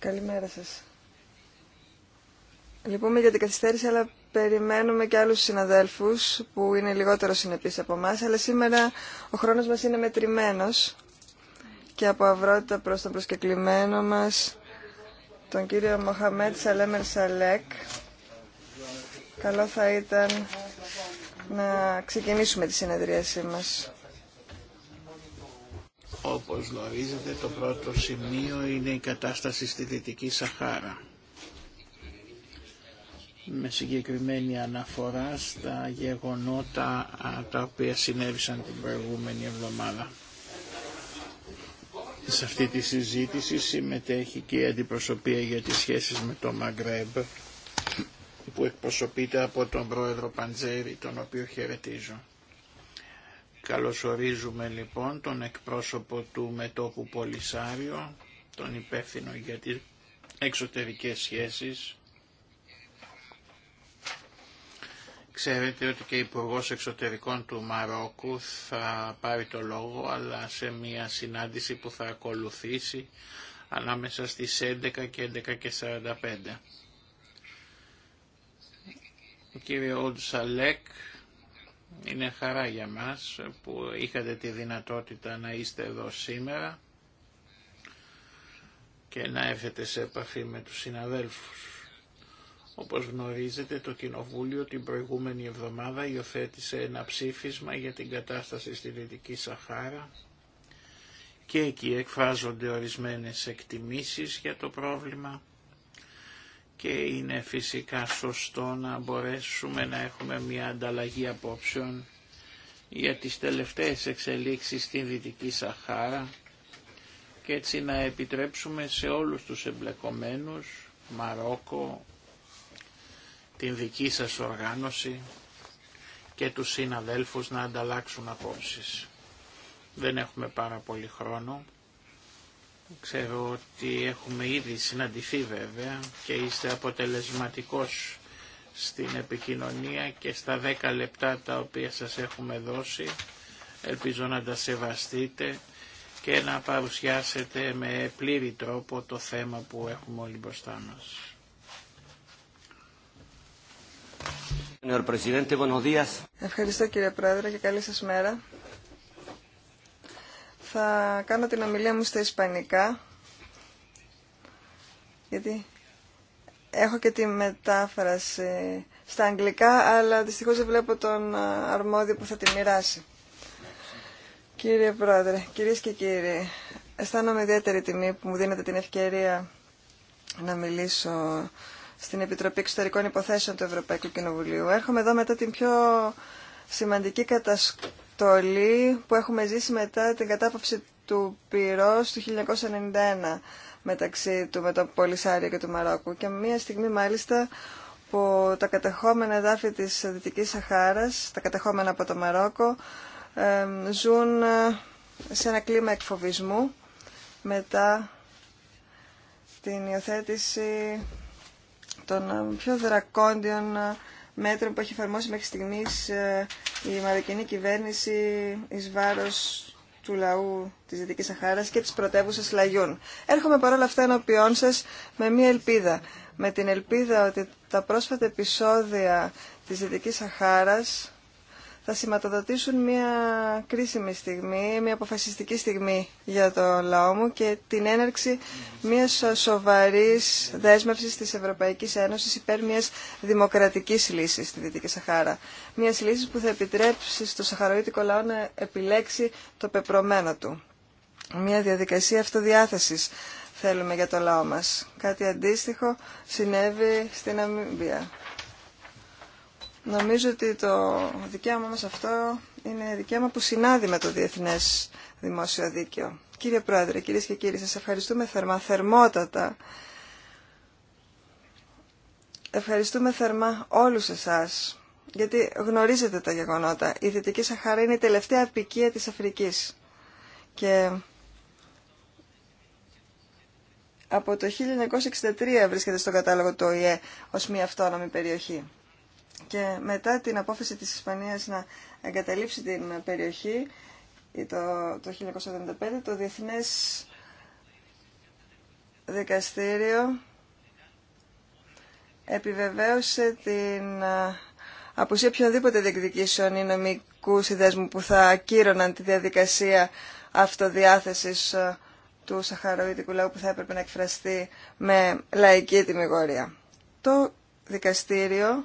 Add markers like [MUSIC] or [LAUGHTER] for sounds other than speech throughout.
Καλημέρα σας. Λοιπόν για την καθυστέρηση, αλλά περιμένουμε και άλλους συναδέλφους που είναι λιγότερο συνεπείς από εμά, αλλά σήμερα ο χρόνος μας είναι μετρημένος και από αυρότητα προς τον προσκεκλημένο μας, τον κύριο Μοχαμέτ Σαλέμερ Σαλέκ. Καλό θα ήταν να ξεκινήσουμε τη συνεδρίασή μας. Όπως γνωρίζετε το πρώτο σημείο είναι η κατάσταση στη Δυτική Σαχάρα με συγκεκριμένη αναφορά στα γεγονότα τα οποία συνέβησαν την προηγούμενη εβδομάδα. Σε αυτή τη συζήτηση συμμετέχει και η αντιπροσωπεία για τις σχέσεις με το Μαγκρέμπ που εκπροσωπείται από τον πρόεδρο Παντζέρη, τον οποίο χαιρετίζω. Καλωσορίζουμε λοιπόν τον εκπρόσωπο του μετόπου Πολυσάριο, τον υπεύθυνο για τις εξωτερικές σχέσεις. Ξέρετε ότι και υπουργό Εξωτερικών του Μαρόκου θα πάρει το λόγο, αλλά σε μια συνάντηση που θα ακολουθήσει ανάμεσα στις 11 και 11 και Ο κύριο είναι χαρά για μας που είχατε τη δυνατότητα να είστε εδώ σήμερα και να έρθετε σε επαφή με τους συναδέλφους. Όπως γνωρίζετε το Κοινοβούλιο την προηγούμενη εβδομάδα υιοθέτησε ένα ψήφισμα για την κατάσταση στη Δυτική Σαχάρα και εκεί εκφράζονται ορισμένες εκτιμήσεις για το πρόβλημα και είναι φυσικά σωστό να μπορέσουμε να έχουμε μια ανταλλαγή απόψεων για τις τελευταίες εξελίξεις στην Δυτική Σαχάρα και έτσι να επιτρέψουμε σε όλους τους εμπλεκομένους, Μαρόκο, την δική σας οργάνωση και τους συναδέλφους να ανταλλάξουν απόψεις. Δεν έχουμε πάρα πολύ χρόνο. Ξέρω ότι έχουμε ήδη συναντηθεί βέβαια και είστε αποτελεσματικός στην επικοινωνία και στα δέκα λεπτά τα οποία σας έχουμε δώσει. Ελπίζω να τα σεβαστείτε και να παρουσιάσετε με πλήρη τρόπο το θέμα που έχουμε όλοι μπροστά μας. Ευχαριστώ κύριε Πρόεδρε και καλή σας μέρα. Θα κάνω την ομιλία μου στα Ισπανικά, γιατί έχω και τη μετάφραση στα Αγγλικά, αλλά δυστυχώς δεν βλέπω τον αρμόδιο που θα τη μοιράσει. Κύριε Πρόεδρε, κυρίες και κύριοι, αισθάνομαι ιδιαίτερη τιμή που μου δίνετε την ευκαιρία να μιλήσω στην Επιτροπή Εξωτερικών Υποθέσεων του Ευρωπαϊκού Κοινοβουλίου. Έρχομαι εδώ μετά την πιο σημαντική που έχουμε ζήσει μετά την κατάπαυση του πυρός του 1991 μεταξύ του με το και του Μαρόκου και μια στιγμή μάλιστα που τα κατεχόμενα εδάφη της Δυτικής Σαχάρας, τα κατεχόμενα από το Μαρόκο, ζουν ε, σε ένα κλίμα εκφοβισμού μετά την υιοθέτηση των ε, πιο δρακόντιων ε, μέτρων που έχει εφαρμόσει μέχρι στιγμής ε, η μαροκινή κυβέρνηση εις βάρος του λαού της Δυτικής Σαχάρας και της πρωτεύουσας Λαγιούν. Έρχομαι παρόλα αυτά ενώπιόν σας με μία ελπίδα. Με την ελπίδα ότι τα πρόσφατα επεισόδια της Δυτικής Σαχάρας θα σηματοδοτήσουν μια κρίσιμη στιγμή, μια αποφασιστική στιγμή για το λαό μου και την έναρξη μιας σοβαρής δέσμευσης της Ευρωπαϊκής Ένωσης υπέρ μιας δημοκρατικής λύσης στη Δυτική Σαχάρα. Μιας λύσης που θα επιτρέψει στο σαχαροίτικο λαό να επιλέξει το πεπρωμένο του. Μια διαδικασία αυτοδιάθεσης θέλουμε για το λαό μας. Κάτι αντίστοιχο συνέβη στην Αμμύμπια. Νομίζω ότι το δικαίωμα μας αυτό είναι δικαίωμα που συνάδει με το Διεθνές Δημόσιο Δίκαιο. Κύριε Πρόεδρε, κυρίες και κύριοι, σας ευχαριστούμε θερμά, θερμότατα. Ευχαριστούμε θερμά όλους εσάς, γιατί γνωρίζετε τα γεγονότα. Η Δυτική Σαχάρα είναι η τελευταία απικία της Αφρικής. Και από το 1963 βρίσκεται στον κατάλογο του ΟΗΕ ως μια αυτόνομη περιοχή. Και μετά την απόφαση της Ισπανίας να εγκαταλείψει την περιοχή το, το 1975, το Διεθνές Δικαστήριο επιβεβαίωσε την απουσία οποιονδήποτε διεκδικήσεων ή νομικού συνδέσμου που θα ακύρωναν τη διαδικασία αυτοδιάθεσης του Σαχαροϊτικού λαού που θα έπρεπε να εκφραστεί με λαϊκή τιμιγορία. Το δικαστήριο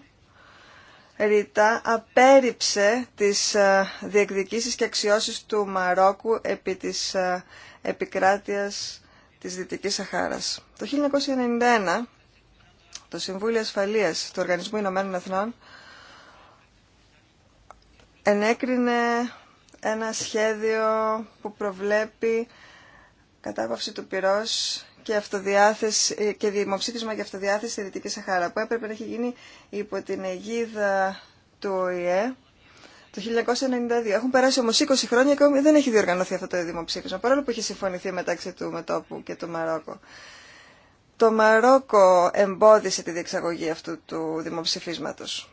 ρητά απέρριψε τις ε, διεκδικήσεις και αξιώσεις του Μαρόκου επί της ε, επικράτειας της Δυτικής Σαχάρας. Το 1991 το Συμβούλιο Ασφαλείας του Οργανισμού Ηνωμένων Εθνών ενέκρινε ένα σχέδιο που προβλέπει κατάπαυση του πυρός και, αυτοδιάθεση, ε, και δημοψήφισμα για αυτοδιάθεση στη Δυτική Σαχάρα που έπρεπε να έχει γίνει υπό την αιγίδα του ΟΗΕ το 1992. Έχουν περάσει όμως 20 χρόνια και δεν έχει διοργανωθεί αυτό το δημοψήφισμα παρόλο που έχει συμφωνηθεί μεταξύ του Μετόπου και του Μαρόκο. Το Μαρόκο εμπόδισε τη διεξαγωγή αυτού του δημοψηφίσματος.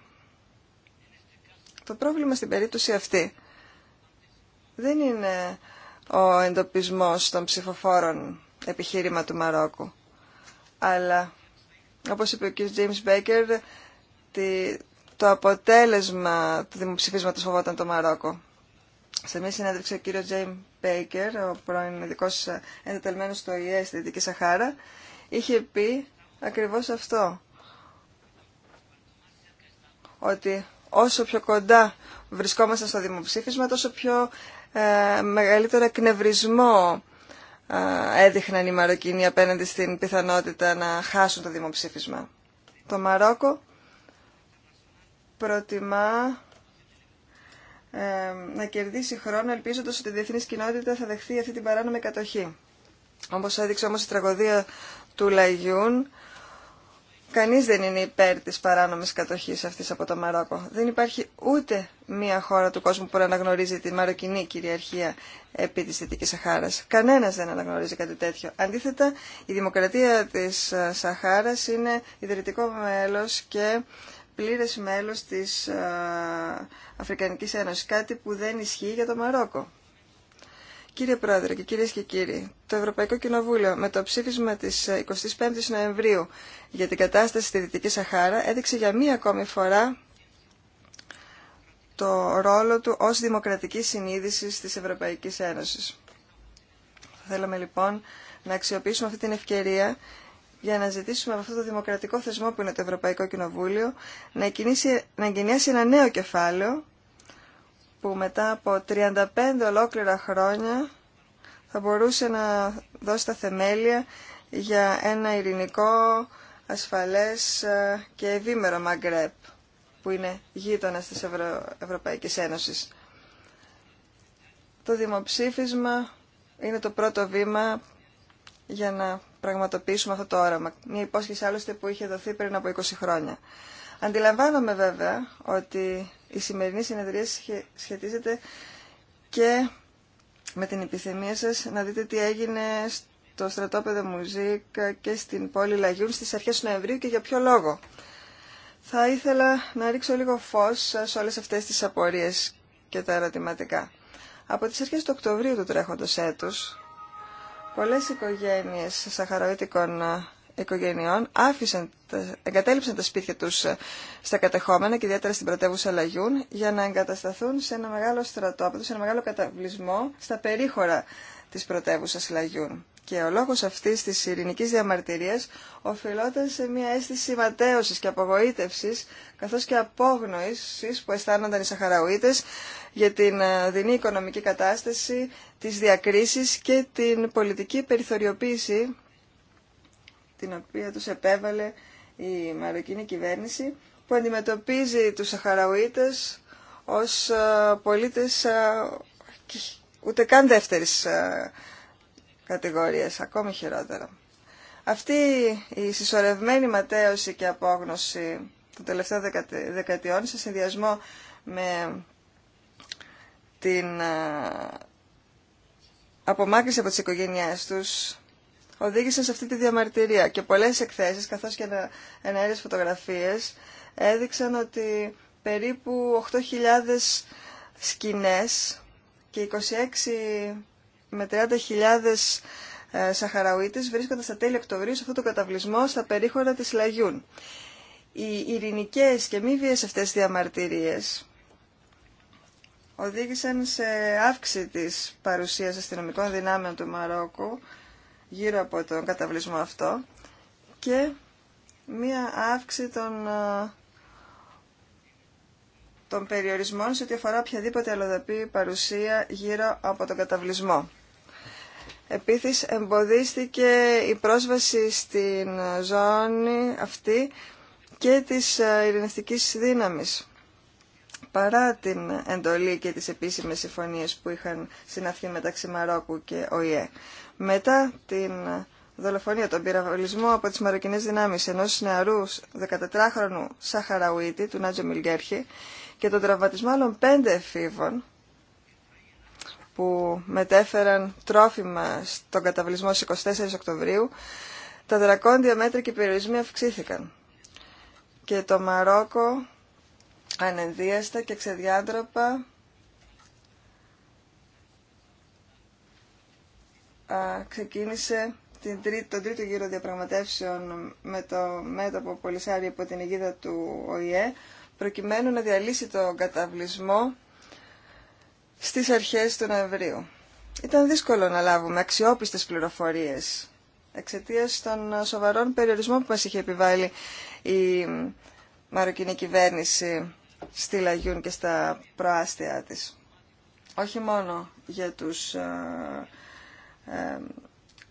Το πρόβλημα στην περίπτωση αυτή δεν είναι ο εντοπισμός των ψηφοφόρων επιχείρημα του Μαρόκου. Αλλά, όπως είπε ο κ. James Baker, το αποτέλεσμα του δημοψηφίσματος φοβόταν το Μαρόκο. Σε μια συνέντευξη ο κ. James Baker, ο πρώην ειδικός εντεταλμένος στο ΙΕ στη Δυτική Σαχάρα, είχε πει ακριβώς αυτό. Ότι όσο πιο κοντά βρισκόμαστε στο δημοψήφισμα, τόσο πιο ε, μεγαλύτερο εκνευρισμό έδειχναν οι Μαροκινοί απέναντι στην πιθανότητα να χάσουν το δημοψήφισμα. Το Μαρόκο προτιμά να κερδίσει χρόνο ελπίζοντας ότι η διεθνή κοινότητα θα δεχθεί αυτή την παράνομη κατοχή. Όπως έδειξε όμως η τραγωδία του Λαϊγιούν, Κανείς δεν είναι υπέρ της παράνομης κατοχής αυτής από το Μαρόκο. Δεν υπάρχει ούτε μία χώρα του κόσμου που αναγνωρίζει τη μαροκινή κυριαρχία επί της Δυτικής Σαχάρας. Κανένας δεν αναγνωρίζει κάτι τέτοιο. Αντίθετα, η δημοκρατία της ε, Σαχάρας είναι ιδρυτικό μέλος και πλήρες μέλος της ε, Αφρικανικής Ένωσης. Κάτι που δεν ισχύει για το Μαρόκο. Κύριε Πρόεδρε και κυρίες και κύριοι, το Ευρωπαϊκό Κοινοβούλιο με το ψήφισμα της 25 ε, ης Νοεμβρίου για την κατάσταση στη Δυτική Σαχάρα έδειξε για μία ακόμη φορά το ρόλο του ως δημοκρατική συνείδηση της Ευρωπαϊκής Ένωσης. Θα θέλαμε λοιπόν να αξιοποιήσουμε αυτή την ευκαιρία για να ζητήσουμε από αυτό το δημοκρατικό θεσμό που είναι το Ευρωπαϊκό Κοινοβούλιο να εγκαινιάσει ένα νέο κεφάλαιο που μετά από 35 ολόκληρα χρόνια θα μπορούσε να δώσει τα θεμέλια για ένα ειρηνικό, ασφαλές ε, και ευήμερο Μαγκρέπ που είναι γείτονα της Ευρω... Ευρωπαϊκής Ένωσης. Το δημοψήφισμα είναι το πρώτο βήμα για να πραγματοποιήσουμε αυτό το όραμα. Μια υπόσχεση άλλωστε που είχε δοθεί πριν από 20 χρόνια. Αντιλαμβάνομαι βέβαια ότι η σημερινή συνεδρία σχετίζεται και με την επιθυμία σας να δείτε τι έγινε στο στρατόπεδο μουζίκ και στην πόλη Λαγιούν στις αρχές του Νοεμβρίου και για ποιο λόγο. Θα ήθελα να ρίξω λίγο φως σε όλες αυτές τις απορίες και τα ερωτηματικά. Από τις αρχές του Οκτωβρίου του τρέχοντος έτους, πολλές οικογένειες σαχαροϊτικών οικογενειών άφησαν, εγκατέλειψαν τα σπίτια τους ε, στα κατεχόμενα και ιδιαίτερα στην πρωτεύουσα Λαγιούν για να εγκατασταθούν σε ένα μεγάλο στρατόπεδο, σε ένα μεγάλο καταβλισμό στα περίχωρα της πρωτεύουσα Λαγιούν. Και ο λόγος αυτής της ειρηνικής διαμαρτυρίας οφειλόταν σε μια αίσθηση ματέωσης και απογοήτευσης καθώς και απόγνωσης που αισθάνονταν οι Σαχαραουίτες για την ε, δινή οικονομική κατάσταση, τις διακρίσεις και την πολιτική περιθωριοποίηση την οποία τους επέβαλε η μαροκινή κυβέρνηση που αντιμετωπίζει τους Σαχαραουίτες ως ε, πολίτες ε, ούτε καν δεύτερης ε, κατηγορίας, ακόμη χειρότερα. Αυτή η συσσωρευμένη ματέωση και απόγνωση των τελευταίων δεκαετιών σε συνδυασμό με την απομάκρυνση από τις οικογένειές τους οδήγησαν σε αυτή τη διαμαρτυρία. Και πολλές εκθέσεις, καθώς και εναέρειες φωτογραφίες, έδειξαν ότι περίπου 8.000 σκηνές και 26 με 30.000 ε, Σαχαραουίτες βρίσκονται στα τέλη Οκτωβρίου σε αυτό το καταβλισμό στα περίχωρα της Λαγιούν. Οι ειρηνικές και μη βίες αυτές διαμαρτυρίες οδήγησαν σε αύξηση της παρουσίας αστυνομικών δυνάμεων του Μαρόκου γύρω από τον καταβλισμό αυτό και μία αύξηση των, ε, των περιορισμών σε ό,τι αφορά οποιαδήποτε αλλοδαπή παρουσία γύρω από τον καταβλισμό. Επίσης εμποδίστηκε η πρόσβαση στην ζώνη αυτή και της ε, ειρηνευτικής δύναμης παρά την εντολή και τις επίσημες συμφωνίες που είχαν συναυθεί μεταξύ Μαρόκου και ΟΗΕ μετά την δολοφονία, τον πυραβολισμό από τις μαροκινές δυνάμεις ενός νεαρού 14χρονου Σαχαραουίτη, του Νάτζο Μιλγκέρχη, και τον τραυματισμό άλλων πέντε εφήβων που μετέφεραν τρόφιμα στον καταβλισμό στις 24 Οκτωβρίου, τα δρακόντια μέτρα και οι περιορισμοί αυξήθηκαν. Και το Μαρόκο ανενδίαστα και ξεδιάντροπα ξεκίνησε την τον τρίτο γύρο διαπραγματεύσεων με το μέτωπο Πολυσάρι από την αιγίδα του ΟΗΕ, προκειμένου να διαλύσει τον καταβλισμό στις αρχές του Νοεμβρίου. Ήταν δύσκολο να λάβουμε αξιόπιστες πληροφορίες εξαιτία των σοβαρών περιορισμών που μας είχε επιβάλει η μαροκινή κυβέρνηση στη Λαγιούν και στα προάστια της. Όχι μόνο για τους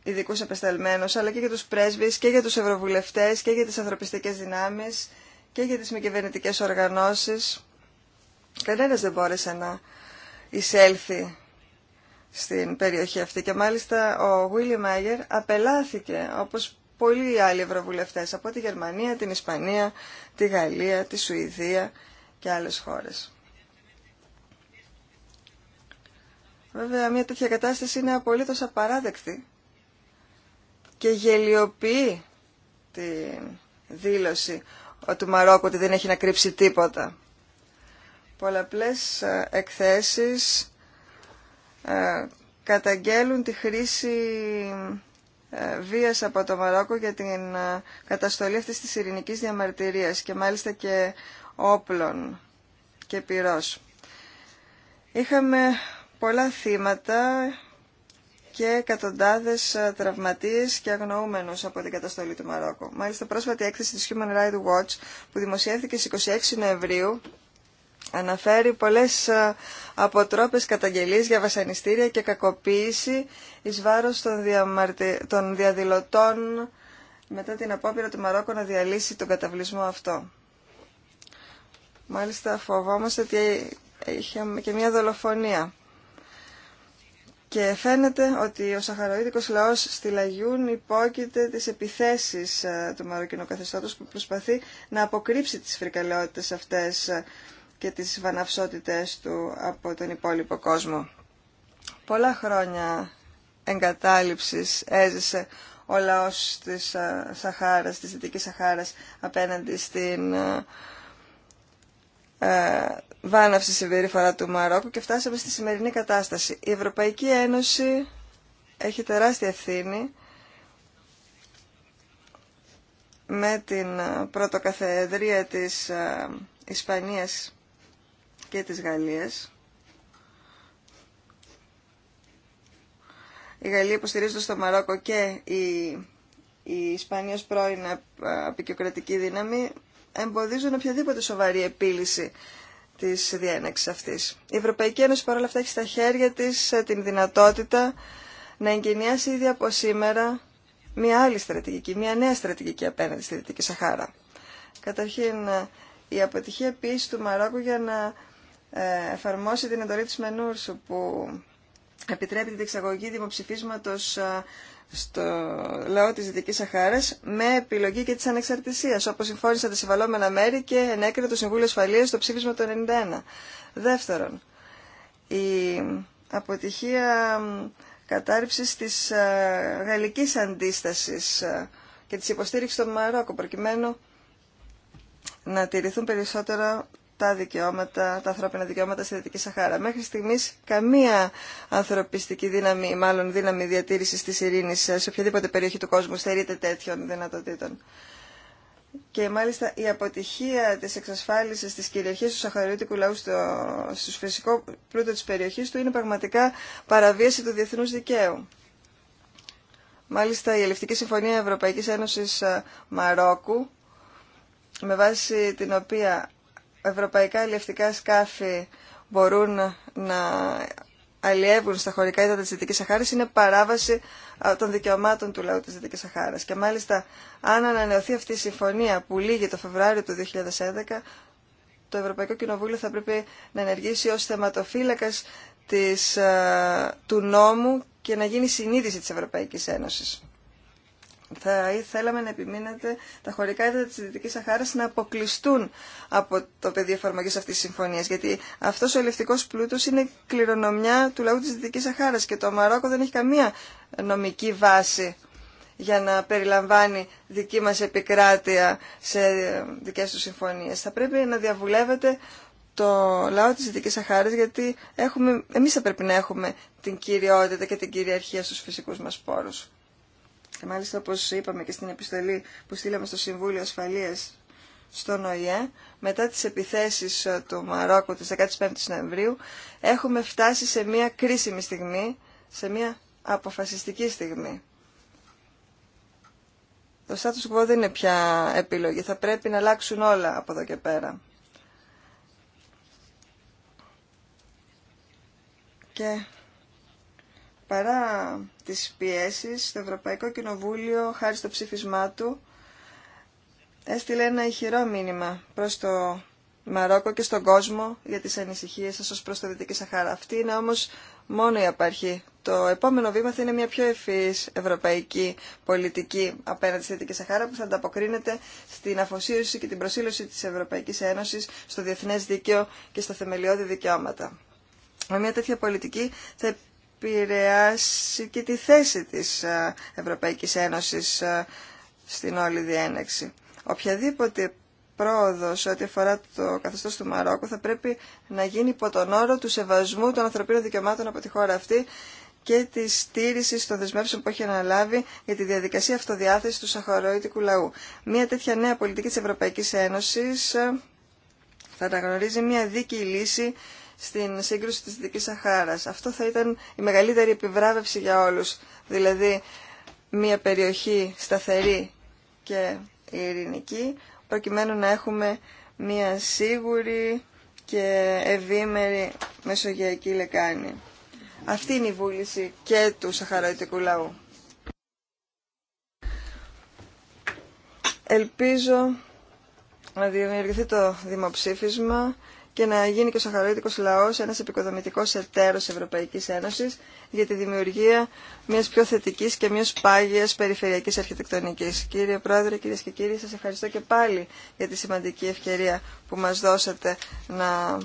ειδικού επεσταλμένου, αλλά και για τους πρέσβει και για τους ευρωβουλευτέ, και για τις ανθρωπιστικέ δυνάμεις και για τις μη κυβερνητικέ οργανώσεις. Κανένας δεν μπόρεσε να εισέλθει στην περιοχή αυτή και μάλιστα ο Βίλι Μάγερ απελάθηκε όπως πολλοί άλλοι ευρωβουλευτές από τη Γερμανία, την Ισπανία, τη Γαλλία, τη Σουηδία και άλλες χώρες. Βέβαια, μια τέτοια κατάσταση είναι απολύτως απαράδεκτη και γελιοποιεί τη δήλωση του Μαρόκου ότι δεν έχει να κρύψει τίποτα. Πολλαπλές ε, εκθέσεις ε, καταγγέλουν τη χρήση ε, βίας από το Μαρόκο για την καταστολή αυτής της ειρηνικής διαμαρτυρίας και μάλιστα και όπλων και πυρός. Είχαμε πολλά θύματα και εκατοντάδες ε, τραυματίες και αγνοούμενους από την καταστολή του Μαρόκου. Μάλιστα, πρόσφατη έκθεση της Human Rights Watch που δημοσιεύθηκε στις 26 Νοεμβρίου αναφέρει πολλές ε, αποτρόπες καταγγελίες για βασανιστήρια και κακοποίηση εις βάρος των, των διαδηλωτών μετά την απόπειρα του Μαρόκου να διαλύσει τον καταβλισμό αυτό. Μάλιστα φοβόμαστε ότι είχαμε και μια δολοφονία. Και φαίνεται ότι ο σαχαροϊδικός λαός στη Λαγιούν υπόκειται τις επιθέσεις ε, του μαροκινού καθεστώτος που προσπαθεί να αποκρύψει τις φρικαλαιότητες αυτές ε, και τις βαναυσότητες του από τον υπόλοιπο κόσμο. Πολλά χρόνια εγκατάλειψης έζησε ο λαός της ε, Σαχάρας, της Δυτικής Σαχάρας απέναντι στην βάναυση συμπεριφορά του Μαρόκου και φτάσαμε στη σημερινή κατάσταση. Η Ευρωπαϊκή Ένωση έχει τεράστια ευθύνη με την ε, πρωτοκαθεδρία της ε, Ισπανίας και της Γαλλίας. Η Γαλλία υποστηρίζεται στο Μαρόκο και η, η Ισπανία πρώην ε, απεικιοκρατική δύναμη εμποδίζουν οποιαδήποτε σοβαρή επίλυση Τη διένεξη αυτής. Η Ευρωπαϊκή Ένωση παρόλα αυτά έχει στα χέρια της ε, την δυνατότητα να εγκαινιάσει ήδη από σήμερα μια άλλη στρατηγική, μια νέα στρατηγική απέναντι στη Δυτική Σαχάρα. Καταρχήν, ε, η αποτυχία επίση του Μαρόκου για να ε, εφαρμόσει την εντολή τη Μενούρσου που επιτρέπει την εξαγωγή δημοψηφίσματο στο λαό της Δυτικής Σαχάρας με επιλογή και της ανεξαρτησίας, όπως συμφώνησαν τα συμβαλόμενα μέρη και ενέκρινε το Συμβούλιο Ασφαλείας στο ψήφισμα του 1991. Δεύτερον, η αποτυχία κατάρριψης της ε, γαλλικής αντίστασης ε, και της υποστήριξης των Μαρόκο, προκειμένου να τηρηθούν περισσότερο τα δικαιώματα, τα ανθρώπινα δικαιώματα στη Δυτική Σαχάρα. Μέχρι στιγμής καμία ανθρωπιστική δύναμη, μάλλον δύναμη διατήρηση τη Ειρηνή ε, σε οποιαδήποτε περιοχή του κόσμου στερείται τέτοιων δυνατοτήτων. Και μάλιστα η αποτυχία τη εξασφάλιση τη κυριαρχίας του σαχαριώτικου λαού στο, στο φυσικό πλούτο τη περιοχή του είναι πραγματικά παραβίαση του διεθνού δικαίου. Μάλιστα η Ελευτική Συμφωνία Ευρωπαϊκής Ένωσης ε, Μαρόκου με βάση την οποία ευρωπαϊκά ελευτικά σκάφη μπορούν να αλλιεύουν στα χωρικά ύδατα της Δυτικής Σαχάρας είναι παράβαση των δικαιωμάτων του λαού της Δυτικής Σαχάρας. Και μάλιστα αν ανανεωθεί αυτή η συμφωνία που λύγει το Φεβράριο του 2011, το Ευρωπαϊκό Κοινοβούλιο θα πρέπει να ενεργήσει ως θεματοφύλακας της, του νόμου και να γίνει συνείδηση της Ευρωπαϊκής Ένωσης θα θέλαμε να επιμείνετε τα χωρικά έδρα της Δυτικής Σαχάρας να αποκλειστούν από το πεδίο εφαρμογής αυτής της συμφωνίας, γιατί αυτός ο Ελευτικό πλούτος είναι κληρονομιά του λαού της Δυτικής Σαχάρας και το Μαρόκο δεν έχει καμία νομική βάση για να περιλαμβάνει δική μας επικράτεια σε δικές του συμφωνίες. Θα πρέπει να διαβουλεύεται το λαό της Δυτικής Σαχάρας γιατί έχουμε, εμείς θα πρέπει να έχουμε την κυριότητα και την κυριαρχία στους φυσικούς μας πόρους. Και μάλιστα, όπως είπαμε και στην επιστολή που στείλαμε στο Συμβούλιο ασφαλεία στον ΟΗΕ, μετά τις επιθέσεις ε, του Μαρόκου της 15 η Νοεμβρίου, έχουμε φτάσει σε μια κρίσιμη στιγμή, σε μια αποφασιστική στιγμή. Το status quo δεν είναι πια επιλογή. Θα πρέπει να αλλάξουν όλα από εδώ και πέρα. Και παρά τις πιέσεις, το Ευρωπαϊκό Κοινοβούλιο, χάρη στο ψήφισμά του, έστειλε ένα ηχηρό μήνυμα προς το Μαρόκο και στον κόσμο για τις ανησυχίες σας ως προς το Δυτική Σαχάρα. Αυτή είναι όμως μόνο η απαρχή. Το επόμενο βήμα θα είναι μια πιο ευφύης ευρωπαϊκή πολιτική απέναντι στη Δυτική Σαχάρα που θα ανταποκρίνεται στην αφοσίωση και την προσήλωση της Ευρωπαϊκής Ένωσης στο διεθνές δίκαιο και στα θεμελιώδη δικαιώματα. Με μια τέτοια πολιτική θα επηρεάσει και τη θέση της ε, Ευρωπαϊκής Ένωσης ε, στην όλη διένεξη. Οποιαδήποτε πρόοδος ό,τι αφορά το καθεστώς του Μαρόκου θα πρέπει να γίνει υπό τον όρο του σεβασμού των ανθρωπίνων δικαιωμάτων από τη χώρα αυτή και τη στήριση των δεσμεύσεων που έχει αναλάβει για τη διαδικασία αυτοδιάθεση του σαχαροϊτικού λαού. Μία τέτοια νέα πολιτική της Ευρωπαϊκής Ένωσης ε, θα αναγνωρίζει μία δίκαιη λύση στην σύγκρουση της Δυτικής Σαχάρας. Αυτό θα ήταν η μεγαλύτερη επιβράβευση για όλους, δηλαδή μια περιοχή σταθερή και ειρηνική, προκειμένου να έχουμε μια σίγουρη και ευήμερη μεσογειακή λεκάνη. Αυτή είναι η βούληση και του Σαχαραϊτικού λαού. Ελπίζω να δημιουργηθεί το δημοψήφισμα και να γίνει και ο Σαχαροίτικος λαός ένας επικοδομητικός εταίρος Ευρωπαϊκής Ένωσης για τη δημιουργία μιας πιο θετικής και μιας πάγιας περιφερειακής αρχιτεκτονικής. Κύριε Πρόεδρε, κυρίε και κύριοι, σας ευχαριστώ και πάλι για τη σημαντική ευκαιρία που μας δώσατε να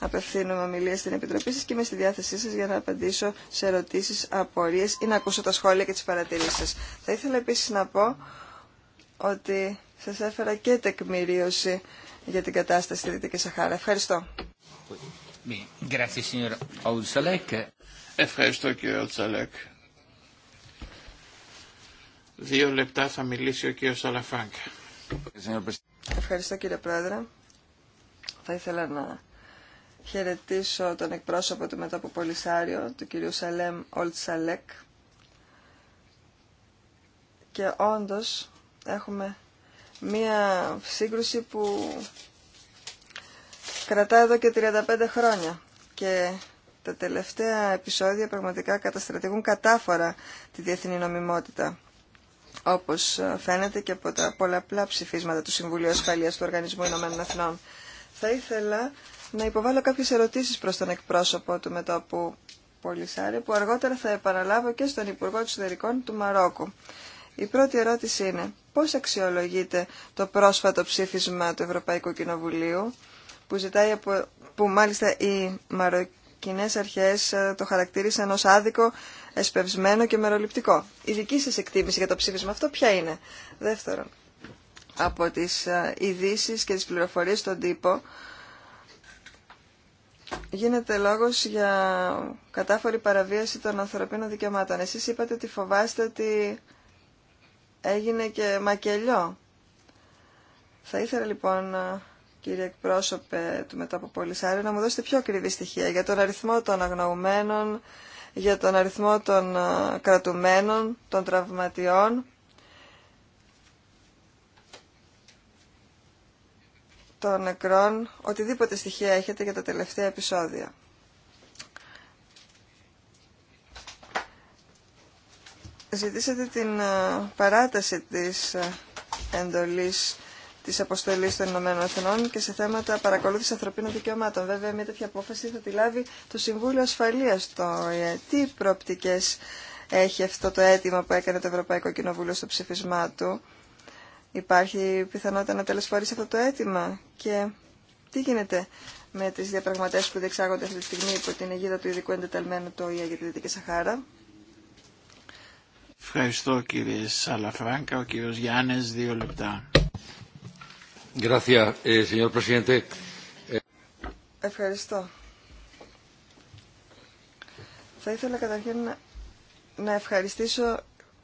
απευθύνουμε ομιλία στην Επιτροπή σας και είμαι στη διάθεσή σας για να απαντήσω σε ερωτήσεις, απορίες ή να ακούσω τα σχόλια και τις παρατηρήσεις σας. Θα ήθελα επίσης να πω ότι σας έφερα και τεκμηρίωση για την κατάσταση στη Δυτική Σαχάρα. Ευχαριστώ. Ευχαριστώ κύριε Ολτσαλέκ. Δύο λεπτά θα μιλήσει ο κύριος Αλαφάνκ. Ευχαριστώ κύριε Πρόεδρε. Θα ήθελα να χαιρετήσω τον εκπρόσωπο του μετά από Πολυσάριο, του κυρίου Σαλέμ Ολτσαλέκ. Και όντως έχουμε Μία σύγκρουση που κρατά εδώ και 35 χρόνια και τα τελευταία επεισόδια πραγματικά καταστρατηγούν κατάφορα τη διεθνή νομιμότητα όπως φαίνεται και από τα πολλαπλά ψηφίσματα του Συμβουλίου Ασφαλείας του Οργανισμού Ηνωμένων Εθνών. Θα ήθελα να υποβάλω κάποιες ερωτήσεις προς τον εκπρόσωπο του μετώπου Πολυσάρη, που αργότερα θα επαναλάβω και στον Υπουργό Εξωτερικών του Μαρόκου. Η πρώτη ερώτηση είναι, Πώς αξιολογείται το πρόσφατο ψήφισμα του Ευρωπαϊκού Κοινοβουλίου που ζητάει που μάλιστα οι μαροκινές αρχές ε, το χαρακτήρισαν ως άδικο, εσπευσμένο και μεροληπτικό. Η δική σας εκτίμηση για το ψήφισμα αυτό ποια είναι. Δεύτερον, από τις ε, ειδήσει και τις πληροφορίες στον τύπο γίνεται λόγος για κατάφορη παραβίαση των ανθρωπίνων δικαιωμάτων. Εσείς είπατε ότι φοβάστε ότι έγινε και μακελιό. Θα ήθελα λοιπόν, κύριε εκπρόσωπε του μετά από να μου δώσετε πιο ακριβή στοιχεία για τον αριθμό των αγνοωμένων, για τον αριθμό των κρατουμένων, των τραυματιών. των νεκρών, οτιδήποτε στοιχεία έχετε για τα τελευταία επεισόδια. ζητήσατε την ε, παράταση της ε, εντολής της αποστολής των Ηνωμένων Εθνών και σε θέματα παρακολούθησης ανθρωπίνων δικαιωμάτων. Βέβαια, μια τέτοια απόφαση θα τη λάβει το Συμβούλιο Ασφαλείας το ε, Τι προοπτικές έχει αυτό το αίτημα που έκανε το Ευρωπαϊκό Κοινοβούλιο στο ψηφισμά του. Υπάρχει πιθανότητα να σε αυτό το αίτημα και τι γίνεται με τις διαπραγματεύσεις που διεξάγονται αυτή τη στιγμή υπό την αιγίδα του ειδικού εντεταλμένου του ΟΗΕ για τη Δυτική Σαχάρα. Ευχαριστώ κύριε Σαλαφράγκα. Ο κύριος Γιάννης, δύο λεπτά. Ε, ε, Ευχαριστώ. Θα ήθελα καταρχήν να ευχαριστήσω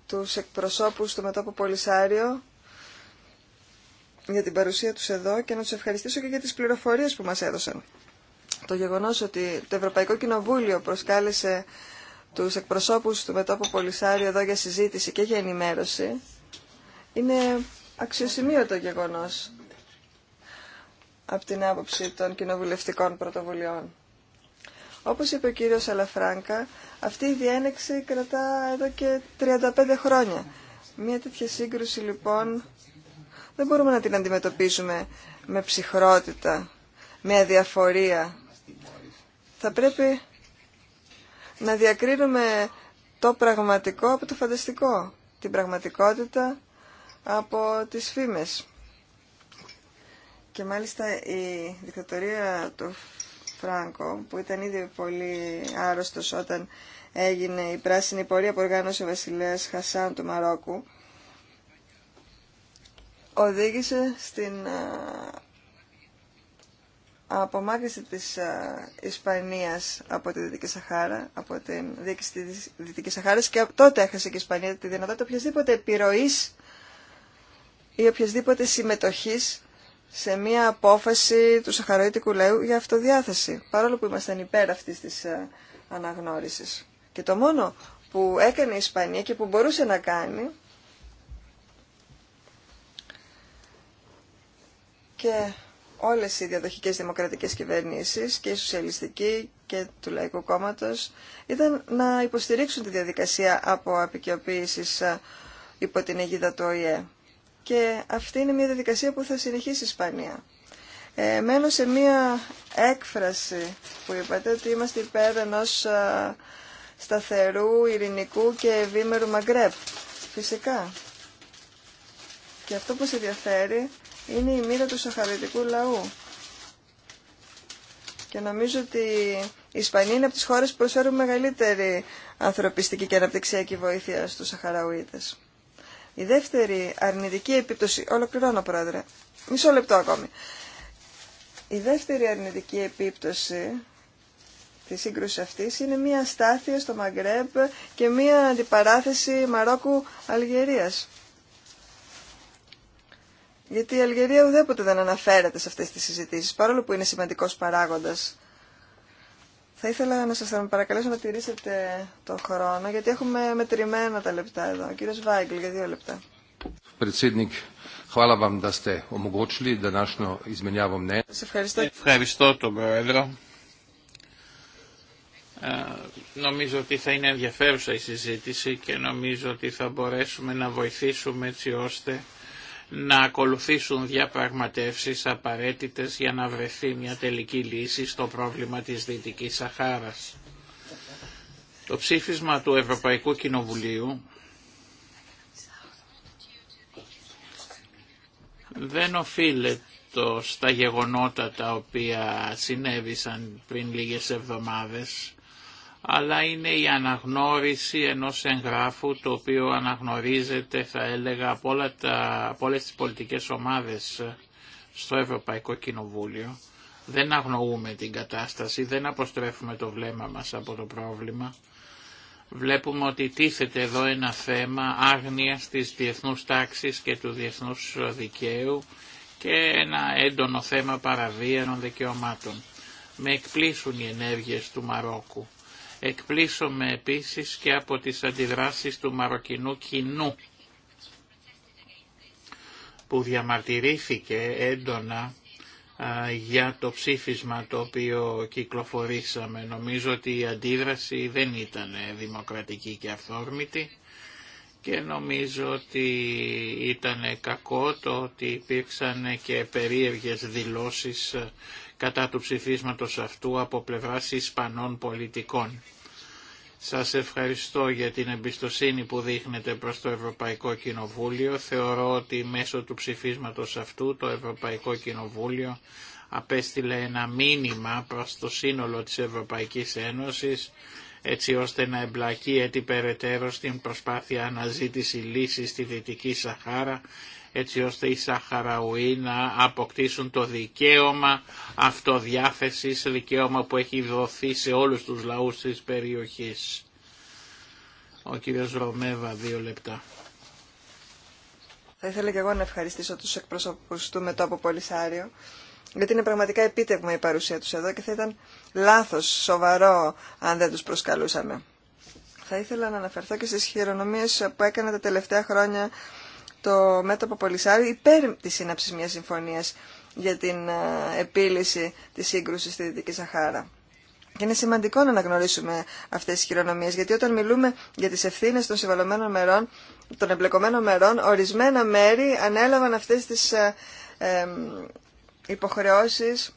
τους εκπροσώπους του Μετώπου Πολυσάριο για την παρουσία τους εδώ και να τους ευχαριστήσω και για τις πληροφορίες που μας έδωσαν. Το γεγονός ότι το Ευρωπαϊκό Κοινοβούλιο προσκάλεσε τους εκπροσώπους του μετόπου Πολυσάριου εδώ για συζήτηση και για ενημέρωση, είναι αξιοσημείωτο γεγονός από την άποψη των κοινοβουλευτικών πρωτοβουλειών. Όπως είπε ο κύριος Αλαφράγκα, αυτή η διένεξη κρατά εδώ και 35 χρόνια. Μία τέτοια σύγκρουση λοιπόν δεν μπορούμε να την αντιμετωπίσουμε με ψυχρότητα, με αδιαφορία. Θα πρέπει να διακρίνουμε το πραγματικό από το φανταστικό, την πραγματικότητα από τις φήμες. Και μάλιστα η δικτατορία του Φράνκο, που ήταν ήδη πολύ άρρωστος όταν έγινε η πράσινη πορεία που οργάνωσε ο βασιλέας Χασάν του Μαρόκου, οδήγησε στην απομάκρυνση της ε, Ισπανίας από τη Δυτική Σαχάρα, από την διοίκηση τη Δυτικής και τότε έχασε και η Ισπανία τη δυνατότητα οποιασδήποτε επιρροή ή οποιασδήποτε συμμετοχής σε μία απόφαση του Σαχαροϊτικού λαού για αυτοδιάθεση, παρόλο που ήμασταν υπέρ αυτής της ε, αναγνώριση. Και το μόνο που έκανε η Ισπανία και που μπορούσε να κάνει και όλες οι διαδοχικές δημοκρατικές κυβερνήσεις και η Σοσιαλιστική και του Λαϊκού Κόμματος ήταν να υποστηρίξουν τη διαδικασία από απεικιοποίησης ε, υπό την αιγίδα του ΟΗΕ. Και αυτή είναι μια διαδικασία που θα συνεχίσει η Ισπανία. Ε, μένω σε μια έκφραση που είπατε ότι είμαστε υπέρ ενός ε, σταθερού, ειρηνικού και ευήμερου Μαγκρέπ. Φυσικά. Και αυτό που σε ενδιαφέρει είναι η μοίρα του σαχαριτικού λαού. Και νομίζω ότι η Ισπανία είναι από τις χώρες που προσφέρουν μεγαλύτερη ανθρωπιστική και αναπτυξιακή βοήθεια στους Σαχαραουίτες. Η δεύτερη αρνητική επίπτωση, ολοκληρώνω πρόεδρε, μισό λεπτό ακόμη. Η δεύτερη αρνητική επίπτωση της σύγκρουση αυτής είναι μια στάθεια στο Μαγκρέμπ και μια αντιπαράθεση Μαρόκου-Αλγερίας. Γιατί η Αλγερία ουδέποτε δεν αναφέρεται σε αυτές τις συζητήσεις, παρόλο που είναι σημαντικός παράγοντας. Θα ήθελα να σας θα παρακαλέσω να τηρήσετε το χρόνο, γιατί έχουμε μετρημένα τα λεπτά εδώ. Ο κύριος Βάγκλ, για δύο λεπτά. Σε ευχαριστώ. Ευχαριστώ τον Πρόεδρο. Ε, νομίζω ότι θα είναι ενδιαφέρουσα η συζήτηση και νομίζω ότι θα μπορέσουμε να βοηθήσουμε έτσι ώστε να ακολουθήσουν διαπραγματεύσεις απαραίτητες για να βρεθεί μια τελική λύση στο πρόβλημα της Δυτικής Σαχάρας. Το ψήφισμα του Ευρωπαϊκού Κοινοβουλίου δεν οφείλεται στα γεγονότα τα οποία συνέβησαν πριν λίγες εβδομάδες αλλά είναι η αναγνώριση ενός εγγράφου το οποίο αναγνωρίζεται θα έλεγα από, όλα τα, από όλες τις πολιτικές ομάδες στο Ευρωπαϊκό Κοινοβούλιο. Δεν αγνοούμε την κατάσταση, δεν αποστρέφουμε το βλέμμα μας από το πρόβλημα. Βλέπουμε ότι τίθεται εδώ ένα θέμα άγνοιας της διεθνούς τάξης και του διεθνούς δικαίου και ένα έντονο θέμα παραβίανων δικαιωμάτων. Με εκπλήσουν οι ενέργειες του Μαρόκου Εκπλήσωμε επίσης και από τις αντιδράσεις του μαροκινού κοινού που διαμαρτυρήθηκε έντονα για το ψήφισμα το οποίο κυκλοφορήσαμε. Νομίζω ότι η αντίδραση δεν ήταν δημοκρατική και αυθόρμητη και νομίζω ότι ήταν κακό το ότι υπήρξαν και περίεργες δηλώσεις κατά του ψηφίσματος αυτού από πλευράς Ισπανών πολιτικών. Σας ευχαριστώ για την εμπιστοσύνη που δείχνετε προς το Ευρωπαϊκό Κοινοβούλιο. Θεωρώ ότι μέσω του ψηφίσματος αυτού το Ευρωπαϊκό Κοινοβούλιο απέστειλε ένα μήνυμα προς το σύνολο της Ευρωπαϊκής Ένωσης έτσι ώστε να εμπλακεί έτσι περαιτέρω στην προσπάθεια αναζήτηση λύση στη Δυτική Σαχάρα, έτσι ώστε οι Σαχαραουοί να αποκτήσουν το δικαίωμα αυτοδιάθεσης, δικαίωμα που έχει δοθεί σε όλους τους λαούς της περιοχής. Ο κύριος Ρωμέβα, δύο λεπτά. Θα ήθελα και εγώ να ευχαριστήσω τους εκπροσωπούς του Μετώπου Πολυσάριο γιατί είναι πραγματικά επίτευγμα η παρουσία τους εδώ και θα ήταν λάθος, σοβαρό, αν δεν τους προσκαλούσαμε. Θα ήθελα να αναφερθώ και στις χειρονομίες που έκανε τα τελευταία χρόνια το μέτωπο Πολυσάρι υπέρ της σύναψης μιας συμφωνίας για την ε, επίλυση της σύγκρουσης στη Δυτική Σαχάρα. Και είναι σημαντικό να αναγνωρίσουμε αυτέ τι χειρονομίε, γιατί όταν μιλούμε για τι ευθύνε των συμβαλωμένων μερών, των εμπλεκομένων μερών, ορισμένα μέρη ανέλαβαν αυτέ τι ε, ε, υποχρεώσεις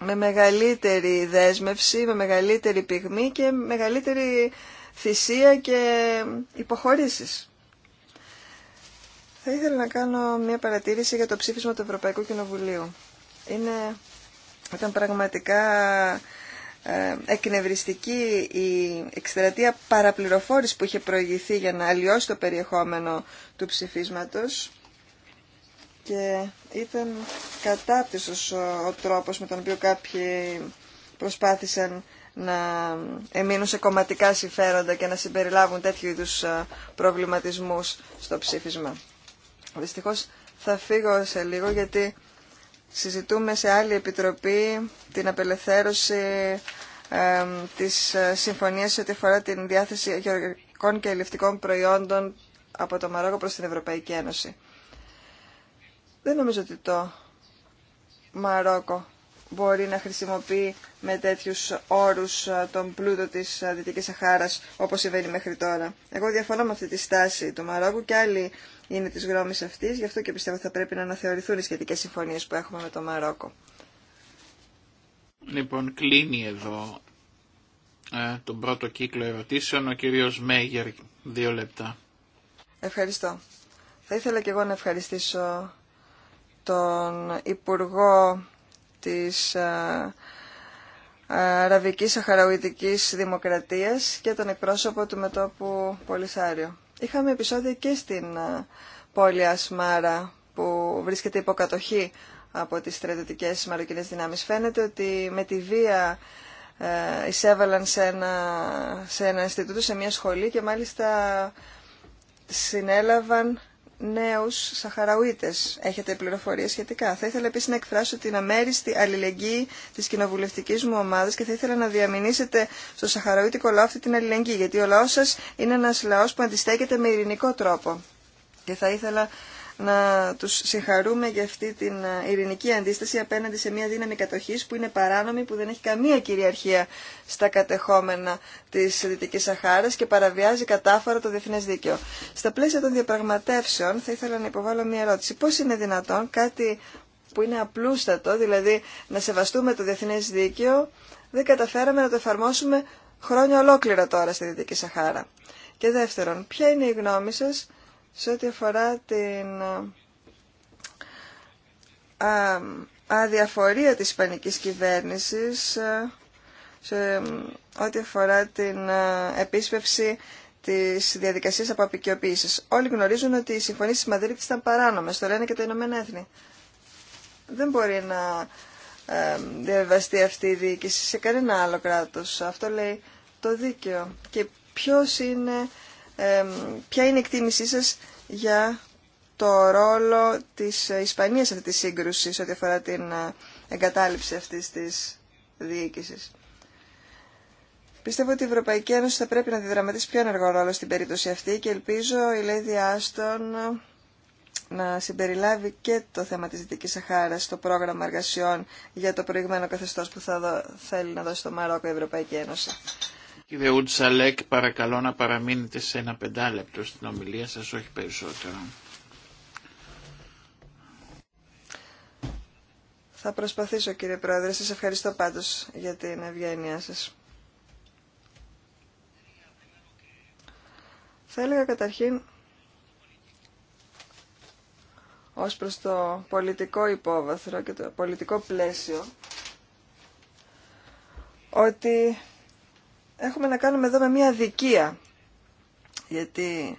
με μεγαλύτερη δέσμευση, με μεγαλύτερη πυγμή και μεγαλύτερη θυσία και υποχωρήσεις. Θα ήθελα να κάνω μια παρατήρηση για το ψήφισμα του Ευρωπαϊκού Κοινοβουλίου. Είναι, ήταν πραγματικά ε, εκνευριστική η εκστρατεία παραπληροφόρηση που είχε προηγηθεί για να αλλοιώσει το περιεχόμενο του ψηφίσματος και ήταν κατάπτυσος ο τρόπος με τον οποίο κάποιοι προσπάθησαν να εμείνουν σε κομματικά συμφέροντα και να συμπεριλάβουν τέτοιου είδους ε, προβληματισμούς στο ψήφισμα. Δυστυχώς θα φύγω σε λίγο γιατί συζητούμε σε άλλη επιτροπή την απελευθέρωση ε, της ε, συμφωνίας ό,τι αφορά την διάθεση γεωργικών και ελευτικών προϊόντων από το Μαρόκο προς την Ευρωπαϊκή Ένωση. Δεν νομίζω ότι το Μαρόκο μπορεί να χρησιμοποιεί με τέτοιους όρους ε, τον πλούτο της ε, Δυτικής Σαχάρας όπως συμβαίνει μέχρι τώρα. Εγώ διαφωνώ με αυτή τη στάση του Μαρόκου και άλλοι είναι της γνώμης αυτής, γι' αυτό και πιστεύω θα πρέπει να αναθεωρηθούν οι σχετικές συμφωνίες που έχουμε με το Μαρόκο. Λοιπόν, κλείνει εδώ ε, τον πρώτο κύκλο ερωτήσεων ο κύριος Μέγερ, δύο λεπτά. Ευχαριστώ. Θα ήθελα και εγώ να ευχαριστήσω τον Υπουργό της ε, ε, Αραβικής Αχαραουιτικής Δημοκρατίας και τον εκπρόσωπο του μετόπου Πολυσάριο. Είχαμε επεισόδια και στην ε, πόλη Ασμάρα που βρίσκεται υποκατοχή από τις στρατιωτικές μαροκινές δυνάμεις. Φαίνεται ότι με τη βία εισέβαλαν σε ένα, σε ένα Ινστιτούτο, σε μια σχολή και μάλιστα συνέλαβαν νέους Σαχαραουίτες. Έχετε πληροφορίες σχετικά. Θα ήθελα επίσης να εκφράσω την αμέριστη αλληλεγγύη της κοινοβουλευτικής μου ομάδας και θα ήθελα να διαμηνήσετε στο Σαχαραουίτικο λαό αυτή την αλληλεγγύη, γιατί ο λαός σας είναι ένας λαός που αντιστέκεται με ειρηνικό τρόπο. Και θα ήθελα να τους συγχαρούμε για αυτή την ε, ειρηνική αντίσταση απέναντι σε μια δύναμη κατοχής που είναι παράνομη, που δεν έχει καμία κυριαρχία στα κατεχόμενα της Δυτικής Σαχάρας και παραβιάζει κατάφορα το διεθνές δίκαιο. Στα πλαίσια των διαπραγματεύσεων θα ήθελα να υποβάλω μια ερώτηση. Πώς είναι δυνατόν κάτι που είναι απλούστατο, δηλαδή να σεβαστούμε το διεθνές δίκαιο, δεν καταφέραμε να το εφαρμόσουμε χρόνια ολόκληρα τώρα στη Δυτική Σαχάρα. Και δεύτερον, ποια είναι η γνώμη σας σε ό,τι αφορά την ε, αδιαφορία της Ισπανικής κυβέρνησης ε, σε ό,τι αφορά την ε, επίσπευση της διαδικασίας αποικιοποίησης. Όλοι γνωρίζουν ότι οι συμφωνίες της Μαδρίτης ήταν παράνομες, το λένε και τα Ηνωμένα Έθνη. Δεν μπορεί να διαβεβαστεί αυτή η διοίκηση σε κανένα άλλο κράτος. Αυτό λέει το δίκαιο. Και ποιος είναι ε, ποια είναι η εκτίμησή σας για το ρόλο της Ισπανίας αυτή τη σύγκρουση ό,τι αφορά την ε, εγκατάλειψη αυτής της διοίκησης. Πιστεύω ότι η Ευρωπαϊκή Ένωση θα πρέπει να διδραματίσει πιο ενεργό ρόλο στην περίπτωση αυτή και ελπίζω η Λέιδη Άστον ε, να συμπεριλάβει και το θέμα της Δυτικής Σαχάρας στο πρόγραμμα εργασιών για το προηγμένο καθεστώς που θα θέλει να δώσει το Μαρόκο η Ευρωπαϊκή Ένωση. Κύριε Ούτσαλέκ, παρακαλώ να παραμείνετε σε ένα πεντάλεπτο στην ομιλία σας, όχι περισσότερο. Θα προσπαθήσω κύριε Πρόεδρε, σας ευχαριστώ πάντως για την ευγένειά σας. Θα έλεγα καταρχήν ως προς το πολιτικό υπόβαθρο και το πολιτικό πλαίσιο ότι Έχουμε να κάνουμε εδώ με μια δικία γιατί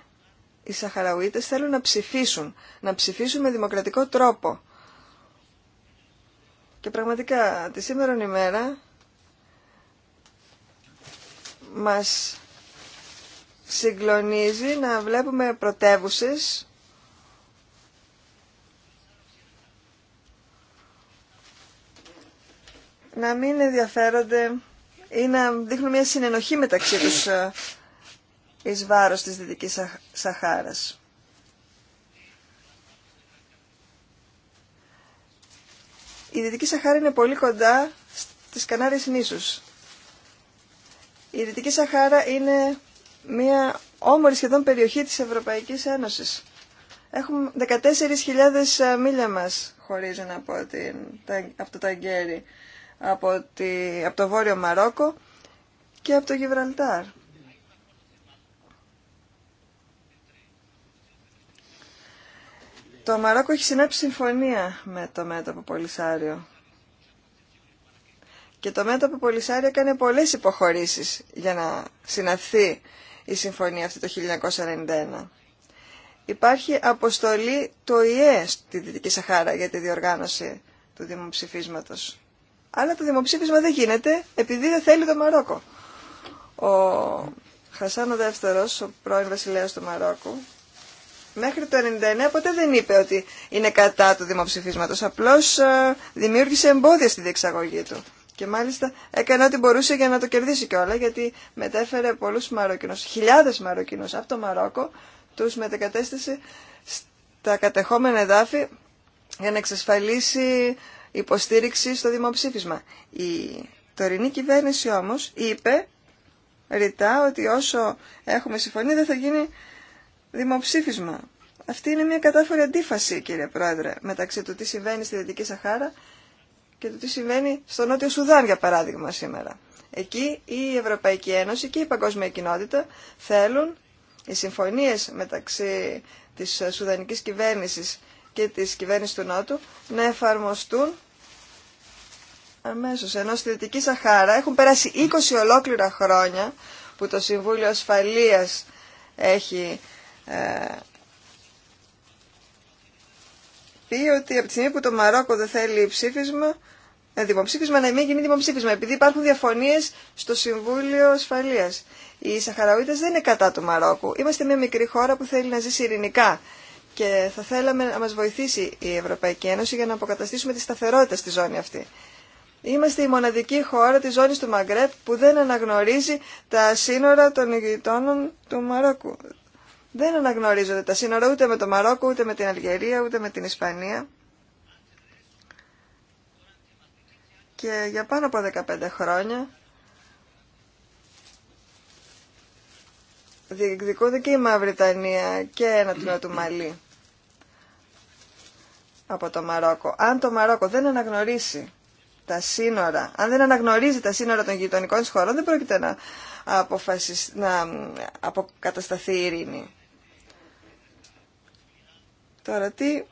οι Σαχαραουίτες θέλουν να ψηφίσουν, να ψηφίσουν με δημοκρατικό τρόπο. Και πραγματικά τη σήμερα ημέρα μας συγκλονίζει να βλέπουμε πρωτεύουσες να μην ενδιαφέρονται ή να δείχνουν μια συνενοχή μεταξύ τους ε, εις βάρος της Δυτικής Σαχάρας. Η Δυτική Σαχάρα είναι πολύ κοντά στις Κανάριες νήσους. Η Δυτική Σαχάρα είναι μια όμορφη σχεδόν περιοχή της Ευρωπαϊκής Ένωσης. Έχουμε 14.000 ε, μίλια μας χωρίζουν από, την, από το Ταγκέρι από, τη, από το Βόρειο Μαρόκο και από το Γιβραλτάρ. Το Μαρόκο έχει συνάψει συμφωνία με το μέτωπο Πολυσάριο. Και το μέτωπο Πολυσάριο έκανε πολλές υποχωρήσεις για να συναυθεί η συμφωνία αυτή το 1991. Υπάρχει αποστολή το ΙΕ στη Δυτική Σαχάρα για τη διοργάνωση του δημοψηφίσματος. Αλλά το δημοψήφισμα δεν γίνεται επειδή δεν θέλει το Μαρόκο. Ο Χασάν ο δεύτερος, ο πρώην βασιλέας του Μαρόκου, μέχρι το 1999 ποτέ δεν είπε ότι είναι κατά του δημοψηφίσματος. Απλώς ε, δημιούργησε εμπόδια στη διεξαγωγή του. Και μάλιστα έκανε ό,τι μπορούσε για να το κερδίσει κιόλα, γιατί μετέφερε πολλούς Μαροκινούς, χιλιάδες Μαροκινούς από το Μαρόκο, τους μετεκατέστησε στα κατεχόμενα εδάφη για να εξασφαλίσει υποστήριξη στο δημοψήφισμα. Η τωρινή κυβέρνηση όμως είπε ρητά ότι όσο έχουμε συμφωνία δεν θα γίνει δημοψήφισμα. Αυτή είναι μια κατάφορη αντίφαση, κύριε Πρόεδρε, μεταξύ του τι συμβαίνει στη Δυτική Σαχάρα και του τι συμβαίνει στο Νότιο Σουδάν, για παράδειγμα, σήμερα. Εκεί η Ευρωπαϊκή Ένωση και η παγκόσμια κοινότητα θέλουν οι συμφωνίες μεταξύ της Σουδανικής κυβέρνησης και της κυβέρνησης του Νότου να εφαρμοστούν αμέσως. Ενώ στη Δυτική Σαχάρα έχουν περάσει 20 ολόκληρα χρόνια που το Συμβούλιο Ασφαλείας έχει ε, πει ότι από τη στιγμή που το Μαρόκο δεν θέλει ψήφισμα, ε, δημοψήφισμα να μην γίνει δημοψήφισμα, επειδή υπάρχουν διαφωνίες στο Συμβούλιο Ασφαλείας. Οι Σαχαραουίτε δεν είναι κατά του Μαρόκου. Είμαστε μια μικρή χώρα που θέλει να ζήσει ειρηνικά και θα θέλαμε να μας βοηθήσει η Ευρωπαϊκή Ένωση για να αποκαταστήσουμε τη σταθερότητα στη ζώνη αυτή. Είμαστε η μοναδική χώρα της ζώνης του Μαγκρέπ που δεν αναγνωρίζει τα σύνορα των γειτόνων του Μαρόκου. Δεν αναγνωρίζονται τα σύνορα ούτε με το Μαρόκο, ούτε με την Αλγερία, ούτε με την Ισπανία. Και για πάνω από 15 χρόνια διεκδικούνται και η Μαυριτανία και ένα τμήμα του Μαλή από το Μαρόκο. Αν το Μαρόκο δεν αναγνωρίσει τα σύνορα, αν δεν αναγνωρίζει τα σύνορα των γειτονικών της χωρών, δεν πρόκειται να, να αποκατασταθεί η ειρήνη. Τώρα τι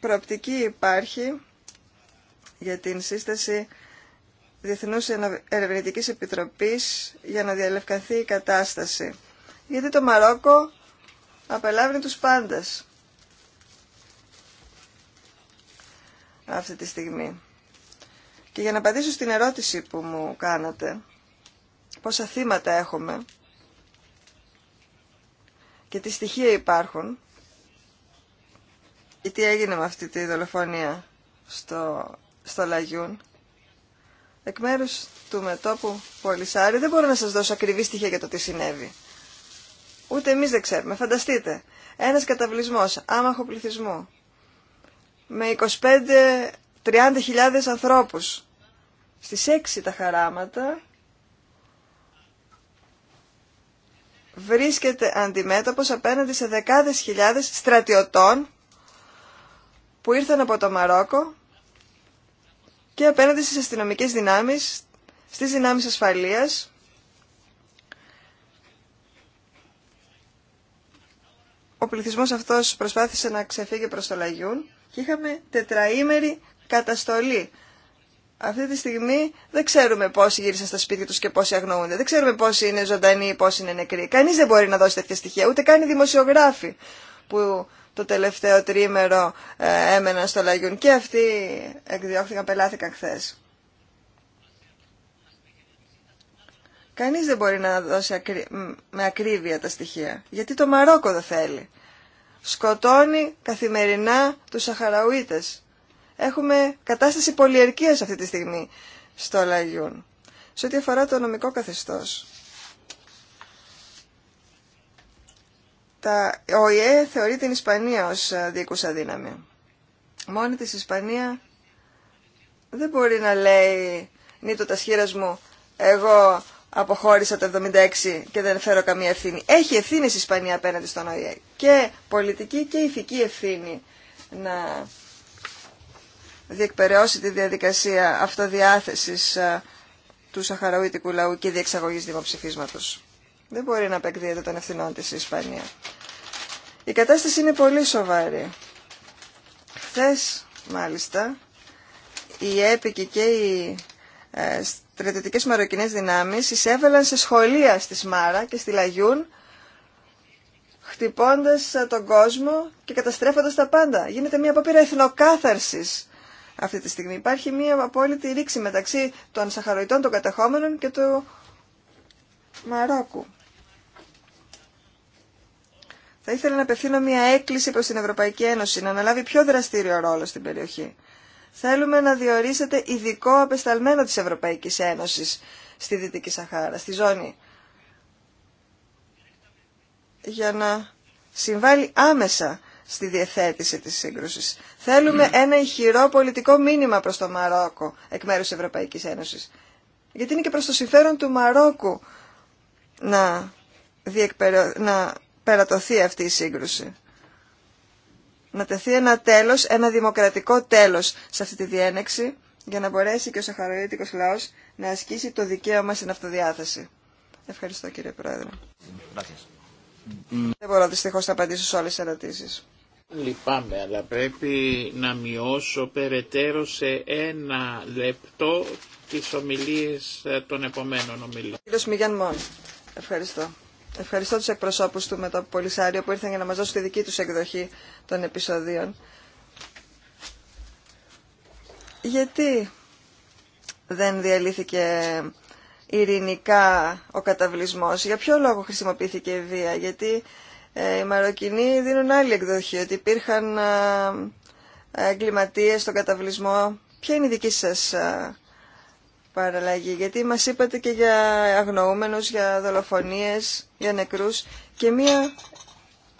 προοπτική υπάρχει για την σύσταση Διεθνούς Ερευνητικής Επιτροπής για να διαλευκανθεί η κατάσταση. Γιατί το Μαρόκο απελάβει τους πάντας αυτή τη στιγμή. Και για να απαντήσω στην ερώτηση που μου κάνατε, πόσα θύματα έχουμε και τι στοιχεία υπάρχουν ή τι έγινε με αυτή τη δολοφονία στο, στο Λαγιούν. Εκ μέρους του μετόπου Πολυσάρη δεν μπορώ να σας δώσω ακριβή στοιχεία για το τι συνέβη. Ούτε εμείς δεν ξέρουμε. Φανταστείτε, ένας καταβλισμός άμαχο πληθυσμού με 25-30 χιλιάδες ανθρώπους στις 6 τα χαράματα βρίσκεται αντιμέτωπος απέναντι σε δεκάδες χιλιάδες στρατιωτών που ήρθαν από το Μαρόκο και απέναντι στις αστυνομικές δυνάμεις, στις δυνάμεις ασφαλείας ο πληθυσμός αυτός προσπάθησε να ξεφύγει προς το Λαγιούν και είχαμε τετραήμερη καταστολή. Αυτή τη στιγμή δεν ξέρουμε πόσοι γύρισαν στα σπίτια τους και πόσοι αγνοούνται. Δεν ξέρουμε πόσοι είναι ζωντανοί ή πόσοι είναι νεκροί. Κανείς δεν μπορεί να δώσει τέτοια στοιχεία, ούτε καν οι δημοσιογράφοι που το τελευταίο τρίμερο ε, έμεναν στο Λαγιούν. Και αυτοί εκδιώχθηκαν, πελάθηκαν χθες. Κανείς δεν μπορεί να δώσει με ακρίβεια τα στοιχεία. Γιατί το Μαρόκο δεν θέλει. Σκοτώνει καθημερινά τους Σαχαραουίτες. Έχουμε κατάσταση πολιερκίας αυτή τη στιγμή στο Λαγιούν. Σε ό,τι αφορά το νομικό καθεστώς. Τα... Ο ΙΕ θεωρεί την Ισπανία ως ε, διοικούσα δύναμη. Μόνη της Ισπανία δεν μπορεί να λέει νίτο τα μου εγώ αποχώρησα το 76 και δεν φέρω καμία ευθύνη. Έχει ευθύνη η Ισπανία απέναντι στον ΟΗΕ και πολιτική και ηθική ευθύνη να διεκπαιρεώσει τη διαδικασία αυτοδιάθεσης του σαχαραουίτικου λαού και διεξαγωγής δημοψηφίσματος. Δεν μπορεί να απεκδίεται των ευθυνών της η Ισπανία. Η κατάσταση είναι πολύ σοβαρή. Χθε, μάλιστα, η έπικη και η ε, στρατιωτικές μαροκινές δυνάμεις εισέβαλαν σε σχολεία στη Σμάρα και στη Λαγιούν χτυπώντας τον κόσμο και καταστρέφοντας τα πάντα. Γίνεται μια απόπειρα εθνοκάθαρσης αυτή τη στιγμή. Υπάρχει μια απόλυτη ρήξη μεταξύ των Σαχαροϊτών των κατεχόμενων και του Μαρόκου. Θα ήθελα να απευθύνω μια έκκληση προς την Ευρωπαϊκή Ένωση να αναλάβει πιο δραστήριο ρόλο στην περιοχή. Θέλουμε να διορίσετε ειδικό απεσταλμένο της Ευρωπαϊκής Ένωσης στη Δυτική Σαχάρα, στη ζώνη, για να συμβάλλει άμεσα στη διεθέτηση της σύγκρουσης. Θέλουμε ένα ηχηρό πολιτικό μήνυμα προς το Μαρόκο εκ μέρους της Ευρωπαϊκής Ένωσης. Γιατί είναι και προς το συμφέρον του Μαρόκου να, διεκπερα... να περατωθεί αυτή η σύγκρουση να τεθεί ένα τέλος, ένα δημοκρατικό τέλος σε αυτή τη διένεξη για να μπορέσει και ο σαχαροίτικος λαός να ασκήσει το δικαίωμα στην αυτοδιάθεση. Ευχαριστώ κύριε Πρόεδρε. Δεν μπορώ δυστυχώς να απαντήσω σε όλες τις ερωτήσεις. Λυπάμαι, αλλά πρέπει να μειώσω περαιτέρω σε ένα λεπτό τις ομιλίες των επομένων ομιλών. Κύριος Μιγιάν ευχαριστώ. Ευχαριστώ τους εκπροσώπους του με το Πολυσάριο που ήρθαν για να μας δώσουν τη δική τους εκδοχή των επεισοδίων. Γιατί δεν διαλύθηκε ειρηνικά ο καταβλισμός, για ποιο λόγο χρησιμοποιήθηκε η βία, γιατί ε, οι Μαροκινοί δίνουν άλλη εκδοχή, ότι υπήρχαν ε, εγκληματίες στον καταβλισμό. Ποια είναι η δική σας ε, παραλλαγή. Γιατί μας είπατε και για αγνοούμενους, για δολοφονίες, για νεκρούς και μία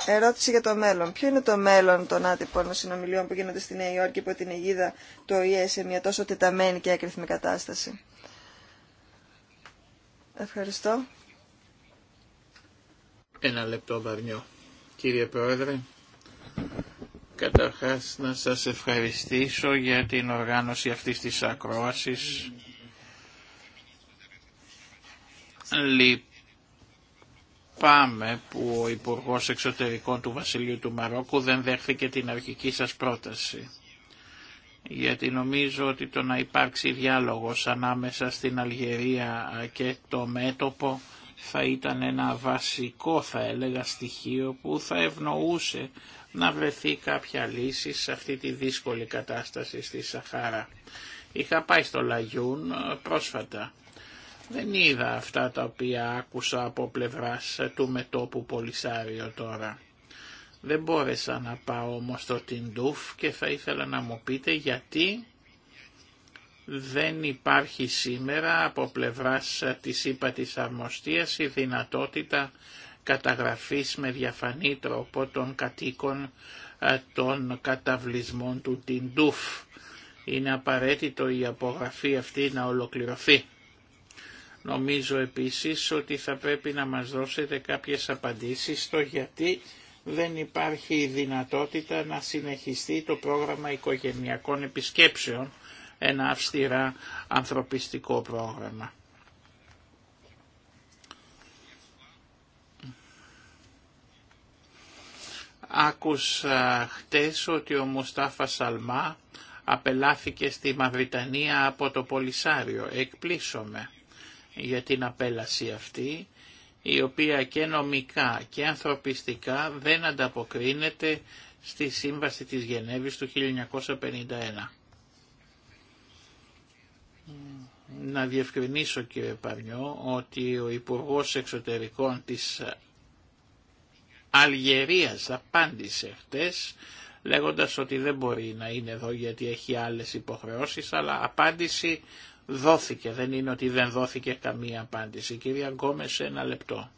ερώτηση για το μέλλον. Ποιο είναι το μέλλον των άτυπων συνομιλιών που γίνονται στη Νέα Υόρκη υπό την αιγίδα του ΟΗΕ σε μια τόσο τεταμένη και έκριθμη κατάσταση. Ευχαριστώ. Ένα λεπτό βαρνιό. Κύριε Πρόεδρε, καταρχάς να σας ευχαριστήσω για την οργάνωση αυτής της ακρόασης Λυπάμαι που ο Υπουργός Εξωτερικών του Βασιλείου του Μαρόκου δεν δέχθηκε την αρχική σας πρόταση. Γιατί νομίζω ότι το να υπάρξει διάλογος ανάμεσα στην Αλγερία και το μέτωπο θα ήταν ένα βασικό θα έλεγα στοιχείο που θα ευνοούσε να βρεθεί κάποια λύση σε αυτή τη δύσκολη κατάσταση στη Σαχάρα. Είχα πάει στο Λαγιούν ε, πρόσφατα δεν είδα αυτά τα οποία άκουσα από πλευράς του μετόπου Πολυσάριο τώρα. Δεν μπόρεσα να πάω όμως στο Τιντούφ και θα ήθελα να μου πείτε γιατί δεν υπάρχει σήμερα από πλευράς της ΥΠΑ της Αρμοστίας η δυνατότητα καταγραφής με διαφανή τρόπο των κατοίκων των καταβλισμών του Τιντούφ. Είναι απαραίτητο η απογραφή αυτή να ολοκληρωθεί. Νομίζω επίσης ότι θα πρέπει να μας δώσετε κάποιες απαντήσεις στο γιατί δεν υπάρχει δυνατότητα να συνεχιστεί το πρόγραμμα οικογενειακών επισκέψεων, ένα αυστηρά ανθρωπιστικό πρόγραμμα. Άκουσα χτες ότι ο Μουστάφα Σαλμά απελάθηκε στη Μαυριτανία από το Πολυσάριο. Εκπλήσωμε για την απέλαση αυτή, η οποία και νομικά και ανθρωπιστικά δεν ανταποκρίνεται στη Σύμβαση της Γενέβης του 1951. Να διευκρινίσω κύριε Παρνιό ότι ο Υπουργός Εξωτερικών της Αλγερίας απάντησε χτες λέγοντας ότι δεν μπορεί να είναι εδώ γιατί έχει άλλες υποχρεώσεις αλλά απάντηση δόθηκε, δεν είναι ότι δεν δόθηκε καμία απάντηση. Κυρία σε ένα λεπτό.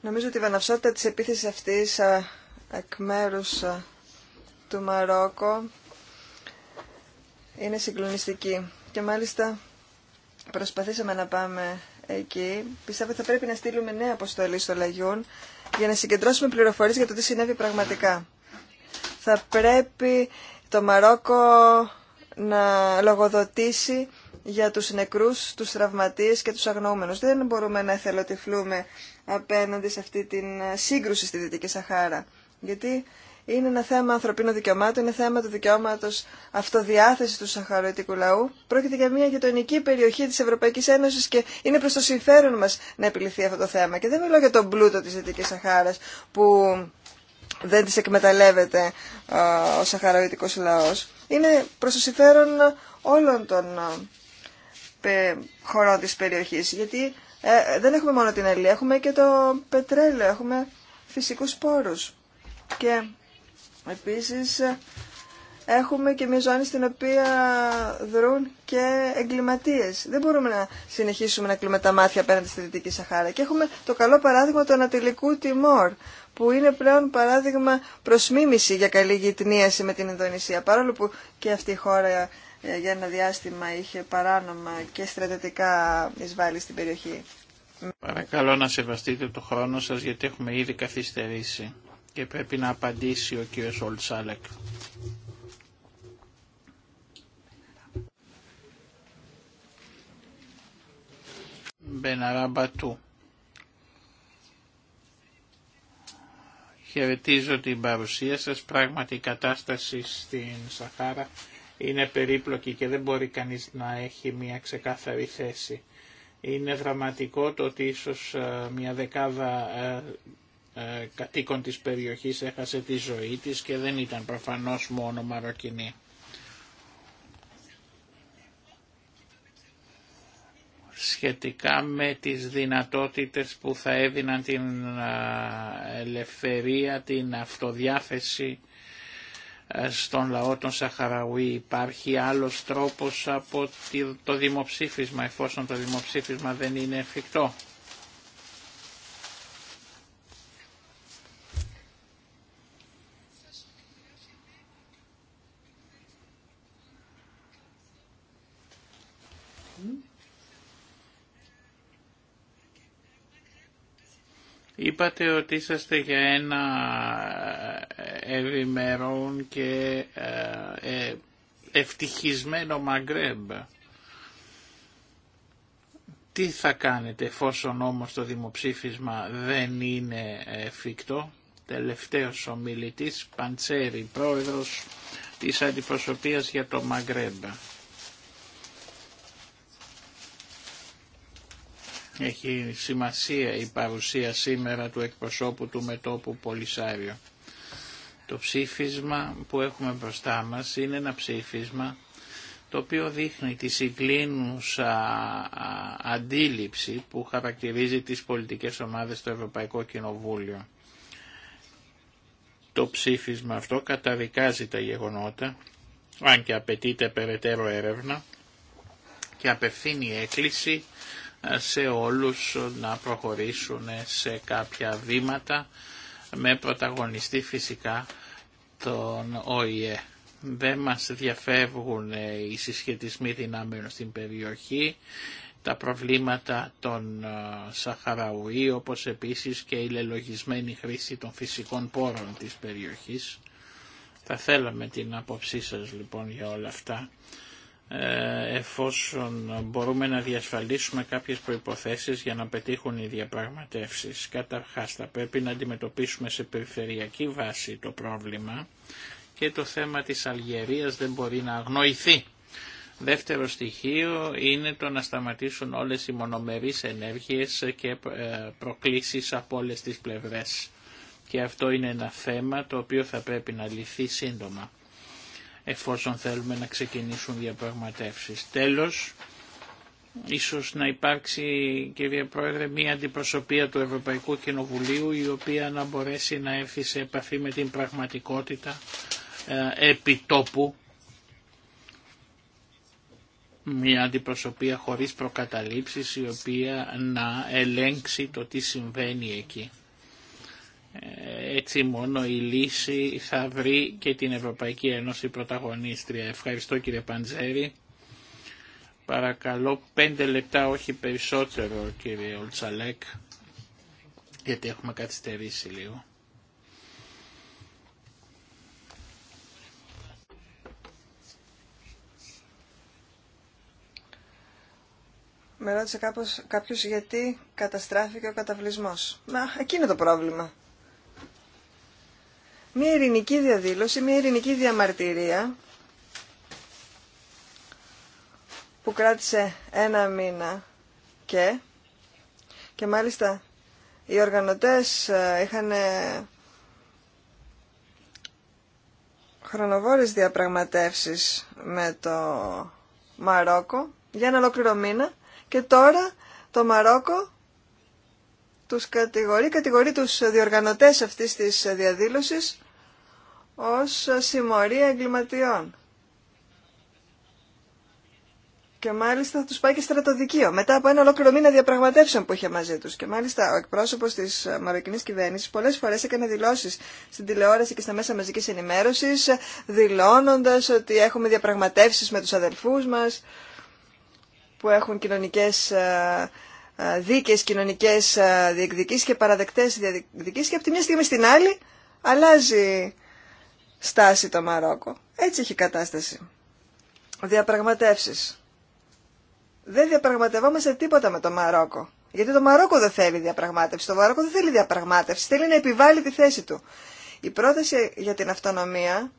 Νομίζω ότι η βαναυσότητα της επίθεσης αυτής εκ μέρους του Μαρόκο είναι συγκλονιστική. Και μάλιστα προσπαθήσαμε να πάμε εκεί. Πιστεύω ότι θα πρέπει να στείλουμε νέα αποστολή στο Λαγιούν για να συγκεντρώσουμε πληροφορίες για το τι συνέβη πραγματικά θα πρέπει το Μαρόκο να λογοδοτήσει για τους νεκρούς, τους τραυματίες και τους αγνοούμενους. Δεν μπορούμε να εθελοτυφλούμε απέναντι σε αυτή την σύγκρουση στη Δυτική Σαχάρα. Γιατί είναι ένα θέμα ανθρωπίνων δικαιωμάτων, είναι θέμα του δικαιώματο αυτοδιάθεση του σαχαροϊτικού λαού. Πρόκειται για μια γειτονική περιοχή τη Ευρωπαϊκή Ένωση και είναι προ το συμφέρον μα να επιληθεί αυτό το θέμα. Και δεν μιλώ για τον πλούτο τη Δυτική Σαχάρα που δεν τις εκμεταλλεύεται ε, ο σαχαραοίτικος λαός. Είναι προς το συμφέρον όλων των ε, χωρών της περιοχής, γιατί ε, δεν έχουμε μόνο την Ελία, έχουμε και το πετρέλαιο, έχουμε φυσικούς πόρους. Και επίσης έχουμε και μια ζώνη στην οποία δρούν και εγκληματίες. Δεν μπορούμε να συνεχίσουμε να κλείουμε τα μάτια απέναντι στη Δυτική Σαχάρα. Και έχουμε το καλό παράδειγμα του Ανατολικού Τιμόρ, που είναι πλέον παράδειγμα προς για καλή γειτνίαση με την Ινδονησία. Παρόλο που και αυτή η χώρα ε, για ένα διάστημα είχε παράνομα και στρατιωτικά εισβάλλει στην περιοχή. Παρακαλώ να σεβαστείτε το χρόνο σας γιατί έχουμε ήδη καθυστερήσει και πρέπει να απαντήσει ο κ. Ολτσάλεκ. Μπέναρα του. χαιρετίζω την παρουσία σας. Πράγματι η κατάσταση στην Σαχάρα είναι περίπλοκη και δεν μπορεί κανείς να έχει μια ξεκάθαρη θέση. Είναι δραματικό το ότι ίσως ε, μια δεκάδα ε, ε, κατοίκων της περιοχής έχασε τη ζωή της και δεν ήταν προφανώς μόνο Μαροκινή. σχετικά με τις δυνατότητες που θα έδιναν την ελευθερία, την αυτοδιάθεση στον λαό των Σαχαραουή. Υπάρχει άλλος τρόπος από το δημοψήφισμα, εφόσον το δημοψήφισμα δεν είναι εφικτό. Είπατε ότι είσαστε για ένα ε, ευημερών και ε, ε, ευτυχισμένο Μαγκρέμπ. Τι θα κάνετε εφόσον όμως το δημοψήφισμα δεν είναι εφικτό. Τελευταίος ομιλητής Παντσέρη, πρόεδρος της Αντιπροσωπείας για το Μαγκρέμπ. Έχει σημασία η παρουσία σήμερα του εκπροσώπου του μετόπου Πολυσάριο. Το ψήφισμα που έχουμε μπροστά μας είναι ένα ψήφισμα το οποίο δείχνει τη συγκλίνουσα αντίληψη που χαρακτηρίζει τις πολιτικές ομάδες στο Ευρωπαϊκό Κοινοβούλιο. Το ψήφισμα αυτό καταδικάζει τα γεγονότα, αν και απαιτείται περαιτέρω έρευνα, και απευθύνει έκκληση σε όλους να προχωρήσουν σε κάποια βήματα με πρωταγωνιστή φυσικά τον ΟΗΕ. Δεν μας διαφεύγουν οι συσχετισμοί δυνάμεων στην περιοχή, τα προβλήματα των ε, Σαχαραουή, όπως επίσης και η λελογισμένη χρήση των φυσικών πόρων της περιοχής. Θα θέλαμε την άποψή σας λοιπόν για όλα αυτά ε, εφόσον μπορούμε να διασφαλίσουμε κάποιες προϋποθέσεις για να πετύχουν οι διαπραγματεύσεις. Καταρχάς θα πρέπει να αντιμετωπίσουμε σε περιφερειακή βάση το πρόβλημα και το θέμα της Αλγερίας δεν μπορεί να αγνοηθεί. Δεύτερο στοιχείο είναι το να σταματήσουν όλες οι μονομερείς ενέργειες και ε, προκλήσεις από όλες τις πλευρές. Και αυτό είναι ένα θέμα το οποίο θα πρέπει να λυθεί σύντομα εφόσον θέλουμε να ξεκινήσουν διαπραγματεύσεις. Τέλος, ίσως να υπάρξει, κύριε Πρόεδρε, μία αντιπροσωπεία του Ευρωπαϊκού Κοινοβουλίου η οποία να μπορέσει να έρθει σε επαφή με την πραγματικότητα ε, επιτόπου μια αντιπροσωπεία χωρίς προκαταλήψεις η οποία να ελέγξει το τι συμβαίνει εκεί έτσι μόνο η λύση θα βρει και την Ευρωπαϊκή Ένωση πρωταγωνίστρια. Ευχαριστώ κύριε Παντζέρη. Παρακαλώ πέντε λεπτά όχι περισσότερο κύριε Ολτσαλέκ γιατί έχουμε καθυστερήσει λίγο. Με ρώτησε κάπως, κάποιος γιατί καταστράφηκε ο καταβλισμός. Μα, εκεί είναι το πρόβλημα μια ειρηνική διαδήλωση, μια ειρηνική διαμαρτυρία που κράτησε ένα μήνα και, και μάλιστα οι οργανωτές ε, είχαν ε, χρονοβόρες διαπραγματεύσεις με το Μαρόκο για ένα ολόκληρο μήνα και τώρα το Μαρόκο τους κατηγορεί, κατηγορεί τους διοργανωτές αυτής της διαδήλωσης ως συμμορία εγκληματιών. Και μάλιστα θα τους πάει και στρατοδικείο. Μετά από ένα ολόκληρο μήνα διαπραγματεύσεων που είχε μαζί τους. Και μάλιστα ο εκπρόσωπος της μαροκινής κυβέρνησης πολλές φορές έκανε δηλώσεις στην τηλεόραση και στα μέσα μαζικής ενημέρωσης δηλώνοντας ότι έχουμε διαπραγματεύσεις με τους αδελφούς μας που έχουν κοινωνικές ε, ε, δίκες, κοινωνικές ε, διεκδικήσεις και παραδεκτές διεκδικήσεις και από τη μια στιγμή στην άλλη αλλάζει στάση το Μαρόκο. Έτσι έχει κατάσταση. Διαπραγματεύσεις. Δεν διαπραγματευόμαστε τίποτα με το Μαρόκο. Γιατί το Μαρόκο δεν θέλει διαπραγμάτευση. Το Μαρόκο δεν θέλει διαπραγμάτευση. Θέλει να επιβάλλει τη θέση του. Η πρόταση για την αυτονομία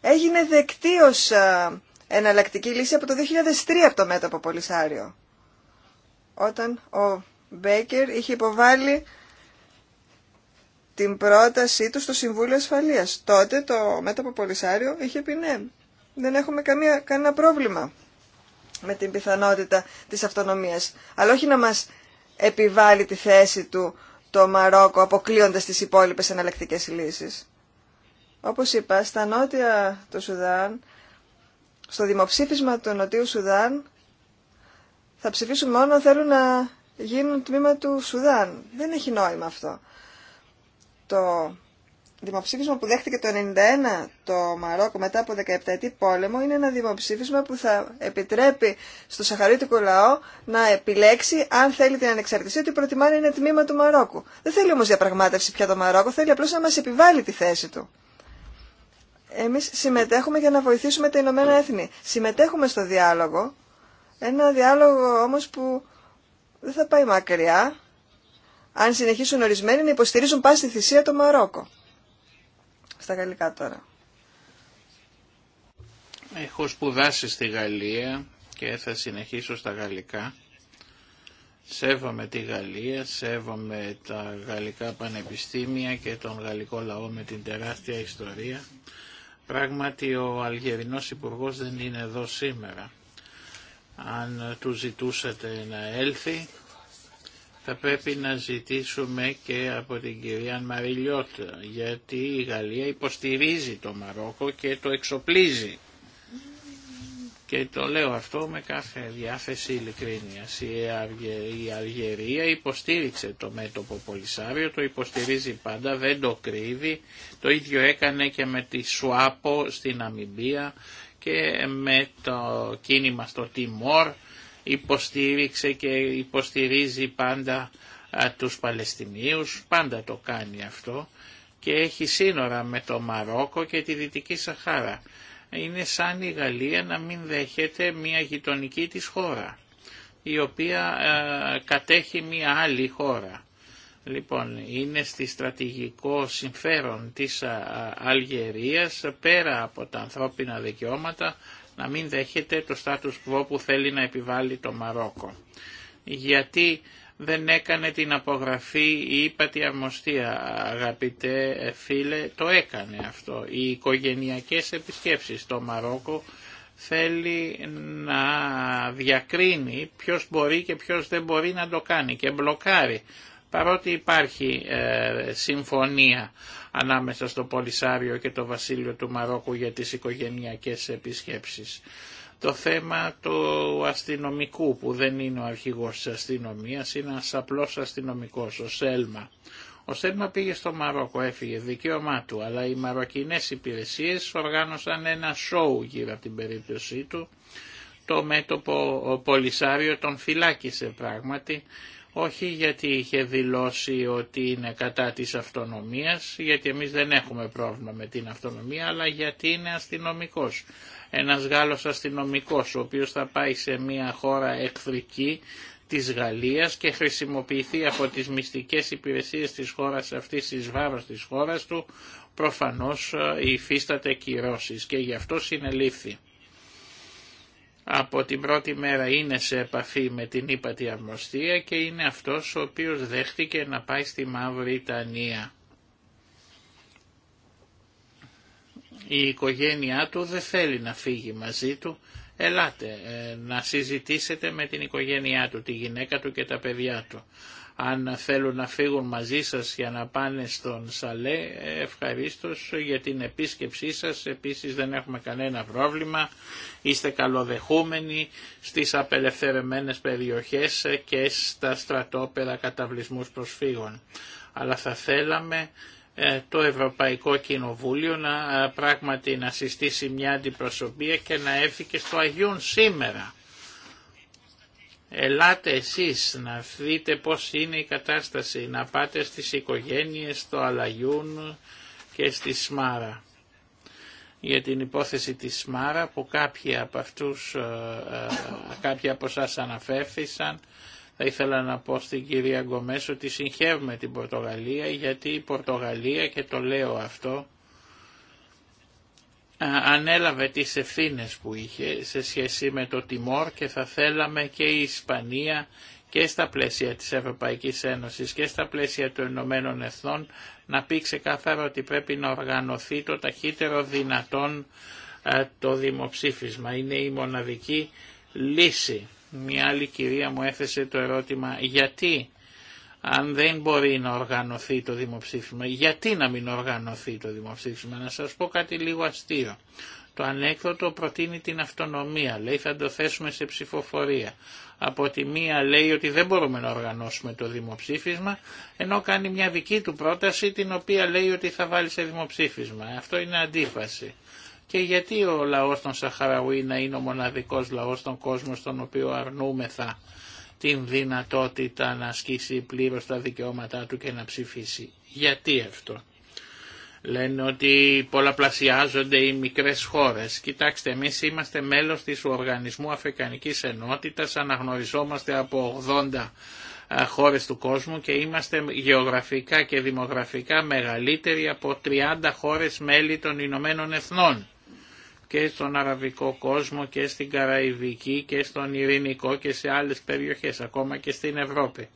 έγινε δεκτή ως ε, εναλλακτική λύση από το 2003 από το μέτωπο Πολυσάριο. Όταν ο Μπέικερ είχε υποβάλει την πρότασή του στο Συμβούλιο Ασφαλείας. Τότε το μέτωπο Πολυσάριο είχε πει ναι. Δεν έχουμε καμία, κανένα πρόβλημα με την πιθανότητα της αυτονομίας. Αλλά όχι να μας επιβάλλει τη θέση του το Μαρόκο αποκλείοντας τις υπόλοιπες εναλλακτικέ λύσεις. Όπως είπα, στα νότια του Σουδάν, στο δημοψήφισμα του Νοτιού Σουδάν, θα ψηφίσουν μόνο αν θέλουν να γίνουν τμήμα του Σουδάν. Δεν έχει νόημα αυτό. Το δημοψήφισμα που δέχτηκε το 1991 το Μαρόκο μετά από 17 ετή πόλεμο είναι ένα δημοψήφισμα που θα επιτρέπει στο σαχαρίτικο λαό να επιλέξει αν θέλει την ανεξαρτησία ότι προτιμά να είναι τμήμα του Μαρόκου. Δεν θέλει όμως διαπραγμάτευση πια το Μαρόκο, θέλει απλώς να μας επιβάλλει τη θέση του. Εμείς συμμετέχουμε για να βοηθήσουμε τα Ηνωμένα Έθνη. Συμμετέχουμε στο διάλογο, ένα διάλογο όμως που δεν θα πάει μακριά, αν συνεχίσουν ορισμένοι να υποστηρίζουν πάση τη θυσία το Μαρόκο. Στα γαλλικά τώρα. Έχω σπουδάσει στη Γαλλία και θα συνεχίσω στα γαλλικά. Σέβομαι τη Γαλλία, σέβομαι τα γαλλικά πανεπιστήμια και τον γαλλικό λαό με την τεράστια ιστορία. Πράγματι ο Αλγερινός Υπουργός δεν είναι εδώ σήμερα. Αν του ζητούσατε να έλθει θα πρέπει να ζητήσουμε και από την κυρία Μαριλιώτ, γιατί η Γαλλία υποστηρίζει το Μαρόκο και το εξοπλίζει. Και το λέω αυτό με κάθε διάθεση ειλικρίνειας. Η Αλγερία υποστήριξε το μέτωπο Πολυσάριο, το υποστηρίζει πάντα, δεν το κρύβει. Το ίδιο έκανε και με τη Σουάπο στην Αμιμπία και με το κίνημα στο Τιμόρ υποστήριξε και υποστηρίζει πάντα τους Παλαιστινίους, πάντα το κάνει αυτό και έχει σύνορα με το Μαρόκο και τη Δυτική Σαχάρα. Είναι σαν η Γαλλία να μην δέχεται μια γειτονική της χώρα, η οποία κατέχει μια άλλη χώρα. Λοιπόν, είναι στη στρατηγικό συμφέρον της Αλγερίας, πέρα από τα ανθρώπινα δικαιώματα, να μην δέχεται το status quo που θέλει να επιβάλλει το Μαρόκο. Γιατί δεν έκανε την απογραφή η ύπατη αρμοστία, αγαπητέ φίλε, το έκανε αυτό. Οι οικογενειακές επισκέψεις στο Μαρόκο θέλει να διακρίνει ποιος μπορεί και ποιος δεν μπορεί να το κάνει και μπλοκάρει. Παρότι υπάρχει ε, συμφωνία ανάμεσα στο Πολυσάριο και το Βασίλειο του Μαρόκου για τις οικογενειακές επισκέψεις. Το θέμα του αστυνομικού που δεν είναι ο αρχηγός της αστυνομίας, είναι ένας απλός αστυνομικός, ο Σέλμα. Ο Σέλμα πήγε στο Μαρόκο, έφυγε, δικαίωμά του, αλλά οι μαροκινές υπηρεσίες οργάνωσαν ένα σοου γύρω από την περίπτωσή του. Το μέτωπο ο Πολυσάριο τον φυλάκισε πράγματι όχι γιατί είχε δηλώσει ότι είναι κατά της αυτονομίας, γιατί εμείς δεν έχουμε πρόβλημα με την αυτονομία, αλλά γιατί είναι αστυνομικός. Ένας Γάλλος αστυνομικός, ο οποίος θα πάει σε μια χώρα εχθρική της Γαλλίας και χρησιμοποιηθεί από τις μυστικές υπηρεσίες της χώρας αυτής, της βάρος της χώρας του, προφανώς ε, υφίσταται κυρώσεις και γι' αυτό συνελήφθη από την πρώτη μέρα είναι σε επαφή με την ύπατη αρμοστία και είναι αυτός ο οποίος δέχτηκε να πάει στη Μαύρη Ιτανία. Η οικογένειά του δεν θέλει να φύγει μαζί του. Ελάτε ε, να συζητήσετε με την οικογένειά του, τη γυναίκα του και τα παιδιά του αν θέλουν να φύγουν μαζί σας για να πάνε στον Σαλέ, ευχαριστώ για την επίσκεψή σας. Επίσης δεν έχουμε κανένα πρόβλημα. Είστε καλοδεχούμενοι στις απελευθερεμένες περιοχές και στα στρατόπεδα καταβλισμούς προσφύγων. Αλλά θα θέλαμε ε, το Ευρωπαϊκό Κοινοβούλιο να ε, πράγματι να συστήσει μια αντιπροσωπεία και να έρθει και στο Αγίον σήμερα Ελάτε εσείς να δείτε πώς είναι η κατάσταση, να πάτε στις οικογένειες, στο Αλαγιούν και στη Σμάρα. Για την υπόθεση της Σμάρα που κάποιοι από αυτούς, ε, ε, κάποιοι από σας αναφέρθησαν, θα ήθελα να πω στην κυρία Γκομές ότι συγχαίρουμε την Πορτογαλία γιατί η Πορτογαλία και το λέω αυτό ανέλαβε τις ευθύνες που είχε σε σχέση με το Τιμόρ και θα θέλαμε και η Ισπανία και στα πλαίσια της Ευρωπαϊκής Ένωσης και στα πλαίσια των Ηνωμένων Εθνών να πει ξεκάθαρα ότι πρέπει να οργανωθεί το ταχύτερο δυνατόν το δημοψήφισμα. Είναι η μοναδική λύση. Μια άλλη κυρία μου έθεσε το ερώτημα γιατί αν δεν μπορεί να οργανωθεί το δημοψήφισμα, γιατί να μην οργανωθεί το δημοψήφισμα, να σας πω κάτι λίγο αστείο. Το ανέκδοτο προτείνει την αυτονομία, λέει θα το θέσουμε σε ψηφοφορία. Από τη μία λέει ότι δεν μπορούμε να οργανώσουμε το δημοψήφισμα, ενώ κάνει μια δική του πρόταση την οποία λέει ότι θα βάλει σε δημοψήφισμα. Αυτό είναι αντίφαση. Και γιατί ο λαός των Σαχαραουί να είναι ο μοναδικός λαός των κόσμο στον οποίο αρνούμεθα την δυνατότητα να ασκήσει πλήρως τα δικαιώματά του και να ψηφίσει. Γιατί αυτό. Λένε ότι πολλαπλασιάζονται οι μικρές χώρες. Κοιτάξτε, εμείς είμαστε μέλος της Οργανισμού Αφρικανικής Ενότητας, αναγνωριζόμαστε από 80 χώρες του κόσμου και είμαστε γεωγραφικά και δημογραφικά μεγαλύτεροι από 30 χώρες μέλη των Ηνωμένων Εθνών και στον αραβικό κόσμο και στην Καραϊβική και στον Ειρηνικό και σε άλλες περιοχές, ακόμα και στην Ευρώπη.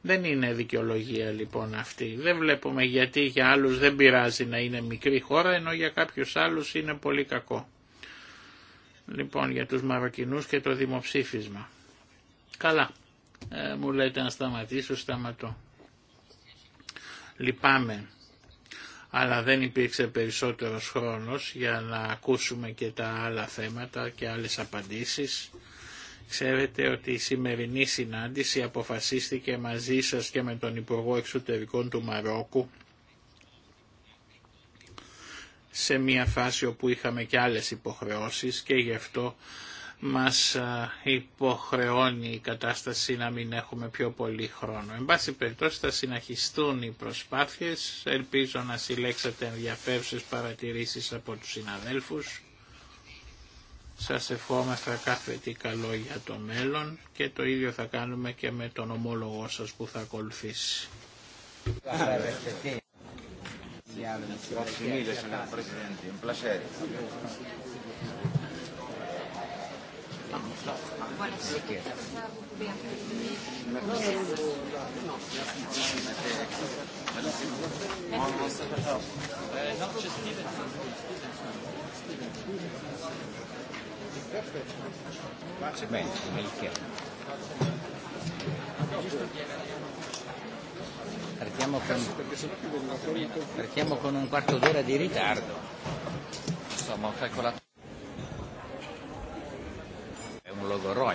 Δεν είναι δικαιολογία λοιπόν αυτή. Δεν βλέπουμε γιατί για άλλους δεν πειράζει να είναι μικρή χώρα, ενώ για κάποιους άλλους είναι πολύ κακό. Λοιπόν, για τους Μαροκινούς και το δημοψήφισμα. Καλά. Ε, μου λέτε να σταματήσω, σταματώ. Λυπάμαι αλλά δεν υπήρξε περισσότερος χρόνος για να ακούσουμε και τα άλλα θέματα και άλλες απαντήσεις. Ξέρετε ότι η σημερινή συνάντηση αποφασίστηκε μαζί σας και με τον Υπουργό Εξωτερικών του Μαρόκου σε μια φάση όπου είχαμε και άλλες υποχρεώσεις και γι' αυτό μας υποχρεώνει η κατάσταση να μην έχουμε πιο πολύ χρόνο. Εν πάση περιπτώσει θα συνεχιστούν οι προσπάθειες, ελπίζω να συλλέξατε ενδιαφέρουσες παρατηρήσεις από τους συναδέλφους. Σας ευχόμαστε κάθε τι καλό για το μέλλον και το ίδιο θα κάνουμε και με τον ομόλογό σας που θα ακολουθήσει. Grazie Partiamo con, partiamo con un quarto d'ora di ritardo. calcolato. Λοδωρό.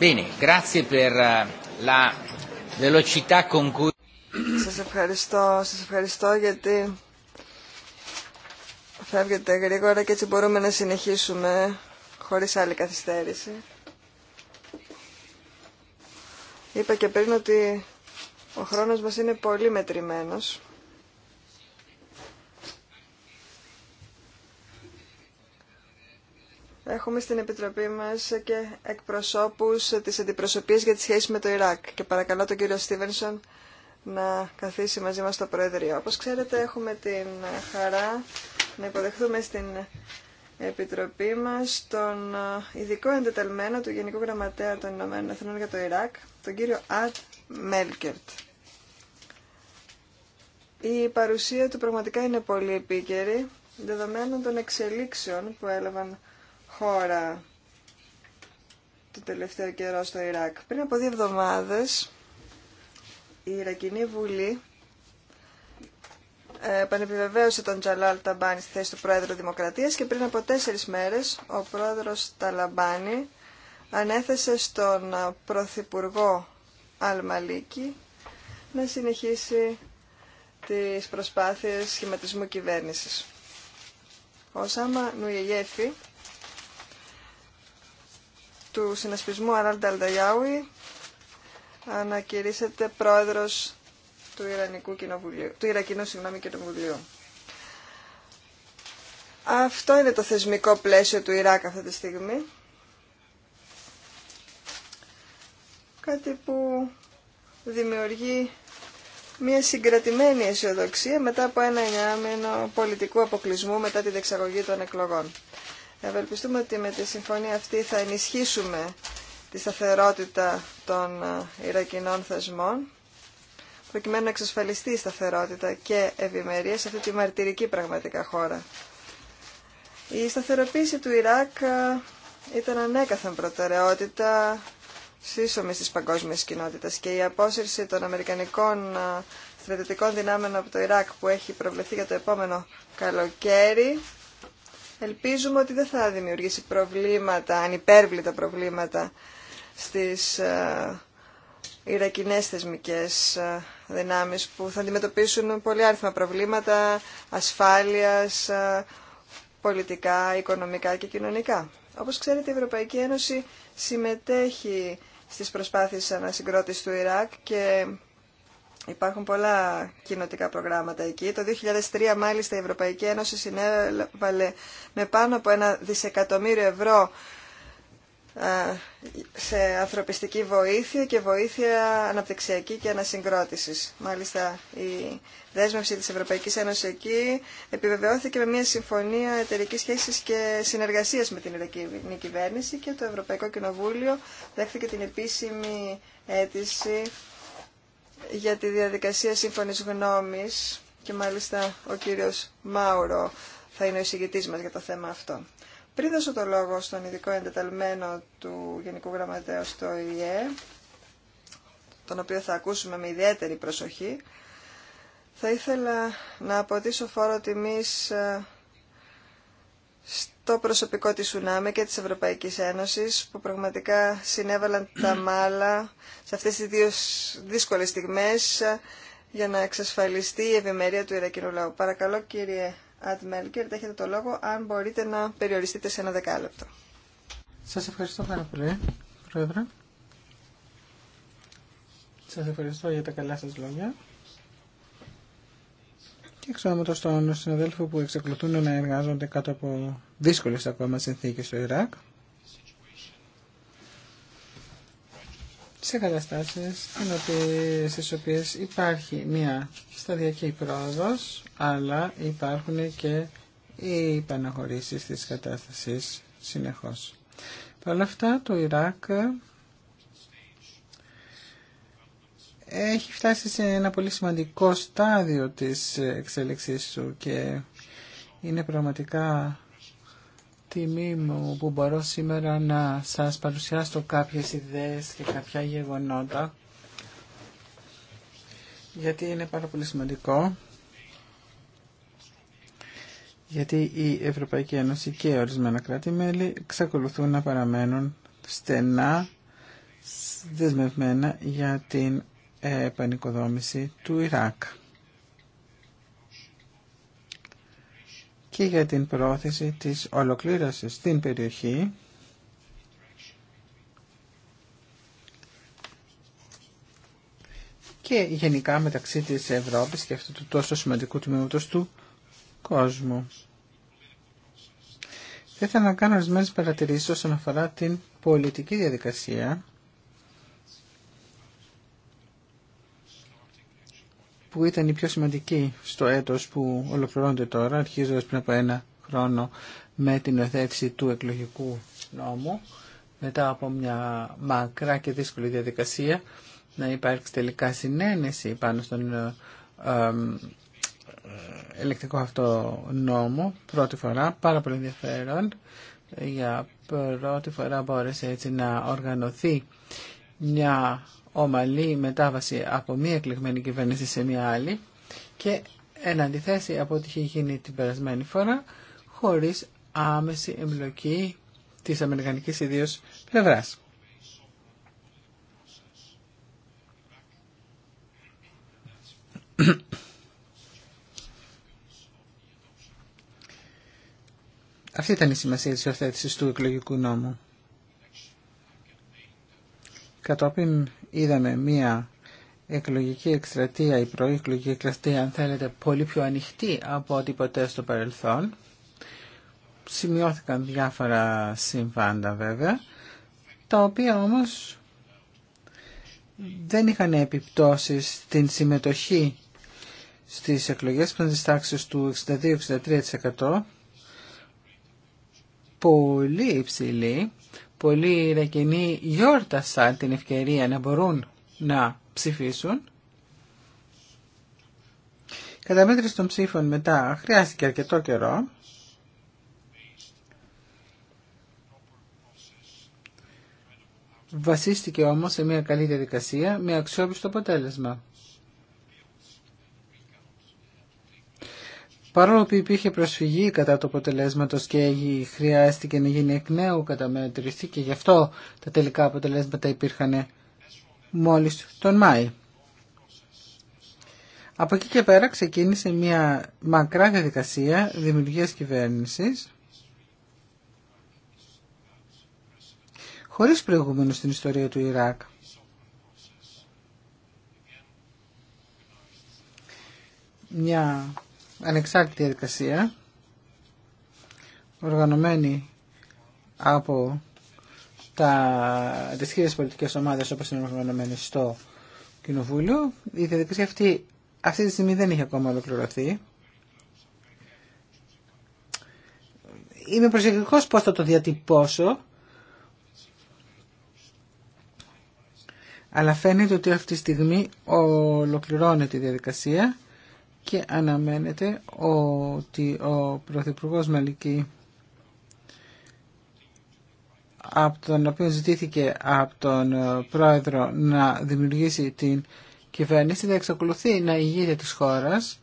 Bene, eh, ευχαριστώ, ευχαριστώ γιατί φεύγετε γρήγορα και έτσι μπορούμε να συνεχίσουμε χωρίς άλλη καθυστέρηση. Είπα και πριν ότι ο χρόνος μας είναι πολύ μετρημένος. Έχουμε στην Επιτροπή μας και εκπροσώπους της αντιπροσωπείας για τις σχέσεις με το Ιράκ και παρακαλώ τον κύριο Στίβενσον να καθίσει μαζί μας στο Προεδρείο. Όπως ξέρετε έχουμε την χαρά να υποδεχθούμε στην Επιτροπή μας τον ειδικό εντεταλμένο του Γενικού Γραμματέα των Ηνωμένων Εθνών για το Ιράκ, τον κύριο Αρτ Μέλκερτ. Η παρουσία του πραγματικά είναι πολύ επίκαιρη, δεδομένων των εξελίξεων που έλαβαν χώρα το τελευταίο καιρό στο Ιράκ. Πριν από δύο εβδομάδες η Ιρακινή Βουλή ε, επανεπιβεβαίωσε τον Τζαλάλ Ταμπάνη στη θέση του Πρόεδρου Δημοκρατίας και πριν από τέσσερις μέρες ο Πρόεδρος Ταλαμπάνη ανέθεσε στον Πρωθυπουργό Αλμαλίκη να συνεχίσει τις προσπάθειες σχηματισμού κυβέρνησης. Ο Σάμα Νουιεγέφη του συνασπισμού Αράλ Αλνταγιάουι ανακηρύσσεται πρόεδρος του, Ιρανικού Κοινοβουλίου, του Ιρακινού συγγνώμη, Κοινοβουλίου. Αυτό είναι το θεσμικό πλαίσιο του Ιράκ αυτή τη στιγμή. Κάτι που δημιουργεί μια συγκρατημένη αισιοδοξία μετά από ένα εννιάμενο πολιτικού αποκλεισμού μετά τη δεξαγωγή των εκλογών. Ευελπιστούμε ότι με τη συμφωνία αυτή θα ενισχύσουμε τη σταθερότητα των ε, Ιρακινών θεσμών προκειμένου να εξασφαλιστεί η σταθερότητα και ευημερία σε αυτή τη μαρτυρική πραγματικά χώρα. Η σταθεροποίηση του Ιράκ ε, ήταν ανέκαθεν προτεραιότητα σύσσωμης της παγκόσμιας κοινότητας και η απόσυρση των Αμερικανικών ε, στρατητικών δυνάμεων από το Ιράκ που έχει προβλεφθεί για το επόμενο καλοκαίρι Ελπίζουμε ότι δεν θα δημιουργήσει προβλήματα, ανυπέρβλητα προβλήματα στις ε, Ιρακινές θεσμικές ε, δυνάμεις που θα αντιμετωπίσουν πολύ άριθμα προβλήματα ασφάλειας, ε, πολιτικά, οικονομικά και κοινωνικά. Όπως ξέρετε η Ευρωπαϊκή Ένωση συμμετέχει στις προσπάθειες ανασυγκρότησης του Ιράκ και Υπάρχουν πολλά κοινοτικά προγράμματα εκεί. Το 2003 μάλιστα η Ευρωπαϊκή Ένωση συνέβαλε με πάνω από ένα δισεκατομμύριο ευρώ σε ανθρωπιστική βοήθεια και βοήθεια αναπτυξιακή και ανασυγκρότησης. Μάλιστα η δέσμευση της Ευρωπαϊκής Ένωσης εκεί επιβεβαιώθηκε με μια συμφωνία εταιρική σχέσης και συνεργασίας με την Ιρακινή κυβέρνηση και το Ευρωπαϊκό Κοινοβούλιο δέχθηκε την επίσημη αίτηση για τη διαδικασία σύμφωνης γνώμη, και μάλιστα ο κύριος Μάουρο θα είναι ο εισηγητή για το θέμα αυτό. Πριν δώσω το λόγο στον ειδικό εντεταλμένο του Γενικού Γραμματέα στο ΙΕ, τον οποίο θα ακούσουμε με ιδιαίτερη προσοχή, θα ήθελα να αποτίσω φόρο τιμής ε, στο προσωπικό της Σουνάμι και της Ευρωπαϊκής Ένωσης που πραγματικά συνέβαλαν τα μάλα σε αυτές τις δύο δύσκολες στιγμές ε, για να εξασφαλιστεί η ευημερία του Ιρακινού λαού. Παρακαλώ κύριε Ατμέλκερ, έχετε το λόγο αν μπορείτε να περιοριστείτε σε ένα δεκάλεπτο. Σας ευχαριστώ πάρα πολύ, Πρόεδρε. Σας ευχαριστώ για τα καλά σας λόγια και εξώματος των συναδέλφων που εξακολουθούν να εργάζονται κάτω από δύσκολες ακόμα συνθήκες στο Ιράκ σε καταστάσεις στις οποίες υπάρχει μια σταδιακή πρόοδος αλλά υπάρχουν και οι υπαναχωρήσεις της κατάστασης συνεχώς. Παρ' όλα αυτά το Ιράκ έχει φτάσει σε ένα πολύ σημαντικό στάδιο της εξέλιξής του και είναι πραγματικά τιμή μου που μπορώ σήμερα να σας παρουσιάσω κάποιες ιδέες και κάποια γεγονότα γιατί είναι πάρα πολύ σημαντικό γιατί η Ευρωπαϊκή Ένωση και ορισμένα κράτη-μέλη εξακολουθούν να παραμένουν στενά δεσμευμένα για την πανικοδόμηση του Ιράκ και για την πρόθεση της ολοκλήρωσης στην περιοχή και γενικά μεταξύ της Ευρώπης και αυτού του τόσο σημαντικού τμήματος του κόσμου. Θα ήθελα να κάνω ορισμένε παρατηρήσει όσον αφορά την πολιτική διαδικασία που ήταν η πιο σημαντική στο έτος που ολοκληρώνεται τώρα, αρχίζοντας πριν από ένα χρόνο με την οθέτηση του εκλογικού νόμου, μετά από μια μακρά και δύσκολη διαδικασία, να υπάρξει τελικά συνένεση πάνω στον ε, ε ελεκτικό αυτό νόμο, πρώτη φορά, πάρα πολύ ενδιαφέρον. Για πρώτη φορά μπόρεσε έτσι να οργανωθεί μια ομαλή μετάβαση από μία εκλεγμένη κυβέρνηση σε μία άλλη και εν αντιθέσει από ό,τι είχε γίνει την περασμένη φορά χωρίς άμεση εμπλοκή της Αμερικανικής ιδίω πλευράς. Αυτή ήταν η σημασία της οθέτησης του εκλογικού νόμου. Κατόπιν είδαμε μία εκλογική εκστρατεία, η προεκλογική εκστρατεία αν θέλετε πολύ πιο ανοιχτή από ό,τι ποτέ στο παρελθόν. Σημειώθηκαν διάφορα συμβάντα βέβαια, τα οποία όμως δεν είχαν επιπτώσεις στην συμμετοχή στις εκλογές που της τάξης του 62-63% πολύ υψηλή πολλοί Ιρακινοί γιόρτασαν την ευκαιρία να μπορούν να ψηφίσουν. Κατά μέτρηση των ψήφων μετά χρειάστηκε αρκετό καιρό. Βασίστηκε όμως σε μια καλή διαδικασία με αξιόπιστο αποτέλεσμα. Παρόλο που υπήρχε προσφυγή κατά το αποτελέσματο και χρειάστηκε να γίνει εκ νέου καταμετρηστή και γι' αυτό τα τελικά αποτελέσματα υπήρχαν μόλις τον Μάη. Από εκεί και πέρα ξεκίνησε μια μακρά διαδικασία δημιουργίας κυβέρνησης χωρίς προηγούμενο στην ιστορία του Ιράκ. Μια ανεξάρτητη διαδικασία οργανωμένη από τα, τις χίλιες πολιτικές ομάδες όπως είναι οργανωμένη στο Κοινοβούλιο. Η διαδικασία αυτή αυτή τη στιγμή δεν είχε ακόμα ολοκληρωθεί. Είμαι προσεκτικός πώς θα το διατυπώσω αλλά φαίνεται ότι αυτή τη στιγμή ολοκληρώνεται η διαδικασία και αναμένεται ότι ο Πρωθυπουργός Μαλική από τον οποίο ζητήθηκε από τον ε, Πρόεδρο να δημιουργήσει την κυβέρνηση θα εξακολουθεί να ηγείται της χώρας.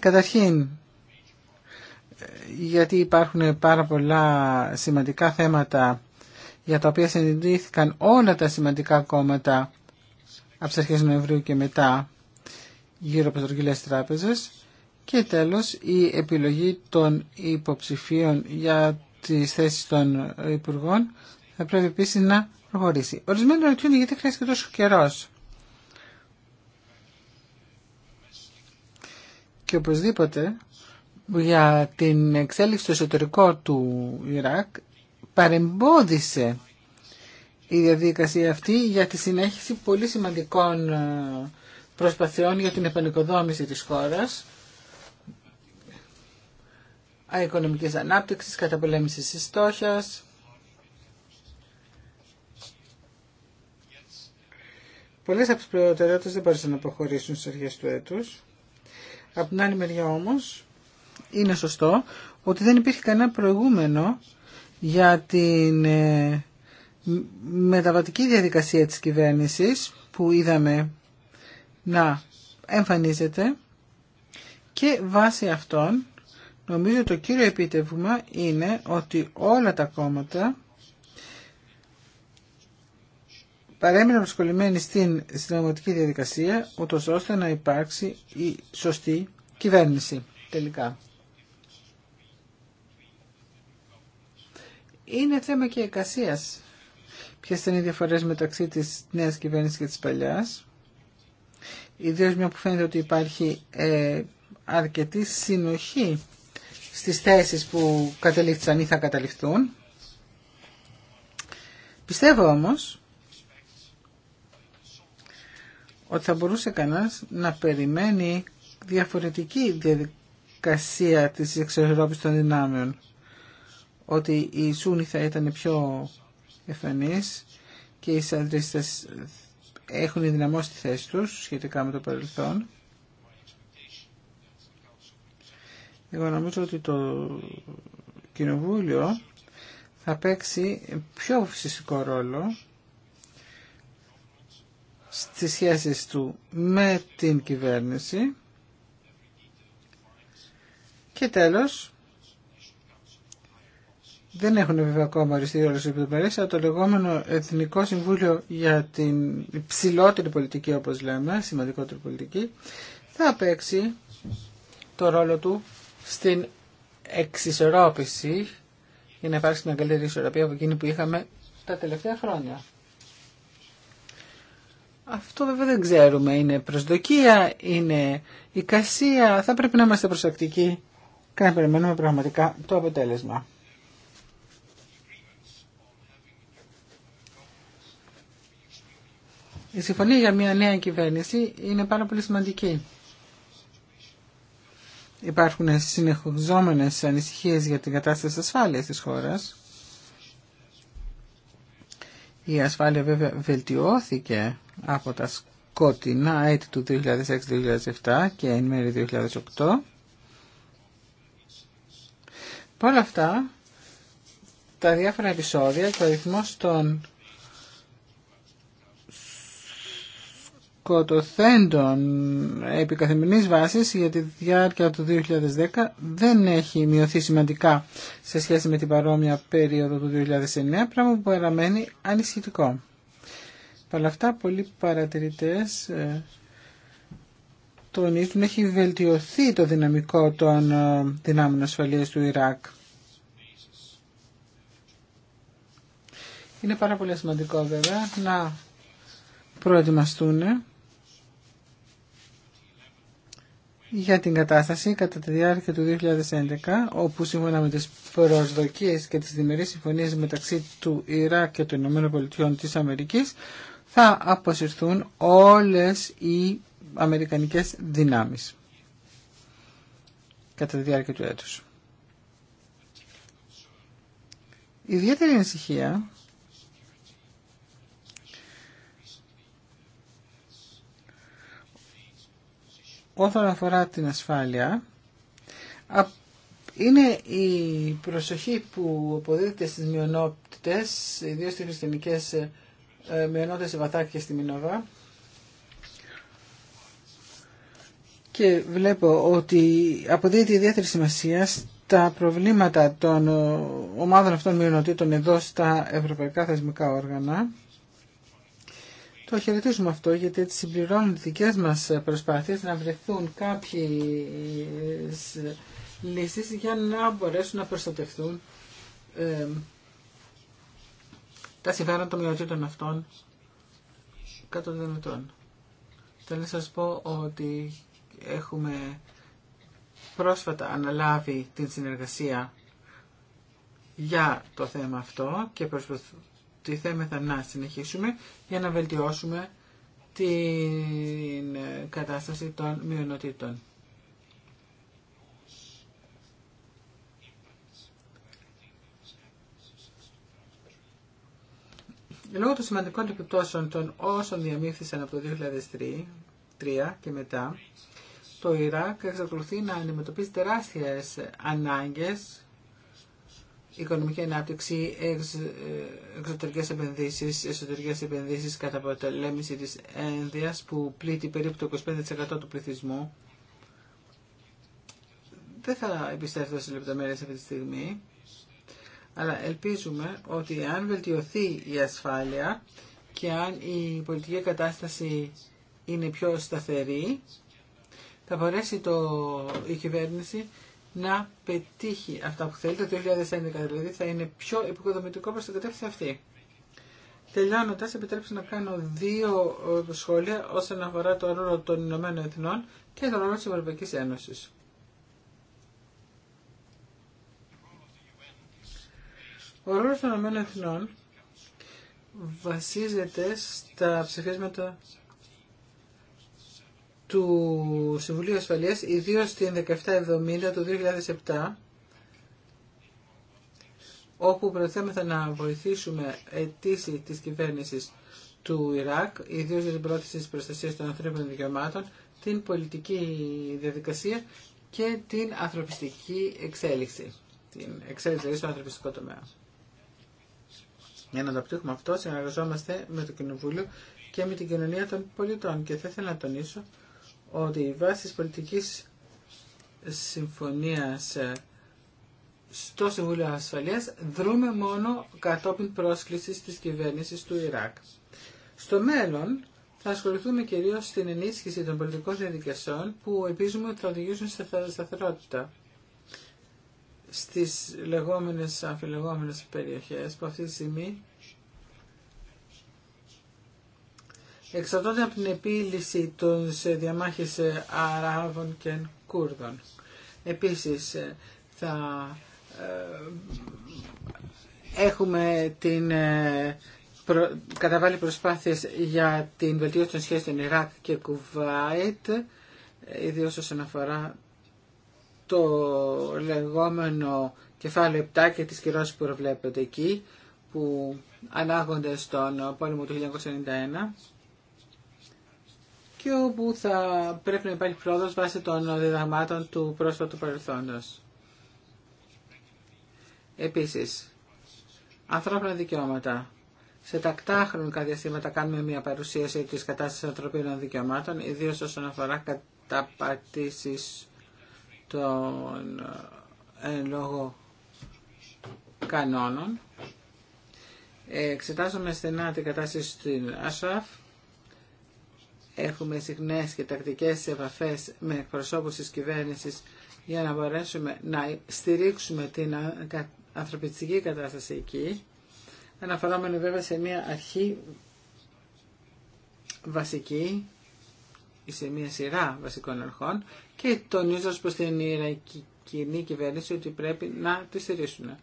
Καταρχήν, ε, γιατί υπάρχουν πάρα πολλά σημαντικά θέματα για τα οποία συνειδητήθηκαν όλα τα σημαντικά κόμματα από τις αρχές Νοεμβρίου και μετά γύρω από τις τράπεζες και τέλος η επιλογή των υποψηφίων για τις θέσεις των υπουργών θα πρέπει επίσης να προχωρήσει. Ορισμένοι ρωτιούνται γιατί χρειάζεται τόσο καιρό. Και οπωσδήποτε για την εξέλιξη στο εσωτερικό του Ιράκ παρεμπόδισε η διαδικασία αυτή για τη συνέχιση πολύ σημαντικών ε, προσπαθειών για την επανοικοδόμηση της χώρας, οικονομικής ανάπτυξης, καταπολέμησης της στόχας, Πολλές από τις προτεραιότητες δεν μπόρεσαν να προχωρήσουν στις αρχές του έτους. Από την άλλη μεριά όμως, είναι σωστό ότι δεν υπήρχε κανένα προηγούμενο για την ε, μεταβατική διαδικασία της κυβέρνησης που είδαμε να εμφανίζεται και βάσει αυτών νομίζω το κύριο επίτευγμα είναι ότι όλα τα κόμματα παρέμειναν προσκολλημένοι στην συνταγματική διαδικασία ούτως ώστε να υπάρξει η σωστή κυβέρνηση τελικά. Είναι θέμα και εικασίας Ποιε είναι οι διαφορέ μεταξύ τη νέα κυβέρνηση και της παλιάς. Ιδίω μια που φαίνεται ότι υπάρχει ε, αρκετή συνοχή στις θέσει που κατελήφθησαν ή θα καταληφθούν. Πιστεύω όμω ότι θα μπορούσε κανένας να περιμένει διαφορετική διαδικασία της εξεσρώπησης των δυνάμεων. Ότι η Σούνη θα ήταν πιο και οι σαντρίστες έχουν δυναμώσει τη θέση τους σχετικά με το παρελθόν. Εγώ νομίζω ότι το Κοινοβούλιο θα παίξει πιο φυσικό ρόλο στις σχέσεις του με την κυβέρνηση και τέλος δεν έχουν βέβαια ακόμα οριστεί όλε οι λεπτομέρειε, αλλά το λεγόμενο Εθνικό Συμβούλιο για την ψηλότερη πολιτική, όπω λέμε, σημαντικότερη πολιτική, θα παίξει το ρόλο του στην εξισορρόπηση για να υπάρξει μια καλύτερη ισορροπία από εκείνη που είχαμε τα τελευταία χρόνια. Αυτό βέβαια δεν ξέρουμε. Είναι προσδοκία, είναι εικασία. Θα πρέπει να είμαστε προσεκτικοί και να περιμένουμε πραγματικά το αποτέλεσμα. Η συμφωνία για μια νέα κυβέρνηση είναι πάρα πολύ σημαντική. Υπάρχουν συνεχιζόμενες ανησυχίες για την κατάσταση ασφάλειας της χώρας. Η ασφάλεια βέβαια βελτιώθηκε από τα σκοτεινά έτη του 2006-2007 και εν του 2008. Παρ' αυτά, τα διάφορα επεισόδια και ο ρυθμός των σκοτωθέντων επί καθημερινής βάσης για τη διάρκεια του 2010 δεν έχει μειωθεί σημαντικά σε σχέση με την παρόμοια περίοδο του 2009, πράγμα που παραμένει ανησυχητικό. Παρ' αυτά, πολλοί παρατηρητές ε, τονίζουν έχει βελτιωθεί το δυναμικό των ε, δυνάμων ασφαλείας του Ιράκ. Είναι πάρα πολύ σημαντικό βέβαια να προετοιμαστούν για την κατάσταση κατά τη διάρκεια του 2011, όπου σύμφωνα με τις προσδοκίες και τις διμερείς συμφωνίες μεταξύ του Ιράκ και των ΗΠΑ της Αμερικής, θα αποσυρθούν όλες οι αμερικανικές δυνάμεις κατά τη διάρκεια του έτους. ιδιαίτερη ανησυχία όσον αφορά την ασφάλεια, είναι η προσοχή που αποδίδεται στις μειονότητες, ιδίως στις χριστιανικές ε, μειονότητες βαθάκια στη Μινοβά. Και βλέπω ότι αποδίδεται ιδιαίτερη σημασία τα προβλήματα των ε, ομάδων αυτών μειονοτήτων εδώ στα ευρωπαϊκά θεσμικά όργανα το χαιρετίζουμε αυτό γιατί έτσι συμπληρώνουν δικέ μα μας να βρεθούν κάποιε λύσει για να μπορέσουν να προστατευτούν τα συμφέροντα των μειονοτήτων αυτών κατά των Θέλω να σα πω ότι έχουμε πρόσφατα αναλάβει την συνεργασία για το θέμα αυτό και προσπαθούμε θέμεθα να συνεχίσουμε για να βελτιώσουμε την ε, κατάσταση των μειονοτήτων. Λόγω των σημαντικών επιπτώσεων των όσων διαμήφθησαν από το 2003 και μετά, το Ιράκ εξακολουθεί να αντιμετωπίζει τεράστιες ανάγκες οικονομική ανάπτυξη, εξ, ε, εξωτερικές επενδύσεις, εσωτερικές επενδύσεις κατά αποτελέμηση τη ένδυας που πλήττει περίπου το 25% του πληθυσμού. Δεν θα επιστρέφω σε λεπτομέρειε αυτή τη στιγμή, αλλά ελπίζουμε ότι αν βελτιωθεί η ασφάλεια και αν η πολιτική κατάσταση είναι πιο σταθερή, θα μπορέσει το, η κυβέρνηση να πετύχει αυτά που θέλει. Το 2011 δηλαδή θα είναι πιο επικοδομητικό προς την κατεύθυνση αυτή. Τελειώνοντα, επιτρέψτε να κάνω δύο ε, σχόλια όσον αφορά το ρόλο των Ηνωμένων Εθνών και το ρόλο τη Ευρωπαϊκή Ένωση. Ο ρόλο των Ηνωμένων Εθνών βασίζεται στα ψηφίσματα του Συμβουλίου Ασφαλείας, ιδίω στην 1770 του 2007, όπου προθέμεθα να βοηθήσουμε αιτήσει της κυβέρνησης του Ιράκ, ιδίω για την πρόθεση της προστασίας των ανθρώπινων δικαιωμάτων, την πολιτική διαδικασία και την ανθρωπιστική εξέλιξη, την εξέλιξη δηλαδή στον ανθρωπιστικό τομέα. Για να το πτύχουμε αυτό, συνεργαζόμαστε με το Κοινοβούλιο και με την κοινωνία των πολιτών και θα ήθελα να τονίσω ότι η βάση της πολιτικής συμφωνίας ε, στο Συμβούλιο Ασφαλείας δρούμε μόνο κατόπιν πρόσκλησης της κυβέρνησης του Ιράκ. Στο μέλλον θα ασχοληθούμε κυρίως στην ενίσχυση των πολιτικών διαδικασιών που ελπίζουμε ότι θα οδηγήσουν σταθερότητα στις λεγόμενες αμφιλεγόμενες περιοχές που αυτή τη στιγμή εξαρτώνται από την επίλυση των διαμάχες ε, Αράβων και Κούρδων. Επίσης ε, θα ε, έχουμε την προ, καταβάλει προσπάθειες για την βελτίωση των σχέσεων Ιράκ και Κουβάιτ, ιδίως όσον αφορά το λεγόμενο κεφάλαιο 7 και τις κυρώσεις που προβλέπετε εκεί, που ανάγονται στον πόλεμο του 1991 και όπου θα πρέπει να υπάρχει πρόοδος βάσει των διδαγμάτων του πρόσφατου παρελθόντος. Επίσης, ανθρώπινα δικαιώματα. Σε τακτά χρονικά διαστήματα κάνουμε μια παρουσίαση της κατάστασης ανθρωπίνων δικαιωμάτων, ιδίω όσον αφορά καταπατήσεις των εν λόγω κανόνων. Ε, Εξετάζουμε στενά την κατάσταση στην ΑΣΑΦ Έχουμε συχνές και τακτικές επαφές με εκπροσώπους της κυβέρνησης για να μπορέσουμε να στηρίξουμε την ανθρωπιστική κατάσταση εκεί. Αναφερόμενοι βέβαια σε μια αρχή βασική ή σε μια σειρά βασικών αρχών και τονίζω προς την Ιρακική κοινή κυβέρνηση ότι πρέπει να τη στηρίσουν.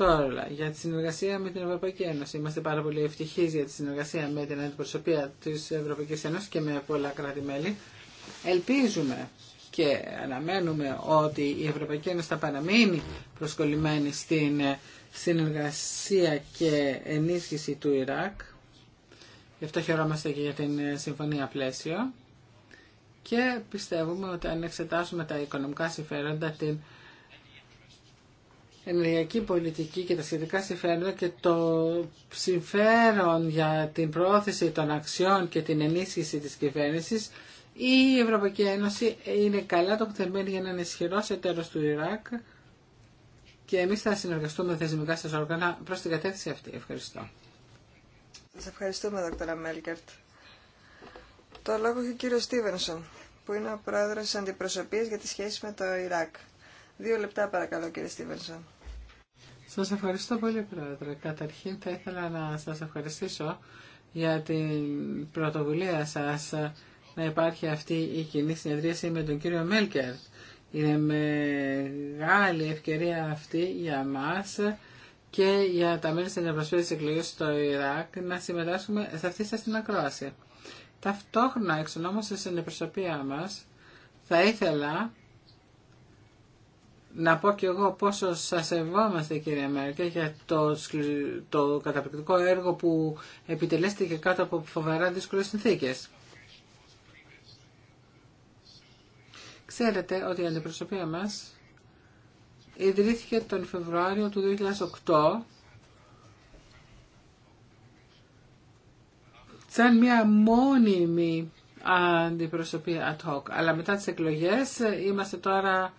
Τώρα, για τη συνεργασία με την Ευρωπαϊκή Ένωση. Είμαστε πάρα πολύ ευτυχεί για τη συνεργασία με την αντιπροσωπεία τη Ευρωπαϊκή Ένωση και με πολλά κράτη-μέλη. Ελπίζουμε και αναμένουμε ότι η Ευρωπαϊκή Ένωση θα παραμείνει προσκολλημένη στην συνεργασία και ενίσχυση του Ιράκ. Γι' αυτό χαιρόμαστε και για την συμφωνία πλαίσιο. Και πιστεύουμε ότι αν εξετάσουμε τα οικονομικά συμφέροντα, την ενεργειακή πολιτική και τα σχετικά συμφέροντα και το συμφέρον για την προώθηση των αξιών και την ενίσχυση της κυβέρνησης, η Ευρωπαϊκή Ένωση είναι καλά τοποθετημένη για είναι ισχυρό εταίρο του Ιράκ και εμεί θα συνεργαστούμε θεσμικά σα όργανα προ την κατεύθυνση αυτή. Ευχαριστώ. Σα ευχαριστούμε, Δ. Μέλκερτ. Το λόγο έχει ο κ. Στίβενσον, που είναι ο πρόεδρο τη Αντιπροσωπεία για τη σχέση με το Ιράκ. Δύο λεπτά παρακαλώ κύριε Στίβενσον. Σας ευχαριστώ πολύ, Πρόεδρε. Καταρχήν θα ήθελα να σας ευχαριστήσω για την πρωτοβουλία σας να υπάρχει αυτή η κοινή συνεδρίαση με τον κύριο Μέλκερ. Είναι μεγάλη ευκαιρία αυτή για μας και για τα μέλη της της Εκλογής στο Ιράκ να συμμετάσχουμε σε αυτή σας την ακρόαση. Ταυτόχρονα, εξ ονόμως στην μας, θα ήθελα να πω κι εγώ πόσο σας σεβόμαστε κύριε Μέρκε για το, το καταπληκτικό έργο που επιτελέστηκε κάτω από φοβερά δύσκολες συνθήκες. Ξέρετε ότι η αντιπροσωπεία μας ιδρύθηκε τον Φεβρουάριο του 2008 σαν μια μόνιμη αντιπροσωπεία ad hoc. Αλλά μετά τις εκλογές είμαστε τώρα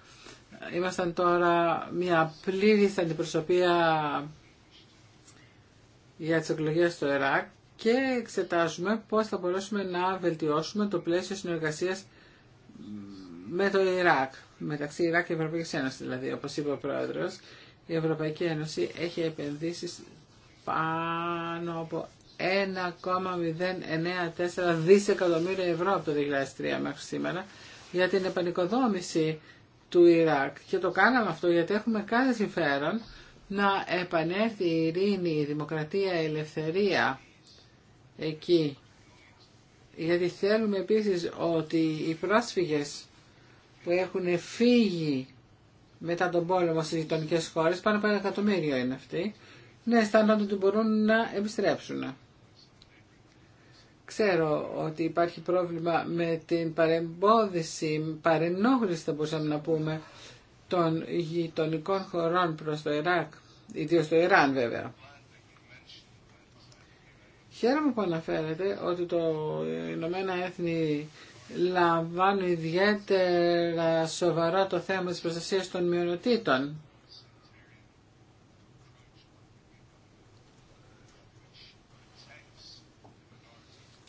ήμασταν τώρα μια πλήρης αντιπροσωπεία για τις εκλογές στο ΕΡΑΚ και εξετάζουμε πώς θα μπορέσουμε να βελτιώσουμε το πλαίσιο συνεργασίας με το Ιράκ, μεταξύ Ιράκ και Ευρωπαϊκή Ένωση, δηλαδή, όπως είπε ο Πρόεδρος. Η Ευρωπαϊκή Ένωση έχει επενδύσει πάνω από 1,094 δισεκατομμύρια ευρώ από το 2003 μέχρι σήμερα για την επανοικοδόμηση του Ιράκ. Και το κάναμε αυτό γιατί έχουμε κάθε συμφέρον να επανέλθει η ειρήνη, η δημοκρατία, η ελευθερία εκεί. Γιατί θέλουμε επίσης ότι οι πρόσφυγες που έχουν φύγει μετά τον πόλεμο στις γειτονικέ χώρες, πάνω από ένα εκατομμύριο είναι αυτοί, να αισθάνονται ότι μπορούν να επιστρέψουν. Ξέρω ότι υπάρχει πρόβλημα με την παρεμπόδιση, παρενόχληση θα μπορούσαμε να πούμε, των γειτονικών χωρών προς το Ιράκ, ιδίως το Ιράν βέβαια. Χαίρομαι που αναφέρετε ότι το Ηνωμένα Έθνη λαμβάνει ιδιαίτερα σοβαρά το θέμα της προστασίας των μειονοτήτων.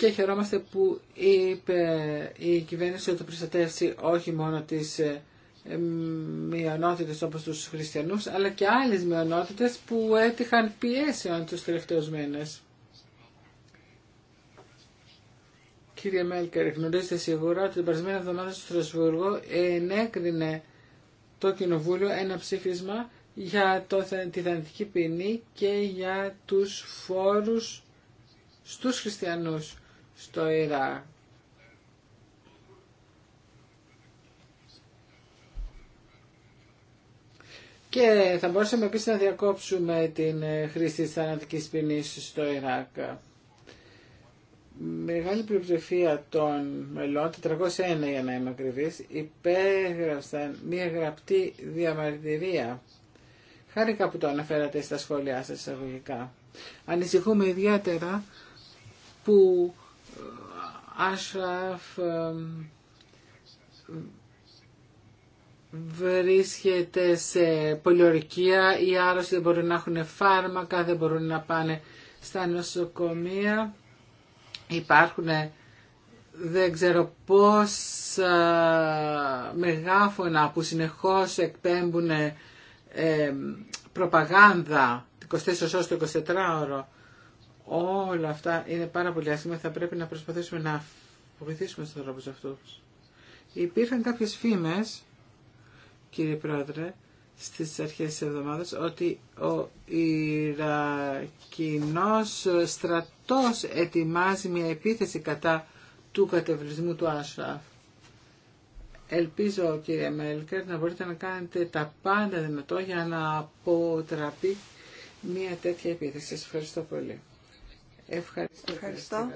και χαιρόμαστε που είπε η κυβέρνηση ότι προστατεύσει όχι μόνο τις ε, μειονότητες όπως τους χριστιανούς αλλά και άλλες μειονότητες που έτυχαν πιέσεων τους τελευταίους μήνες. Κύριε Μέλκερ, γνωρίζετε σίγουρα ότι την περασμένη εβδομάδα στο Στρασβούργο ενέκρινε το Κοινοβούλιο ένα ψήφισμα για το, τη δανειτική ποινή και για τους φόρους στους χριστιανούς στο Ιράκ. Και θα μπορούσαμε επίσης να διακόψουμε την ε, χρήση της θανατικής ποινής στο Ιράκ. Μεγάλη πλειοψηφία των μελών, 401 για να είμαι ακριβής, υπέγραψαν μια γραπτή διαμαρτυρία. Χάρηκα που το αναφέρατε στα σχόλιά σας εισαγωγικά. Ανησυχούμε ιδιαίτερα που Άσραφ βρίσκεται σε πολιορκία, οι άρρωστοι δεν μπορούν να έχουν φάρμακα, δεν μπορούν να πάνε στα νοσοκομεία. Υπάρχουν ε, δεν ξέρω πώς μεγάφωνα που συνεχώς εκπέμπουν ε, προπαγάνδα 24 ώρες το 24 ώρο Όλα αυτά είναι πάρα πολύ άσχημα. Θα πρέπει να προσπαθήσουμε να βοηθήσουμε στους ανθρώπους αυτούς. Υπήρχαν κάποιες φήμες, κύριε Πρόεδρε, στις αρχές της εβδομάδας ότι ο Ιρακινός στρατός ετοιμάζει μια επίθεση κατά του κατευρισμού του Άσραφ. Ελπίζω κύριε Μέλκερ να μπορείτε να κάνετε τα πάντα δυνατό για να αποτραπεί μια τέτοια επίθεση. Σας ευχαριστώ πολύ. Ευχαριστώ. Ευχαριστώ.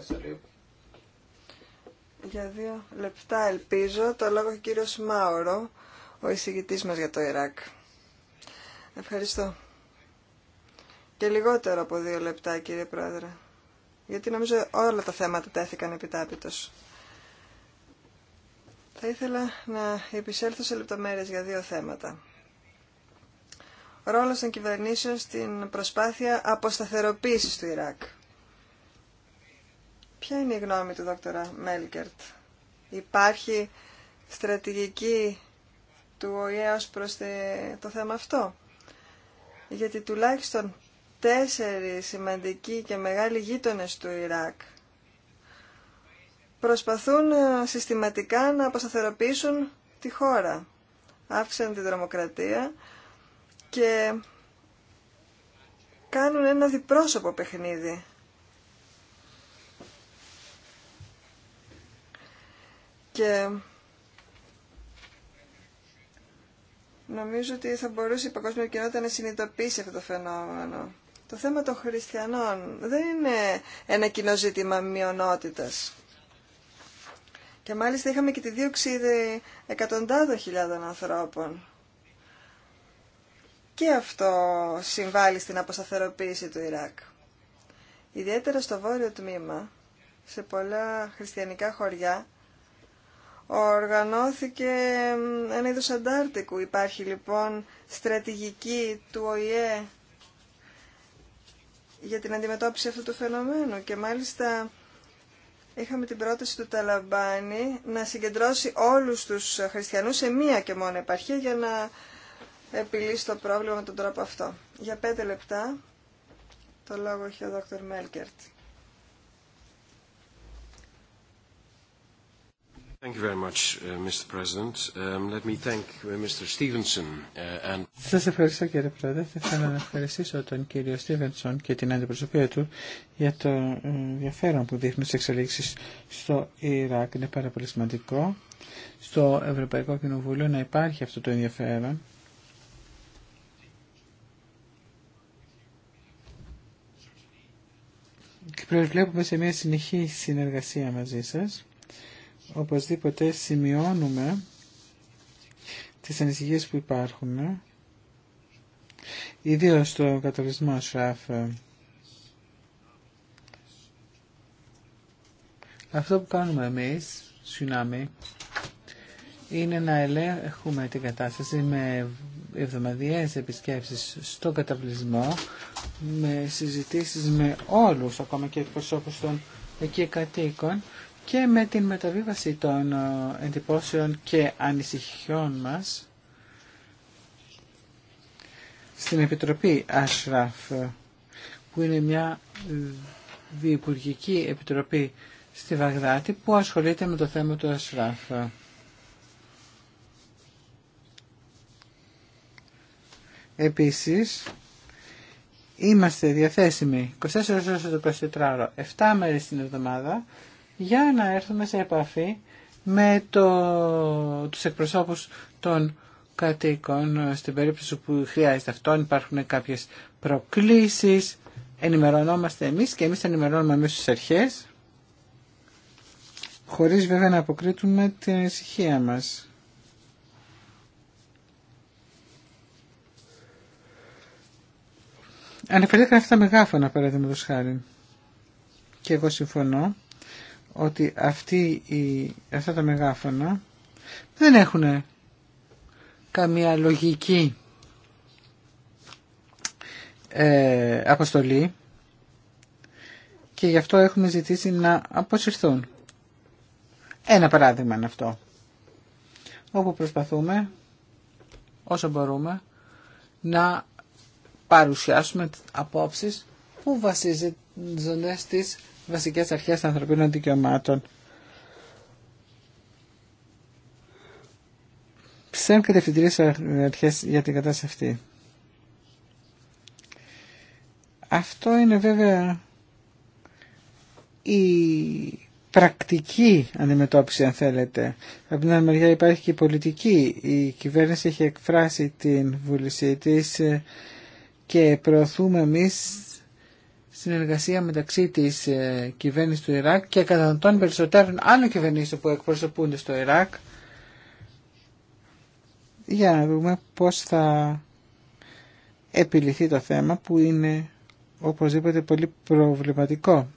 Για δύο λεπτά ελπίζω το λόγο ο κύριος Μάωρο, ο εισηγητής μας για το Ιράκ. Ευχαριστώ. Και λιγότερο από δύο λεπτά κύριε Πρόεδρε. Γιατί νομίζω όλα τα θέματα τέθηκαν επιτάπητος. Θα ήθελα να επισέλθω σε λεπτομέρειες για δύο θέματα. Ρόλος των κυβερνήσεων στην προσπάθεια αποσταθεροποίησης του Ιράκ. Ποια είναι η γνώμη του δόκτωρα Μέλκερτ. Υπάρχει στρατηγική του ΟΗΕ ως προς το θέμα αυτό. Γιατί τουλάχιστον τέσσερι σημαντικοί και μεγάλοι γείτονες του Ιράκ προσπαθούν ε, συστηματικά να αποσταθεροποιήσουν τη χώρα. άφησαν τη δρομοκρατία και κάνουν ένα διπρόσωπο παιχνίδι Και νομίζω ότι θα μπορούσε η παγκόσμια κοινότητα να συνειδητοποιήσει αυτό το φαινόμενο. Το θέμα των χριστιανών δεν είναι ένα κοινό ζήτημα μειονότητας. Και μάλιστα είχαμε και τη δίωξη εκατοντάδων χιλιάδων ανθρώπων. Και αυτό συμβάλλει στην αποσταθεροποίηση του Ιράκ. Ιδιαίτερα στο βόρειο τμήμα, σε πολλά χριστιανικά χωριά, οργανώθηκε ένα είδος αντάρτικου. Υπάρχει λοιπόν στρατηγική του ΟΗΕ για την αντιμετώπιση αυτού του φαινομένου και μάλιστα είχαμε την πρόταση του Ταλαμπάνη να συγκεντρώσει όλους τους χριστιανούς σε μία και μόνο επαρχία για να επιλύσει το πρόβλημα με τον τρόπο αυτό. Για πέντε λεπτά το λόγο έχει ο Δ. Μέλκερτ. Σας ευχαριστώ κύριε Πρόεδρε. Θα ήθελα να ευχαριστήσω τον κύριο Στίβενσον και την αντιπροσωπεία του για το ε, ενδιαφέρον που δείχνουν στις εξελίξεις στο Ιράκ. Είναι πάρα πολύ σημαντικό στο Ευρωπαϊκό Κοινοβούλιο να υπάρχει αυτό το ενδιαφέρον. Και προβλέπουμε σε μια συνεχή συνεργασία μαζί σας οπωσδήποτε σημειώνουμε τις ανησυχίες που υπάρχουν, ιδίως στο καταβλισμό ΣΡΑΦ. Αυτό που κάνουμε εμείς, Σουνάμι, είναι να ελέγχουμε την κατάσταση με εβδομαδιαίες επισκέψεις στο καταβλισμό, με συζητήσεις με όλους, ακόμα και εκπροσώπους των εκεί κατοίκων, και με την μεταβίβαση των ε, εντυπώσεων και ανησυχιών μας στην Επιτροπή Ασραφ, ε, που είναι μια διευπουργική επιτροπή στη Βαγδάτη που ασχολείται με το θέμα του Ασραφ. Επίσης, είμαστε διαθέσιμοι 24 ώρες το 24ωρο, 7 μέρες την εβδομάδα, για να έρθουμε σε επαφή με το, τους εκπροσώπους των κατοίκων στην περίπτωση που χρειάζεται αυτό, αν υπάρχουν κάποιες προκλήσεις, ενημερωνόμαστε εμείς και εμείς ενημερώνουμε εμείς τις αρχές, χωρίς βέβαια να αποκρίτουμε την ησυχία μας. Αναφερθήκαν αυτά τα μεγάφωνα, παραδείγματος χάρη. Και εγώ συμφωνώ ότι αυτοί οι, αυτά τα μεγάφωνα δεν έχουν καμία λογική ε, αποστολή και γι' αυτό έχουμε ζητήσει να αποσυρθούν. Ένα παράδειγμα είναι αυτό. Όπου προσπαθούμε όσο μπορούμε να παρουσιάσουμε απόψεις που βασίζονται στις βασικές αρχές ανθρωπίνων δικαιωμάτων. Σαν κατευθυντήριες αρχές για την κατάσταση αυτή. Αυτό είναι βέβαια η πρακτική αντιμετώπιση αν θέλετε. Από την άλλη μεριά υπάρχει και η πολιτική. Η κυβέρνηση έχει εκφράσει την βούλησή της και προωθούμε εμείς συνεργασία μεταξύ της ε, κυβέρνησης του Ιράκ και κατά των περισσότερων άλλων κυβερνήσεων που εκπροσωπούνται στο Ιράκ για να δούμε πώς θα επιληθεί το θέμα που είναι οπωσδήποτε πολύ προβληματικό.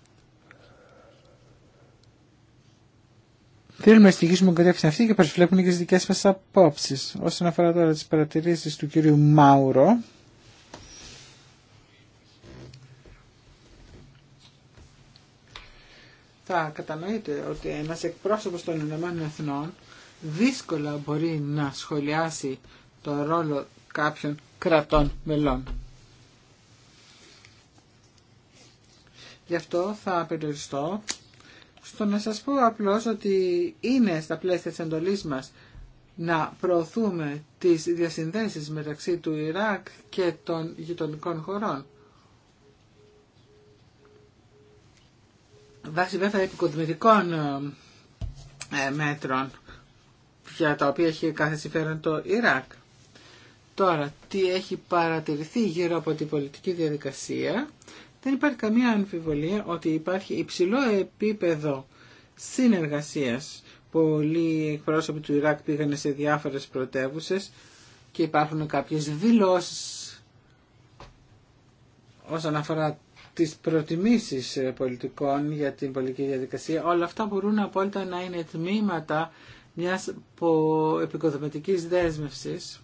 Θέλουμε να στοιχήσουμε κατεύθυνση αυτή και προσβλέπουμε και τι δικέ μα απόψει. Όσον αφορά τώρα τι παρατηρήσει του κυρίου Μάουρο, θα κατανοείτε ότι ένας εκπρόσωπος των Ηνωμένων Εθνών δύσκολα μπορεί να σχολιάσει το ρόλο κάποιων κρατών μελών. Γι' αυτό θα περιοριστώ στο να σας πω απλώς ότι είναι στα πλαίσια της εντολής μας να προωθούμε τις διασυνδέσεις μεταξύ του Ιράκ και των γειτονικών χωρών. βάσει βέβαια επικοδημητικών ε, ε, μέτρων για τα οποία έχει κάθε συμφέρον το Ιράκ. Τώρα, τι έχει παρατηρηθεί γύρω από την πολιτική διαδικασία, δεν υπάρχει καμία αμφιβολία ότι υπάρχει υψηλό επίπεδο συνεργασίας. Πολλοί εκπρόσωποι του Ιράκ πήγαν σε διάφορες πρωτεύουσε και υπάρχουν κάποιες δηλώσεις όσον αφορά τις προτιμήσεις ε, πολιτικών για την πολιτική διαδικασία. Όλα αυτά μπορούν απόλυτα να είναι τμήματα μιας επικοδομητικής δέσμευσης.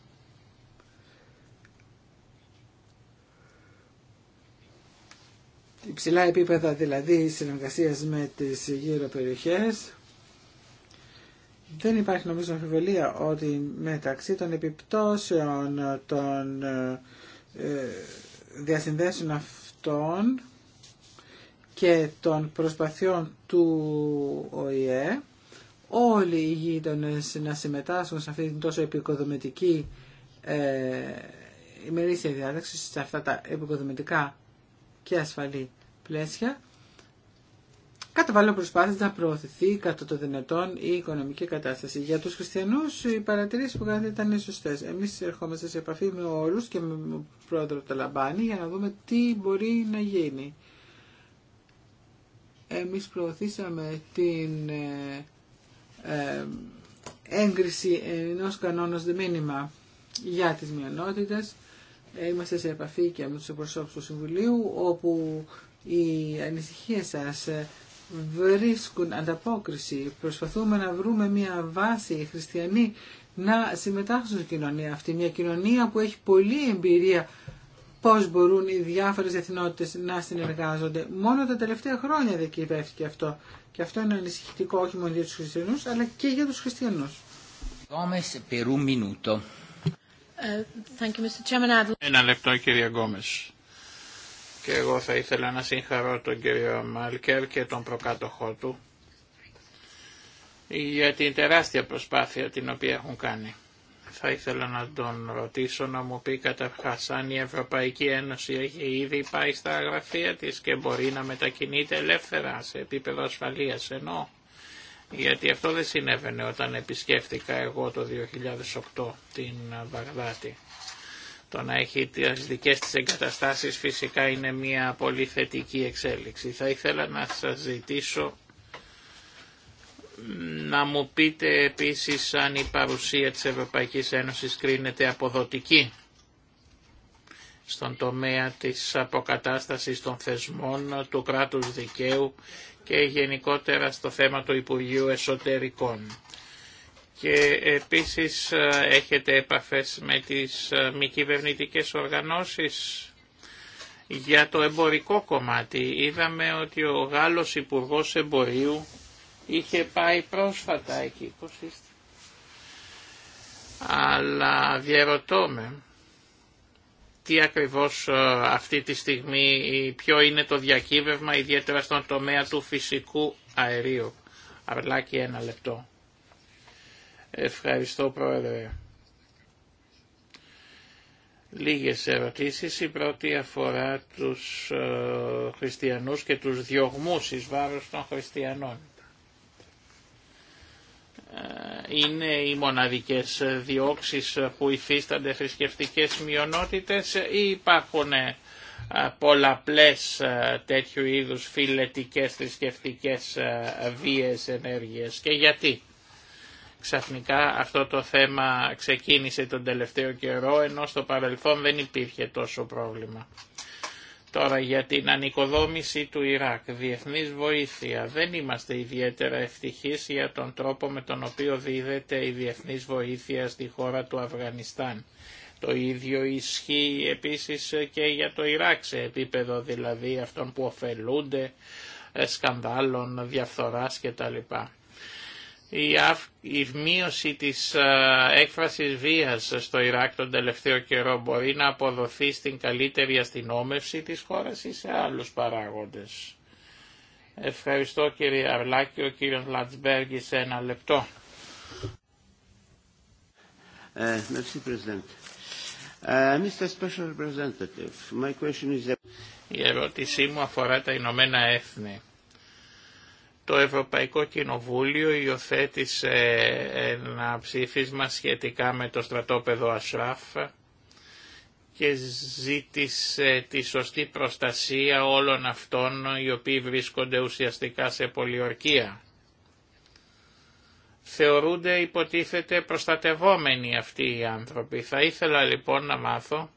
Υψηλά επίπεδα δηλαδή συνεργασίας με τις γύρω περιοχές. Δεν υπάρχει νομίζω αμφιβολία ότι μεταξύ των επιπτώσεων των ε, ε, διασυνδέσεων αυτών και των προσπαθειών του ΟΗΕ όλοι οι γείτονες να συμμετάσχουν σε αυτή την τόσο επικοδομητική ε, ημερήσια διάταξη σε αυτά τα επικοδομητικά και ασφαλή πλαίσια καταβάλω προσπάθησε να προωθηθεί κατά το δυνατόν η οικονομική κατάσταση. Για τους χριστιανούς οι παρατηρήσεις που κάνετε ήταν σωστέ. Εμείς ερχόμαστε σε επαφή με όλους και με τον πρόεδρο Ταλαμπάνη για να δούμε τι μπορεί να γίνει. Εμείς προωθήσαμε την ε, ε, έγκριση ενό κανόνα δε μήνυμα για τις μειονότητες. Είμαστε σε επαφή και με τους προσώπους του Συμβουλίου όπου η ανησυχία σας βρίσκουν ανταπόκριση. Προσπαθούμε να βρούμε μια βάση οι χριστιανοί να συμμετάσχουν στην κοινωνία αυτή. Μια κοινωνία που έχει πολλή εμπειρία πώς μπορούν οι διάφορες εθνότητες να συνεργάζονται. Μόνο τα τελευταία χρόνια διακυβεύτηκε αυτό. Και αυτό είναι ανησυχητικό όχι μόνο για τους χριστιανούς, αλλά και για τους χριστιανούς. Ε, Ένα λεπτό Γκόμες. Και εγώ θα ήθελα να συγχαρώ τον κύριο Μάλκερ και τον προκάτοχό του για την τεράστια προσπάθεια την οποία έχουν κάνει. Θα ήθελα να τον ρωτήσω να μου πει καταρχάς αν η Ευρωπαϊκή Ένωση έχει ήδη πάει στα γραφεία της και μπορεί να μετακινείται ελεύθερα σε επίπεδο ασφαλείας ενώ γιατί αυτό δεν συνέβαινε όταν επισκέφτηκα εγώ το 2008 την Βαγδάτη. Το να έχει τις δικές της εγκαταστάσεις φυσικά είναι μια πολύ θετική εξέλιξη. Θα ήθελα να σας ζητήσω να μου πείτε επίσης αν η παρουσία της Ευρωπαϊκής Ένωσης κρίνεται αποδοτική στον τομέα της αποκατάστασης των θεσμών, του κράτους δικαίου και γενικότερα στο θέμα του Υπουργείου Εσωτερικών και επίσης ε, έχετε επαφές με τις ε, μη κυβερνητικέ οργανώσεις για το εμπορικό κομμάτι. Είδαμε ότι ο Γάλλος Υπουργός Εμπορίου είχε πάει πρόσφατα εκεί. Πώς είστε. Αλλά διαρωτώ με τι ακριβώς ε, αυτή τη στιγμή, ποιο είναι το διακύβευμα ιδιαίτερα στον τομέα του φυσικού αερίου. Αρλάκι ένα λεπτό. Ευχαριστώ Πρόεδρε. Λίγες ερωτήσεις. Η πρώτη αφορά τους ε, χριστιανούς και τους διωγμούς εις βάρος των χριστιανών. Ε, είναι οι μοναδικές διώξεις που υφίστανται θρησκευτικέ μειονότητες ή υπάρχουν ε, πολλαπλές τέτοιου είδους φιλετικές θρησκευτικές βίες ενέργειες και γιατί. Ξαφνικά αυτό το θέμα ξεκίνησε τον τελευταίο καιρό, ενώ στο παρελθόν δεν υπήρχε τόσο πρόβλημα. Τώρα για την ανοικοδόμηση του Ιράκ, διεθνής βοήθεια. Δεν είμαστε ιδιαίτερα ευτυχείς για τον τρόπο με τον οποίο δίδεται η διεθνής βοήθεια στη χώρα του Αφγανιστάν. Το ίδιο ισχύει επίσης και για το Ιράκ σε επίπεδο δηλαδή αυτών που ωφελούνται ε, σκανδάλων, διαφθοράς κτλ η μείωση της ε, έκφρασης βίας στο Ιράκ τον τελευταίο καιρό μπορεί να αποδοθεί στην καλύτερη αστυνόμευση της χώρας ή σε άλλους παράγοντες. Ευχαριστώ κύριε Αρλάκη, ο κύριος Λατσμπέργη σε ένα λεπτό. Ε, ε, η ερώτησή μου αφορά τα Ηνωμένα Έθνη το Ευρωπαϊκό Κοινοβούλιο υιοθέτησε ένα ψήφισμα σχετικά με το στρατόπεδο Ασράφ και ζήτησε τη σωστή προστασία όλων αυτών οι οποίοι βρίσκονται ουσιαστικά σε πολιορκία. Θεωρούνται υποτίθεται προστατευόμενοι αυτοί οι άνθρωποι. Θα ήθελα λοιπόν να μάθω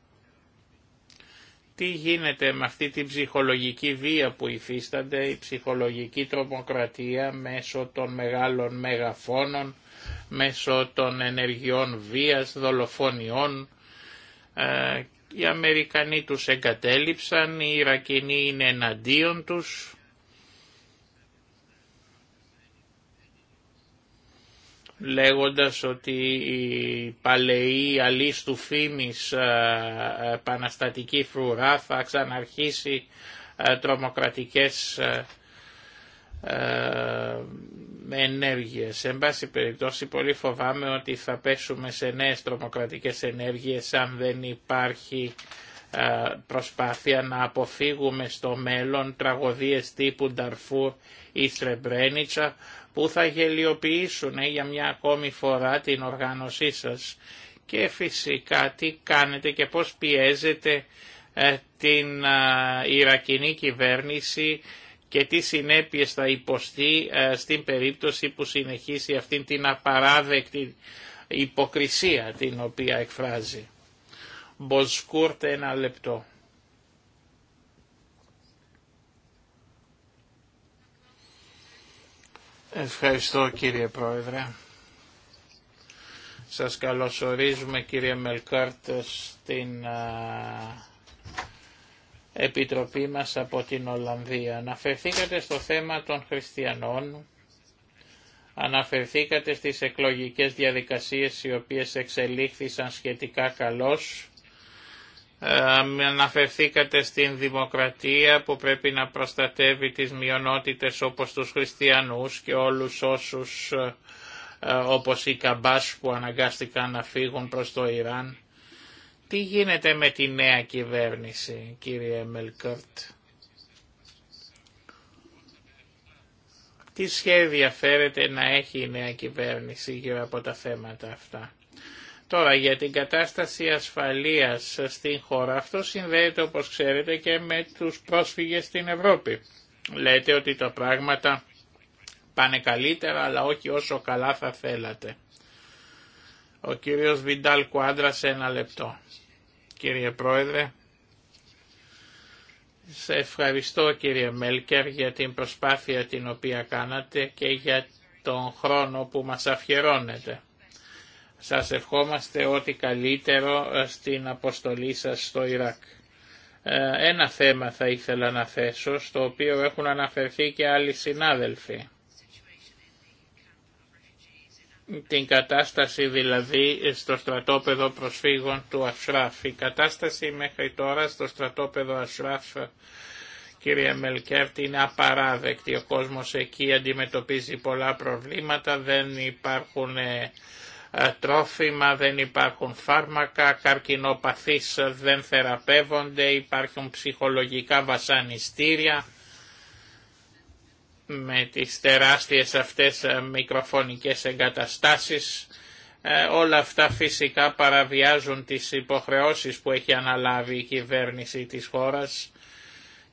τι γίνεται με αυτή την ψυχολογική βία που υφίστανται, η ψυχολογική τρομοκρατία μέσω των μεγάλων μεγαφώνων, μέσω των ενεργειών βίας, δολοφονιών. Ε, οι Αμερικανοί τους εγκατέλειψαν, οι Ιρακινοί είναι εναντίον τους λέγοντας ότι η παλαιή αλής του φήμης επαναστατική ε, φρουρά θα ξαναρχίσει ε, τρομοκρατικές ε, ενέργειες. Εν πάση περιπτώσει πολύ φοβάμαι ότι θα πέσουμε σε νέες τρομοκρατικές ενέργειες αν δεν υπάρχει προσπάθεια να αποφύγουμε στο μέλλον τραγωδίες τύπου Νταρφούρ ή Σρεμπρένιτσα που θα γελιοποιήσουν ε, για μια ακόμη φορά την οργάνωσή σας και φυσικά τι κάνετε και πώς πιέζετε ε, την Ιρακινή κυβέρνηση και τι συνέπειες θα υποστεί ε, στην περίπτωση που συνεχίσει αυτή την απαράδεκτη υποκρισία την οποία εκφράζει. Μποσκούρτε ένα λεπτό. Ευχαριστώ κύριε Πρόεδρε. Σας καλωσορίζουμε κύριε Μελκάρτ στην Επιτροπή μας από την Ολλανδία. Αναφερθήκατε στο θέμα των χριστιανών, αναφερθήκατε στις εκλογικές διαδικασίες οι οποίες εξελίχθησαν σχετικά καλώς ε, αναφερθήκατε στην δημοκρατία που πρέπει να προστατεύει τις μειονότητες όπως τους χριστιανούς και όλους όσους ε, ε, όπως οι καμπάς που αναγκάστηκαν να φύγουν προς το Ιράν. Τι γίνεται με τη νέα κυβέρνηση, κύριε Μελκόρτ. Τι σχέδια φέρετε να έχει η νέα κυβέρνηση γύρω από τα θέματα αυτά. Τώρα για την κατάσταση ασφαλείας στην χώρα, αυτό συνδέεται όπως ξέρετε και με τους πρόσφυγες στην Ευρώπη. Λέτε ότι τα πράγματα πάνε καλύτερα αλλά όχι όσο καλά θα θέλατε. Ο κύριος Βιντάλ Κουάντρα σε ένα λεπτό. Κύριε Πρόεδρε, σε ευχαριστώ κύριε Μέλκερ για την προσπάθεια την οποία κάνατε και για τον χρόνο που μας αφιερώνετε. Σας ευχόμαστε ό,τι καλύτερο ε, στην αποστολή σας στο Ιράκ. Ε, ένα θέμα θα ήθελα να θέσω, στο οποίο έχουν αναφερθεί και άλλοι συνάδελφοι. Την κατάσταση δηλαδή στο στρατόπεδο προσφύγων του Ασράφ. Η κατάσταση μέχρι τώρα στο στρατόπεδο Ασράφ, κύριε Μελκέρτη, είναι απαράδεκτη. Ο κόσμος εκεί αντιμετωπίζει πολλά προβλήματα, δεν υπάρχουν ε, ε, τρόφιμα, δεν υπάρχουν φάρμακα, καρκινοπαθείς δεν θεραπεύονται, υπάρχουν ψυχολογικά βασανιστήρια με τις τεράστιες αυτές ε, μικροφωνικές εγκαταστάσεις. Ε, όλα αυτά φυσικά παραβιάζουν τις υποχρεώσεις που έχει αναλάβει η κυβέρνηση της χώρας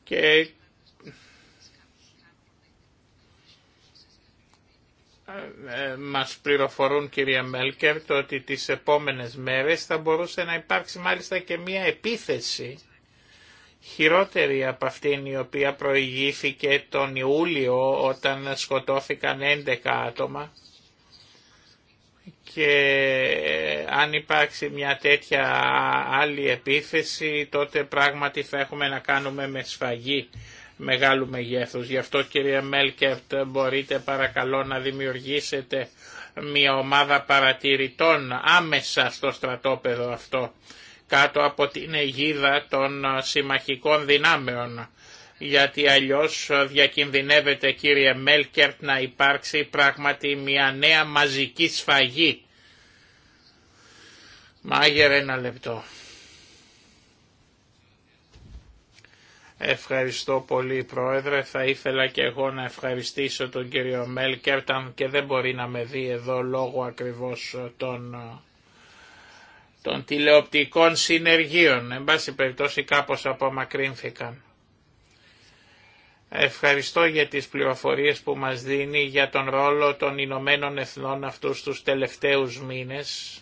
και Ε, μας πληροφορούν κυρία το ότι τις επόμενες μέρες θα μπορούσε να υπάρξει μάλιστα και μία επίθεση χειρότερη από αυτήν η οποία προηγήθηκε τον Ιούλιο όταν σκοτώθηκαν 11 άτομα και αν υπάρξει μια τέτοια άλλη επίθεση τότε πράγματι θα έχουμε να κάνουμε με σφαγή μεγάλου μεγέθους. Γι' αυτό κύριε Μέλκερτ μπορείτε παρακαλώ να δημιουργήσετε μια ομάδα παρατηρητών άμεσα στο στρατόπεδο αυτό κάτω από την αιγίδα των συμμαχικών δυνάμεων γιατί αλλιώς διακινδυνεύεται κύριε Μέλκερτ να υπάρξει πράγματι μια νέα μαζική σφαγή. Μάγερ ένα λεπτό. Ευχαριστώ πολύ Πρόεδρε. Θα ήθελα και εγώ να ευχαριστήσω τον κύριο Μέλκερταν και δεν μπορεί να με δει εδώ λόγω ακριβώς των, τηλεοπτικών συνεργείων. Εν πάση περιπτώσει κάπως απομακρύνθηκαν. Ευχαριστώ για τις πληροφορίες που μας δίνει για τον ρόλο των Ηνωμένων Εθνών αυτούς τους τελευταίους μήνες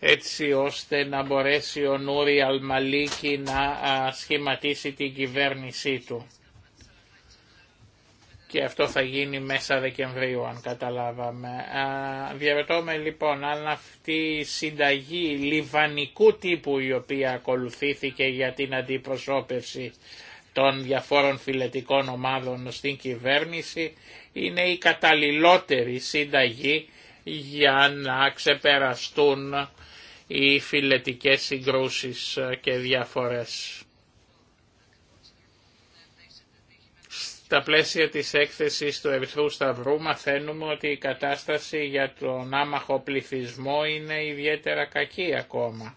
έτσι ώστε να μπορέσει ο Νούρι Αλμαλίκη να σχηματίσει την κυβέρνησή του. Και αυτό θα γίνει μέσα Δεκεμβρίου, αν καταλάβαμε. Διαβετώμε λοιπόν αν αυτή η συνταγή λιβανικού τύπου η οποία ακολουθήθηκε για την αντιπροσώπευση των διαφόρων φιλετικών ομάδων στην κυβέρνηση είναι η καταλληλότερη συνταγή για να ξεπεραστούν ή φιλετικές συγκρούσεις ε, και διαφορές. Στα πλαίσια της έκθεσης του Ερυθρού Σταυρού μαθαίνουμε ότι η φιλετικες συγκρουσεις και διαφορες στα πλαισια της εκθεσης του ευθρου σταυρου μαθαινουμε οτι η κατασταση για τον άμαχο πληθυσμό είναι ιδιαίτερα κακή ακόμα.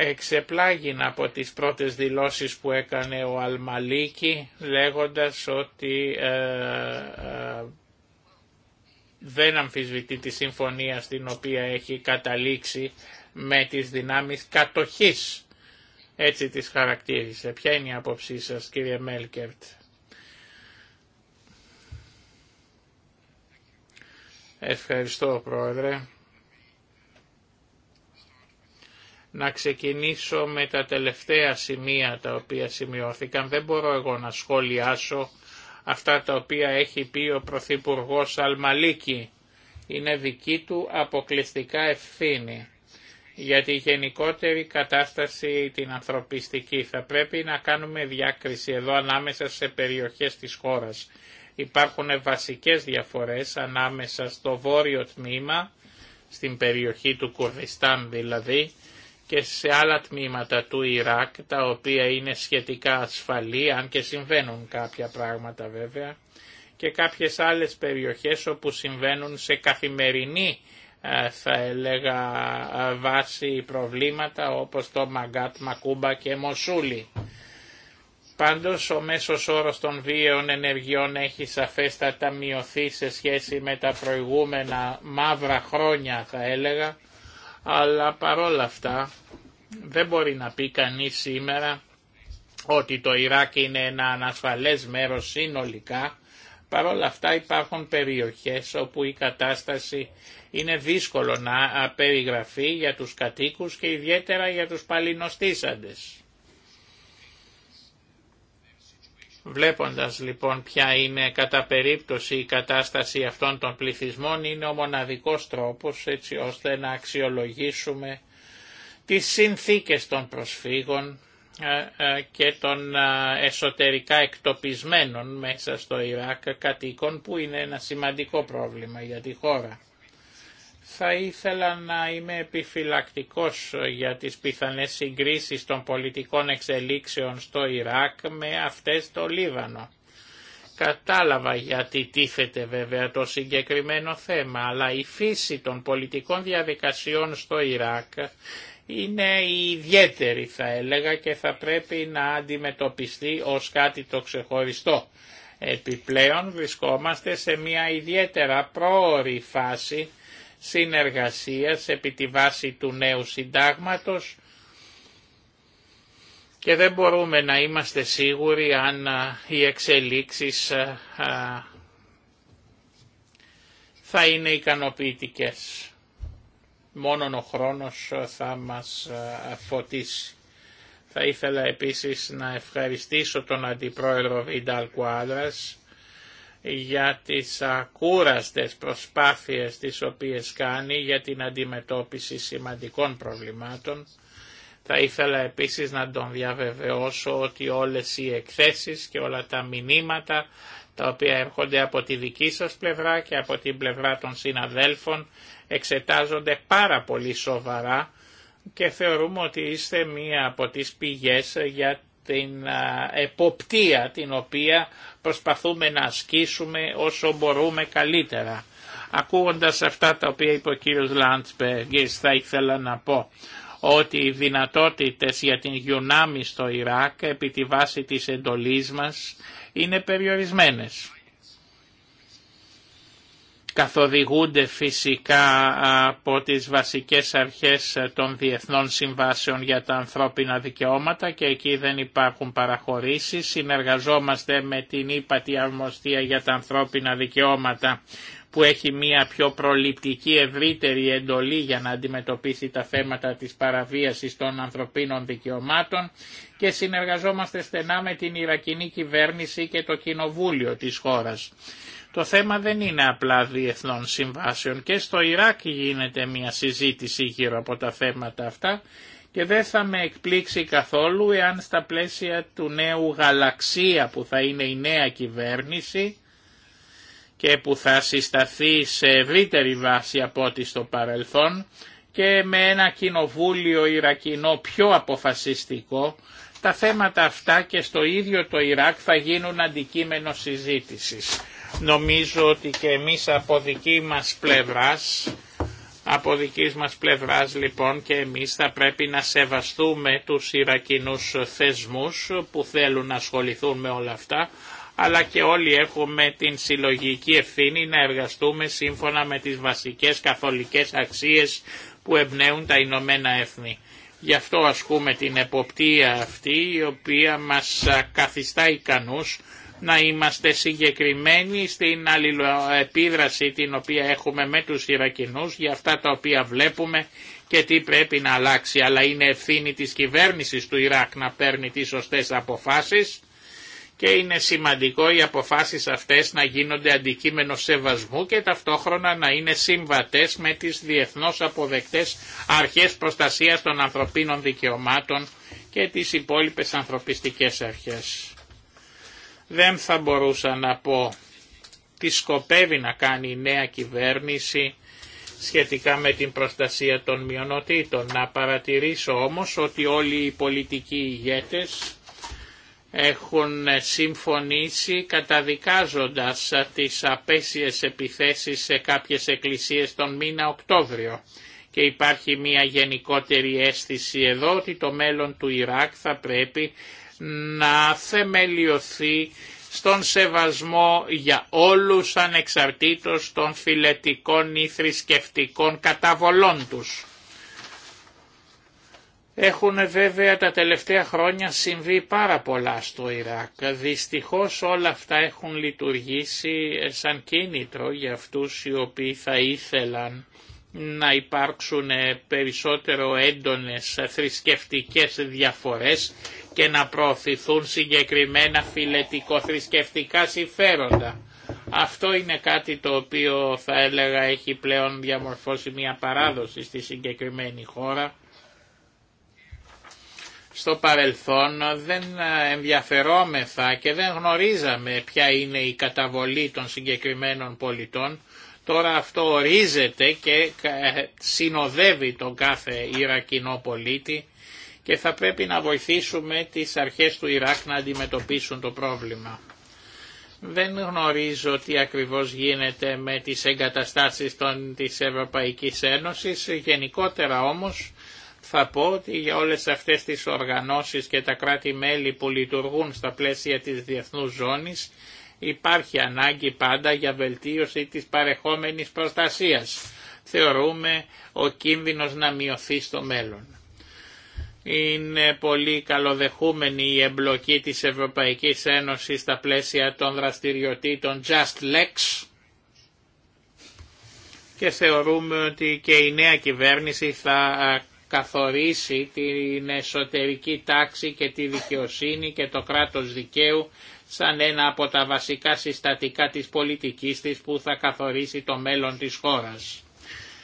Εξεπλάγει από τις πρώτες δηλώσεις που έκανε ο Αλμαλίκη λέγοντας ότι ε, ε, δεν αμφισβητεί τη συμφωνία στην οποία έχει καταλήξει με τις δυνάμεις κατοχής. Έτσι τις χαρακτήρισε. Ποια είναι η άποψή σας κύριε Μέλκερτ. Ευχαριστώ πρόεδρε. Να ξεκινήσω με τα τελευταία σημεία τα οποία σημειώθηκαν. Δεν μπορώ εγώ να σχολιάσω Αυτά τα οποία έχει πει ο Πρωθυπουργό Αλμαλίκη είναι δική του αποκλειστικά ευθύνη για τη γενικότερη κατάσταση την ανθρωπιστική. Θα πρέπει να κάνουμε διάκριση εδώ ανάμεσα σε περιοχές της χώρας. Υπάρχουν βασικές διαφορές ανάμεσα στο βόρειο τμήμα, στην περιοχή του Κουρδιστάν δηλαδή, και σε άλλα τμήματα του Ιράκ, τα οποία είναι σχετικά ασφαλή, αν και συμβαίνουν κάποια πράγματα βέβαια, και κάποιες άλλες περιοχές όπου συμβαίνουν σε καθημερινή, θα έλεγα, βάση προβλήματα, όπως το Μαγκάτ, Μακούμπα και Μοσούλη. Πάντως ο μέσος όρος των βίαιων ενεργειών έχει σαφέστατα μειωθεί σε σχέση με τα προηγούμενα μαύρα χρόνια θα έλεγα αλλά παρόλα αυτά δεν μπορεί να πει κανείς σήμερα ότι το Ιράκ είναι ένα ανασφαλές μέρος συνολικά, παρόλα αυτά υπάρχουν περιοχές όπου η κατάσταση είναι δύσκολο να περιγραφεί για τους κατοίκους και ιδιαίτερα για τους παλινοστήσαντες. Βλέποντας λοιπόν ποια είναι κατά περίπτωση η κατάσταση αυτών των πληθυσμών είναι ο μοναδικός τρόπος έτσι ώστε να αξιολογήσουμε τις συνθήκες των προσφύγων ε, ε, και των ε, εσωτερικά εκτοπισμένων μέσα στο Ιράκ κατοίκων που είναι ένα σημαντικό πρόβλημα για τη χώρα θα ήθελα να είμαι επιφυλακτικός για τις πιθανές συγκρίσεις των πολιτικών εξελίξεων στο Ιράκ με αυτές στο Λίβανο. Κατάλαβα γιατί τίθεται βέβαια το συγκεκριμένο θέμα, αλλά η φύση των πολιτικών διαδικασιών στο Ιράκ είναι ιδιαίτερη θα έλεγα και θα πρέπει να αντιμετωπιστεί ως κάτι το ξεχωριστό. Επιπλέον βρισκόμαστε σε μια ιδιαίτερα πρόορη φάση συνεργασίας επί τη βάση του νέου συντάγματος και δεν μπορούμε να είμαστε σίγουροι αν οι εξελίξεις θα είναι ικανοποιητικές. Μόνο ο χρόνος θα μας φωτίσει. Θα ήθελα επίσης να ευχαριστήσω τον Αντιπρόεδρο Βιντάλ Κουάδρας για τις ακούραστες προσπάθειες τις οποίες κάνει για την αντιμετώπιση σημαντικών προβλημάτων. Θα ήθελα επίσης να τον διαβεβαιώσω ότι όλες οι εκθέσεις και όλα τα μηνύματα τα οποία έρχονται από τη δική σας πλευρά και από την πλευρά των συναδέλφων εξετάζονται πάρα πολύ σοβαρά και θεωρούμε ότι είστε μία από τις πηγές για την εποπτεία την οποία προσπαθούμε να ασκήσουμε όσο μπορούμε καλύτερα. Ακούγοντας αυτά τα οποία είπε ο κύριος Λάντσπεργκης θα ήθελα να πω ότι οι δυνατότητες για την γιουνάμι στο Ιράκ επί τη βάση της εντολής μας είναι περιορισμένες καθοδηγούνται φυσικά από τις βασικές αρχές των διεθνών συμβάσεων για τα ανθρώπινα δικαιώματα και εκεί δεν υπάρχουν παραχωρήσεις. Συνεργαζόμαστε με την ύπατη αρμοστία για τα ανθρώπινα δικαιώματα που έχει μια πιο προληπτική ευρύτερη εντολή για να αντιμετωπίσει τα θέματα της παραβίασης των ανθρωπίνων δικαιωμάτων και συνεργαζόμαστε στενά με την Ιρακινή κυβέρνηση και το κοινοβούλιο της χώρας. Το θέμα δεν είναι απλά διεθνών συμβάσεων και στο Ιράκ γίνεται μια συζήτηση γύρω από τα θέματα αυτά και δεν θα με εκπλήξει καθόλου εάν στα πλαίσια του νέου γαλαξία που θα είναι η νέα κυβέρνηση και που θα συσταθεί σε ευρύτερη βάση από ό,τι στο παρελθόν και με ένα κοινοβούλιο Ιρακινό πιο αποφασιστικό, τα θέματα αυτά και στο ίδιο το Ιράκ θα γίνουν αντικείμενο συζήτησης. Νομίζω ότι και εμείς από δική μας πλευράς, από δική μας πλευράς λοιπόν και εμείς θα πρέπει να σεβαστούμε τους Ιρακινούς θεσμούς που θέλουν να ασχοληθούν με όλα αυτά, αλλά και όλοι έχουμε την συλλογική ευθύνη να εργαστούμε σύμφωνα με τις βασικές καθολικές αξίες που εμπνέουν τα Ηνωμένα Έθνη. Γι' αυτό ασκούμε την εποπτεία αυτή η οποία μας καθιστά ικανούς να είμαστε συγκεκριμένοι στην αλληλοεπίδραση την οποία έχουμε με τους Ιρακινούς για αυτά τα οποία βλέπουμε και τι πρέπει να αλλάξει. Αλλά είναι ευθύνη της κυβέρνησης του Ιράκ να παίρνει τις σωστές αποφάσεις και είναι σημαντικό οι αποφάσεις αυτές να γίνονται αντικείμενο σεβασμού και ταυτόχρονα να είναι συμβατές με τις διεθνώς αποδεκτές αρχές προστασίας των ανθρωπίνων δικαιωμάτων και τις υπόλοιπες ανθρωπιστικές αρχές. Δεν θα μπορούσα να πω τι σκοπεύει να κάνει η νέα κυβέρνηση σχετικά με την προστασία των μειονοτήτων. Να παρατηρήσω όμως ότι όλοι οι πολιτικοί ηγέτες έχουν συμφωνήσει καταδικάζοντας τις απέσιες επιθέσεις σε κάποιες εκκλησίες τον μήνα Οκτώβριο και υπάρχει μια γενικότερη αίσθηση εδώ ότι το μέλλον του Ιράκ θα πρέπει να θεμελιωθεί στον σεβασμό για όλους ανεξαρτήτως των φιλετικών ή θρησκευτικών καταβολών τους. Έχουν βέβαια τα τελευταία χρόνια συμβεί πάρα πολλά στο Ιράκ. Δυστυχώς όλα αυτά έχουν λειτουργήσει σαν κίνητρο για αυτούς οι οποίοι θα ήθελαν να υπάρξουν περισσότερο έντονες θρησκευτικές διαφορές και να προωθηθούν συγκεκριμένα φιλετικοθρησκευτικά συμφέροντα. Αυτό είναι κάτι το οποίο θα έλεγα έχει πλέον διαμορφώσει μια παράδοση στη συγκεκριμένη χώρα. Στο παρελθόν δεν ενδιαφερόμεθα και δεν γνωρίζαμε ποια είναι η καταβολή των συγκεκριμένων πολιτών Τώρα αυτό ορίζεται και ε, συνοδεύει τον κάθε Ιρακινό πολίτη και θα πρέπει να βοηθήσουμε τις αρχές του Ιράκ να αντιμετωπίσουν το πρόβλημα. Δεν γνωρίζω τι ακριβώς γίνεται με τις εγκαταστάσεις των, της Ευρωπαϊκής Ένωσης, γενικότερα όμως θα πω ότι για όλες αυτές τις οργανώσεις και τα κράτη-μέλη που λειτουργούν στα πλαίσια της διεθνούς ζώνης υπάρχει ανάγκη πάντα για βελτίωση της παρεχόμενης προστασίας. Θεωρούμε ο κίνδυνος να μειωθεί στο μέλλον. Είναι πολύ καλοδεχούμενη η εμπλοκή της Ευρωπαϊκής Ένωσης στα πλαίσια των δραστηριοτήτων Just Lex και θεωρούμε ότι και η νέα κυβέρνηση θα καθορίσει την εσωτερική τάξη και τη δικαιοσύνη και το κράτος δικαίου σαν ένα από τα βασικά συστατικά της πολιτικής της που θα καθορίσει το μέλλον της χώρας.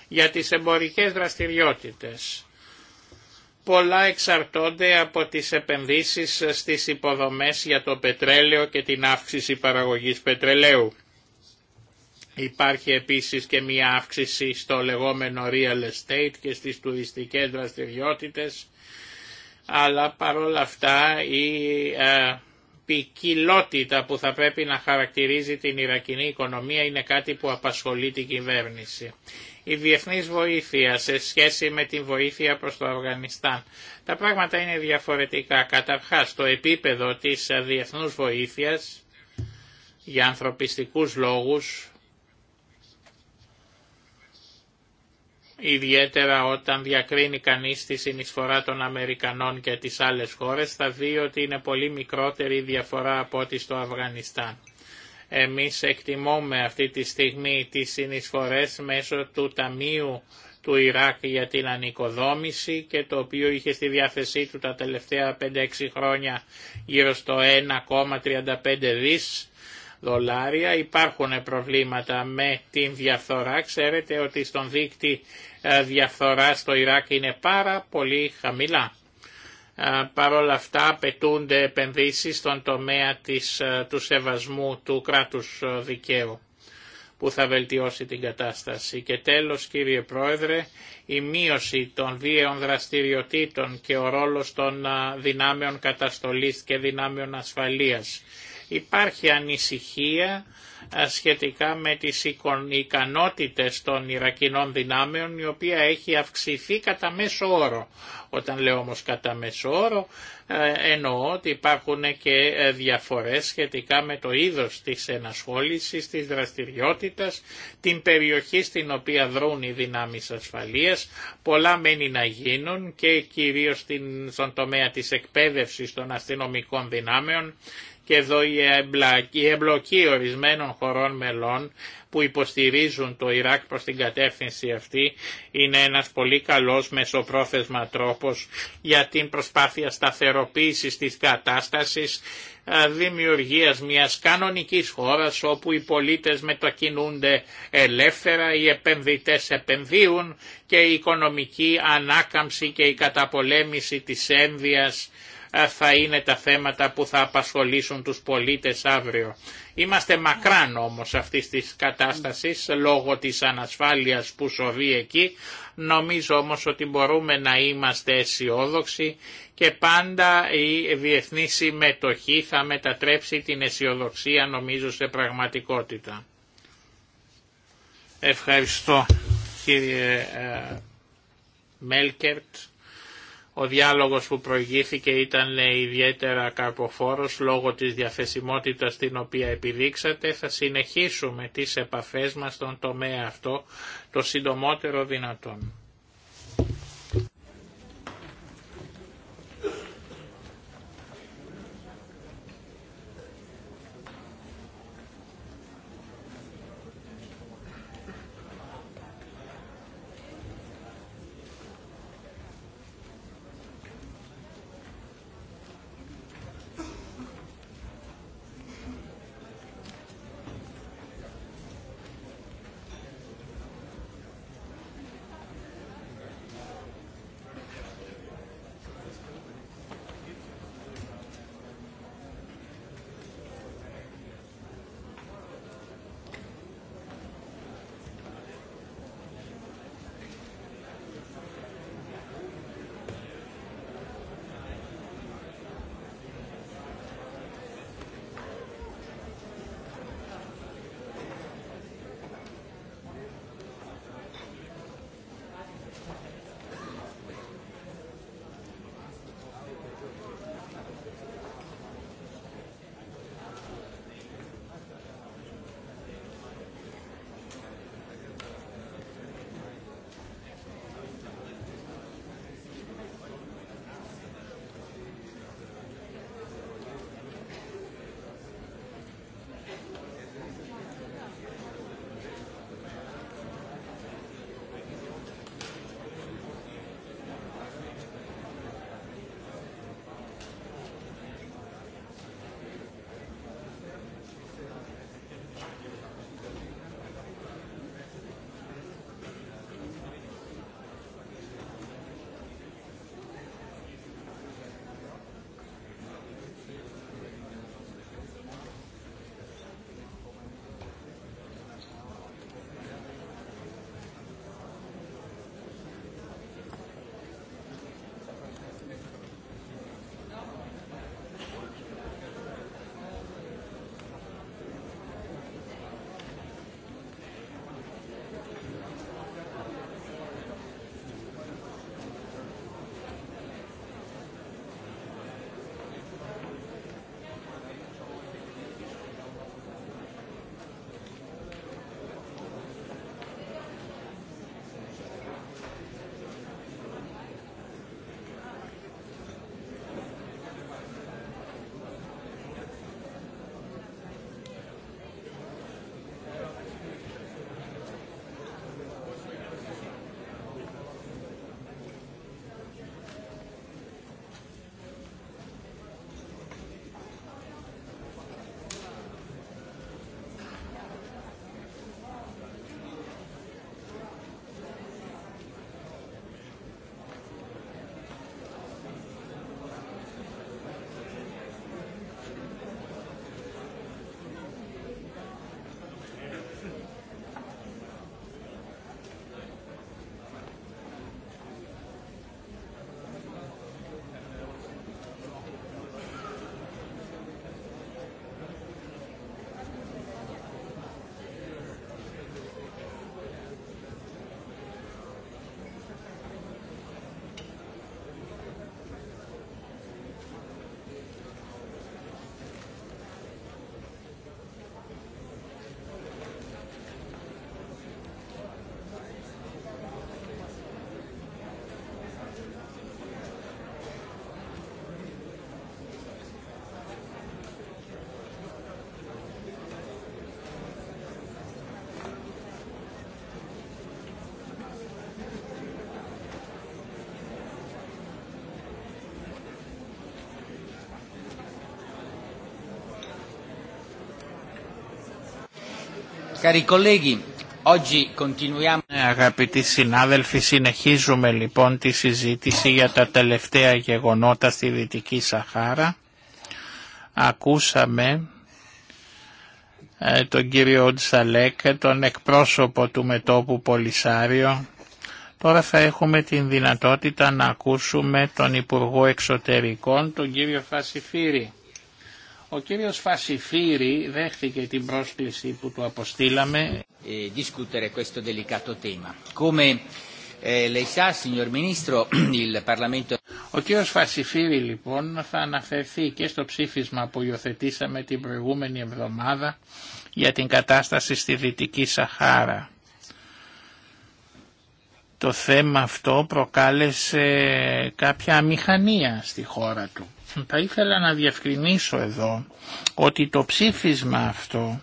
Για τις εμπορικές δραστηριότητες. Πολλά εξαρτώνται από τις επενδύσεις στις υποδομές για το πετρέλαιο και την αύξηση παραγωγής πετρελαίου. Υπάρχει επίσης και μία αύξηση στο λεγόμενο real estate και στις τουριστικές δραστηριότητες, αλλά παρόλα αυτά η ε, ποικιλότητα που θα πρέπει να χαρακτηρίζει την Ιρακινή οικονομία είναι κάτι που απασχολεί την κυβέρνηση. Η διεθνής βοήθεια σε σχέση με τη βοήθεια προς το Αφγανιστάν. Τα πράγματα είναι διαφορετικά. Καταρχάς το επίπεδο της διεθνούς βοήθειας για ανθρωπιστικούς λόγους ιδιαίτερα όταν διακρίνει κανείς τη συνεισφορά των Αμερικανών και τις άλλες χώρες, θα δει ότι είναι πολύ μικρότερη η διαφορά από ό,τι στο Αφγανιστάν. Εμείς εκτιμούμε αυτή τη στιγμή τις συνεισφορές μέσω του Ταμείου του Ιράκ για την ανοικοδόμηση και το οποίο είχε στη διάθεσή του τα τελευταία 5-6 χρόνια γύρω στο 1,35 δις δολάρια. Υπάρχουν προβλήματα με την διαφθορά. Ξέρετε ότι στον δείκτη ε, διαφθορά στο Ιράκ είναι πάρα πολύ χαμηλά. Ε, Παρ' όλα αυτά απαιτούνται επενδύσεις στον τομέα της, ε, του σεβασμού του κράτους δικαίου που θα βελτιώσει την κατάσταση. Και τέλος κύριε Πρόεδρε, η μείωση των βίαιων δραστηριοτήτων και ο ρόλος των δυνάμεων καταστολής και δυνάμεων ασφαλείας Υπάρχει ανησυχία σχετικά με τις ικανότητες των Ιρακινών δυνάμεων η οποία έχει αυξηθεί κατά μέσο όρο. Όταν λέω όμως κατά μέσο όρο ε, εννοώ ότι υπάρχουν και ε, διαφορές σχετικά με το είδος της ενασχόλησης, της δραστηριότητας, την περιοχή στην οποία δρούν οι δυνάμεις ασφαλείας. Πολλά μένει να γίνουν και κυρίως στον τομέα της εκπαίδευσης των αστυνομικών δυνάμεων και εδώ η εμπλοκή ορισμένων χωρών μελών που υποστηρίζουν το Ιράκ προς την κατεύθυνση αυτή είναι ένας πολύ καλός μεσοπρόθεσμα τρόπος για την προσπάθεια σταθεροποίησης της κατάστασης δημιουργίας μιας κανονικής χώρας όπου οι πολίτες μετακινούνται ελεύθερα, οι επενδυτές επενδύουν και η οικονομική ανάκαμψη και η καταπολέμηση της ένδυας θα είναι τα θέματα που θα απασχολήσουν τους πολίτες αύριο. Είμαστε μακράν όμως αυτής της κατάστασης λόγω της ανασφάλειας που σοβεί εκεί. Νομίζω όμως ότι μπορούμε να είμαστε αισιόδοξοι και πάντα η διεθνή συμμετοχή θα μετατρέψει την αισιοδοξία νομίζω σε πραγματικότητα. Ευχαριστώ κύριε ε, Μέλκερτ. Ο διάλογος που προηγήθηκε ήταν ιδιαίτερα καρποφόρος λόγω της διαθεσιμότητας την οποία επιδείξατε. Θα συνεχίσουμε τις επαφές μας στον τομέα αυτό το συντομότερο δυνατόν. Cari colleghi, oggi ναι, Αγαπητοί συνάδελφοι, συνεχίζουμε λοιπόν τη συζήτηση για τα τελευταία γεγονότα στη Δυτική Σαχάρα. Ακούσαμε ε, τον κύριο Τσαλέκ, τον εκπρόσωπο του μετόπου Πολυσάριο. Τώρα θα έχουμε την δυνατότητα να ακούσουμε τον Υπουργό Εξωτερικών, τον κύριο Φασιφύρη. Ο κύριος Φασιφύρη δέχτηκε την πρόσκληση που του αποστήλαμε. Ε, discutere questo delicato tema. Come ε, lei sa, signor Ministro, [CLEARS THROAT] il Ο κύριος Φασιφύρη λοιπόν θα αναφερθεί και στο ψήφισμα που υιοθετήσαμε την προηγούμενη εβδομάδα για την κατάσταση στη Δυτική Σαχάρα το θέμα αυτό προκάλεσε κάποια αμηχανία στη χώρα του. Θα ήθελα να διευκρινίσω εδώ ότι το ψήφισμα αυτό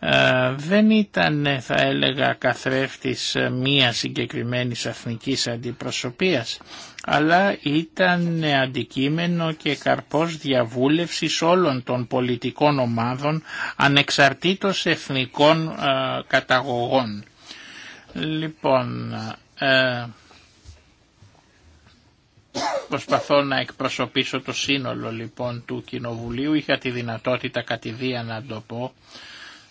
ε, δεν ήταν θα έλεγα καθρέφτης μία συγκεκριμένης αθνικής αντιπροσωπείας αλλά ήταν αντικείμενο και καρπός διαβούλευσης όλων των πολιτικών ομάδων ανεξαρτήτως εθνικών ε, καταγωγών. Λοιπόν, ε, προσπαθώ να εκπροσωπήσω το σύνολο λοιπόν του Κοινοβουλίου. Είχα τη δυνατότητα κατηδία να το πω.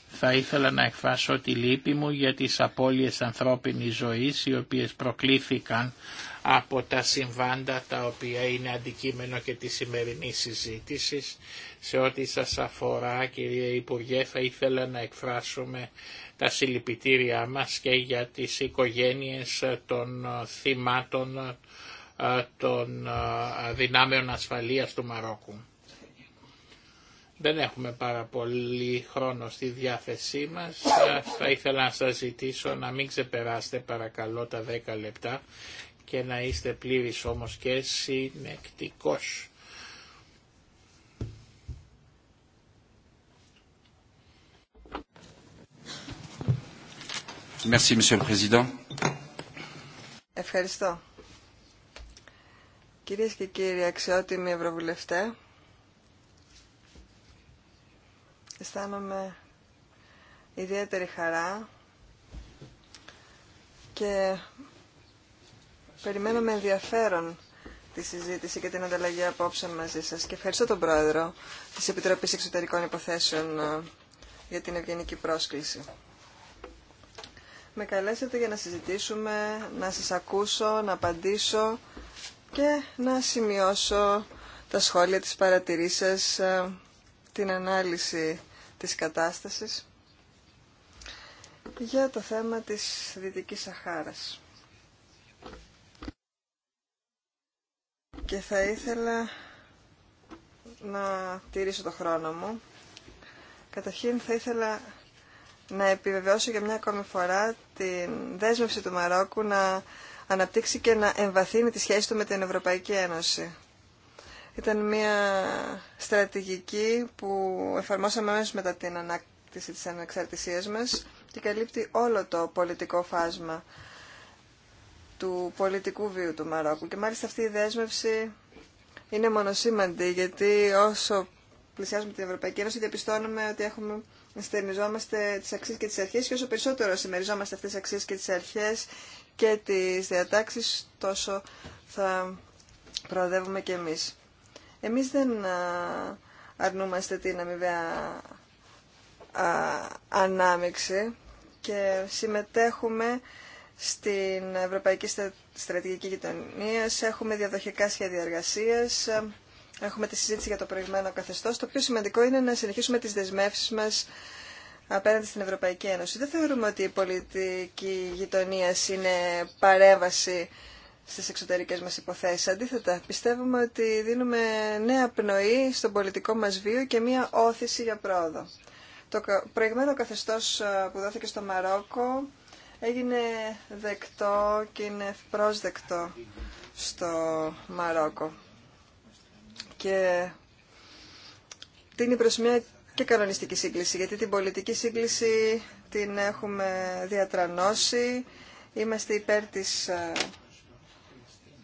Θα ήθελα να εκφράσω τη λύπη μου για τις απώλειες ανθρώπινης ζωής οι οποίες προκλήθηκαν από τα συμβάντα τα οποία είναι αντικείμενο και τη σημερινή συζήτηση. Σε ό,τι σας αφορά κύριε Υπουργέ θα ήθελα να εκφράσουμε τα συλληπιτήριά μας και για τις οικογένειες των ε, θυμάτων ε, των ε, δυνάμεων ασφαλείας του Μαρόκου. Δεν έχουμε πάρα πολύ χρόνο στη διάθεσή μας. Θα ήθελα να σας ζητήσω να μην ξεπεράσετε παρακαλώ τα 10 λεπτά και να είστε πλήρης όμως και συνεκτικός. Ευχαριστώ. Κυρίες και κύριοι αξιότιμοι ευρωβουλευτέ, αισθάνομαι ιδιαίτερη χαρά και περιμένω με ενδιαφέρον τη συζήτηση και την ανταλλαγή απόψε μαζί σας. Και ευχαριστώ τον Πρόεδρο της Επιτροπής Εξωτερικών Υποθέσεων ε, για την ευγενική πρόσκληση. Με καλέσατε για να συζητήσουμε, να σας ακούσω, να απαντήσω και να σημειώσω τα σχόλια της παρατηρήσεως, ε, την ανάλυση της κατάστασης για το θέμα της Δυτικής Σαχάρας. Και θα ήθελα να τηρήσω το χρόνο μου. Καταρχήν θα ήθελα να επιβεβαιώσω για μια ακόμη φορά την δέσμευση του Μαρόκου να αναπτύξει και να εμβαθύνει τη σχέση του με την Ευρωπαϊκή Ένωση. Ήταν μια στρατηγική που εφαρμόσαμε μέσα μετά την ανάκτηση της ανεξαρτησίας μας και καλύπτει όλο το πολιτικό φάσμα του πολιτικού βίου του Μαρόκου. Και μάλιστα αυτή η δέσμευση είναι μονοσήμαντη, γιατί όσο πλησιάζουμε την Ευρωπαϊκή Ένωση διαπιστώνουμε ότι έχουμε στερνιζόμαστε τις αξίες και τις αρχές και όσο περισσότερο συμμεριζόμαστε αυτές τις αξίες και τις αρχές και τις διατάξεις τόσο θα προοδεύουμε και εμείς. Εμείς δεν αρνούμαστε την αμοιβαία ανάμειξη και συμμετέχουμε στην Ευρωπαϊκή Στρατηγική Γειτονία, έχουμε διαδοχικά σχέδια εργασίας, έχουμε τη συζήτηση για το προηγμένο καθεστώς. Το πιο σημαντικό είναι να συνεχίσουμε τις δεσμεύσει μας απέναντι στην Ευρωπαϊκή Ένωση. Δεν θεωρούμε ότι η πολιτική γειτονία είναι παρέμβαση στις εξωτερικές μας υποθέσεις. Αντίθετα, πιστεύουμε ότι δίνουμε νέα πνοή στον πολιτικό μας βίο και μία όθηση για πρόοδο. Το προηγμένο καθεστώ ε, που δόθηκε στο Μαρόκο έγινε δεκτό και είναι πρόσδεκτο στο Μαρόκο και τίνει προς μια και κανονιστική σύγκληση, γιατί την πολιτική σύγκληση την έχουμε διατρανώσει. Είμαστε υπέρ της ε,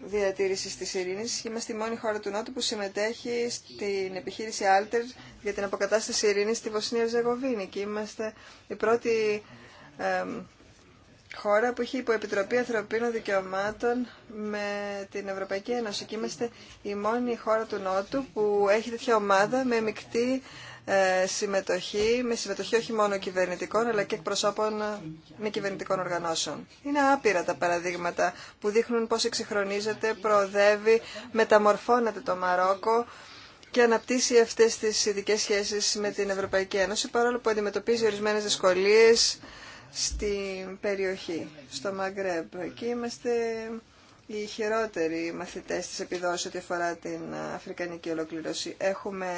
διατήρησης της ειρήνης. Είμαστε η μόνη χώρα του Νότου που συμμετέχει στην επιχείρηση Alter για την αποκατάσταση ειρήνης στη Βοσνία Ζεγοβίνη και είμαστε η πρώτη ε, χώρα που έχει υποεπιτροπή ανθρωπίνων δικαιωμάτων με την Ευρωπαϊκή Ένωση και είμαστε η μόνη χώρα του Νότου που έχει τέτοια ομάδα με μεικτή ε, συμμετοχή, με συμμετοχή όχι μόνο κυβερνητικών αλλά και εκπροσώπων ε, μη κυβερνητικών οργανώσεων. Είναι άπειρα τα παραδείγματα που δείχνουν πώς εξυγχρονίζεται, προοδεύει, μεταμορφώνεται το Μαρόκο και αναπτύσσει αυτές τις ειδικές σχέσεις με την Ευρωπαϊκή Ένωση παρόλο που αντιμετωπίζει ορισμένες δυσκολίες στην περιοχή, στο Μαγκρέμπ. Εκεί είμαστε οι χειρότεροι μαθητές της επιδόσης ό,τι αφορά την αφρικανική ολοκλήρωση. Έχουμε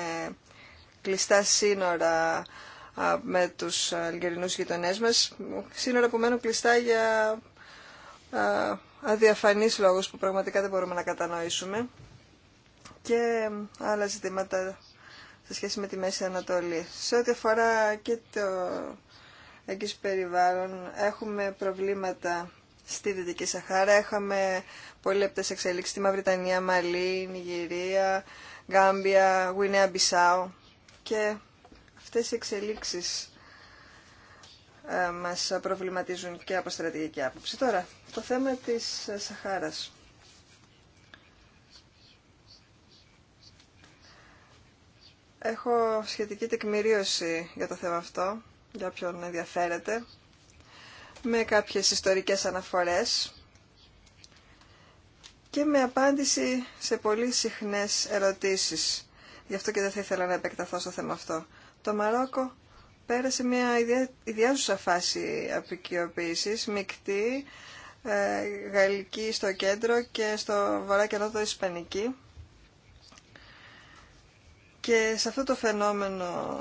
κλειστά σύνορα με τους αλγερινούς γειτονές μας, σύνορα που μένουν κλειστά για αδιαφανείς λόγους που πραγματικά δεν μπορούμε να κατανοήσουμε και άλλα ζητήματα σε σχέση με τη Μέση Ανατολή. Σε ό,τι αφορά και το Έχεις Περιβάλλον. Έχουμε προβλήματα στη Δυτική Σαχάρα. Έχαμε πολύ λεπτές εξελίξεις στη Μαυριτανία, Μαλή, Νιγηρία, Γκάμπια, Γουινέα Μπισάου. Και αυτές οι εξελίξεις ε, μας προβληματίζουν και από στρατηγική άποψη. Τώρα, το θέμα της ε, Σαχάρας. Έχω σχετική τεκμηρίωση για το θέμα αυτό για όποιον ενδιαφέρεται, με κάποιες ιστορικές αναφορές και με απάντηση σε πολύ συχνές ερωτήσεις. Γι' αυτό και δεν θα ήθελα να επεκταθώ στο θέμα αυτό. Το Μαρόκο πέρασε μια ιδιάζουσα φάση απεικιοποίησης, μεικτή, ε, γαλλική στο κέντρο και στο βορρά και νότο ισπανική. Και σε αυτό το φαινόμενο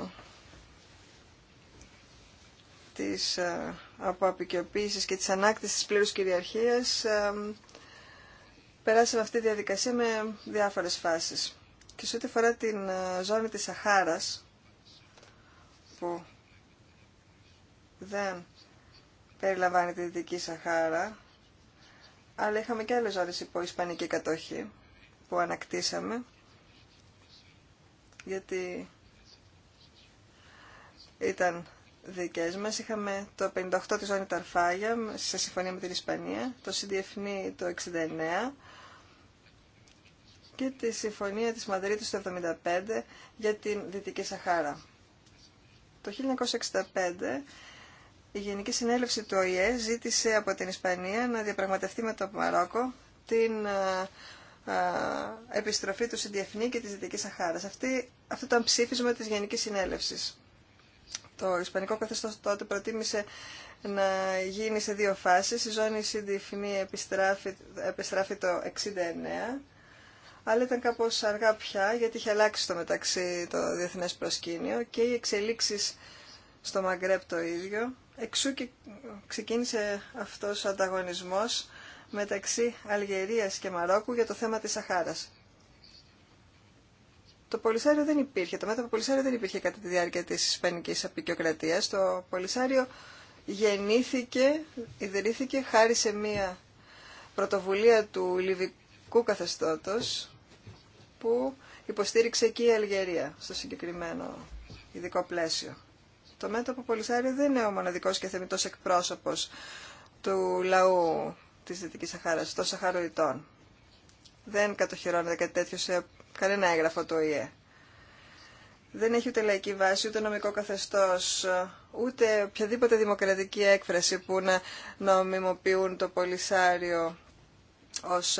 της ε, αποαπικιοποίησης και της ανάκτησης της πλήρους κυριαρχίας ε, περάσαμε αυτή τη διαδικασία με διάφορες φάσεις. Και σε ό,τι φορά την ε, ζώνη της Σαχάρας, που δεν περιλαμβάνει τη Δυτική Σαχάρα, αλλά είχαμε και άλλες ζώνες υπό Ισπανική κατοχή που ανακτήσαμε, γιατί ήταν δικές μας. Είχαμε το 58 τη ζώνη Ταρφάγια σε συμφωνία με την Ισπανία, το Συνδιεφνή το 69 και τη συμφωνία της Μαδρίτης το 75 για την Δυτική Σαχάρα. Το 1965 η Γενική Συνέλευση του ΟΗΕ ζήτησε από την Ισπανία να διαπραγματευτεί με το Μαρόκο την ε, ε, επιστροφή του στη και της Δυτικής Σαχάρας. Αυτή, αυτό ήταν ψήφισμα της Γενικής Συνέλευσης. Το Ισπανικό Καθεστώ τότε προτίμησε να γίνει σε δύο φάσεις. Η ζώνη συντηφινή επιστράφει, επιστράφει το 69, αλλά ήταν κάπως αργά πια γιατί είχε αλλάξει στο μεταξύ το διεθνές προσκήνιο και οι εξελίξεις στο Μαγκρέπ το ίδιο. Εξού και ξεκίνησε αυτός ο ανταγωνισμός μεταξύ Αλγερίας και Μαρόκου για το θέμα της Σαχάρας. Το Πολυσάριο δεν υπήρχε, το μέτωπο Πολυσάριο δεν υπήρχε κατά τη διάρκεια της Ισπανικής Απικιοκρατίας. Το Πολυσάριο γεννήθηκε, ιδρύθηκε χάρη σε μία πρωτοβουλία του Λιβικού καθεστώτος που υποστήριξε εκεί η Αλγερία στο συγκεκριμένο ειδικό πλαίσιο. Το μέτωπο Πολυσάριο δεν είναι ο μοναδικός και θεμητός εκπρόσωπος του λαού της Δυτικής Σαχάρας, των Σαχαροϊτών. Δεν κατοχυρώνεται κάτι τέτοιο σε κανένα έγγραφο το ΙΕ. Δεν έχει ούτε λαϊκή βάση, ούτε νομικό καθεστώς, ούτε οποιαδήποτε δημοκρατική έκφραση που να νομιμοποιούν το Πολυσάριο ως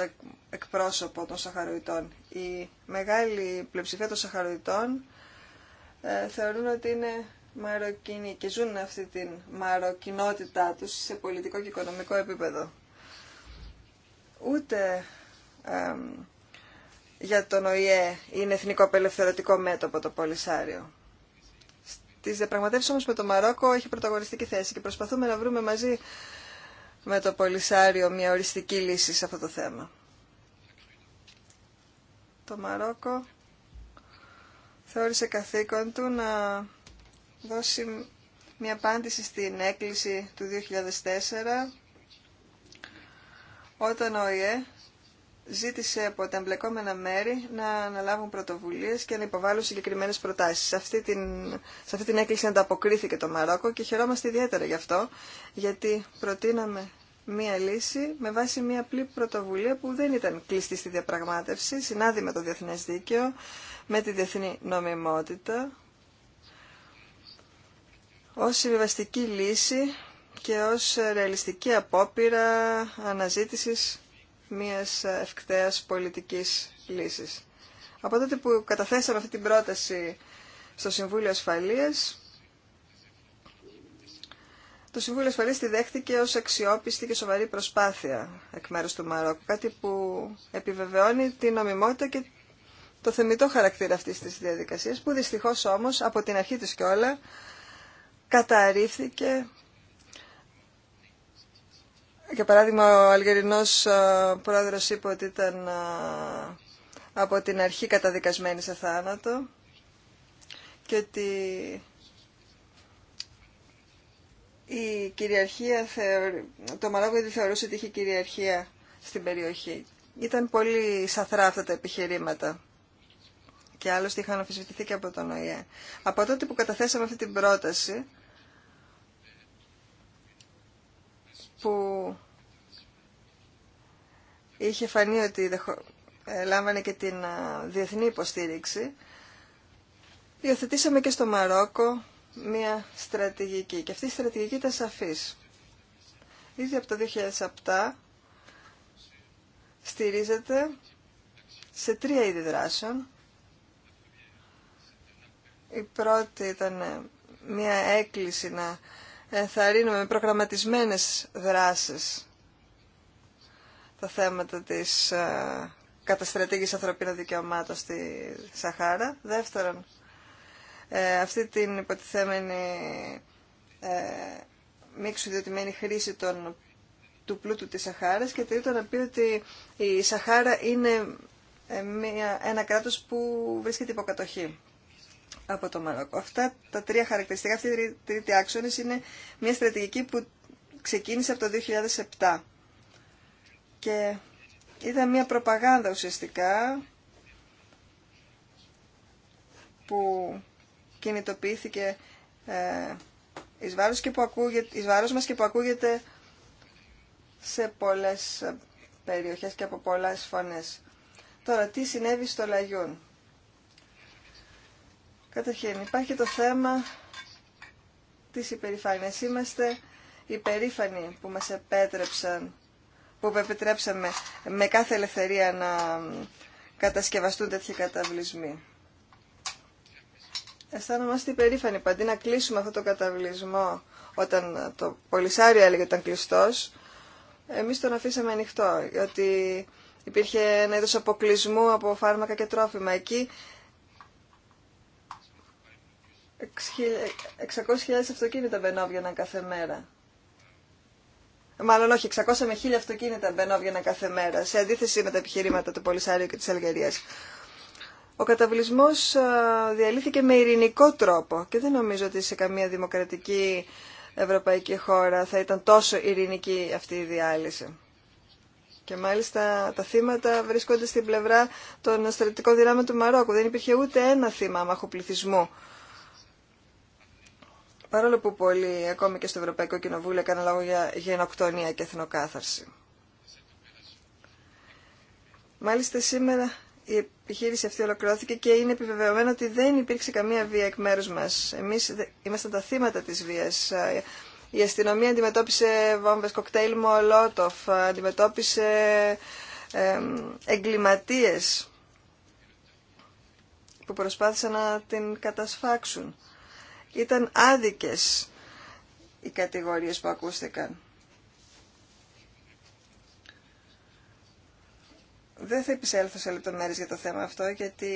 εκπρόσωπο των Σαχαροϊτών. Η μεγάλη πλειοψηφία των Σαχαροϊτών ε, θεωρούν ότι είναι Μαροκινοί και ζουν αυτή την μαροκινότητά τους σε πολιτικό και οικονομικό επίπεδο. Ούτε για τον ΟΗΕ είναι εθνικό απελευθερωτικό μέτωπο το Πολυσάριο. Στι διαπραγματεύσει όμω με το Μαρόκο έχει πρωταγωνιστική θέση και προσπαθούμε να βρούμε μαζί με το Πολυσάριο μια οριστική λύση σε αυτό το θέμα. Το Μαρόκο θεώρησε καθήκον του να δώσει μια απάντηση στην έκκληση του 2004 όταν ο ΙΕ ζήτησε από τα εμπλεκόμενα μέρη να αναλάβουν πρωτοβουλίες και να υποβάλουν συγκεκριμένες προτάσεις. Σε αυτή την, σε αυτή την έκκληση ανταποκρίθηκε το Μαρόκο και χαιρόμαστε ιδιαίτερα γι' αυτό, γιατί προτείναμε μία λύση με βάση μία απλή πρωτοβουλία που δεν ήταν κλειστή στη διαπραγμάτευση, συνάδει με το διεθνές δίκαιο, με τη διεθνή νομιμότητα, ως συμβιβαστική λύση και ως ρεαλιστική απόπειρα αναζήτησης μιας ευκταίας πολιτικής λύσης. Από τότε που καταθέσαμε αυτή την πρόταση στο Συμβούλιο Ασφαλείας, το Συμβούλιο Ασφαλείας τη δέχτηκε ως αξιόπιστη και σοβαρή προσπάθεια εκ μέρους του Μαρόκου, κάτι που επιβεβαιώνει την νομιμότητα και το θεμητό χαρακτήρα αυτής της διαδικασίας, που δυστυχώς όμως από την αρχή της κιόλα καταρρίφθηκε για παράδειγμα, ο Αλγερινός ε, πρόεδρος είπε ότι ήταν ε, από την αρχή καταδικασμένη σε θάνατο και ότι η κυριαρχία, το Μαρόκο θεωρούσε ότι είχε κυριαρχία στην περιοχή. Ήταν πολύ σαθρά αυτά τα επιχειρήματα και άλλωστε είχαν αφισβητηθεί και από τον ΟΗΕ. Από τότε που καταθέσαμε αυτή την πρόταση, που είχε φανεί ότι ε, λάμβανε και την ε, διεθνή υποστήριξη, υιοθετήσαμε και στο Μαρόκο μία στρατηγική. Και αυτή η στρατηγική ήταν σαφής. Ήδη από το 2007 στηρίζεται σε τρία είδη δράσεων. Η πρώτη ήταν ε, μία έκκληση να ενθαρρύνουμε με προγραμματισμένες δράσεις τα θέματα της ε, καταστρατήγης ανθρωπίνων δικαιωμάτων στη Σαχάρα. Δεύτερον, ε, αυτή την υποτιθέμενη ε, μίξου εξουδιωτημένη χρήση των, του πλούτου της Σαχάρας και τρίτον να πει ότι η Σαχάρα είναι μια, ένα κράτος που βρίσκεται υποκατοχή από το Αυτά τα τρία χαρακτηριστικά, αυτή η τρίτη άξονη είναι μια στρατηγική που ξεκίνησε από το 2007 και ήταν μια προπαγάνδα ουσιαστικά που κινητοποιήθηκε ε, εις βάρος, και που ακούγεται, εις μας και που ακούγεται σε πολλές περιοχές και από πολλές φωνές. Τώρα, τι συνέβη στο Λαγιούν. Καταρχήν, υπάρχει το θέμα της υπερηφάνειας. Είμαστε υπερήφανοι που μας επέτρεψαν, που επιτρέψαμε με κάθε ελευθερία να κατασκευαστούν τέτοιοι καταβλισμοί. Αισθάνομαστε υπερήφανοι που αντί να κλείσουμε αυτό το καταβλισμό όταν το Πολυσάριο έλεγε ότι ήταν κλειστός, εμείς τον αφήσαμε ανοιχτό, Γιατί υπήρχε ένα είδος αποκλεισμού από φάρμακα και τρόφιμα. Εκεί 600.000 αυτοκίνητα μπενόβγαιναν κάθε μέρα. Μάλλον όχι, 600 με 1.000 αυτοκίνητα μπενόβγαιναν κάθε μέρα, σε αντίθεση με τα επιχειρήματα του Πολυσάριου και της Αλγερίας. Ο καταβλισμός ε, διαλύθηκε με ειρηνικό τρόπο και δεν νομίζω ότι σε καμία δημοκρατική ευρωπαϊκή χώρα θα ήταν τόσο ειρηνική αυτή η διάλυση. Και μάλιστα τα θύματα βρίσκονται στην πλευρά των στρατιωτικών δυνάμεων του Μαρόκου. Δεν υπήρχε ούτε ένα θύμα αμαχοπληθισμού παρόλο που πολλοί ακόμη και στο Ευρωπαϊκό Κοινοβούλιο έκαναν λόγο για γενοκτονία και εθνοκάθαρση. Μάλιστα σήμερα η επιχείρηση αυτή ολοκληρώθηκε και είναι επιβεβαιωμένο ότι δεν υπήρξε καμία βία εκ μέρους μας. Εμείς ήμασταν τα θύματα της βίας. Η αστυνομία αντιμετώπισε βόμβες κοκτέιλ μολότοφ, αντιμετώπισε εγκληματίες που προσπάθησαν να την κατασφάξουν ήταν άδικες οι κατηγορίες που ακούστηκαν. Δεν θα επισέλθω σε λεπτομέρειες για το θέμα αυτό, γιατί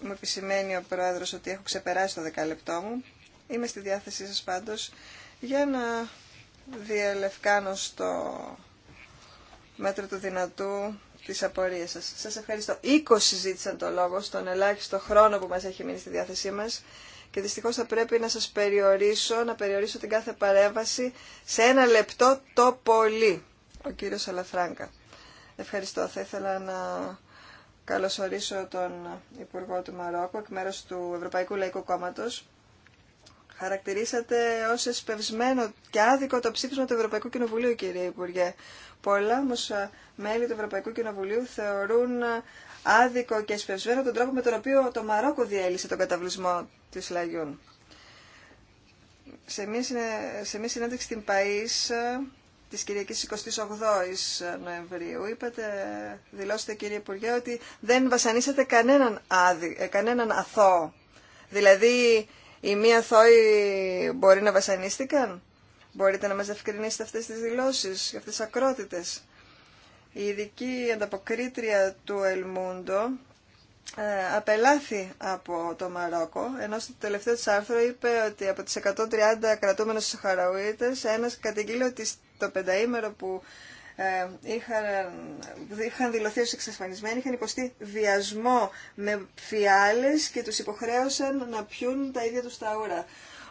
μου επισημαίνει ο Πρόεδρος ότι έχω ξεπεράσει το δεκάλεπτό μου. Είμαι στη διάθεσή σας πάντως για να διαλευκάνω στο μέτρο του δυνατού τις απορίες σας. Σας ευχαριστώ. 20 ζήτησαν το λόγο στον ελάχιστο χρόνο που μας έχει μείνει στη διάθεσή μας και δυστυχώς θα πρέπει να σας περιορίσω, να περιορίσω την κάθε παρέμβαση σε ένα λεπτό το πολύ. Ο κύριος Αλαφράγκα. Ευχαριστώ. Θα ήθελα να καλωσορίσω τον Υπουργό του Μαρόκου εκ του Ευρωπαϊκού Λαϊκού Κόμματος. Χαρακτηρίσατε ως εσπευσμένο και άδικο το ψήφισμα του Ευρωπαϊκού Κοινοβουλίου, κύριε Υπουργέ. Πολλά όμω ε, μέλη του Ευρωπαϊκού Κοινοβουλίου θεωρούν ε, άδικο και σπευσμένο τον τρόπο με τον οποίο το Μαρόκο διέλυσε τον καταβλισμό του Ισλαγιούν. Σε μια, σε μια συνέντευξη στην ΠΑΗΣ ε, της Κυριακής 28ης ε, Νοεμβρίου είπατε, δηλώσετε κύριε Υπουργέ ότι δεν βασανίσατε κανέναν, άδι, ε, κανέναν αθώο. Δηλαδή οι μία αθώοι μπορεί να βασανίστηκαν. Μπορείτε να μας ευκρινίσετε αυτές τις δηλώσεις και αυτές τις ακρότητες. Η ειδική ανταποκρίτρια του Ελμούντο απελάθη από το Μαρόκο, ενώ στο τελευταίο της άρθρο είπε ότι από τις 130 κρατούμενους Σαχαραουίτες, ένας κατηγγείλει ότι το πενταήμερο που ε, είχαν, είχαν δηλωθεί ως εξασφανισμένοι, είχαν υποστεί βιασμό με φιάλες και τους υποχρέωσαν να πιούν τα ίδια τους τα ούρα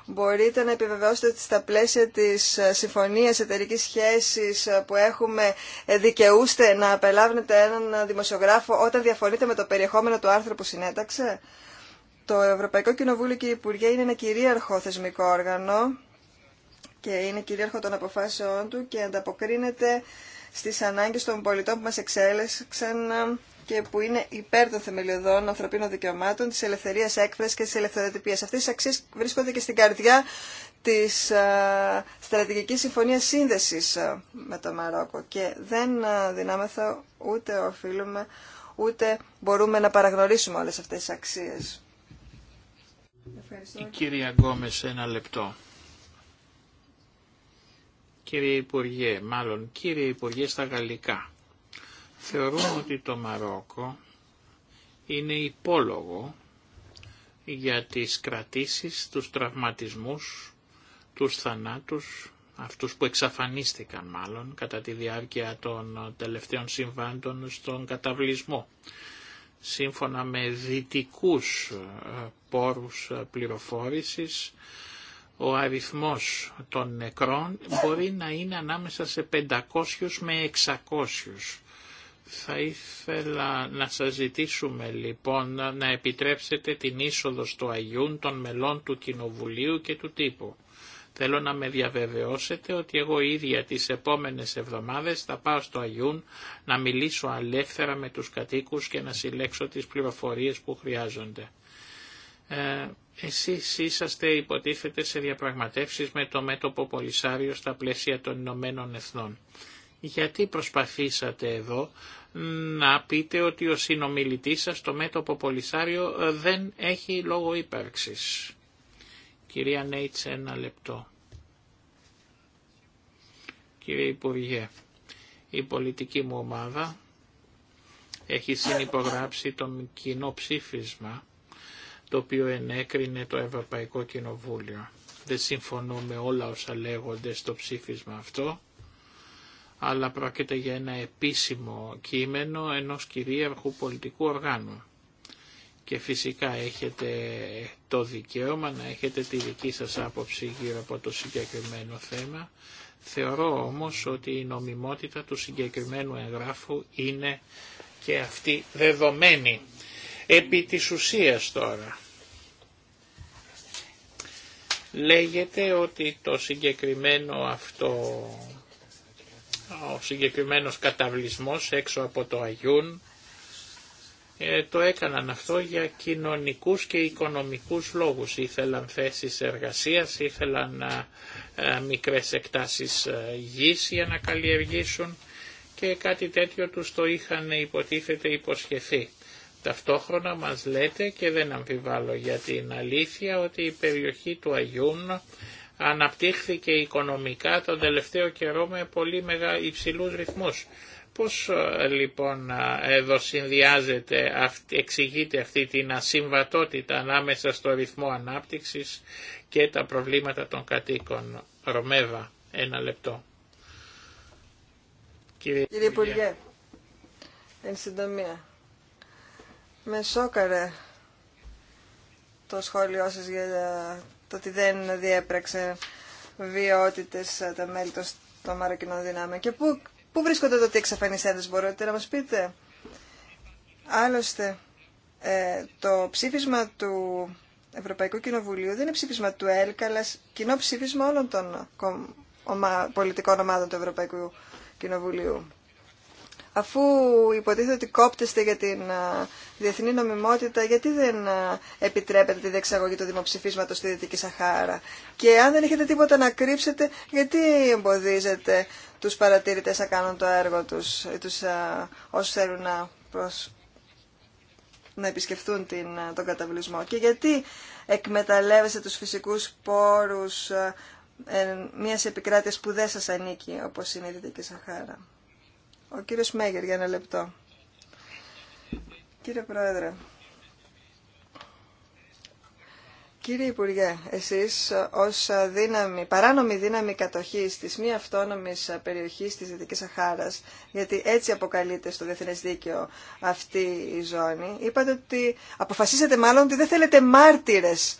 μπορείτε να επιβεβαιώσετε ότι στα πλαίσια της ε, συμφωνίας εταιρικής σχέσης ε, που έχουμε ε, δικαιούστε να απελάβνετε έναν δημοσιογράφο όταν διαφωνείτε με το περιεχόμενο του άρθρου που συνέταξε. Το Ευρωπαϊκό Κοινοβούλιο, κύριε Υπουργέ, είναι ένα κυρίαρχο θεσμικό όργανο και είναι κυρίαρχο των αποφάσεών του και ανταποκρίνεται στις ανάγκες των πολιτών που μας εξέλεξαν και που είναι υπέρ των θεμελιωδών ανθρωπίνων δικαιωμάτων, τη ελευθερία έκφραση και τη ελευθεροτυπίας. Αυτέ οι αξίε βρίσκονται και στην καρδιά τη ε, στρατηγική συμφωνία σύνδεση ε, με το Μαρόκο και δεν ε, δυνάμεθα ούτε οφείλουμε ούτε μπορούμε να παραγνωρίσουμε όλες αυτές τις αξίες. Η κυρία Γκόμες, ένα λεπτό. Κύριε Υπουργέ, μάλλον κύριε Υπουργέ στα γαλλικά. Θεωρούμε ότι το Μαρόκο είναι υπόλογο για τις κρατήσεις, τους τραυματισμούς, τους θανάτους, αυτούς που εξαφανίστηκαν μάλλον κατά τη διάρκεια των τελευταίων συμβάντων στον καταβλισμό. Σύμφωνα με δυτικούς ε, πόρους ε, πληροφόρησης, ο αριθμός των νεκρών μπορεί να είναι ανάμεσα σε 500 με 600 θα ήθελα να σας ζητήσουμε λοιπόν να επιτρέψετε την είσοδο στο Αγιούν των μελών του Κοινοβουλίου και του τύπου. Θέλω να με διαβεβαιώσετε ότι εγώ ίδια τις επόμενες εβδομάδες θα πάω στο Αγιούν να μιλήσω αλεύθερα με τους κατοίκους και να συλλέξω τις πληροφορίες που χρειάζονται. Ε, εσείς είσαστε υποτίθετε σε διαπραγματεύσεις με το μέτωπο Πολυσάριο στα πλαίσια των Ηνωμένων Εθνών γιατί προσπαθήσατε εδώ να πείτε ότι ο συνομιλητής σας στο μέτωπο Πολυσάριο ε, δεν έχει λόγο ύπαρξης. Κυρία Νέιτς, ένα λεπτό. Κύριε Υπουργέ, η πολιτική μου ομάδα έχει συνυπογράψει το κοινό ψήφισμα το οποίο ενέκρινε το Ευρωπαϊκό Κοινοβούλιο. Δεν συμφωνώ με όλα όσα λέγονται στο ψήφισμα αυτό αλλά πρόκειται για ένα επίσημο κείμενο ενός κυρίαρχου πολιτικού οργάνου. Και φυσικά έχετε το δικαίωμα να έχετε τη δική σας άποψη γύρω από το συγκεκριμένο θέμα. Θεωρώ όμως ότι η νομιμότητα του συγκεκριμένου εγγράφου είναι και αυτή δεδομένη. Επί της ουσίας τώρα. Λέγεται ότι το συγκεκριμένο αυτό ο συγκεκριμένος καταβλισμός έξω από το Αγιούν ε, το έκαναν αυτό για κοινωνικούς και οικονομικούς λόγους. Ήθελαν θέσεις εργασίας, ήθελαν ε, ε μικρές εκτάσεις ε, γης για να καλλιεργήσουν και κάτι τέτοιο τους το είχαν υποτίθεται υποσχεθεί. Ταυτόχρονα μας λέτε και δεν αμφιβάλλω για την αλήθεια ότι η περιοχή του Αγιούν αναπτύχθηκε οικονομικά τον τελευταίο καιρό με πολύ μεγα, υψηλούς ρυθμούς. Πώς ε, λοιπόν ε, εδώ συνδυάζεται, εξηγείται αυτή την ασυμβατότητα ανάμεσα στο ρυθμό ανάπτυξης και τα προβλήματα των κατοίκων. Ρωμέβα, ένα λεπτό. Κύριε, Κύριε Υπουργέ, εν συντομία, με σόκαρε το σχόλιο σας για το ότι δεν διέπραξε βιότητες τα μέλη των, το μαροκινών δυνάμεων. Και πού, πού βρίσκονται το τι εξαφανιστέντες, μπορείτε να μας πείτε. Άλλωστε, ε, το ψήφισμα του Ευρωπαϊκού Κοινοβουλίου δεν είναι ψήφισμα του ΕΛΚ, αλλά κοινό ψήφισμα όλων των πολιτικών ομάδων του Ευρωπαϊκού Κοινοβουλίου αφού υποτίθεται ότι κόπτεστε για την διεθνή νομιμότητα, γιατί δεν επιτρέπετε τη διεξαγωγή του δημοψηφίσματος στη Δυτική Σαχάρα. Και αν δεν έχετε τίποτα να κρύψετε, γιατί εμποδίζετε τους παρατηρητές να κάνουν το έργο τους τους α, όσους θέλουν να, προσ να επισκεφθούν την, τον καταβλισμό. Και γιατί εκμεταλλεύεστε τους φυσικούς πόρους α, ε, μιας που δεν σας ανήκει, όπως είναι η Δυτική Σαχάρα. Ο κύριος Μέγερ για ένα λεπτό. Κύριε Πρόεδρε, κύριε Υπουργέ, εσείς ως δύναμη, παράνομη δύναμη κατοχής της μη αυτόνομης περιοχής της Δυτικής Σαχάρας, γιατί έτσι αποκαλείται στο Διεθνές Δίκαιο αυτή η ζώνη, είπατε ότι αποφασίσατε μάλλον ότι δεν θέλετε μάρτυρες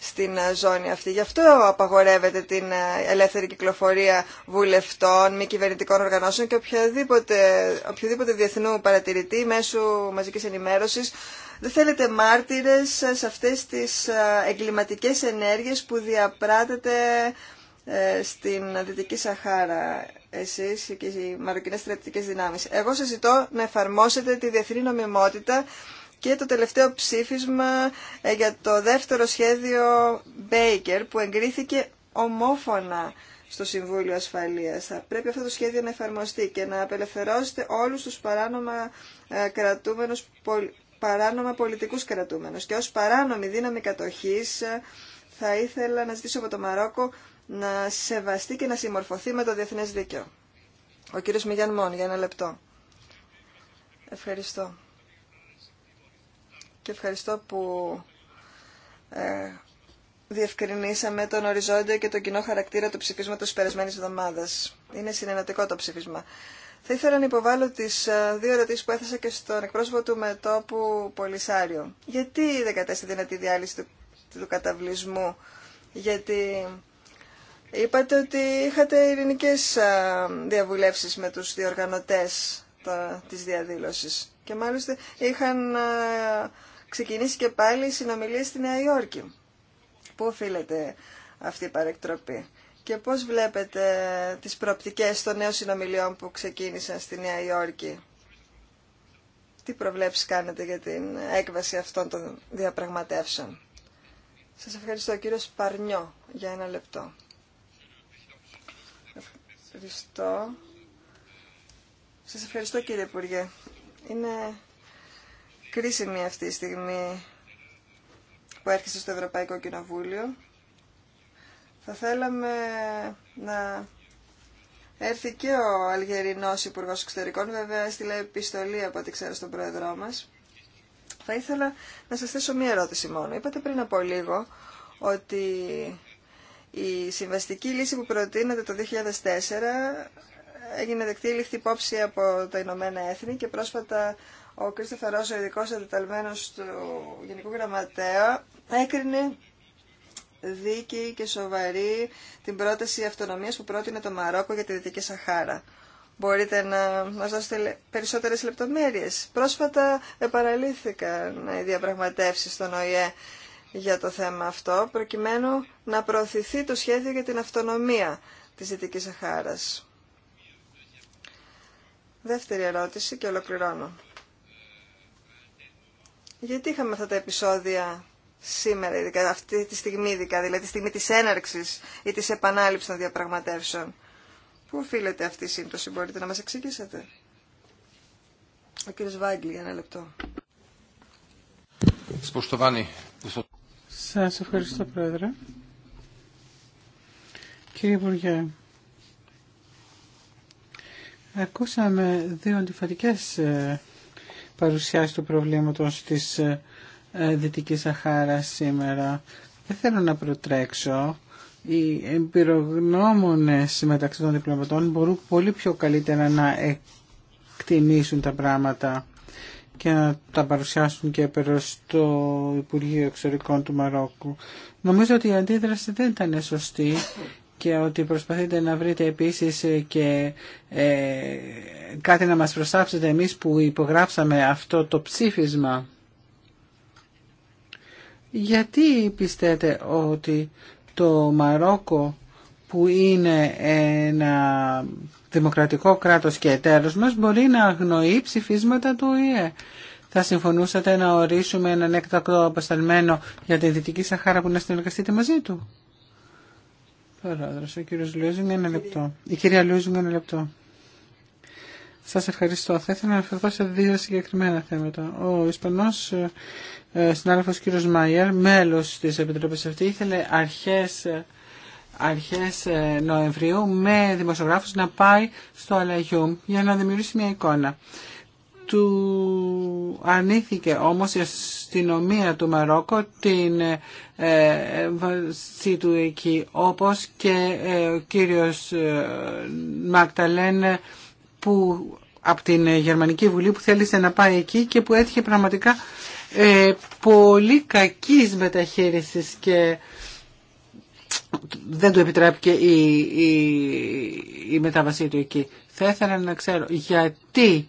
στην ε, ζώνη αυτή. Γι' αυτό απαγορεύεται την ε, ελεύθερη κυκλοφορία βουλευτών, μη κυβερνητικών οργανώσεων και οποιοδήποτε, οποιοδήποτε διεθνού παρατηρητή μέσω μαζικής ενημέρωσης δεν θέλετε μάρτυρες ε, σε αυτές τις εγκληματικές ενέργειες που διαπράτεται στην Δυτική Σαχάρα εσείς και οι μαροκινές στρατιωτικές δυνάμεις. Εγώ σας ζητώ να εφαρμόσετε τη διεθνή νομιμότητα και το τελευταίο ψήφισμα ε, για το δεύτερο σχέδιο Baker που εγκρίθηκε ομόφωνα στο Συμβούλιο Ασφαλείας. Θα πρέπει αυτό το σχέδιο να εφαρμοστεί και να απελευθερώσετε όλους τους παράνομα ε, κρατούμενους, παράνομα πολιτικούς κρατούμενους. Και ως παράνομη δύναμη κατοχής ε, θα ήθελα να ζητήσω από το Μαρόκο να σεβαστεί και να συμμορφωθεί με το διεθνές δίκαιο. Ο κύριος Μιγιάν Μόν, για ένα λεπτό. Ευχαριστώ και ευχαριστώ που ε, διευκρινίσαμε τον οριζόντιο και τον κοινό χαρακτήρα του ψηφίσματος της περασμένης εβδομάδας. Είναι συνενωτικό το ψήφισμα. Θα ήθελα να υποβάλω τις ε, δύο ερωτήσεις που έθεσα και στον εκπρόσωπο του μετόπου Πολυσάριο. Γιατί δεν κατέστη δυνατή διάλυση του, του καταβλισμού, γιατί είπατε ότι είχατε ειρηνικές ε, διαβουλεύσεις με τους διοργανωτές της διαδήλωσης και μάλιστα είχαν ε, ξεκινήσει και πάλι η συνομιλία στη Νέα Υόρκη. Πού οφείλεται αυτή η παρεκτροπή και πώς βλέπετε τις προοπτικές των νέων συνομιλιών που ξεκίνησαν στη Νέα Υόρκη. Τι προβλέψεις κάνετε για την έκβαση αυτών των διαπραγματεύσεων. Σας ευχαριστώ κύριο Σπαρνιό για ένα λεπτό. Ευχαριστώ. Σας ευχαριστώ κύριε Υπουργέ. Είναι κρίσιμη αυτή η στιγμή που έρχεσαι στο Ευρωπαϊκό Κοινοβούλιο. Θα θέλαμε να έρθει και ο Αλγερινός Υπουργός Εξωτερικών, βέβαια έστειλε επιστολή από ό,τι ξέρω στον Πρόεδρό μας. Θα ήθελα να σας θέσω μία ερώτηση μόνο. Είπατε πριν από λίγο ότι η συμβαστική λύση που προτείνεται το 2004 έγινε δεκτή λήφθη υπόψη από τα Ηνωμένα Έθνη και πρόσφατα ο Κρίστοφα Ρώσο, ειδικός εντεταλμένος του Γενικού Γραμματέα, έκρινε δίκη και σοβαρή την πρόταση αυτονομίας που πρότεινε το Μαρόκο για τη Δυτική Σαχάρα. Μπορείτε να μας δώσετε περισσότερες λεπτομέρειες. Πρόσφατα επαραλήθηκαν οι διαπραγματεύσεις στον ΟΗΕ για το θέμα αυτό, προκειμένου να προωθηθεί το σχέδιο για την αυτονομία της Δυτικής Σαχάρας. Δεύτερη ερώτηση και ολοκληρώνω. Γιατί είχαμε αυτά τα επεισόδια σήμερα, αυτή τη στιγμή ειδικά, δηλαδή τη στιγμή της έναρξης ή της επανάληψης των διαπραγματεύσεων. Πού οφείλεται αυτή η σύμπτωση, μπορείτε να μας εξηγήσετε. Ο κύριος Βάγκλη, για ένα λεπτό. Σας ευχαριστώ, Πρόεδρε. Κύριε Υπουργέ, ακούσαμε δύο αντιφατικές ε, παρουσιάσει του προβλήματος της ε, ε, Δυτικής Σαχάρας σήμερα. Δεν θέλω να προτρέξω. Οι εμπειρογνώμονες μεταξύ των διπλωματών μπορούν πολύ πιο καλύτερα να εκτιμήσουν τα πράγματα και να τα παρουσιάσουν και πέρα στο Υπουργείο Εξωτερικών του Μαρόκου. Νομίζω ότι η αντίδραση δεν ήταν σωστή και ότι προσπαθείτε να βρείτε επίσης και ε, κάτι να μας προσάψετε εμείς που υπογράψαμε αυτό το ψήφισμα. Γιατί πιστεύετε ότι το Μαρόκο που είναι ένα δημοκρατικό κράτος και εταίρος μας μπορεί να αγνοεί ψηφίσματα του ΙΕ. Θα συμφωνούσατε να ορίσουμε έναν έκτακτο απεσταλμένο για τη Δυτική Σαχάρα που να συνεργαστείτε μαζί του ο κύριος ένα λεπτό. Η κυρία ένα λεπτό. Σας ευχαριστώ. Θα ήθελα να αναφερθώ σε δύο συγκεκριμένα θέματα. Ο Ισπανός ε, συνάδελφος κύριος Μάιερ, μέλος της Επιτροπής αυτή, ήθελε αρχές, αρχές ε, Νοεμβρίου με δημοσιογράφους να πάει στο Αλαγιούμ για να δημιουργήσει μια εικόνα του ανήθηκε όμως η αστυνομία του Μαρόκο την ε, του εκεί όπως και ε, ο κύριος ε, Μακταλέν που από την Γερμανική Βουλή που θέλησε να πάει εκεί και που έτυχε πραγματικά ε, πολύ κακής μεταχείρισης και δεν του επιτράπηκε η, η, η μετάβασή του εκεί. Θα ήθελα να ξέρω γιατί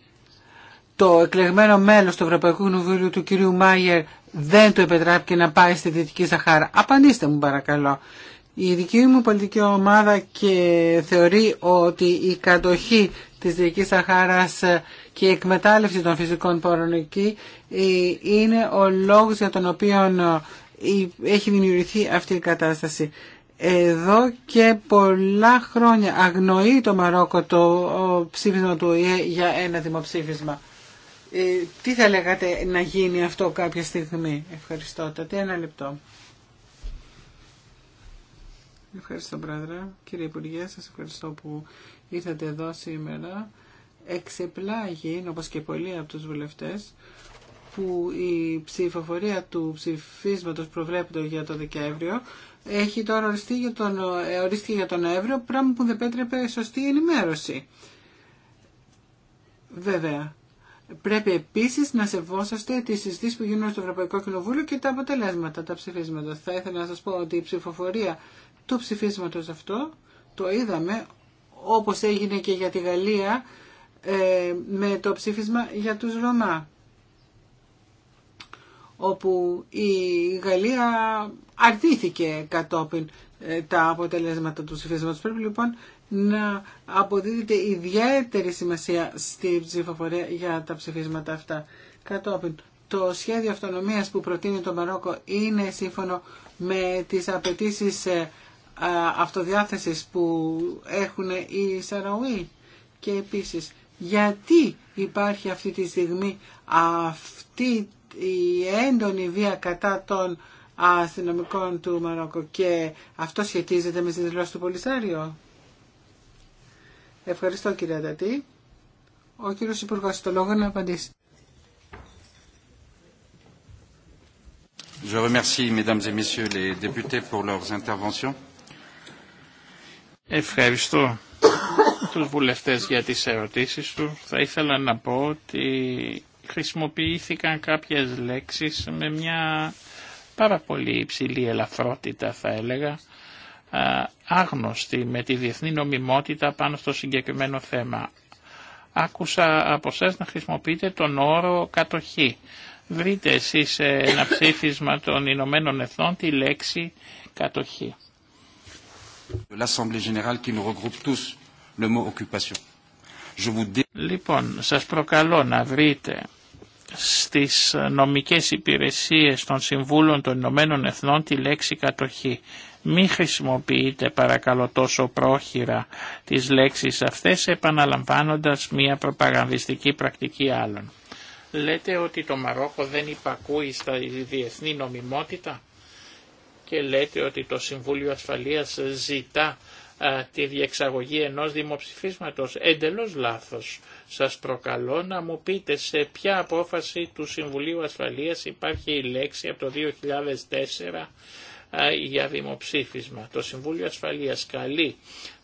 το εκλεγμένο μέλος του Ευρωπαϊκού Κοινοβουλίου του κυρίου Μάγερ δεν το επιτράπηκε να πάει στη Δυτική Σαχάρα. Απαντήστε μου παρακαλώ. Η δική μου πολιτική ομάδα και θεωρεί ότι η κατοχή της Δυτικής Σαχάρας και η εκμετάλλευση των φυσικών πόρων εκεί ε, είναι ο λόγος για τον οποίο ε, έχει δημιουργηθεί αυτή η κατάσταση. Εδώ και πολλά χρόνια αγνοεί το Μαρόκο το ψήφισμα του ΟΗΕ για ένα δημοψήφισμα. Ε, τι θα λέγατε να γίνει αυτό κάποια στιγμή. Ευχαριστώ. Τότε ένα λεπτό. Ευχαριστώ πρόεδρε. Κύριε Υπουργέ, σας ευχαριστώ που ήρθατε εδώ σήμερα. Εξεπλάγει, όπως και πολλοί από τους βουλευτές, που η ψηφοφορία του ψηφίσματος προβλέπεται για το Δεκέμβριο έχει τώρα οριστεί για τον, ε, ορίστηκε για τον Νοέμβριο, πράγμα που δεν πέτρεπε σωστή ενημέρωση. Βέβαια, Πρέπει επίση να σεβόσαστε τις συζητήσει που γίνονται στο Ευρωπαϊκό Κοινοβούλιο και τα αποτελέσματα, τα ψηφίσματα. Θα ήθελα να σας πω ότι η ψηφοφορία του ψηφίσματος αυτό το είδαμε όπως έγινε και για τη Γαλλία ε, με το ψήφισμα για τους Ρωμά όπου η Γαλλία αρτήθηκε κατόπιν ε, τα αποτελέσματα του ψηφίσματος. Πρέπει λοιπόν να αποδίδεται ιδιαίτερη σημασία στη ψηφοφορία για τα ψηφίσματα αυτά. Κατόπιν, το σχέδιο αυτονομίας που προτείνει το Μαρόκο είναι σύμφωνο με τις απαιτήσει ε, αυτοδιάθεσης που έχουν οι Σαραούι και επίσης γιατί υπάρχει αυτή τη στιγμή αυτή η έντονη βία κατά των αστυνομικών του Μαρόκο και αυτό σχετίζεται με τη δηλώση του Πολυσάριο. Ευχαριστώ κύριε Αντατή. Ο κύριος Υπουργός το λόγο να απαντήσει. Je remercie, mesdames et messieurs les députés, pour Ευχαριστώ τους βουλευτές για τις ερωτήσεις του. Θα ήθελα να πω ότι χρησιμοποιήθηκαν κάποιες λέξεις με μια πάρα πολύ υψηλή ελαφρότητα θα έλεγα ε, άγνωστη με τη διεθνή νομιμότητα πάνω στο συγκεκριμένο θέμα. Άκουσα από εσά να χρησιμοποιείτε τον όρο κατοχή. Βρείτε εσείς σε ένα ψήφισμα των Ηνωμένων Εθνών τη λέξη κατοχή. Λοιπόν, σας προκαλώ να βρείτε στις νομικές υπηρεσίες των Συμβούλων των Ηνωμένων Εθνών τη λέξη κατοχή. Μη χρησιμοποιείτε παρακαλώ τόσο πρόχειρα τις λέξεις αυτές επαναλαμβάνοντας μια προπαγανδιστική πρακτική άλλων. Λέτε ότι το Μαρόκο δεν υπακούει στα διεθνή νομιμότητα και λέτε ότι το Συμβούλιο Ασφαλείας ζητά τη διεξαγωγή ενός δημοψηφίσματος. Εντελώς λάθος. Σας προκαλώ να μου πείτε σε ποια απόφαση του Συμβουλίου Ασφαλείας υπάρχει η λέξη από το 2004 για δημοψήφισμα. Το Συμβούλιο Ασφαλείας καλεί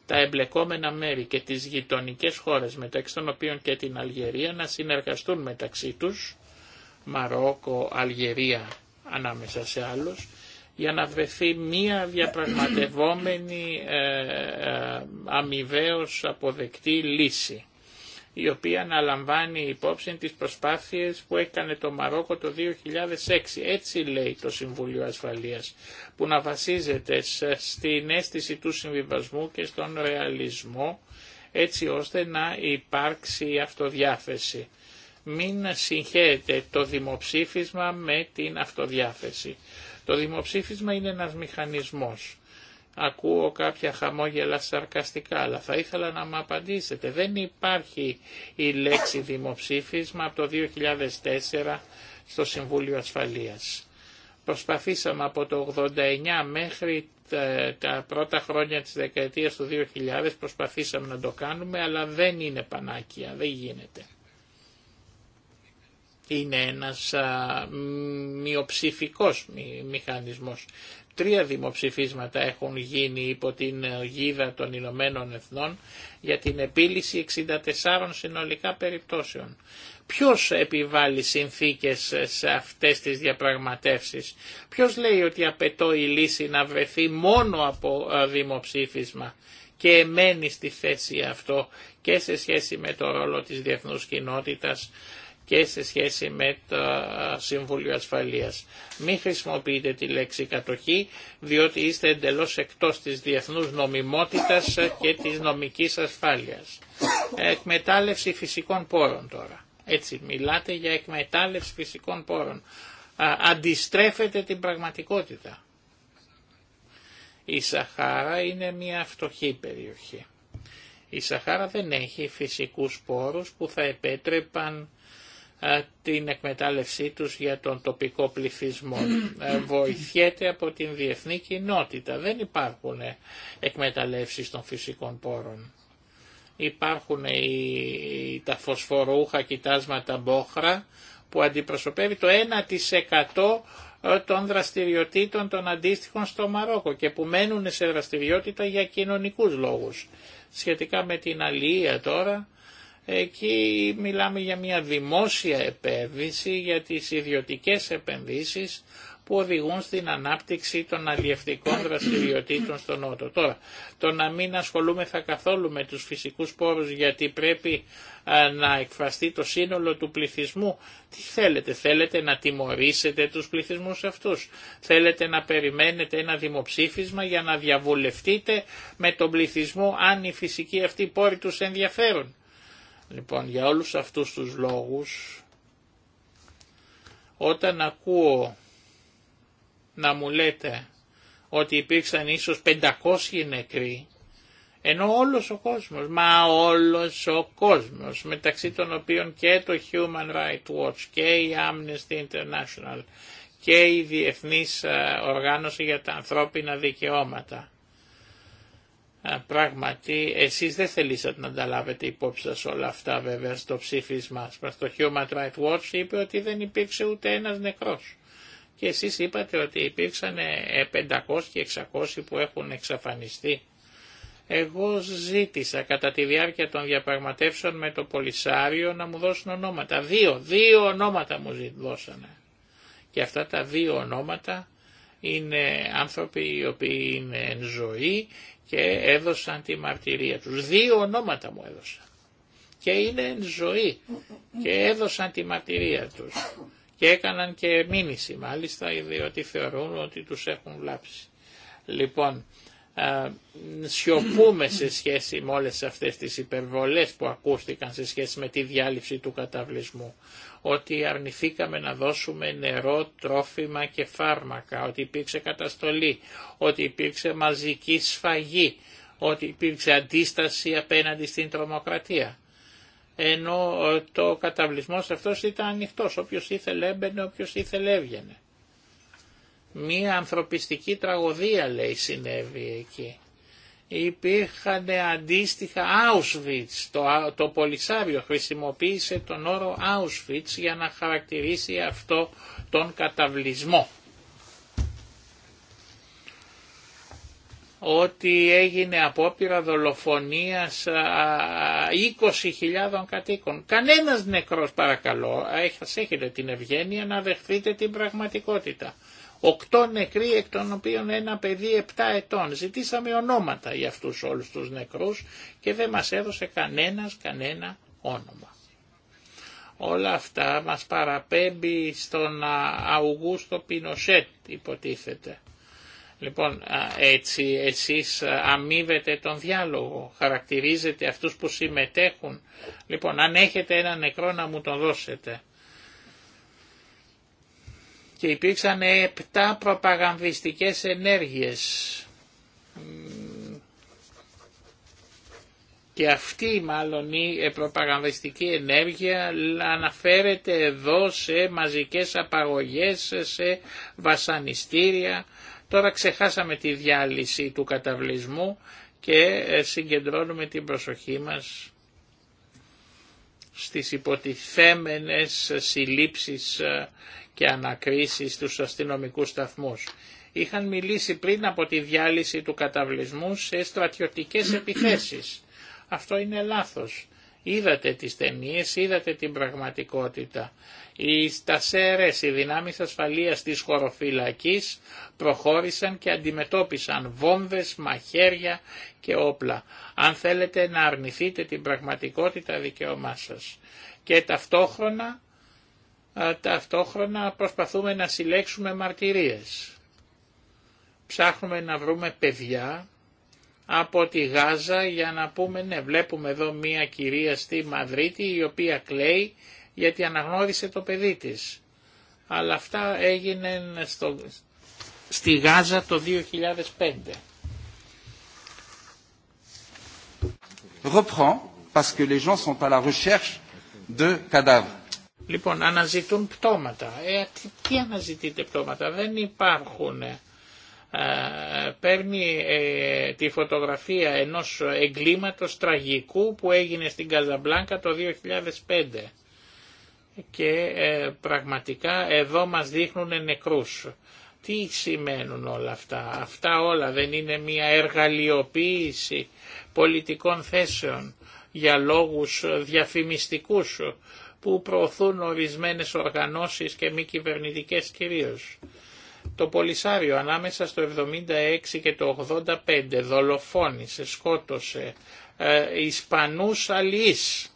τα εμπλεκόμενα μέρη και τις γειτονικές χώρες μεταξύ των οποίων και την Αλγερία να συνεργαστούν μεταξύ τους, Μαρόκο, Αλγερία ανάμεσα σε άλλους, για να βρεθεί μία διαπραγματευόμενη ε, ε αμοιβαίως αποδεκτή λύση η οποία αναλαμβάνει υπόψη τις προσπάθειες που έκανε το Μαρόκο το 2006. Έτσι λέει το Συμβούλιο Ασφαλείας, που να βασίζεται στην αίσθηση του συμβιβασμού και στον ρεαλισμό, έτσι ώστε να υπάρξει αυτοδιάθεση. Μην συγχαίεται το δημοψήφισμα με την αυτοδιάθεση. Το δημοψήφισμα είναι ένας μηχανισμός Ακούω κάποια χαμόγελα σαρκαστικά, αλλά θα ήθελα να μου απαντήσετε. Δεν υπάρχει η λέξη δημοψήφισμα από το 2004 στο Συμβούλιο Ασφαλείας. Προσπαθήσαμε από το 89 μέχρι τα πρώτα χρόνια της δεκαετίας του 2000 προσπαθήσαμε να το κάνουμε, αλλά δεν είναι πανάκια, δεν γίνεται. Είναι ένας μειοψηφικός μηχανισμός. Τρία δημοψηφίσματα έχουν γίνει υπό την γίδα των Ηνωμένων Εθνών για την επίλυση 64 συνολικά περιπτώσεων. Ποιος επιβάλλει συνθήκες σε αυτές τις διαπραγματεύσεις. Ποιος λέει ότι απαιτώ η λύση να βρεθεί μόνο από ε, δημοψήφισμα και μένει στη θέση αυτό και σε σχέση με το ρόλο της διεθνούς κοινότητας και σε σχέση με το ε, Συμβούλιο Ασφαλείας. Μην χρησιμοποιείτε τη λέξη κατοχή, διότι είστε εντελώς εκτός της διεθνούς νομιμότητας και της νομικής ασφάλειας. Εκμετάλλευση φυσικών πόρων τώρα. Έτσι, μιλάτε για εκμετάλλευση φυσικών πόρων. Αντιστρέφετε την πραγματικότητα. Η Σαχάρα είναι μια φτωχή περιοχή. Η Σαχάρα δεν έχει φυσικούς πόρους που θα επέτρεπαν ε, την εκμετάλλευσή τους για τον τοπικό πληθυσμό. Ε, βοηθιέται από την διεθνή κοινότητα. Δεν υπάρχουν εκμεταλλεύσεις των φυσικών πόρων. Υπάρχουν οι, τα φωσφορούχα κοιτάσματα μπόχρα που αντιπροσωπεύει το 1% ε, των δραστηριοτήτων των αντίστοιχων στο Μαρόκο και που μένουν σε δραστηριότητα για κοινωνικούς λόγους. Σχετικά με την αλληλεία τώρα, Εκεί μιλάμε για μια δημόσια επένδυση για τις ιδιωτικές επενδύσεις που οδηγούν στην ανάπτυξη των αλλιευτικών δραστηριοτήτων στον Νότο. Τώρα, το να μην ασχολούμεθα καθόλου με τους φυσικούς πόρους γιατί πρέπει να εκφραστεί το σύνολο του πληθυσμού. Τι θέλετε, θέλετε να τιμωρήσετε τους πληθυσμούς αυτούς. Θέλετε να περιμένετε ένα δημοψήφισμα για να διαβουλευτείτε με τον πληθυσμό αν οι φυσικοί αυτοί πόροι τους ενδιαφέρουν. Λοιπόν, για όλους αυτούς τους λόγους, όταν ακούω να μου λέτε ότι υπήρξαν ίσως 500 νεκροί, ενώ όλος ο κόσμος, μα όλος ο κόσμος, μεταξύ των οποίων και το Human Rights Watch και η Amnesty International και η Διεθνής ε, Οργάνωση για τα Ανθρώπινα Δικαιώματα, Πράγματι, εσείς δεν θελήσατε να ανταλάβετε υπόψη σας όλα αυτά βέβαια στο ψήφισμά σας. Το Human Rights Watch είπε ότι δεν υπήρξε ούτε ένας νεκρός. Και εσείς είπατε ότι υπήρξαν 500 ε, και 600 που έχουν εξαφανιστεί. Εγώ ζήτησα κατά τη διάρκεια των διαπραγματεύσεων με το Πολυσάριο να μου δώσουν ονόματα. Δύο, δύο ονόματα μου δώσανε. Και αυτά τα δύο ονόματα είναι άνθρωποι οι οποίοι είναι εν ζωή και έδωσαν τη μαρτυρία τους. Δύο ονόματα μου έδωσαν και είναι εν ζωή και έδωσαν τη μαρτυρία τους και έκαναν και μήνυση μάλιστα διότι θεωρούν ότι τους έχουν βλάψει. Λοιπόν, σιωπούμε σε σχέση με όλες αυτές τις υπερβολές που ακούστηκαν σε σχέση με τη διάλυση του καταβλισμού ότι αρνηθήκαμε να δώσουμε νερό, τρόφιμα και φάρμακα, ότι υπήρξε καταστολή, ότι υπήρξε μαζική σφαγή, ότι υπήρξε αντίσταση απέναντι στην τρομοκρατία. Ενώ ε, το καταβλισμός αυτός ήταν ανοιχτός, όποιος ήθελε έμπαινε, όποιος ήθελε έβγαινε. Μία ανθρωπιστική τραγωδία λέει συνέβη εκεί υπήρχαν αντίστοιχα Auschwitz. Το, το Πολυσάριο χρησιμοποίησε τον όρο Auschwitz για να χαρακτηρίσει αυτό τον καταβλισμό. ότι έγινε απόπειρα δολοφονίας 20.000 κατοίκων. Κανένας νεκρός παρακαλώ, έχετε την ευγένεια να δεχτείτε την πραγματικότητα. Οκτώ νεκροί εκ των οποίων ένα παιδί 7 ετών. Ζητήσαμε ονόματα για αυτούς όλους τους νεκρούς και δεν μας έδωσε κανένας κανένα όνομα. Όλα αυτά μας παραπέμπει στον Αουγούστο Πινοσέτ υποτίθεται. Λοιπόν, έτσι εσείς αμείβετε τον διάλογο, χαρακτηρίζετε αυτούς που συμμετέχουν. Λοιπόν, αν έχετε ένα νεκρό να μου τον δώσετε και υπήρξαν επτά προπαγανδιστικές ενέργειες. Και αυτή μάλλον η προπαγανδιστική ενέργεια αναφέρεται εδώ σε μαζικές απαγωγές, σε βασανιστήρια. Τώρα ξεχάσαμε τη διάλυση του καταβλισμού και συγκεντρώνουμε την προσοχή μας στις υποτιθέμενες συλλήψεις και ανακρίσεις στους αστυνομικούς σταθμούς. Είχαν μιλήσει πριν από τη διάλυση του καταβλισμού σε στρατιωτικές [COUGHS] επιθέσεις. Αυτό είναι λάθος. Είδατε τις ταινίε, είδατε την πραγματικότητα. Οι, στασέρε, οι δυνάμεις ασφαλείας της χωροφυλακής προχώρησαν και αντιμετώπισαν βόμβες, μαχαίρια και όπλα. Αν θέλετε να αρνηθείτε την πραγματικότητα δικαίωμά σα Και ταυτόχρονα ταυτόχρονα προσπαθούμε να συλλέξουμε μαρτυρίες. Ψάχνουμε να βρούμε παιδιά από τη Γάζα για να πούμε ναι βλέπουμε εδώ μία κυρία στη Μαδρίτη η οποία κλαίει γιατί αναγνώρισε το παιδί της. Αλλά αυτά έγιναν στο, στη Γάζα το 2005. parce que les gens sont à la recherche de cadavres. Λοιπόν, αναζητούν πτώματα. Ε, τι αναζητείτε πτώματα, δεν υπάρχουν. Ε, παίρνει ε, τη φωτογραφία ενός εγκλήματος τραγικού που έγινε στην Καζαμπλάνκα το 2005 και ε, πραγματικά εδώ μας δείχνουν νεκρούς. Τι σημαίνουν όλα αυτά. Αυτά όλα δεν είναι μια εργαλειοποίηση πολιτικών θέσεων για λόγους διαφημιστικούς που προωθούν ορισμένες οργανώσεις και μη κυβερνητικέ κυρίω. Το Πολυσάριο ανάμεσα στο 76 και το 85 δολοφόνησε, σκότωσε ε, Ισπανούς αλληλείς.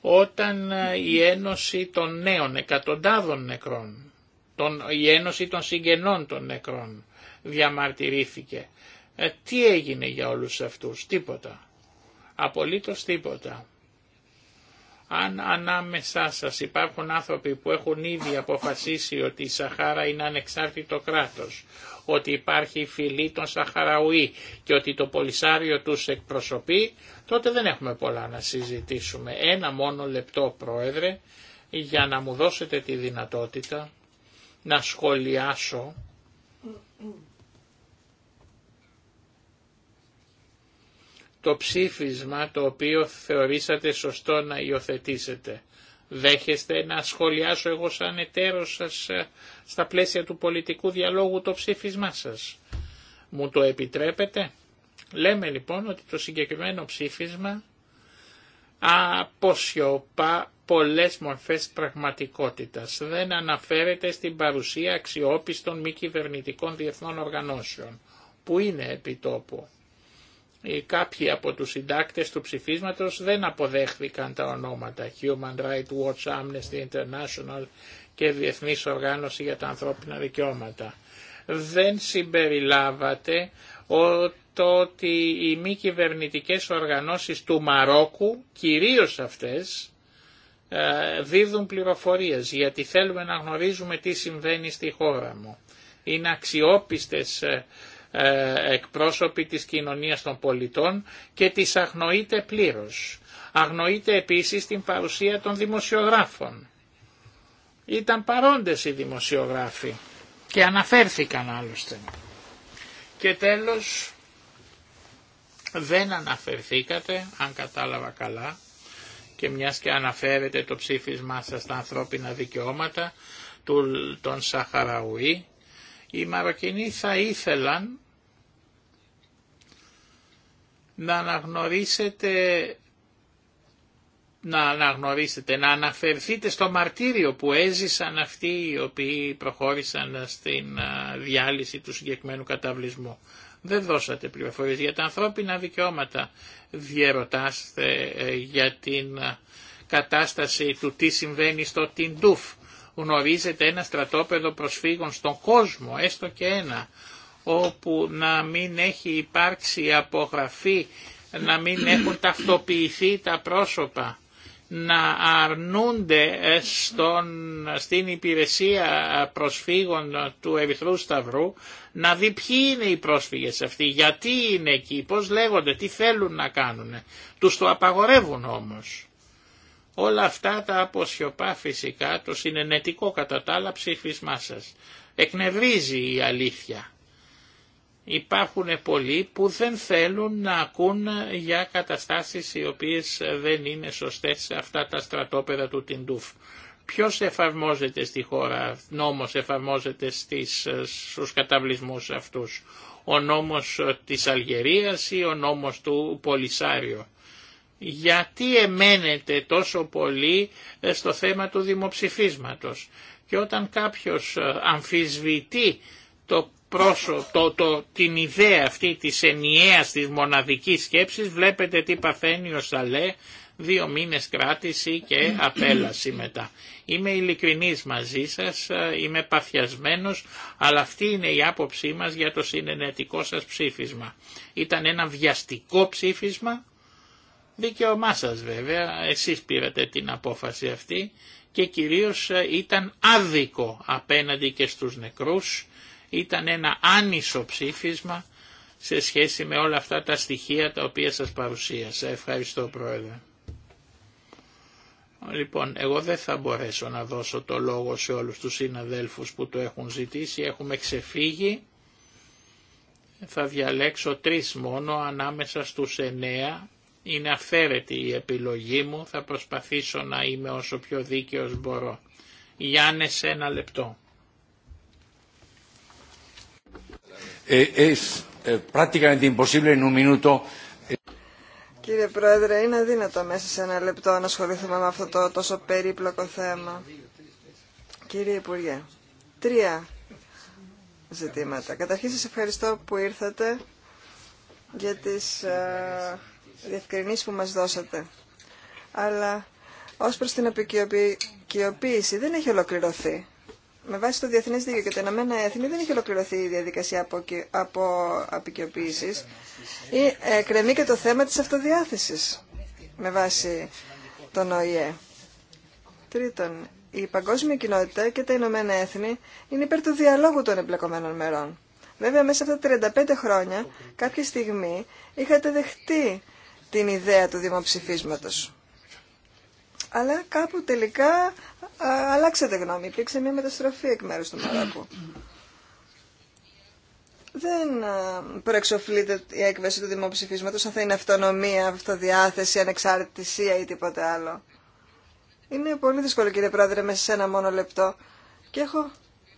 Όταν ε, η Ένωση των Νέων εκατοντάδων νεκρών, τον, η Ένωση των Συγγενών των νεκρών διαμαρτυρήθηκε. Ε, τι έγινε για όλους αυτούς, τίποτα. Απολύτως τίποτα. Αν ανάμεσά σας υπάρχουν άνθρωποι που έχουν ήδη αποφασίσει ότι η Σαχάρα είναι ανεξάρτητο κράτος, ότι υπάρχει φυλή των Σαχαραουή και ότι το Πολυσάριο τους εκπροσωπεί, τότε δεν έχουμε πολλά να συζητήσουμε. Ένα μόνο λεπτό, Πρόεδρε, για να μου δώσετε τη δυνατότητα να σχολιάσω το ψήφισμα το οποίο θεωρήσατε σωστό να υιοθετήσετε. Δέχεστε να σχολιάσω εγώ σαν εταίρος σας ε, στα πλαίσια του πολιτικού διαλόγου το ψήφισμά σας. Μου το επιτρέπετε. Λέμε λοιπόν ότι το συγκεκριμένο ψήφισμα αποσιωπά πολλές μορφές πραγματικότητας. Δεν αναφέρεται στην παρουσία αξιόπιστων μη κυβερνητικών διεθνών οργανώσεων, που είναι επιτόπου κάποιοι από τους συντάκτες του ψηφίσματος δεν αποδέχθηκαν τα ονόματα Human Rights Watch, Amnesty International και Διεθνής Οργάνωση για τα Ανθρώπινα Δικαιώματα. Δεν συμπεριλάβατε το ότι οι μη κυβερνητικέ οργανώσεις του Μαρόκου, κυρίως αυτές, ε, δίδουν πληροφορίες γιατί θέλουμε να γνωρίζουμε τι συμβαίνει στη χώρα μου. Είναι αξιόπιστες ε, ε, εκπρόσωποι της κοινωνίας των πολιτών και τις αγνοείται πλήρως. Αγνοείται επίσης την παρουσία των δημοσιογράφων. Ήταν παρόντες οι δημοσιογράφοι και αναφέρθηκαν άλλωστε. Και τέλος δεν αναφερθήκατε, αν κατάλαβα καλά, και μιας και αναφέρετε το ψήφισμά σας στα ανθρώπινα δικαιώματα του, των Σαχαραουή, οι Μαροκινοί θα ήθελαν να αναγνωρίσετε να αναγνωρίσετε, να αναφερθείτε στο μαρτύριο που έζησαν αυτοί οι οποίοι προχώρησαν στην διάλυση του συγκεκριμένου καταβλισμού. Δεν δώσατε πληροφορίες για τα ανθρώπινα δικαιώματα. Διερωτάστε ε, για την κατάσταση του τι συμβαίνει στο Τιντούφ γνωρίζετε ένα στρατόπεδο προσφύγων στον κόσμο, έστω και ένα, όπου να μην έχει υπάρξει απογραφή, να μην έχουν ταυτοποιηθεί τα πρόσωπα, να αρνούνται ε, στην υπηρεσία ε, προσφύγων ε, του Ερυθρού Σταυρού, να δει ποιοι είναι οι πρόσφυγες αυτοί, γιατί είναι εκεί, πώς λέγονται, τι θέλουν να κάνουν. Τους το απαγορεύουν όμως. Όλα αυτά τα αποσιωπά φυσικά το συνενετικό κατά τα άλλα ψήφισμά σας. Εκνευρίζει η αλήθεια. Υπάρχουν πολλοί που δεν θέλουν να ακούν για καταστάσεις οι οποίες δεν είναι σωστές σε αυτά τα στρατόπεδα του Τιντούφ. Ποιος εφαρμόζεται στη χώρα, νόμος εφαρμόζεται στις, στους καταβλισμούς αυτούς. Ο νόμος της Αλγερίας ή ο νόμος του Πολυσάριο γιατί εμένετε τόσο πολύ ε, στο θέμα του δημοψηφίσματος. Και όταν κάποιος ε, αμφισβητεί το πρόσωπο, το, την ιδέα αυτή της ενιαίας της μοναδικής σκέψης, βλέπετε τι παθαίνει ο Σαλέ, δύο μήνες κράτηση και απέλαση μετά. Είμαι ειλικρινής μαζί σας, ε, είμαι παθιασμένος, αλλά αυτή είναι η άποψή μας για το συνενετικό σας ψήφισμα. Ήταν ένα βιαστικό ψήφισμα, Δικαιωμά σα βέβαια, εσείς πήρατε την απόφαση αυτή και κυρίως ε, ήταν άδικο απέναντι και στους νεκρούς, ήταν ένα άνισο ψήφισμα σε σχέση με όλα αυτά τα στοιχεία τα οποία σας παρουσίασα. Ευχαριστώ Πρόεδρε. Λοιπόν, εγώ δεν θα μπορέσω να δώσω το λόγο σε όλους τους συναδέλφους που το έχουν ζητήσει. Έχουμε ξεφύγει. Θα διαλέξω τρεις μόνο ανάμεσα στους εννέα είναι αφαίρετη η επιλογή μου, θα προσπαθήσω να είμαι όσο πιο δίκαιος μπορώ. Γιάννε, σε ένα λεπτό. Ε, ε, Κύριε Πρόεδρε, είναι αδύνατο μέσα σε ένα λεπτό να ασχοληθούμε με αυτό το τόσο περίπλοκο θέμα. Κύριε Υπουργέ, τρία ζητήματα. Καταρχήν σας ευχαριστώ που ήρθατε για τις ε, διευκρινήσεις που μας δώσατε. Αλλά ως προς την απεικιοποίηση δεν έχει ολοκληρωθεί. Με βάση το Διεθνές Δίκαιο και τα Ηνωμένα Έθνη δεν έχει ολοκληρωθεί η διαδικασία από, από Ή ε, κρεμεί και το θέμα της αυτοδιάθεσης με βάση τον ΟΗΕ. Τρίτον, η παγκόσμια κοινότητα και τα Ηνωμένα Έθνη είναι υπέρ του διαλόγου των εμπλεκομένων μερών. Βέβαια, μέσα αυτά τα 35 χρόνια, κάποια στιγμή είχατε δεχτεί την ιδέα του δημοψηφίσματος. Αλλά κάπου τελικά αλλάξατε γνώμη. Υπήρξε μια μεταστροφή εκ μέρους του Μαράκου. Δεν προεξοφλείται η έκβαση του δημοψηφίσματος αν θα είναι αυτονομία, αυτοδιάθεση, ανεξαρτησία ή τίποτε άλλο. Είναι πολύ δύσκολο κύριε Πρόεδρε μέσα σε ένα μόνο λεπτό. Και έχω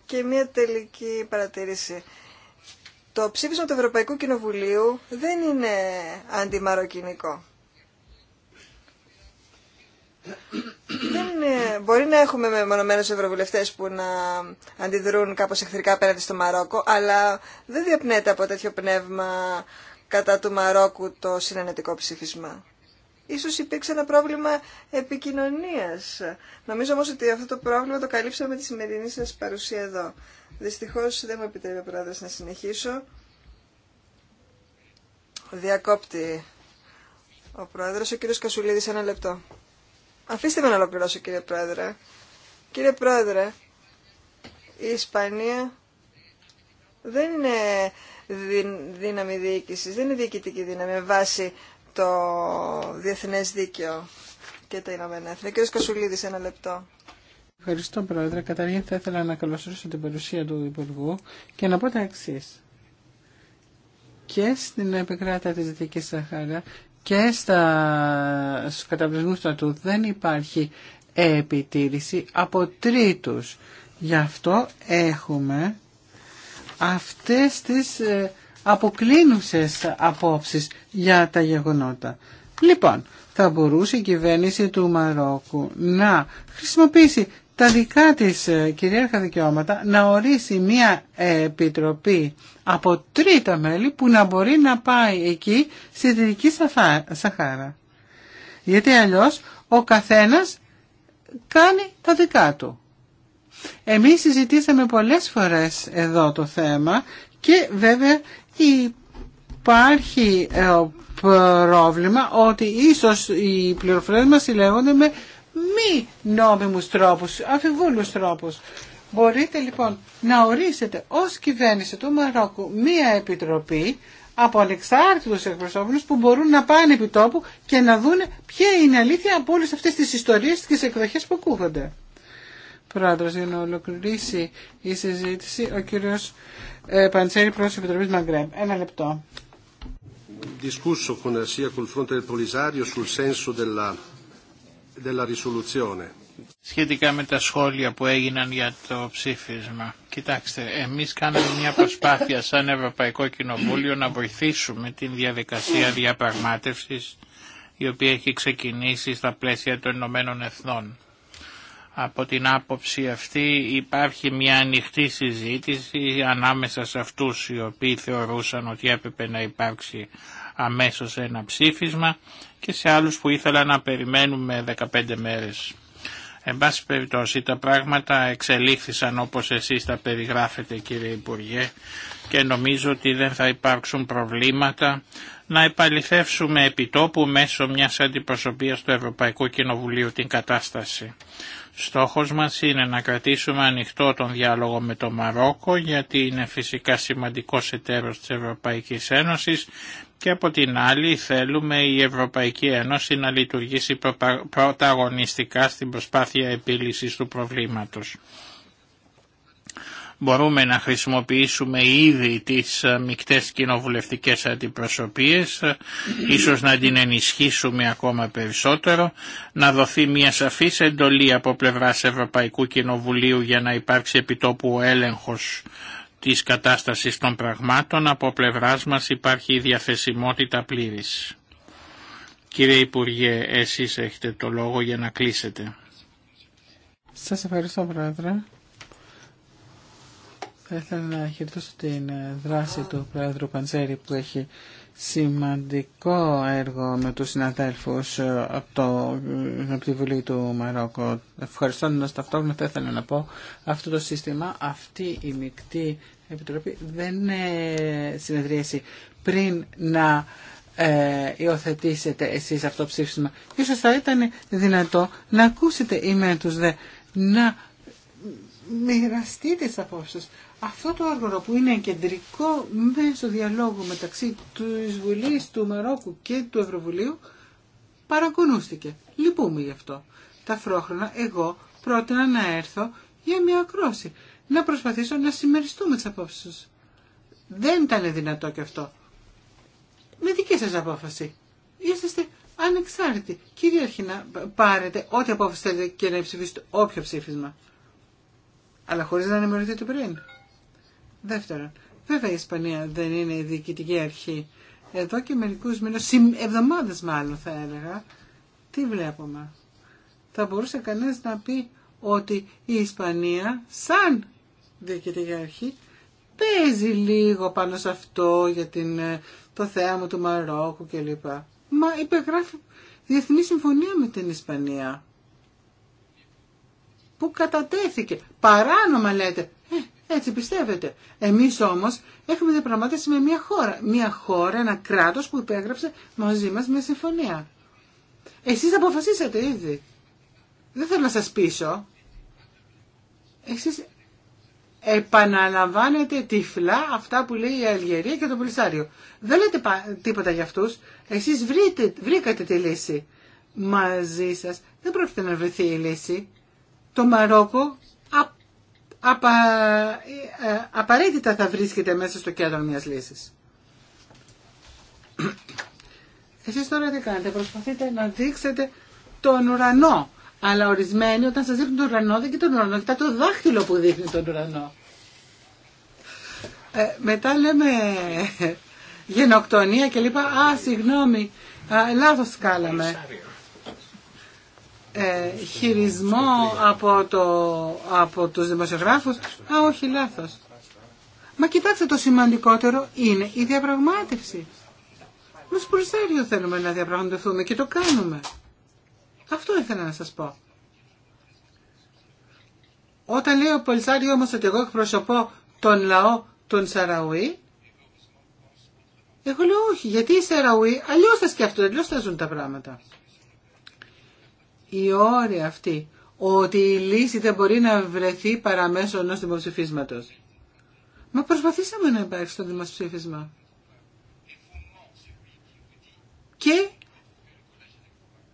και μια τελική παρατήρηση. Το ψήφισμα του Ευρωπαϊκού Κοινοβουλίου δεν είναι αντιμαροκινικό. δεν ε, Μπορεί να έχουμε μεμονωμένους ευρωβουλευτές που να αντιδρούν κάπως εχθρικά απέναντι στο Μαρόκο, αλλά δεν διαπνέεται από τέτοιο πνεύμα κατά του Μαρόκου το συνενετικό ψήφισμα ίσως υπήρξε ένα πρόβλημα επικοινωνίας. Νομίζω όμως ότι αυτό το πρόβλημα το καλύψαμε τη σημερινή σας παρουσία εδώ. Δυστυχώς δεν μου επιτρέπει ο πρόεδρος να συνεχίσω. Διακόπτη ο πρόεδρος, ο κύριος Κασουλίδης, ένα λεπτό. Αφήστε με να ολοκληρώσω κύριε πρόεδρε. Κύριε πρόεδρε, η Ισπανία δεν είναι δύναμη διοίκηση, δεν είναι διοικητική δύναμη με βάση το διεθνές δίκαιο και τα Ηνωμένα Έθνη. Κύριε Κασουλίδης, ένα λεπτό. Ευχαριστώ, Πρόεδρε. Καταρχήν θα ήθελα να καλωσορίσω την παρουσία του Υπουργού και να πω τα εξή. Και στην επικράτεια της Δυτικής Σαχάρα και στα, στους του στρατού δεν υπάρχει επιτήρηση από τρίτους. Γι' αυτό έχουμε αυτές τις ε, αποκλίνουσες απόψεις για τα γεγονότα. Λοιπόν, θα μπορούσε η κυβέρνηση του Μαρόκου να χρησιμοποιήσει τα δικά της ε, κυρίαρχα δικαιώματα να ορίσει μια επιτροπή από τρίτα μέλη που να μπορεί να πάει εκεί στη Δυτική Σαχάρα. Γιατί αλλιώς ο καθένας κάνει τα δικά του. Εμείς συζητήσαμε πολλές φορές εδώ το θέμα και βέβαια υπάρχει ε, πρόβλημα ότι ίσως οι πληροφορίες μας συλλέγονται με μη νόμιμους τρόπους, αφιβούλους τρόπους. Μπορείτε λοιπόν να ορίσετε ως κυβέρνηση του Μαρόκου μία επιτροπή από ανεξάρτητους εκπροσώπους που μπορούν να πάνε επί τόπου και να δουν ποια είναι η αλήθεια από όλες αυτές τις ιστορίες και τις εκδοχές που ακούγονται. Πρόεδρος, για να ολοκληρήσει η συζήτηση, ο κύριος ε, Παντσέρη, πρόεδρος της Επιτροπής Μαγκρέμ. Ένα λεπτό. Discusso con col fronte del Polisario sul senso della, della risoluzione. Σχετικά με τα σχόλια που έγιναν για το ψήφισμα. Κοιτάξτε, εμείς κάναμε μια προσπάθεια σαν Ευρωπαϊκό Κοινοβούλιο να βοηθήσουμε την διαδικασία διαπραγμάτευσης η οποία έχει ξεκινήσει στα πλαίσια των Ηνωμένων Εθνών. Από την άποψη αυτή υπάρχει μια ανοιχτή συζήτηση ανάμεσα σε αυτούς οι οποίοι θεωρούσαν ότι έπρεπε να υπάρξει αμέσως ένα ψήφισμα και σε άλλους που ήθελαν να περιμένουμε 15 μέρες. Εν πάση περιπτώσει τα πράγματα εξελίχθησαν όπως εσείς τα περιγράφετε κύριε Υπουργέ και νομίζω ότι δεν θα υπάρξουν προβλήματα να επαληθεύσουμε επιτόπου μέσω μιας αντιπροσωπείας του Ευρωπαϊκού Κοινοβουλίου την κατάσταση. Στόχος μας είναι να κρατήσουμε ανοιχτό τον διάλογο με το Μαρόκο γιατί είναι φυσικά σημαντικός εταίρος της Ευρωπαϊκής Ένωσης και από την άλλη θέλουμε η Ευρωπαϊκή Ένωση να λειτουργήσει πρωταγωνιστικά στην προσπάθεια επίλυσης του προβλήματος. Μπορούμε να χρησιμοποιήσουμε ήδη τις ε, μικτές κοινοβουλευτικές αντιπροσωπείες, ε, ίσως να την ενισχύσουμε ακόμα περισσότερο, να δοθεί μια σαφής εντολή από πλευράς Ευρωπαϊκού Κοινοβουλίου για να υπάρξει επιτόπου έλεγχος της κατάστασης των πραγμάτων, από πλευράς μας υπάρχει η διαθεσιμότητα πλήρης. Κύριε Υπουργέ, εσείς έχετε το λόγο για να κλείσετε. Σας ευχαριστώ Πρόεδρε. Θα ήθελα να χαιρετήσω την ε, δράση του Πρόεδρου Παντζέρη που έχει σημαντικό έργο με τους συναδέλφους ε, από, το, ε, τη Βουλή του Μαρόκο. σας ταυτόχρονα θα ήθελα να πω αυτό το σύστημα, αυτή η μεικτή επιτροπή δεν συνεδρίασει πριν να ε, υιοθετήσετε εσείς αυτό το ψήφισμα. Ίσως θα ήταν δυνατό να ακούσετε ή με τους δε να μοιραστείτε τις απόψεις αυτό το όργανο που είναι κεντρικό μέσω διαλόγου μεταξύ του Βουλή του Μαρόκου και του Ευρωβουλίου παρακολούθηκε. Λυπούμε γι' αυτό. Ταυτόχρονα εγώ πρότεινα να έρθω για μια ακρόση. Να προσπαθήσω να συμμεριστούμε τις απόψεις τους. Δεν ήταν δυνατό και αυτό. Με δική σας απόφαση. Είσαστε ανεξάρτητοι. Κυρίαρχοι να πάρετε ό,τι απόφαση θέλετε και να ψηφίσετε όποιο ψήφισμα. Αλλά χωρίς να ενημερωθείτε πριν. Δεύτερον, βέβαια η Ισπανία δεν είναι η διοικητική αρχή. Εδώ και μερικούς μήνες, εβδομάδες μάλλον θα έλεγα, τι βλέπουμε. Θα μπορούσε κανείς να πει ότι η Ισπανία σαν διοικητική αρχή παίζει λίγο πάνω σε αυτό για την, ε, το θέαμα του Μαρόκου κλπ. Μα υπεγράφει διεθνή συμφωνία με την Ισπανία που κατατέθηκε. Παράνομα λέτε έτσι πιστεύετε. Εμείς όμως έχουμε διαπραγμάτευση με μια χώρα. Μια χώρα, ένα κράτος που υπέγραψε μαζί μας μια συμφωνία. Εσείς αποφασίσατε ήδη. Δεν θέλω να σας πείσω. Εσείς επαναλαμβάνετε τυφλά αυτά που λέει η Αλγερία και το Πολυσάριο. Δεν λέτε τίποτα για αυτούς. Εσείς βρήκατε τη λύση μαζί σας. Δεν πρόκειται να βρεθεί η λύση. Το Μαρόκο απα... Ε, ε, απαραίτητα θα βρίσκεται μέσα στο κέντρο μιας λύσης. Εσείς τώρα τι κάνετε, προσπαθείτε να δείξετε τον ουρανό. Αλλά ορισμένοι όταν σας δείχνουν τον ουρανό δεν κοιτάνε τον ουρανό, κοιτά το δάχτυλο που δείχνει τον ουρανό. Ε, μετά λέμε ε, γενοκτονία και λοιπά, α συγγνώμη, α, λάθος κάλαμε ε, χειρισμό από, το, από τους δημοσιογράφους. Α, όχι, λάθος. Μα κοιτάξτε, το σημαντικότερο είναι η διαπραγμάτευση. Μας προσφέρει θέλουμε να διαπραγματευτούμε και το κάνουμε. Αυτό ήθελα να σας πω. Όταν λέει ο όμως ότι εγώ εκπροσωπώ τον λαό των Σαραουή, εγώ λέω όχι, γιατί οι Σαραούι αλλιώς θα σκέφτονται, αλλιώς θα ζουν τα πράγματα η όρια αυτή ότι η λύση δεν μπορεί να βρεθεί παρά μέσω ενός δημοψηφίσματος. Μα προσπαθήσαμε να υπάρξει το δημοψήφισμα. Και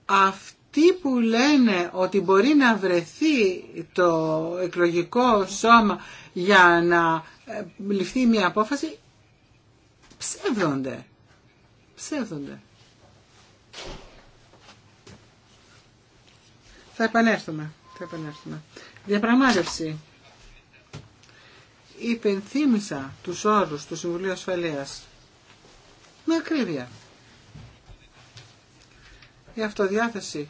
αυτοί που λένε ότι μπορεί να βρεθεί το εκλογικό σώμα για να ε, ληφθεί μια απόφαση ψεύδονται. Ψεύδονται. Θα επανέλθουμε. Θα επανέλθουμε. Διαπραγμάτευση. Υπενθύμησα τους όρους του Συμβουλίου Ασφαλείας. Με ακρίβεια. Η αυτοδιάθεση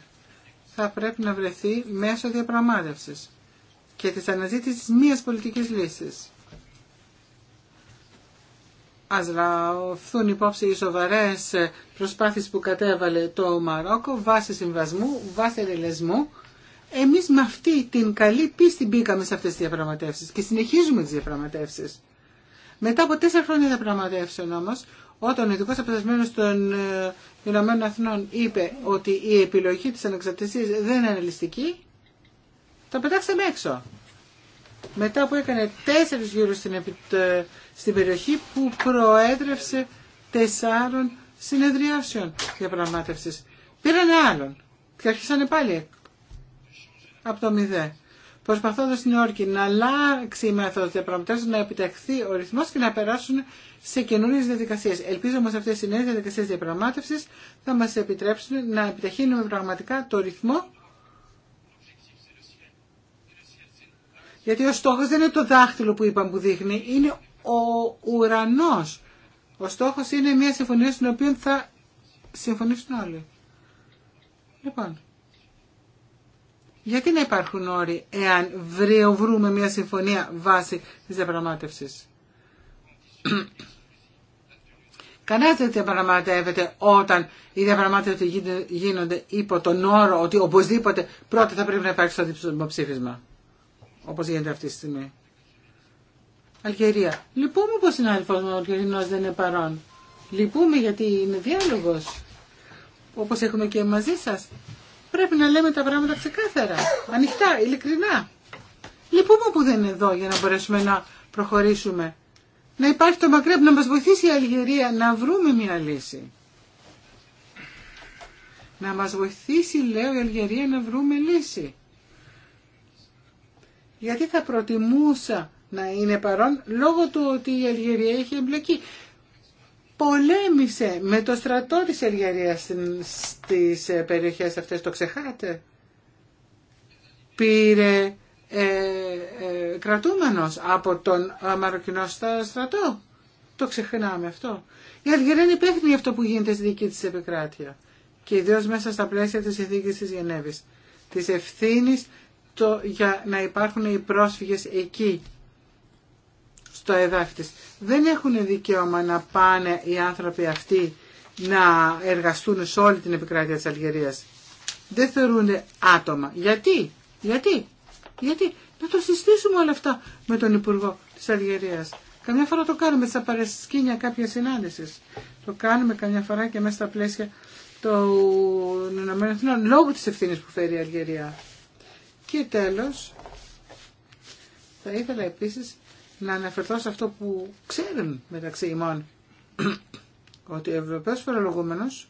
θα πρέπει να βρεθεί μέσω διαπραγμάτευσης και της αναζήτησης μίας πολιτικής λύσης. Ας λαωθούν υπόψη οι σοβαρές προσπάθειες που κατέβαλε το Μαρόκο βάσει συμβασμού, βάσει ελελεσμού. Εμείς με αυτή την καλή πίστη μπήκαμε σε αυτές τις διαπραγματεύσεις και συνεχίζουμε τις διαπραγματεύσεις. Μετά από τέσσερα χρόνια διαπραγματεύσεων όμω, όταν ο ειδικό απεστασμένο των ε, Ηνωμένων Αθηνών είπε ότι η επιλογή τη ανεξαρτησία δεν είναι αναλυστική, τα πετάξαμε έξω. Μετά που έκανε τέσσερι γύρου στην ε, στην περιοχή που προέδρευσε τεσσάρων συνεδριάσεων διαπραγμάτευση. Πήραν άλλον και αρχισαν πάλι από το μηδέ. Προσπαθώντα στην Όρκη να αλλάξει η μέθοδο διαπραγματεύσεων, να επιταχθεί ο ρυθμό και να περάσουν σε καινούριε διαδικασίε. Ελπίζω όμω αυτέ οι νέε διαδικασίε διαπραγμάτευση θα μα επιτρέψουν να επιταχύνουμε πραγματικά το ρυθμό. Γιατί ο στόχο δεν είναι το δάχτυλο που είπαμε που δείχνει, είναι ο ουρανός. Ο στόχος είναι μια συμφωνία στην οποία θα συμφωνήσουν όλοι. Λοιπόν, γιατί να υπάρχουν όροι εάν βρούμε μια συμφωνία βάση της διαπραγμάτευσης. [CLEARS THROAT] Κανένα δεν διαπραγματεύεται όταν οι διαπραγμάτευτε γίνονται υπό τον όρο ότι οπωσδήποτε πρώτα θα πρέπει να υπάρξει το δημοψήφισμα. Όπω γίνεται αυτή τη στιγμή. Αλγερία. Λυπούμε πως είναι συνάδελφος μου Αλγερινός δεν είναι παρόν. Λυπούμε γιατί είναι διάλογος. Όπως έχουμε και μαζί σας. Πρέπει να λέμε τα πράγματα ξεκάθαρα, ανοιχτά, ειλικρινά. Λυπούμε που δεν είναι εδώ για να μπορέσουμε να προχωρήσουμε. Να υπάρχει το Μακρέπ να μας βοηθήσει η Αλγερία να βρούμε μια λύση. Να μας βοηθήσει, λέω, η Αλγερία να βρούμε λύση. Γιατί θα προτιμούσα να είναι παρόν λόγω του ότι η Αλγερία είχε εμπλεκεί Πολέμησε με το στρατό της Αλγερίας στις ε, περιοχές αυτές, το ξεχάτε. Πήρε ε, ε κρατούμενος από τον Μαροκινό στρατό. Το ξεχνάμε αυτό. Η Αλγερία είναι υπεύθυνη για αυτό που γίνεται στη δική της επικράτεια και ιδίως μέσα στα πλαίσια της συνθήκης της Γενέβης, της ευθύνης το, για να υπάρχουν οι πρόσφυγες εκεί στο εδάφι Δεν έχουν δικαίωμα να πάνε οι άνθρωποι αυτοί να εργαστούν σε όλη την επικράτεια της Αλγερίας. Δεν θεωρούνται άτομα. Γιατί, γιατί, γιατί. Να το συστήσουμε όλα αυτά με τον Υπουργό της Αλγερίας. Καμιά φορά το κάνουμε στα παρασκήνια κάποια συνάντηση. Το κάνουμε καμιά φορά και μέσα στα πλαίσια των ΗΠΑ λόγω της ευθύνη που φέρει η Αλγερία. Και τέλος, θα ήθελα επίσης να αναφερθώ σε αυτό που ξέρουν μεταξύ ημών [CLEARS THROAT] ότι ο Ευρωπαίος φορολογούμενος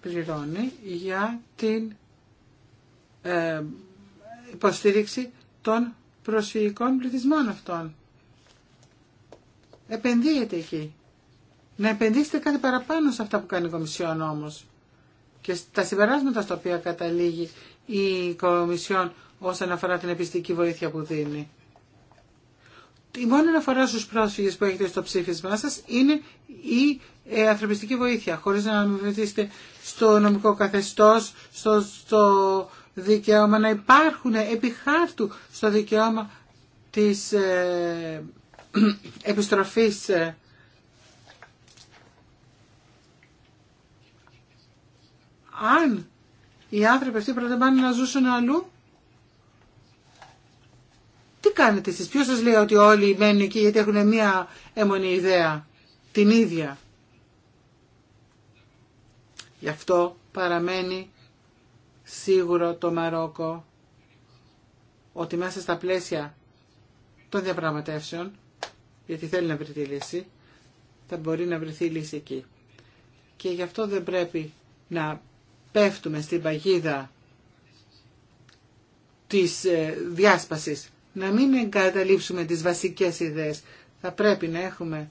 πληρώνει για την ε, υποστήριξη των προσφυγικών πληθυσμών αυτών. Επενδύεται εκεί. Να επενδύσετε κάτι παραπάνω σε αυτά που κάνει η Κομισιόν όμως και στα συμπεράσματα στα οποία καταλήγει η Κομισιόν όσον αφορά την επιστική βοήθεια που δίνει. Η μόνη αναφορά στους πρόσφυγες που έχετε στο ψήφισμά σας είναι η ε, ανθρωπιστική βοήθεια, χωρίς να βοηθήσετε στο νομικό καθεστώς, στο, στο δικαίωμα να υπάρχουν επί χάρτου στο δικαίωμα της ε, [CLEARS THROAT] επιστροφής ε. αν οι άνθρωποι αυτοί να να ζούσουν αλλού. Τι κάνετε εσείς, ποιος σας λέει ότι όλοι μένουν εκεί γιατί έχουν μία έμονη ιδέα, την ίδια. Γι' αυτό παραμένει σίγουρο το Μαρόκο ότι μέσα στα πλαίσια των διαπραγματεύσεων, γιατί θέλει να βρει τη λύση, θα μπορεί να βρεθεί η λύση εκεί. Και γι' αυτό δεν πρέπει να πέφτουμε στην παγίδα της ε, διάσπασης. Να μην εγκαταλείψουμε τις βασικές ιδέες. Θα πρέπει να έχουμε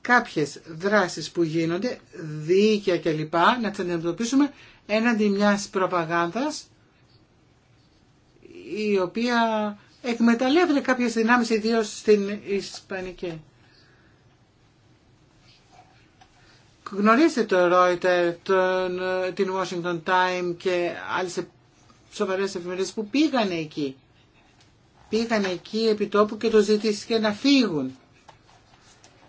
κάποιες δράσεις που γίνονται, δίκαια κλπ, να τις αντιμετωπίσουμε έναντι μιας προπαγάνδας η οποία εκμεταλλεύεται κάποιες δυνάμεις ιδίως στην Ισπανική. Γνωρίζετε το Reuters, την Washington Time και άλλες σοβαρές εφημερίδες που πήγαν εκεί. Πήγαν εκεί επί τόπου και το και να φύγουν.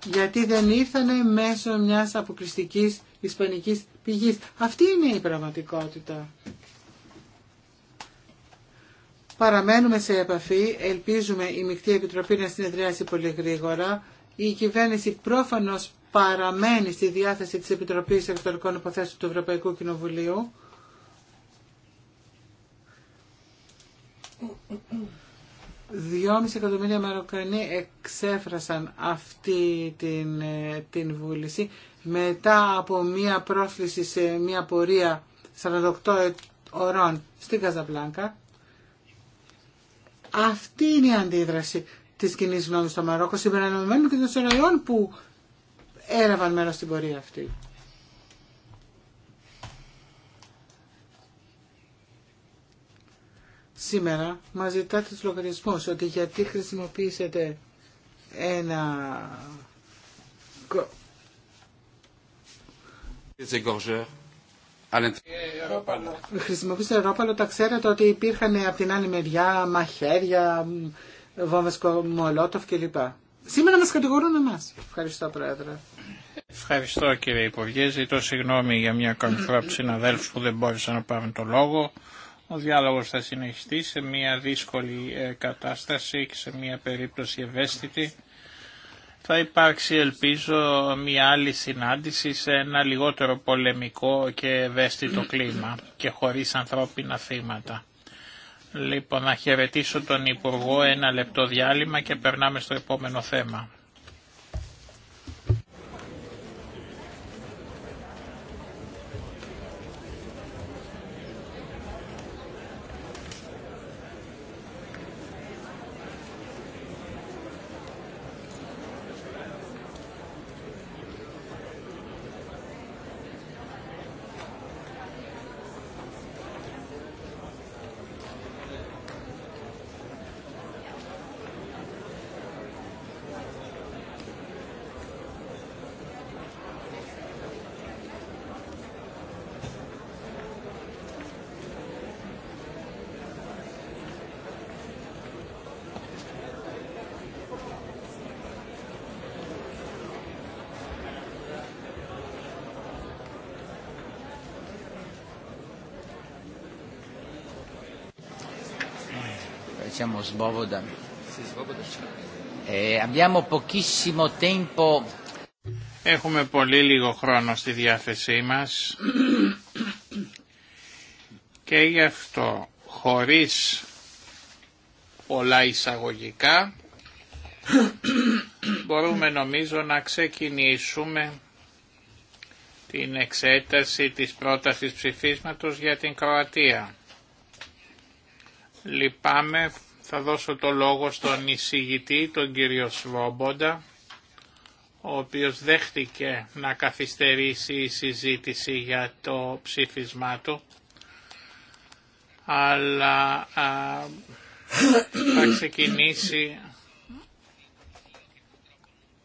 Γιατί δεν ήρθανε μέσω μιας αποκριστικής ισπανικής πηγής. Αυτή είναι η πραγματικότητα. Παραμένουμε σε επαφή, ελπίζουμε η Μικτή Επιτροπή να συνεδριάσει πολύ γρήγορα. Η κυβέρνηση πρόφανως παραμένει στη διάθεση της Επιτροπής Εκτορικών Υποθέσεων του Ευρωπαϊκού Κοινοβουλίου. Δυόμιση εκατομμύρια Μαροκανοί εξέφρασαν αυτή την, ε, την βούληση μετά από μία πρόσκληση σε μία πορεία 48 ωρών στην Καζαμπλάνκα. Αυτή είναι η αντίδραση της κοινή γνώμη στο Μαρόκο, συμπεριλαμβανομένου και των συνολών που έλαβαν μέρο στην πορεία αυτή. Σήμερα μας ζητάτε τους λογαριασμούς ότι γιατί χρησιμοποιήσετε ένα ε, Χρησιμοποιήστε ρόπαλο, τα ξέρετε ότι υπήρχαν από την άλλη μεριά μαχαίρια, βόμβες μολότοφ κλπ. Σήμερα μας κατηγορούν εμά. Ευχαριστώ Πρόεδρε. Ευχαριστώ κύριε Υπουργέ. Ζητώ συγγνώμη για μια ακόμη φορά από συναδέλφου που δεν μπόρεσαν να πάρουν το λόγο. Ο διάλογος θα συνεχιστεί σε μια δύσκολη ε, κατάσταση και σε μια περίπτωση ευαίσθητη. Θα υπάρξει ελπίζω μια άλλη συνάντηση σε ένα λιγότερο πολεμικό και ευαίσθητο κλίμα και χωρίς ανθρώπινα θύματα. Λοιπόν, να χαιρετήσω τον Υπουργό, ένα λεπτό διάλειμμα και περνάμε στο επόμενο θέμα. E Έχουμε πολύ λίγο χρόνο στη διάθεσή μας και γι' αυτό χωρίς πολλά εισαγωγικά μπορούμε νομίζω να ξεκινήσουμε την εξέταση της πρότασης ψηφίσματος για την Κροατία. Λυπάμαι, θα δώσω το λόγο στον εισηγητή, τον κύριο Σβόμποντα, ο οποίος δέχτηκε να καθυστερήσει η συζήτηση για το ψήφισμά του, αλλά α, θα ξεκινήσει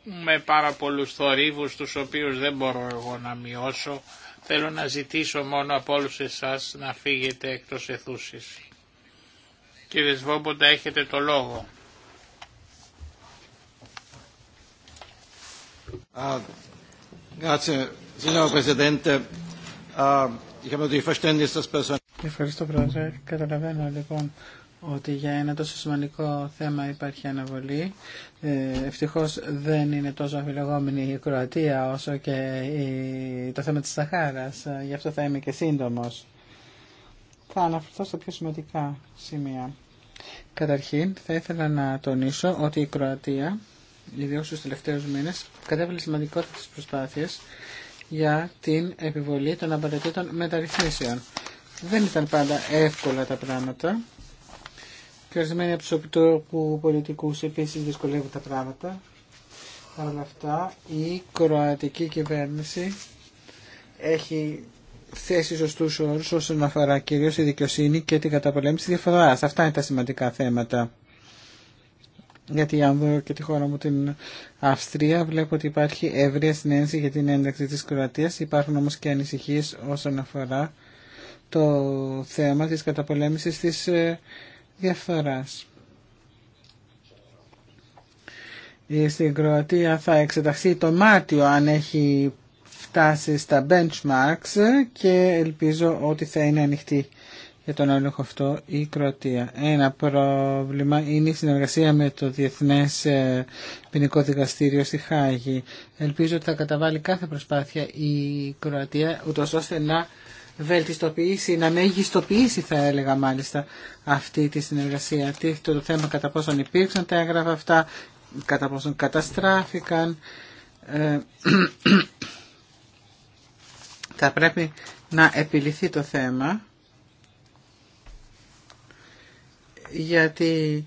με πάρα πολλούς θορύβους, τους οποίους δεν μπορώ εγώ να μειώσω. Θέλω να ζητήσω μόνο από όλους εσάς να φύγετε εκτός εθούσης. Κύριε Σβόμποντα, έχετε το λόγο. Ah, ah, Ευχαριστώ, Πρόεδρε. Καταλαβαίνω, λοιπόν, ότι για ένα τόσο σημαντικό θέμα υπάρχει αναβολή. Ε, ευτυχώς δεν είναι τόσο αφιλεγόμενη η Κροατία όσο και η... το θέμα της Σαχάρας. Ε, γι' αυτό θα είμαι και σύντομος. Θα αναφερθώ στα πιο σημαντικά σημεία. Καταρχήν, θα ήθελα να τονίσω ότι η Κροατία, ιδίως στους τελευταίους μήνες, κατέβαλε σημαντικότητε προσπάθειες για την επιβολή των απαραίτητων μεταρρυθμίσεων. Δεν ήταν πάντα εύκολα τα πράγματα και ορισμένοι από του επιτρόπου πολιτικούς επίσης δυσκολεύουν τα πράγματα. Παρ' όλα αυτά, η κροατική κυβέρνηση έχει θέσει σωστού όρου όσον αφορά κυρίω η δικαιοσύνη και την καταπολέμηση διαφθορά. Αυτά είναι τα σημαντικά θέματα. Γιατί αν δω και τη χώρα μου την Αυστρία βλέπω ότι υπάρχει εύρια συνένεση για την ένταξη τη Κροατία. Υπάρχουν όμως και ανησυχίε όσον αφορά το θέμα της καταπολέμησης της ε, διαφθοράς. Ε, στην Κροατία θα εξεταχθεί το Μάρτιο αν έχει φτάσει στα benchmarks και ελπίζω ότι θα είναι ανοιχτή για τον έλεγχο αυτό η Κροατία. Ένα πρόβλημα είναι η συνεργασία με το Διεθνές ε, Ποινικό Δικαστήριο στη Χάγη. Ελπίζω ότι θα καταβάλει κάθε προσπάθεια η Κροατία ούτως ώστε να βελτιστοποιήσει, να μεγιστοποιήσει θα έλεγα μάλιστα αυτή τη συνεργασία. Τι το θέμα κατά πόσον υπήρξαν τα έγγραφα αυτά, κατά πόσον καταστράφηκαν. Ε, θα πρέπει να επιληθεί το θέμα γιατί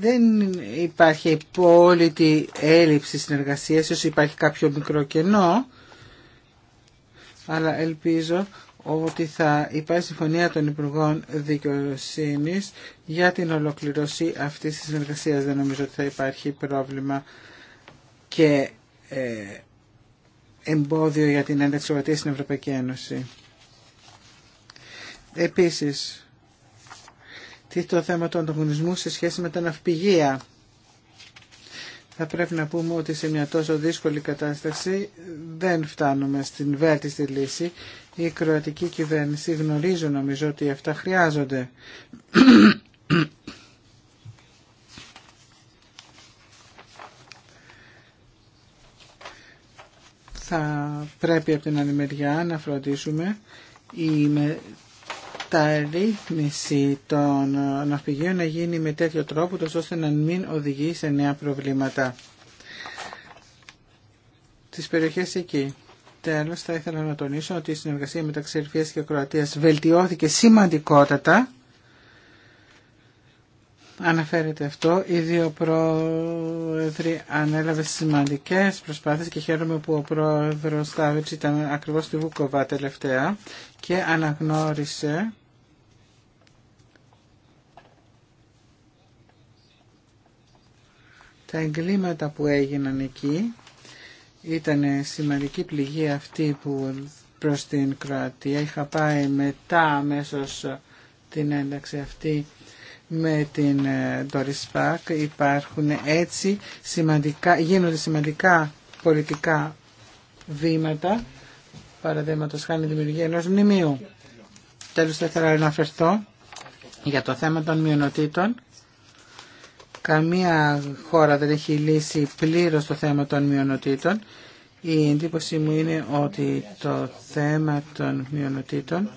δεν υπάρχει υπόλοιτη έλλειψη συνεργασίας, ίσως υπάρχει κάποιο μικρό κενό, αλλά ελπίζω ότι θα υπάρχει συμφωνία των Υπουργών Δικαιοσύνης για την ολοκληρώση αυτής της συνεργασίας. Δεν νομίζω ότι θα υπάρχει πρόβλημα και ε, εμπόδιο για την ένταξη στην Ευρωπαϊκή Ένωση. Επίσης, τι το θέμα του ανταγωνισμού σε σχέση με τα ναυπηγεία. Θα πρέπει να πούμε ότι σε μια τόσο δύσκολη κατάσταση δεν φτάνουμε στην βέλτιστη λύση. Η κροατική κυβέρνηση γνωρίζει, νομίζω ότι αυτά χρειάζονται. Πρέπει από την άλλη μεριά να φροντίσουμε η μεταρρύθμιση των ναυπηγείων να γίνει με τέτοιο τρόπο ώστε να μην οδηγεί σε νέα προβλήματα. Τις περιοχές εκεί. Τέλος θα ήθελα να τονίσω ότι η συνεργασία μεταξύ Ελφίας και Κροατίας βελτιώθηκε σημαντικότατα αναφέρεται αυτό. Οι δύο πρόεδροι ανέλαβε σημαντικέ προσπάθειε και χαίρομαι που ο πρόεδρο Στάβιτ ήταν ακριβώ στη Βουκοβά τελευταία και αναγνώρισε τα εγκλήματα που έγιναν εκεί. Ήταν σημαντική πληγή αυτή που προς την Κροατία. Είχα πάει μετά αμέσως την ένταξη αυτή με την ε, Doris Pack υπάρχουν έτσι σημαντικά, γίνονται σημαντικά πολιτικά βήματα παραδείγματος χάνει δημιουργία ενός μνημείου. Τέλος θα ήθελα να αναφερθώ για το θέμα των μειονοτήτων. Καμία χώρα δεν έχει λύσει πλήρως το θέμα των μειονοτήτων. Η εντύπωση μου είναι ότι το θέμα των μειονοτήτων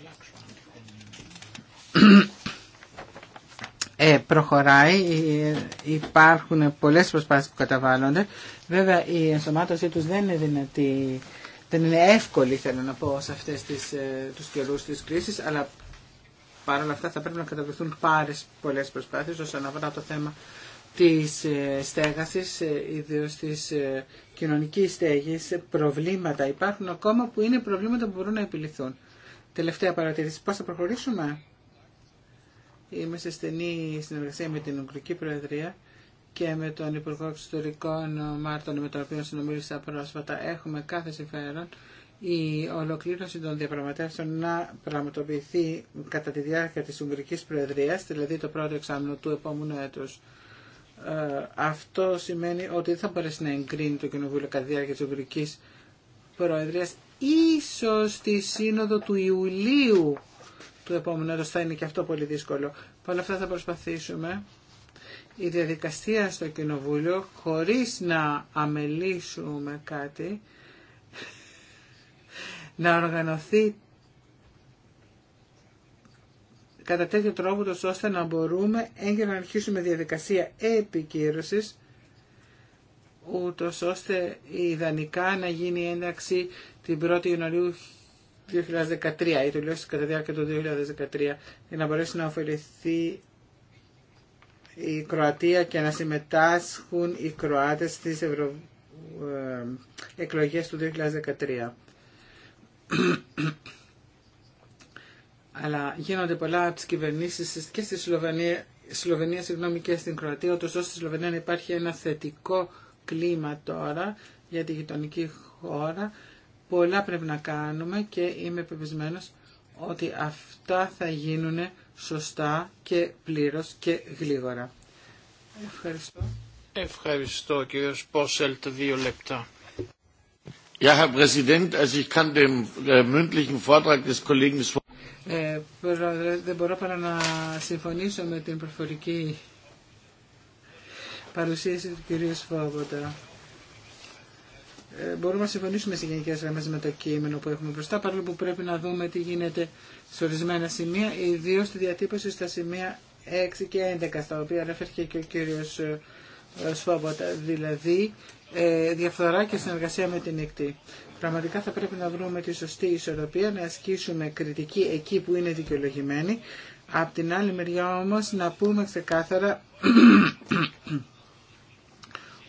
ε, προχωράει, ε, υπάρχουν πολλές προσπάθειες που καταβάλλονται. Βέβαια η ενσωμάτωσή τους δεν είναι δυνατή, εύκολη θέλω να πω σε αυτές τις, ε, τους καιρούς της κρίσης, αλλά παρόλα αυτά θα πρέπει να καταβληθούν πάρες πολλές προσπάθειες όσον αφορά το θέμα της στέγασης, ιδίως της κοινωνικής στέγης, προβλήματα υπάρχουν ακόμα που είναι προβλήματα που μπορούν να επιληθούν. Τελευταία παρατήρηση, πώς θα προχωρήσουμε. Είμαι σε στενή συνεργασία με την Ουγγρική Προεδρία και με τον Υπουργό Εξωτερικών Μάρτων, με τον οποίο συνομίλησα πρόσφατα. Έχουμε κάθε συμφέρον η ολοκλήρωση των διαπραγματεύσεων να πραγματοποιηθεί κατά τη διάρκεια της Ουγγρικής Προεδρίας, δηλαδή το πρώτο εξάμεινο του επόμενου έτους. Ε, αυτό σημαίνει ότι δεν θα μπορέσει να εγκρίνει το Κοινοβούλιο κατά τη διάρκεια της Ουγγρικής Προεδρίας, ίσως στη Σύνοδο του Ιουλίου το επόμενο έτους θα είναι και αυτό πολύ δύσκολο. Παρ' αυτά θα προσπαθήσουμε η διαδικασία στο Κοινοβούλιο χωρίς να αμελήσουμε κάτι [LAUGHS] να οργανωθεί κατά τέτοιο τρόπο τόσο ώστε να μπορούμε έγκαιρα να αρχίσουμε διαδικασία επικύρωσης ούτως ώστε ιδανικά να γίνει η ένταξη την 1η Ιανουαρίου 2013 ή τουλάχιστον κατά διάρκεια του 2013 για να μπορέσει να ωφεληθεί η Κροατία και να συμμετάσχουν οι Κροάτες στις ευρω... Ε, εκλογές του 2013. Αλλά γίνονται πολλά από τις κυβερνήσεις και στη Σλοβενία, Σλοβενία συγγνώμη, και στην Κροατία, ούτως ώστε στη Σλοβενία να υπάρχει ένα θετικό κλίμα τώρα για τη γειτονική χώρα Πολλά πρέπει να κάνουμε και είμαι πεπισμένος ότι αυτά θα γίνουν σωστά και πλήρως και γλίγορα. Ευχαριστώ. Ευχαριστώ κύριε Σπόσελτ, δύο λεπτά. Ja, Herr Präsident, also ich kann dem äh, mündlichen Vortrag des Kollegen ε, πρόεδρε, δεν μπορώ παρά να συμφωνήσω με την προφορική παρουσίαση του κυρίου Σφόβοτα. Ε, μπορούμε να συμφωνήσουμε σε γενικέ γραμμέ με το κείμενο που έχουμε μπροστά, παρόλο που πρέπει να δούμε τι γίνεται σε ορισμένα σημεία, ιδίω στη διατύπωση στα σημεία 6 και 11, στα οποία αναφέρθηκε και ο κύριο ε, ε, Σφόμποτα, δηλαδή ε, διαφθορά και συνεργασία με την ΕΚΤΗ. Πραγματικά θα πρέπει να βρούμε τη σωστή ισορροπία, να ασκήσουμε κριτική εκεί που είναι δικαιολογημένη. Απ' την άλλη μεριά όμως να πούμε ξεκάθαρα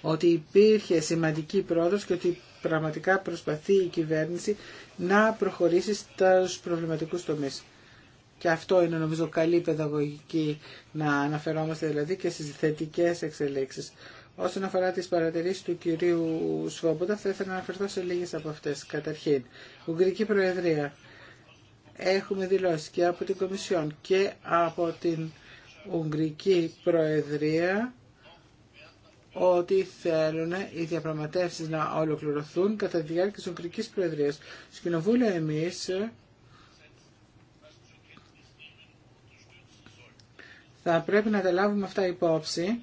ότι υπήρχε σημαντική πρόοδος και ότι πραγματικά προσπαθεί η κυβέρνηση να προχωρήσει στους προβληματικούς τομείς. Και αυτό είναι νομίζω καλή παιδαγωγική να αναφερόμαστε δηλαδή και στις θετικές εξελίξεις. Όσον αφορά τις παρατηρήσεις του κυρίου Σφόμποντα, θα ήθελα να αναφερθώ σε λίγες από αυτές. Καταρχήν, Ουγγρική Προεδρία. Έχουμε δηλώσει και από την Κομισιόν και από την Ουγγρική Προεδρία ότι θέλουν οι διαπραγματεύσεις να ολοκληρωθούν κατά τη διάρκεια της Ουγγρικής Προεδρίας. Στο Κοινοβούλιο εμείς θα πρέπει να τα λάβουμε αυτά υπόψη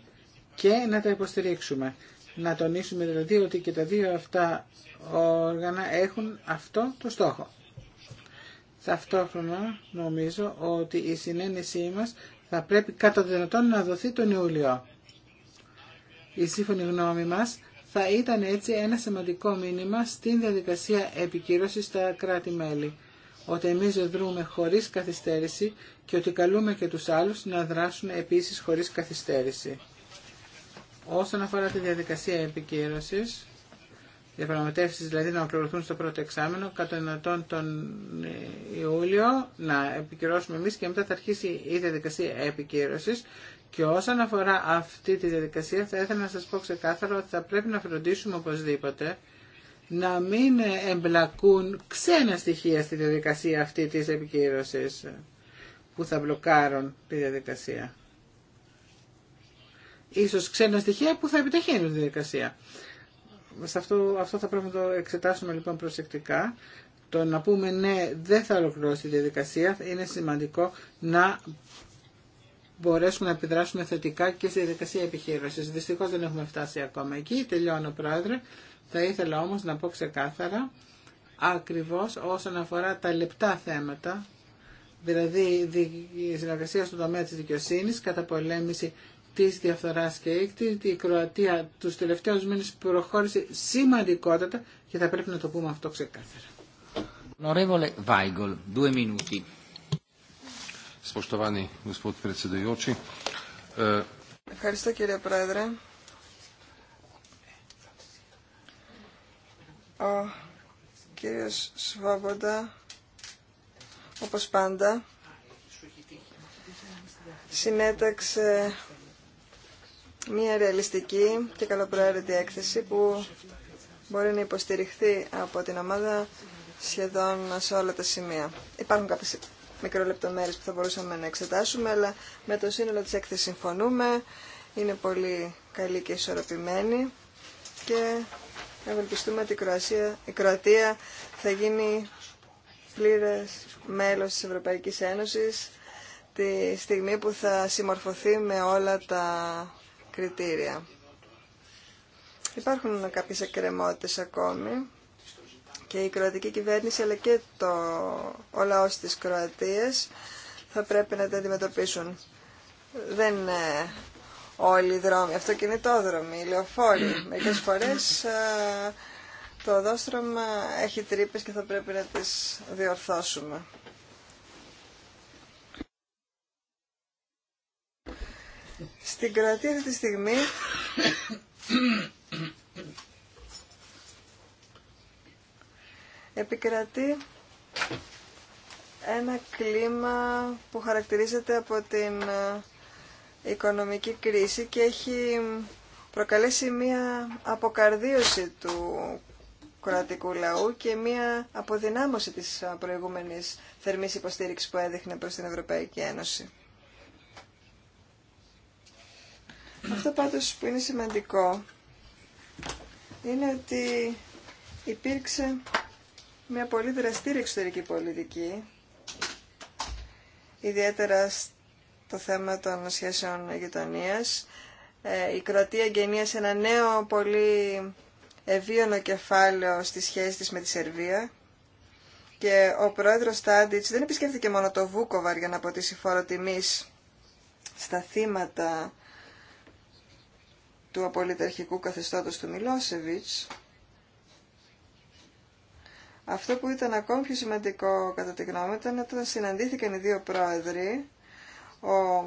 και να τα υποστηρίξουμε. Να τονίσουμε δηλαδή ότι και τα δύο αυτά όργανα έχουν αυτό το στόχο. Ταυτόχρονα νομίζω ότι η συνένεσή μας θα πρέπει κατά δυνατόν να δοθεί τον Ιούλιο η σύμφωνη γνώμη μας θα ήταν έτσι ένα σημαντικό μήνυμα στην διαδικασία επικύρωσης στα κράτη-μέλη, ότι εμείς δρούμε χωρίς καθυστέρηση και ότι καλούμε και τους άλλους να δράσουν επίσης χωρίς καθυστέρηση. Όσον αφορά τη διαδικασία επικύρωσης, διαπραγματεύσει δηλαδή να ολοκληρωθούν στο πρώτο εξάμενο, κατά δυνατόν τον Ιούλιο να επικυρώσουμε εμεί και μετά θα αρχίσει η διαδικασία επικύρωση. Και όσον αφορά αυτή τη διαδικασία, θα ήθελα να σα πω ξεκάθαρα ότι θα πρέπει να φροντίσουμε οπωσδήποτε να μην εμπλακούν ξένα στοιχεία στη διαδικασία αυτή τη επικύρωση που θα μπλοκάρουν τη διαδικασία. Ίσως ξένα στοιχεία που θα επιταχύνουν τη διαδικασία σε αυτό, αυτό θα πρέπει να το εξετάσουμε λοιπόν προσεκτικά. Το να πούμε ναι δεν θα ολοκληρώσει τη διαδικασία είναι σημαντικό να μπορέσουμε να επιδράσουμε θετικά και στη διαδικασία επιχείρηση. Δυστυχώ δεν έχουμε φτάσει ακόμα εκεί. Τελειώνω, Πρόεδρε. Θα ήθελα όμω να πω ξεκάθαρα ακριβώ όσον αφορά τα λεπτά θέματα, δηλαδή η συνεργασία στον τομέα τη δικαιοσύνη, καταπολέμηση της διαφθοράς και έκτης, η Κροατία τους τελευταίους μήνες προχώρησε σημαντικότατα και θα πρέπει να το πούμε αυτό ξεκάθαρα. Νορεβόλε Βάιγκολ δύο minuti. Spoštovani gospod predsedujoči. Ευχαριστώ κύριε Πρόεδρε. Ο κύριος Σβόβοντα, όπως πάντα, συνέταξε μια ρεαλιστική και καλοπροαίρετη έκθεση που μπορεί να υποστηριχθεί από την ομάδα σχεδόν σε όλα τα σημεία. Υπάρχουν κάποιες μικρολεπτομέρειες που θα μπορούσαμε να εξετάσουμε, αλλά με το σύνολο της έκθεσης συμφωνούμε. Είναι πολύ καλή και ισορροπημένη και ευελπιστούμε ότι η, Κροατία θα γίνει πλήρες μέλος της Ευρωπαϊκής Ένωσης τη στιγμή που θα συμμορφωθεί με όλα τα κριτήρια. Υπάρχουν κάποιες εκκρεμότητες ακόμη και η κροατική κυβέρνηση αλλά και το, ο λαός της Κροατίας θα πρέπει να τα αντιμετωπίσουν. Δεν είναι όλοι οι δρόμοι, αυτοκινητόδρομοι, οι λεωφόροι. Μερικές φορές το οδόστρωμα έχει τρύπες και θα πρέπει να τις διορθώσουμε. Στην κρατή αυτή τη στιγμή επικρατεί ένα κλίμα που χαρακτηρίζεται από την ε, οικονομική κρίση και έχει προκαλέσει μία αποκαρδίωση του κρατικού λαού και μία αποδυνάμωση της προηγούμενης θερμής υποστήριξης που έδειχνε προς την Ευρωπαϊκή Ένωση. Αυτό πάντως που είναι σημαντικό είναι ότι υπήρξε μια πολύ δραστήρια εξωτερική πολιτική, ιδιαίτερα στο θέμα των σχέσεων γειτονία. Ε, η Κροατία εγγενίασε ένα νέο πολύ ευίωνο κεφάλαιο στη σχέση της με τη Σερβία και ο πρόεδρος Τάντιτς δεν επισκέφθηκε μόνο το Βούκοβαρ για να αποτίσει φόρο τιμής στα θύματα του απολυταρχικού καθεστώτος του Μιλόσεβιτς, αυτό που ήταν ακόμη πιο σημαντικό κατά τη γνώμη ήταν όταν συναντήθηκαν οι δύο πρόεδροι, ο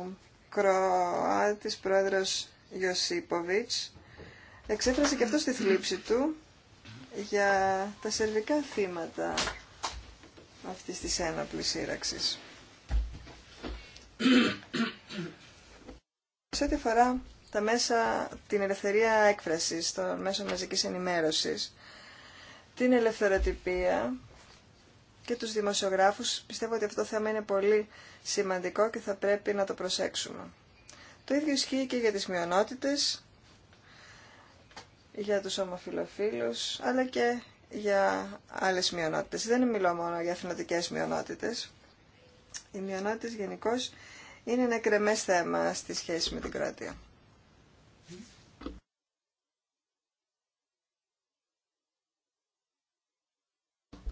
Κροάτης πρόεδρος Ιωσίποβιτς, εξέφρασε και αυτό στη θλίψη του για τα σερβικά θύματα αυτής της ένοπλης σύραξης. Σε ό,τι αφορά τα μέσα, την ελευθερία έκφρασης, το μέσο μαζικής ενημέρωσης, την ελευθεροτυπία και τους δημοσιογράφους. Πιστεύω ότι αυτό το θέμα είναι πολύ σημαντικό και θα πρέπει να το προσέξουμε. Το ίδιο ισχύει και για τις μειονότητες, για τους ομοφιλοφίλους, αλλά και για άλλες μειονότητες. Δεν μιλώ μόνο για αθηνοτικές μειονότητες. Οι μειονότητες γενικώ είναι ένα κρεμές θέμα στη σχέση με την Κροατία.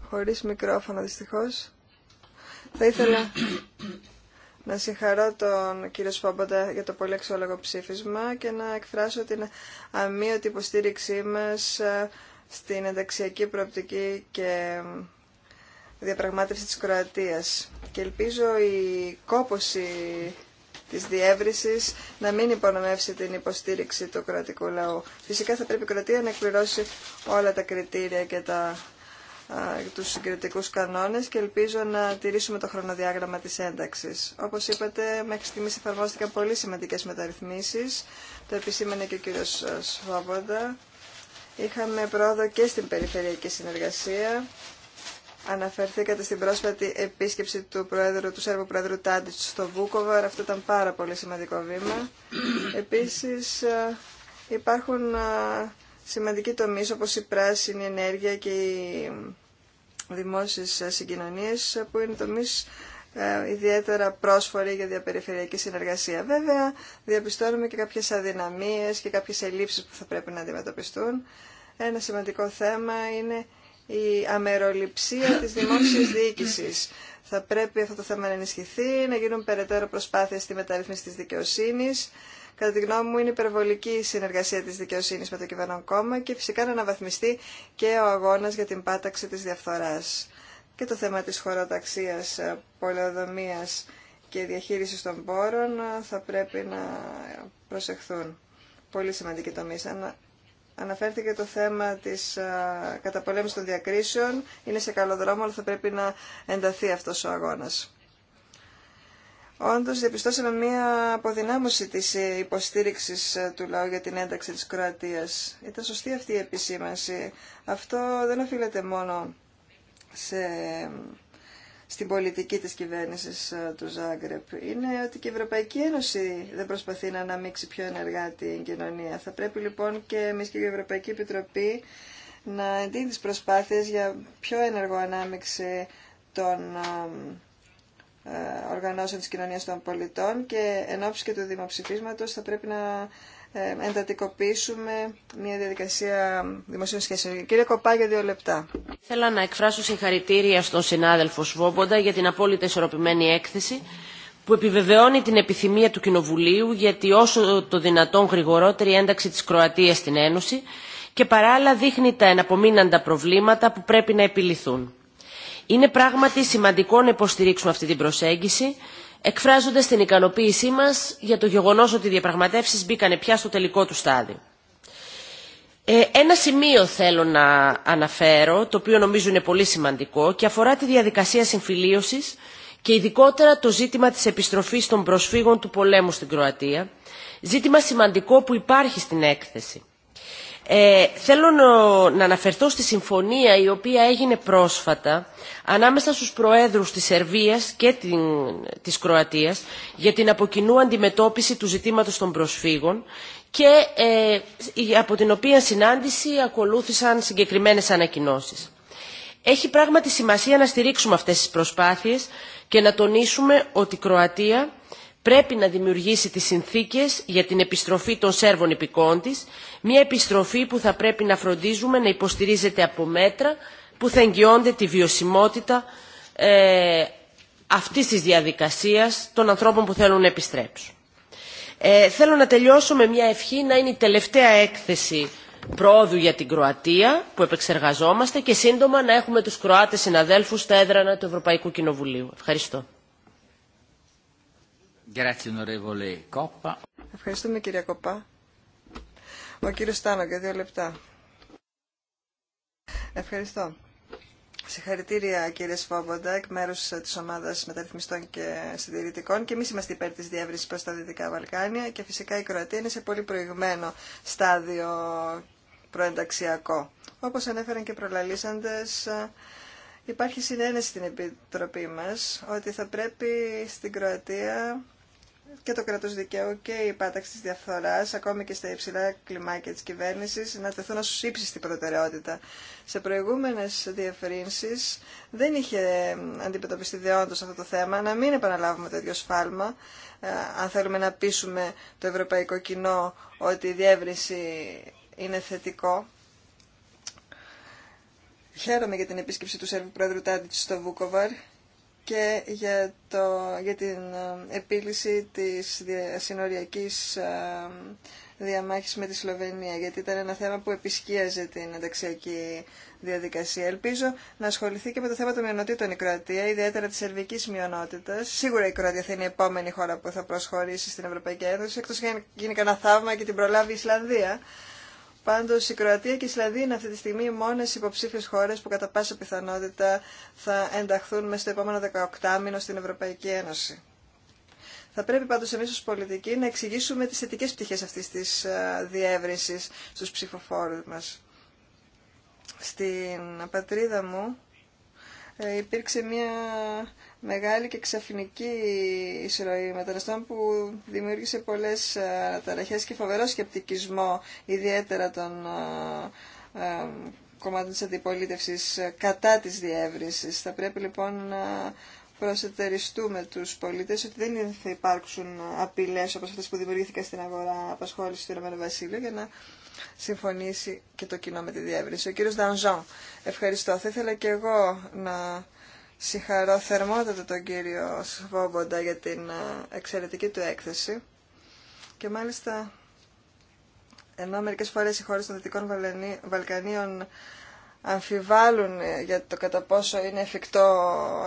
χωρίς μικρόφωνο δυστυχώς. Θα ήθελα [COUGHS] να συγχαρώ τον κύριο Σφόμποντα για το πολύ αξιόλογο ψήφισμα και να εκφράσω την αμύωτη υποστήριξή μας ε, στην ενταξιακή προοπτική και διαπραγμάτευση της Κροατίας. Και ελπίζω η κόποση της διεύρυνσης να μην υπονομεύσει την υποστήριξη του κρατικού λαού. Φυσικά θα πρέπει η Κροατία να εκπληρώσει όλα τα κριτήρια και τα τους συγκριτικούς κανόνες και ελπίζω να τηρήσουμε το χρονοδιάγραμμα της ένταξης. Όπως είπατε, μέχρι στιγμής εφαρμόστηκαν πολύ σημαντικές μεταρρυθμίσεις. Το επισήμανε και ο κύριος ε, Σφόβοντα. Είχαμε πρόοδο και στην περιφερειακή συνεργασία. Αναφερθήκατε στην πρόσφατη επίσκεψη του, Προέδρου, του Σέρβου Πρόεδρου Τάντιτς στο Βούκοβαρ. Αυτό ήταν πάρα πολύ σημαντικό βήμα. Επίσης, ε, υπάρχουν ε, σημαντικοί τομείς όπως η πράσινη ενέργεια και οι δημόσιες συγκοινωνίες που είναι τομείς ε, ιδιαίτερα πρόσφοροι για διαπεριφερειακή συνεργασία. Βέβαια, διαπιστώνουμε και κάποιες αδυναμίες και κάποιες ελλείψεις που θα πρέπει να αντιμετωπιστούν. Ένα σημαντικό θέμα είναι η αμεροληψία της δημόσια [COUGHS] διοίκησης. Θα πρέπει αυτό το θέμα να ενισχυθεί, να γίνουν περαιτέρω προσπάθειες στη μεταρρύθμιση της δικαιοσύνης Κατά τη γνώμη μου είναι υπερβολική η συνεργασία της δικαιοσύνη με το κυβερνόν κόμμα και φυσικά να αναβαθμιστεί και ο αγώνας για την πάταξη της διαφθοράς και το θέμα της χωροταξίας, ε, πολεοδομίας και διαχείρισης των πόρων ε, θα πρέπει να προσεχθούν. Πολύ σημαντική τομή. Αναφέρθηκε το θέμα της ε, καταπολέμησης των διακρίσεων. Είναι σε καλό δρόμο, αλλά θα πρέπει να ενταθεί αυτός ο αγώνας. Όντως διαπιστώσαμε μία αποδυνάμωση της ε, υποστήριξης ε, του λαού για την ένταξη της Κροατίας. Ήταν σωστή αυτή η επισήμανση. Αυτό δεν οφείλεται μόνο σε, στην πολιτική της κυβέρνησης ε, του Ζάγκρεπ. Είναι ότι και η Ευρωπαϊκή Ένωση δεν προσπαθεί να αναμίξει πιο ενεργά την κοινωνία. Θα πρέπει λοιπόν και εμείς και η Ευρωπαϊκή Επιτροπή να εντείνει τις προσπάθειες για πιο ενεργό ανάμειξη των ε, οργανώσεων της κοινωνίας των πολιτών και εν ώψη και του δημοψηφίσματος θα πρέπει να ε, εντατικοποιήσουμε μια διαδικασία δημοσίων σχέσεων. Κύριε Κοπά, για δύο λεπτά. Θέλω να εκφράσω συγχαρητήρια στον συνάδελφο Σβόμποντα για την απόλυτα ισορροπημένη έκθεση που επιβεβαιώνει την επιθυμία του Κοινοβουλίου γιατί όσο το δυνατόν γρηγορότερη ένταξη της Κροατίας στην Ένωση και παράλληλα δείχνει τα εναπομείναντα προβλήματα που πρέπει να επιληθούν. Είναι πράγματι σημαντικό να υποστηρίξουμε αυτή την προσέγγιση, εκφράζοντας την ικανοποίησή μας για το γεγονός ότι οι διαπραγματεύσεις μπήκαν πια στο τελικό του στάδιο. Ε, ένα σημείο θέλω να αναφέρω, το οποίο νομίζω είναι πολύ σημαντικό και αφορά τη διαδικασία συμφιλίωσης και ειδικότερα το ζήτημα της επιστροφής των προσφύγων του πολέμου στην Κροατία, ζήτημα σημαντικό που υπάρχει στην έκθεση. Ε, θέλω να αναφερθώ στη συμφωνία η οποία έγινε πρόσφατα ανάμεσα στους προέδρους της Σερβίας και την, της Κροατίας για την αποκοινού αντιμετώπιση του ζητήματος των προσφύγων και ε, από την οποία συνάντηση ακολούθησαν συγκεκριμένες ανακοινώσεις. Έχει πράγματι σημασία να στηρίξουμε αυτές τις προσπάθειες και να τονίσουμε ότι η Κροατία πρέπει να δημιουργήσει τις συνθήκες για την επιστροφή των Σέρβων υπηκών τη, μια επιστροφή που θα πρέπει να φροντίζουμε να υποστηρίζεται από μέτρα που θα εγγυώνται τη βιωσιμότητα ε, αυτής της διαδικασίας των ανθρώπων που θέλουν να επιστρέψουν. Ε, θέλω να τελειώσω με μια ευχή να είναι η τελευταία έκθεση πρόοδου για την Κροατία που επεξεργαζόμαστε και σύντομα να έχουμε τους Κροάτες συναδέλφους στα έδρανα του Ευρωπαϊκού Κοινοβουλίου. Ευχαριστώ. Ευχαριστούμε κύριε Κοπά. Ο κύριος Στάνο για δύο λεπτά. Ευχαριστώ. Συγχαρητήρια κύριε Σφόμποντα εκ μέρου τη ομάδα μεταρρυθμιστών και συντηρητικών και εμεί είμαστε υπέρ τη διεύρυνση προ τα Δυτικά Βαλκάνια και φυσικά η Κροατία είναι σε πολύ προηγμένο στάδιο προενταξιακό. Όπω ανέφεραν και προλαλήσαντε, υπάρχει συνένεση στην Επιτροπή μα ότι θα πρέπει στην Κροατία και το κράτος δικαίου και η πάταξη της διαφθοράς, ακόμη και στα υψηλά κλιμάκια της κυβέρνησης, να τεθούν ως ύψιστη προτεραιότητα. Σε προηγούμενες διαφερήνσεις δεν είχε αντιμετωπιστεί δεόντως αυτό το θέμα, να μην επαναλάβουμε το ίδιο σφάλμα, ε, αν θέλουμε να πείσουμε το ευρωπαϊκό κοινό ότι η διεύρυνση είναι θετικό. Χαίρομαι για την επίσκεψη του Σέρβου Πρόεδρου στο Βούκοβαρ και για, το, για την ε, επίλυση της συνοριακής ε, διαμάχης με τη Σλοβενία, γιατί ήταν ένα θέμα που επισκίαζε την ενταξιακή διαδικασία. Ελπίζω να ασχοληθεί και με το θέμα των μειονοτήτων η Κροατία, ιδιαίτερα της σερβικής μειονότητα. Σίγουρα η Κροατία θα είναι η επόμενη χώρα που θα προσχωρήσει στην Ευρωπαϊκή Ένωση, εκτός και αν γίνει κανένα θαύμα και την προλάβει η Ισλανδία. Πάντως η Κροατία και η είναι αυτή τη στιγμή οι μόνες υποψήφιες χώρες που κατά πάσα πιθανότητα θα ενταχθούν μέσα στο επόμενο 18 μήνο στην Ευρωπαϊκή Ένωση. Θα πρέπει πάντως εμεί ως πολιτικοί να εξηγήσουμε τις θετικέ πτυχές αυτή τη ε, διεύρυνση στους ψηφοφόρους μα. Στην πατρίδα μου ε, υπήρξε μια μεγάλη και ξαφνική εισρωή μεταναστών που δημιούργησε πολλές ε, ταραχές και φοβερό σκεπτικισμό, ιδιαίτερα των ε, ε, κομμάτων της αντιπολίτευσης κατά της διεύρυνσης. Θα πρέπει λοιπόν να προσετεριστούμε τους πολίτες ότι δεν θα υπάρξουν απειλές όπως αυτές που δημιουργήθηκαν στην αγορά απασχόληση του Ηνωμένου Βασίλειου για να συμφωνήσει και το κοινό με τη διεύρυνση. Ο κύριος Ντανζόν, ευχαριστώ. Θα ήθελα και εγώ να συγχαρώ θερμότατα τον κύριο Σβόμποντα για την ε, εξαιρετική του έκθεση. Και μάλιστα, ενώ μερικέ φορέ οι χώρε των Δυτικών Βαλκανίων αμφιβάλλουν για το κατά πόσο είναι εφικτό,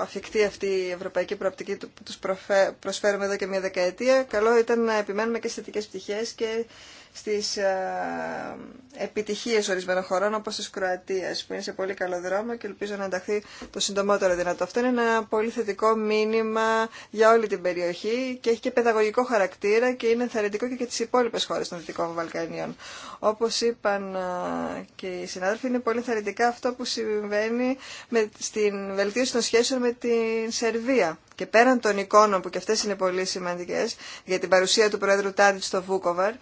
αφικτή αυτή η ευρωπαϊκή προοπτική που τους προσφέρουμε εδώ και μια δεκαετία, καλό ήταν να επιμένουμε και στις θετικές πτυχές και στις ε, επιτυχίες ορισμένων χωρών όπως της Κροατίας που είναι σε πολύ καλό δρόμο και ελπίζω να ενταχθεί το συντομότερο δυνατό. Αυτό είναι ένα πολύ θετικό μήνυμα για όλη την περιοχή και έχει και παιδαγωγικό χαρακτήρα και είναι ενθαρρυντικό και για τις υπόλοιπες χώρες των Δυτικών Βαλκανίων. Όπως είπαν ε, και οι συνάδελφοι είναι πολύ ενθαρρυντικά αυτό που συμβαίνει με, στην βελτίωση των σχέσεων με την Σερβία. Και πέραν των εικόνων που και αυτές είναι πολύ σημαντικές για την παρουσία του Πρόεδρου Τάντιτ στο Βούκοβαρ,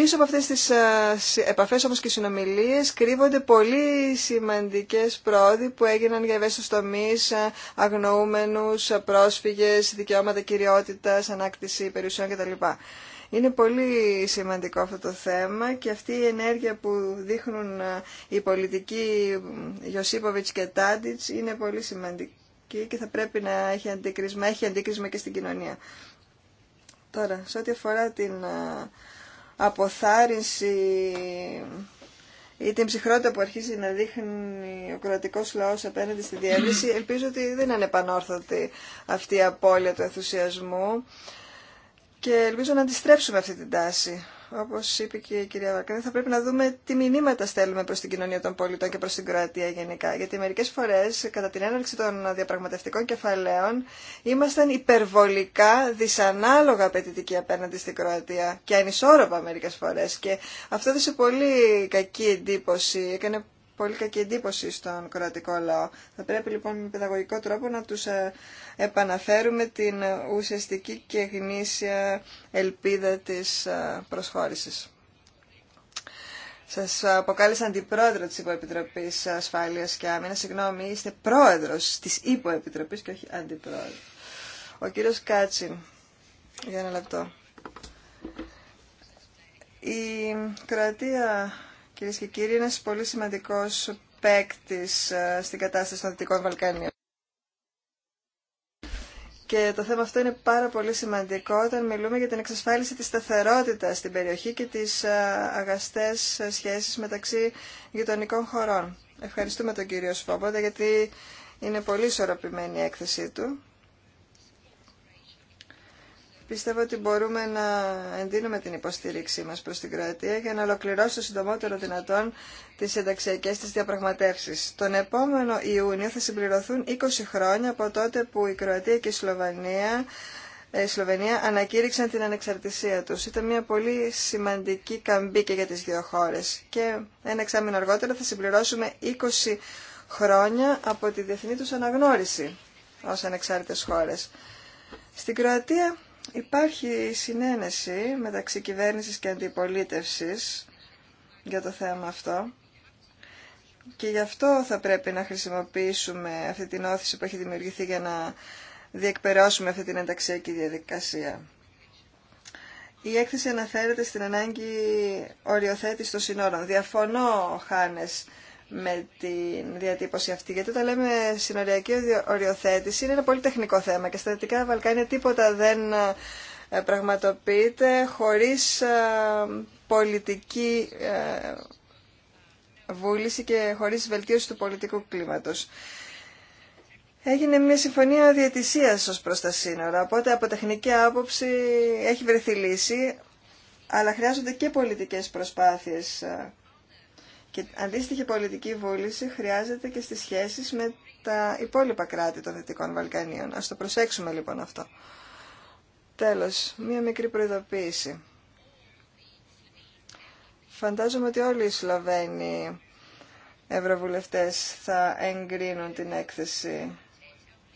Πίσω από αυτές τις επαφές όμως και συνομιλίες κρύβονται πολύ σημαντικές πρόοδοι που έγιναν για ευαίσθητος τομείς, αγνοούμενους, πρόσφυγες, δικαιώματα κυριότητας, ανάκτηση περιουσιών κτλ. Είναι πολύ σημαντικό αυτό το θέμα και αυτή η ενέργεια που δείχνουν οι πολιτικοί Ιωσίποβιτς και Τάντιτς είναι πολύ σημαντική και θα πρέπει να έχει αντίκρισμα, έχει αντίκρισμα και στην κοινωνία. Τώρα, σε ό,τι αφορά την αποθάρρυνση ή την ψυχρότητα που αρχίζει να δείχνει ο κρατικός λαός απέναντι στη διεύρυνση, ελπίζω ότι δεν είναι επανόρθωτη αυτή η απώλεια του ενθουσιασμού και ελπίζω να αντιστρέψουμε αυτή την ψυχροτητα που αρχιζει να δειχνει ο κρατικο λαος απεναντι στη διευρυνση ελπιζω οτι δεν ειναι επανορθωτη αυτη η απωλεια του ενθουσιασμου και ελπιζω να αντιστρεψουμε αυτη την ταση όπως είπε και η κυρία Βαρκαδέ, θα πρέπει να δούμε τι μηνύματα στέλνουμε προς την κοινωνία των πολιτών και προς την Κροατία γενικά. Γιατί μερικές φορές, κατά την έναρξη των διαπραγματευτικών κεφαλαίων, ήμασταν υπερβολικά δυσανάλογα απαιτητικοί απέναντι στην Κροατία και ανισόρροπα μερικές φορές. Και αυτό έδωσε πολύ κακή εντύπωση, πολύ κακή εντύπωση στον κρατικό λαό. Θα πρέπει λοιπόν με παιδαγωγικό τρόπο να τους ε, επαναφέρουμε την ουσιαστική και γνήσια ελπίδα της ε, προσχώρησης. Σας αποκάλεσα αντιπρόεδρο της Υποεπιτροπής Ασφάλειας και Άμυνα. Συγγνώμη, είστε πρόεδρος της Υποεπιτροπής και όχι αντιπρόεδρο. Ο κύριος Κάτσιν, για ένα λεπτό. Η Κροατία Κυρίε και κύριοι, ένα πολύ σημαντικό παίκτη ε, στην κατάσταση των Δυτικών Βαλκανίων. Και το θέμα αυτό είναι πάρα πολύ σημαντικό όταν μιλούμε για την εξασφάλιση της σταθερότητας στην περιοχή και τις ε, αγαστές ε, σχέσεις μεταξύ γειτονικών χωρών. Ευχαριστούμε τον κύριο Σφόμποντα γιατί είναι πολύ ισορροπημένη η έκθεσή του πιστεύω ότι μπορούμε να εντείνουμε την υποστήριξή μας προς την Κροατία για να ολοκληρώσει το συντομότερο δυνατόν τις ενταξιακές της διαπραγματεύσεις. Τον επόμενο Ιούνιο θα συμπληρωθούν 20 χρόνια από τότε που η Κροατία και η Σλοβανία ε, Σλοβενία ανακήρυξαν την ανεξαρτησία τους. Ήταν μια πολύ σημαντική καμπή και για τις δύο χώρες. Και ένα εξάμεινο αργότερα θα συμπληρώσουμε 20 χρόνια από τη διεθνή τους αναγνώριση ως ανεξάρτητες χώρες. Στην Κροατία Υπάρχει συνένεση μεταξύ κυβέρνησης και αντιπολίτευσης για το θέμα αυτό και γι' αυτό θα πρέπει να χρησιμοποιήσουμε αυτή την όθηση που έχει δημιουργηθεί για να διεκπαιρεώσουμε αυτή την ενταξιακή διαδικασία. Η έκθεση αναφέρεται στην ανάγκη οριοθέτηση των συνόρων. Διαφωνώ, Χάνες, με την διατύπωση αυτή. Γιατί όταν λέμε συνοριακή οριοθέτηση είναι ένα πολύ τεχνικό θέμα και στα Δυτικά Βαλκάνια τίποτα δεν ε, πραγματοποιείται χωρίς ε, πολιτική ε, βούληση και χωρίς βελτίωση του πολιτικού κλίματος. Έγινε μια συμφωνία διαιτησίας ως προς τα σύνορα, οπότε από τεχνική άποψη έχει βρεθεί λύση, αλλά χρειάζονται και πολιτικές προσπάθειες και αντίστοιχη πολιτική βούληση χρειάζεται και στις σχέσεις με τα υπόλοιπα κράτη των Δυτικών Βαλκανίων. Ας το προσέξουμε λοιπόν αυτό. Τέλος, μία μικρή προειδοποίηση. Φαντάζομαι ότι όλοι οι Σλοβαίνοι ευρωβουλευτές θα εγκρίνουν την έκθεση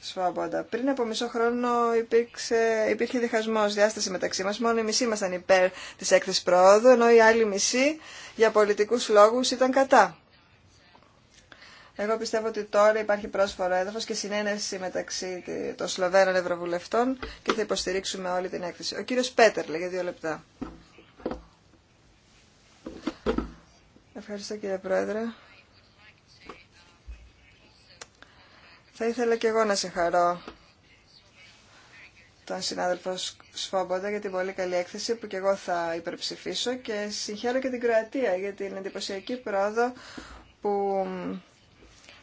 Σφάμποντα. Πριν από μισό χρόνο υπήρξε, υπήρχε διχασμός, διάσταση μεταξύ μα. Μόνο οι μισοί ήμασταν υπέρ τη Έκθεση προόδου, ενώ οι άλλοι μισοί για πολιτικού λόγου ήταν κατά. Εγώ πιστεύω ότι τώρα υπάρχει πρόσφορο έδαφο και συνένεση μεταξύ των Σλοβαίνων Ευρωβουλευτών και θα υποστηρίξουμε όλη την έκθεση. Ο κύριο Πέτερ, για δύο λεπτά. Ευχαριστώ κύριε Πρόεδρε. Θα ήθελα και εγώ να χαρώ τον συνάδελφο Σφόμποντα για την πολύ καλή έκθεση που και εγώ θα υπερψηφίσω και συγχαίρω και την Κροατία για την εντυπωσιακή πρόοδο που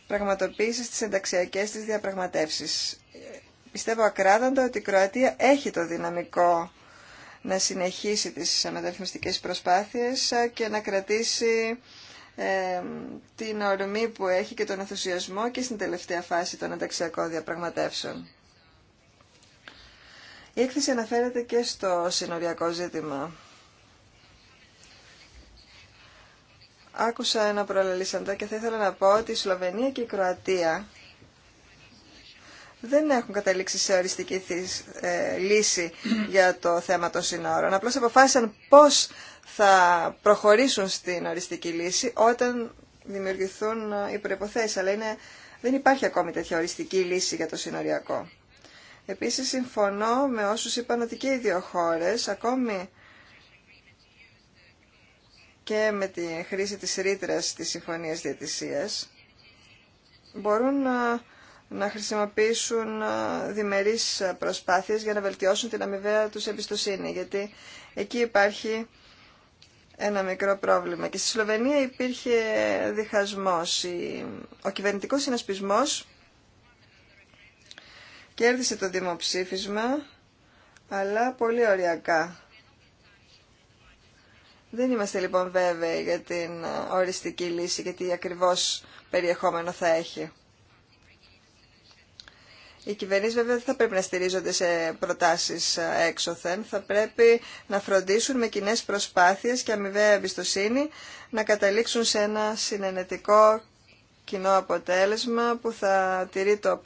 πραγματοποίησε στις ενταξιακές της διαπραγματεύσεις. Πιστεύω ακράδαντα ότι η Κροατία έχει το δυναμικό να συνεχίσει τις μεταρρυθμιστικές προσπάθειες και να κρατήσει ε, την ορμή που έχει και τον ενθουσιασμό και στην τελευταία φάση των ενταξιακών διαπραγματεύσεων. Η έκθεση αναφέρεται και στο συνοριακό ζήτημα. Άκουσα ένα προλαλήσαντα και θα ήθελα να πω ότι η Σλοβενία και η Κροατία δεν έχουν καταλήξει σε οριστική ε, λύση [CLEARS THROAT] για το θέμα των συνόρων. Απλώς αποφάσισαν πώς θα προχωρήσουν στην οριστική λύση όταν δημιουργηθούν ε, οι προϋποθέσεις. Αλλά είναι, δεν υπάρχει ακόμη τέτοια οριστική λύση για το συνοριακό. Επίσης συμφωνώ με όσους είπαν ότι και οι δύο χώρες, ακόμη και με τη χρήση της ρήτρας της Συμφωνίας Διατησίας, μπορούν να ε, να χρησιμοποιήσουν ε, διμερείς προσπάθειες για να βελτιώσουν την αμοιβαία τους εμπιστοσύνη, γιατί εκεί υπάρχει ένα μικρό πρόβλημα. Και στη Σλοβενία υπήρχε διχασμός. Ο κυβερνητικός συνασπισμός κέρδισε το δημοψήφισμα, αλλά πολύ ωριακά. Δεν είμαστε λοιπόν βέβαιοι για την ε, οριστική λύση γιατί τι ακριβώς περιεχόμενο θα έχει. Οι κυβερνήσει βέβαια δεν θα πρέπει να στηρίζονται σε προτάσει ε, έξωθεν. Θα πρέπει να φροντίσουν με κοινέ προσπάθειε και αμοιβαία εμπιστοσύνη να καταλήξουν σε ένα συνενετικό κοινό αποτέλεσμα που θα τηρεί το,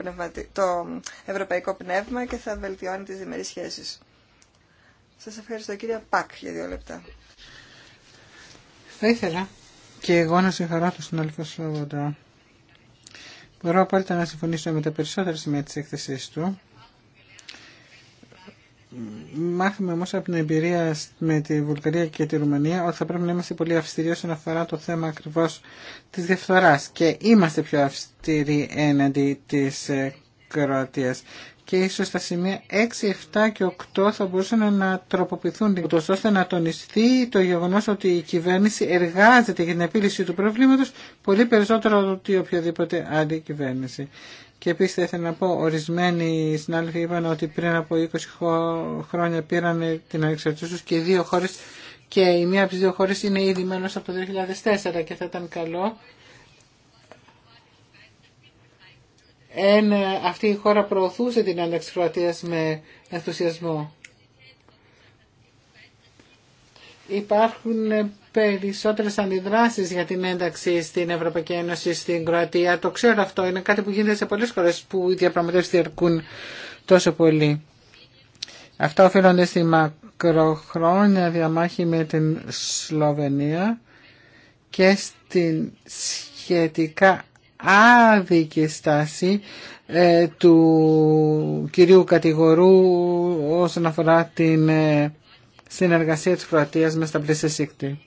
το ευρωπαϊκό πνεύμα και θα βελτιώνει τις διμερείς σχέσεις. Σας ευχαριστώ κύριε Πακ για δύο λεπτά. Θα ήθελα και εγώ να συγχαρώ τον συνάδελφο Σόβοντα Μπορώ απόλυτα να συμφωνήσω με τα περισσότερα σημεία της έκθεσής του. Μάθαμε όμως από την εμπειρία με τη Βουλγαρία και τη Ρουμανία ότι θα πρέπει να είμαστε πολύ αυστηροί όσον αφορά το θέμα ακριβώς της διαφθοράς και είμαστε πιο αυστηροί έναντι της ε, Κροατίας και ίσως τα σημεία 6, 7 και 8 θα μπορούσαν να τροποποιηθούν ούτως ώστε να τονιστεί το γεγονός ότι η κυβέρνηση εργάζεται για την επίλυση του προβλήματος πολύ περισσότερο από ότι οποιαδήποτε άλλη κυβέρνηση. Και επίσης θα ήθελα να πω, ορισμένοι συνάδελφοι είπαν ότι πριν από 20 χρόνια πήραν την ανεξαρτησία τους και δύο χώρες και η μία από τις δύο χώρες είναι ήδη μέλος από το 2004 και θα ήταν καλό εν ε, αυτή η χώρα προωθούσε την ένταξη Κροατίας με ενθουσιασμό. Υπάρχουν ε, περισσότερες αντιδράσεις για την ένταξη στην Ευρωπαϊκή Ένωση στην Κροατία. Το ξέρω αυτό, είναι κάτι που γίνεται σε πολλές χώρες που οι διαπραγματεύσεις διαρκούν τόσο πολύ. Αυτά οφείλονται στη μακροχρόνια διαμάχη με την Σλοβενία και στην σχετικά άδικη στάση ε, του κυρίου κατηγορού όσον αφορά την ε, συνεργασία της Κροατίας με στα πλαίσια ΣΥΚΤΗ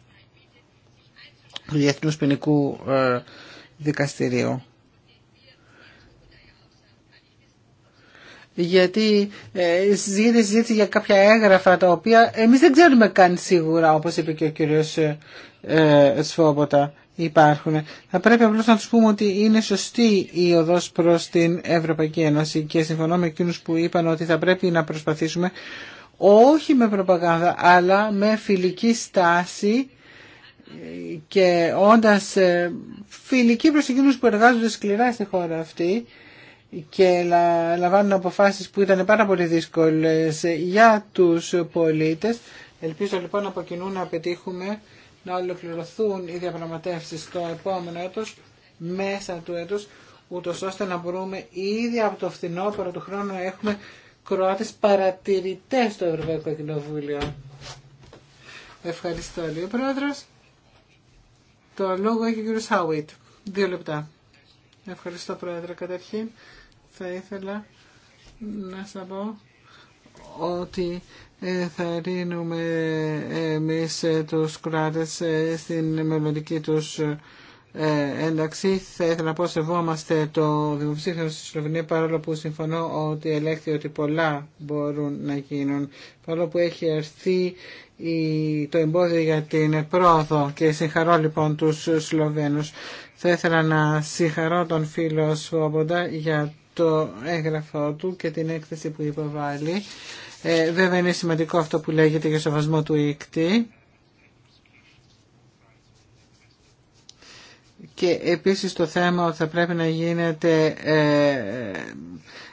του Διεθνούς Ποινικού ε, Δικαστηρίου. Γιατί ε, συζήτηση για κάποια έγγραφα τα οποία εμείς δεν ξέρουμε καν σίγουρα όπως είπε και ο κύριος ε, υπάρχουν. Θα πρέπει απλώς να τους πούμε ότι είναι σωστή η οδός προς την Ευρωπαϊκή Ένωση και συμφωνώ με εκείνους που είπαν ότι θα πρέπει να προσπαθήσουμε όχι με προπαγάνδα αλλά με φιλική στάση και όντας ε, φιλική προς εκείνους που εργάζονται σκληρά στη χώρα αυτή και λαμβάνουν αποφάσεις που ήταν πάρα πολύ δύσκολες για τους πολίτες. Ελπίζω λοιπόν από κοινού να πετύχουμε να ολοκληρωθούν οι διαπραγματεύσεις το επόμενο έτος, μέσα του έτους, ούτω ώστε να μπορούμε ήδη από το φθινόπωρο του χρόνου να έχουμε Κροάτες παρατηρητές στο Ευρωπαϊκό Κοινοβούλιο. Ευχαριστώ, Λίγο ο Πρόεδρος. Το λόγο έχει ο κ. Χάουιτ. Δύο λεπτά. Ευχαριστώ, Πρόεδρε. Καταρχήν, θα ήθελα να σας πω ότι ε, θα ρίνουμε εμείς τους κράτες ε, στην μελλοντική τους ε, ένταξη. Θα ήθελα να πω σεβόμαστε το δημοψήφιο στη Σλοβενία παρόλο που συμφωνώ ότι ελέγχθη ότι πολλά μπορούν να γίνουν. Παρόλο που έχει έρθει το εμπόδιο για την πρόοδο και συγχαρώ λοιπόν τους Σλοβένους. Θα ήθελα να συγχαρώ τον φίλο Σβόμποντα για το έγγραφό του και την έκθεση που υποβάλλει. Ε, βέβαια είναι σημαντικό αυτό που λέγεται για σεβασμό του ΙΚΤΗ. Και επίσης το θέμα ότι θα πρέπει να γίνεται ε, ε,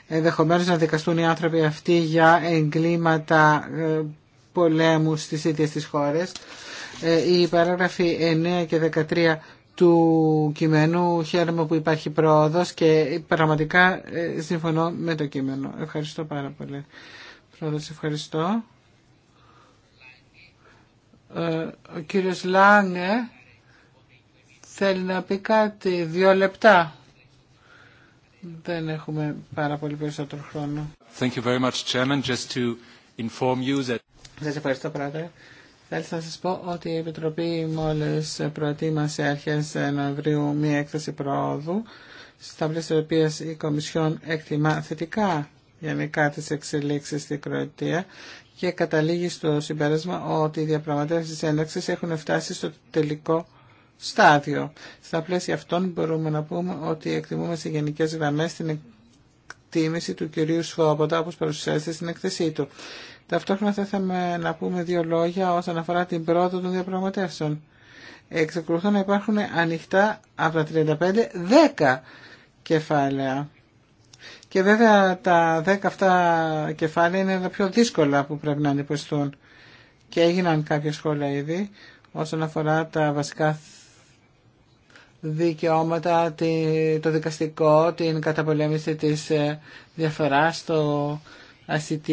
ενδεχομένως να δικαστούν οι άνθρωποι αυτοί για εγκλήματα ε, πολέμου στις ίδιες τις χώρες. Ε, οι παράγραφοι 9 και 13 του κειμένου χαίρομαι που υπάρχει πρόοδος και πραγματικά ε, συμφωνώ με το κείμενο. Ευχαριστώ πάρα πολύ σε ευχαριστώ. Ε, ο κύριος Λάγκε θέλει να πει κάτι, δύο λεπτά. Δεν έχουμε πάρα πολύ περισσότερο χρόνο. Thank you very much, Chairman. Just to inform you that... Σας ευχαριστώ, Πρόεδρε. Θέλω να σας πω ότι η Επιτροπή μόλις προετοίμασε αρχές Νοεμβρίου μία έκθεση προόδου, στα πλαίσια της οποίας η Κομισιόν εκτιμά θετικά γενικά τις εξελίξεις στην Κροατία και καταλήγει στο συμπέρασμα ότι οι διαπραγματεύσεις ένταξης έχουν φτάσει στο τελικό στάδιο. Στα πλαίσια αυτών μπορούμε να πούμε ότι εκτιμούμε σε γενικές γραμμές την εκτίμηση του κυρίου Σφόποτα όπως παρουσιάζεται στην εκθεσή του. Ταυτόχρονα θα ήθελα να πούμε δύο λόγια όσον αφορά την πρόοδο των διαπραγματεύσεων. Εξακολουθούν να υπάρχουν ανοιχτά από τα 35 10 κεφάλαια. Και βέβαια τα δέκα αυτά κεφάλαια είναι τα πιο δύσκολα που πρέπει να αντιπωστούν. Και έγιναν κάποια σχόλια ήδη όσον αφορά τα βασικά δικαιώματα, το δικαστικό, την καταπολέμηση της ε, διαφοράς, το ICT.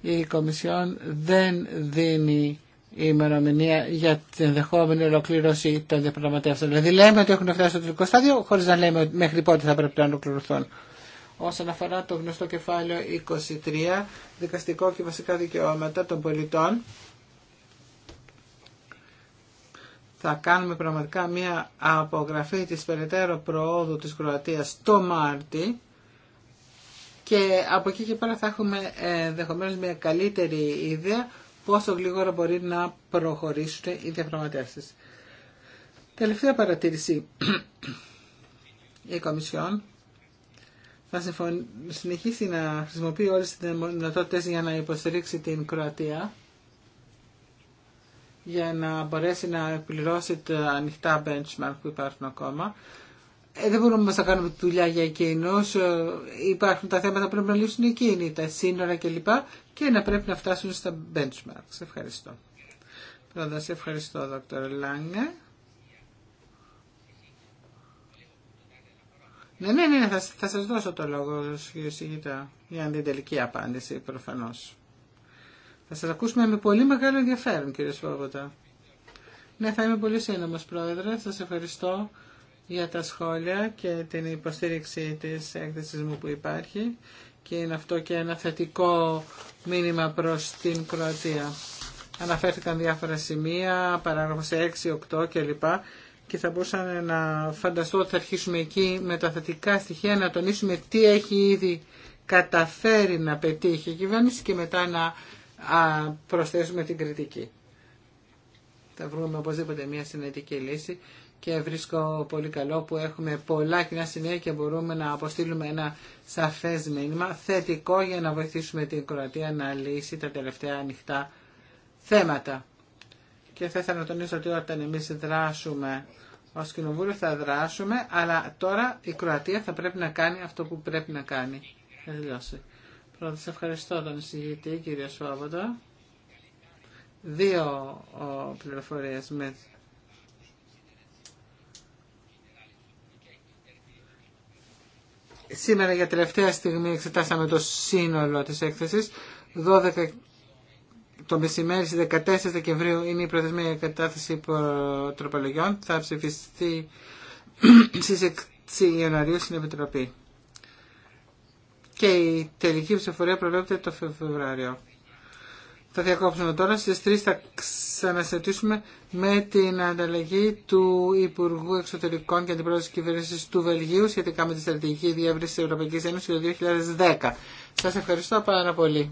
Η Κομισιόν δεν δίνει η ημερομηνία για την ενδεχόμενη ολοκλήρωση των διαπραγματεύσεων. Δηλαδή λέμε ότι έχουν φτάσει στο τελικό στάδιο χωρίς να λέμε μέχρι πότε θα πρέπει να ολοκληρωθούν. Όσον αφορά το γνωστό κεφάλαιο 23, δικαστικό και βασικά δικαιώματα των πολιτών, θα κάνουμε πραγματικά μια απογραφή της περαιτέρω προόδου της Κροατίας το Μάρτι και από εκεί και πέρα θα έχουμε ε, ενδεχομένω μια καλύτερη ιδέα πόσο γλίγορα μπορεί να προχωρήσουν οι διαπραγματεύσεις. Τελευταία παρατήρηση. Η Κομισιόν θα συνεχίσει να χρησιμοποιεί όλες τις δυνατότητες για να υποστηρίξει την Κροατία για να μπορέσει να πληρώσει τα ανοιχτά benchmark που υπάρχουν ακόμα. Ε, δεν μπορούμε να κάνουμε τη δουλειά για εκείνους. Ε, υπάρχουν τα θέματα που πρέπει να λύσουν εκείνοι, τα σύνορα κλπ και να πρέπει να φτάσουν στα benchmarks. Ευχαριστώ. Πρώτα σε ευχαριστώ, Δόκτωρ Λάγκε. Ναι, ναι, ναι, θα, θα σας δώσω το λόγο, κύριε Σιγητά, για την τελική απάντηση, προφανώς. Θα σας ακούσουμε με πολύ μεγάλο ενδιαφέρον, κύριε Σφόβοτα. Ναι, θα είμαι πολύ σύντομο Πρόεδρε. Σας ευχαριστώ για τα σχόλια και την υποστήριξη της έκθεσης μου που υπάρχει και είναι αυτό και ένα θετικό μήνυμα προς την Κροατία. Αναφέρθηκαν διάφορα σημεία, παράγραφος 6, 8 κλπ. Και θα μπορούσα να φανταστώ ότι θα αρχίσουμε εκεί με τα θετικά στοιχεία να τονίσουμε τι έχει ήδη καταφέρει να πετύχει η κυβέρνηση και μετά να προσθέσουμε την κριτική. Θα βρούμε οπωσδήποτε μια συνετική λύση και βρίσκω πολύ καλό που έχουμε πολλά κοινά σημεία και μπορούμε να αποστείλουμε ένα σαφές μήνυμα θετικό για να βοηθήσουμε την Κροατία να λύσει τα τελευταία ανοιχτά θέματα. Και θα ήθελα να τονίσω ότι όταν εμείς δράσουμε ως κοινοβούλιο θα δράσουμε, αλλά τώρα η Κροατία θα πρέπει να κάνει αυτό που πρέπει να κάνει. Πρώτα, σε ευχαριστώ τον εισηγητή, κύριε Σουάβοντα. Δύο πληροφορίες με Σήμερα για τελευταία στιγμή εξετάσαμε το σύνολο της έκθεσης. 12 το μεσημέρι στις 14 Δεκεμβρίου είναι η προθεσμία κατάθεση τροπολογιών. Θα ψηφιστεί [CLEARS THROAT] στις 6 Ιανουαρίου στην Επιτροπή. Και η τελική ψηφοφορία προβλέπεται το Φεβρουάριο. Θα διακόψουμε τώρα. Στις 3 θα ξανασυζητήσουμε με την ανταλλαγή του Υπουργού Εξωτερικών και Αντιπρόεδρου της Κυβέρνησης του Βελγίου σχετικά με τη στρατηγική διεύρυνση της Ευρωπαϊκής Ένωσης το 2010. Σας ευχαριστώ πάρα πολύ.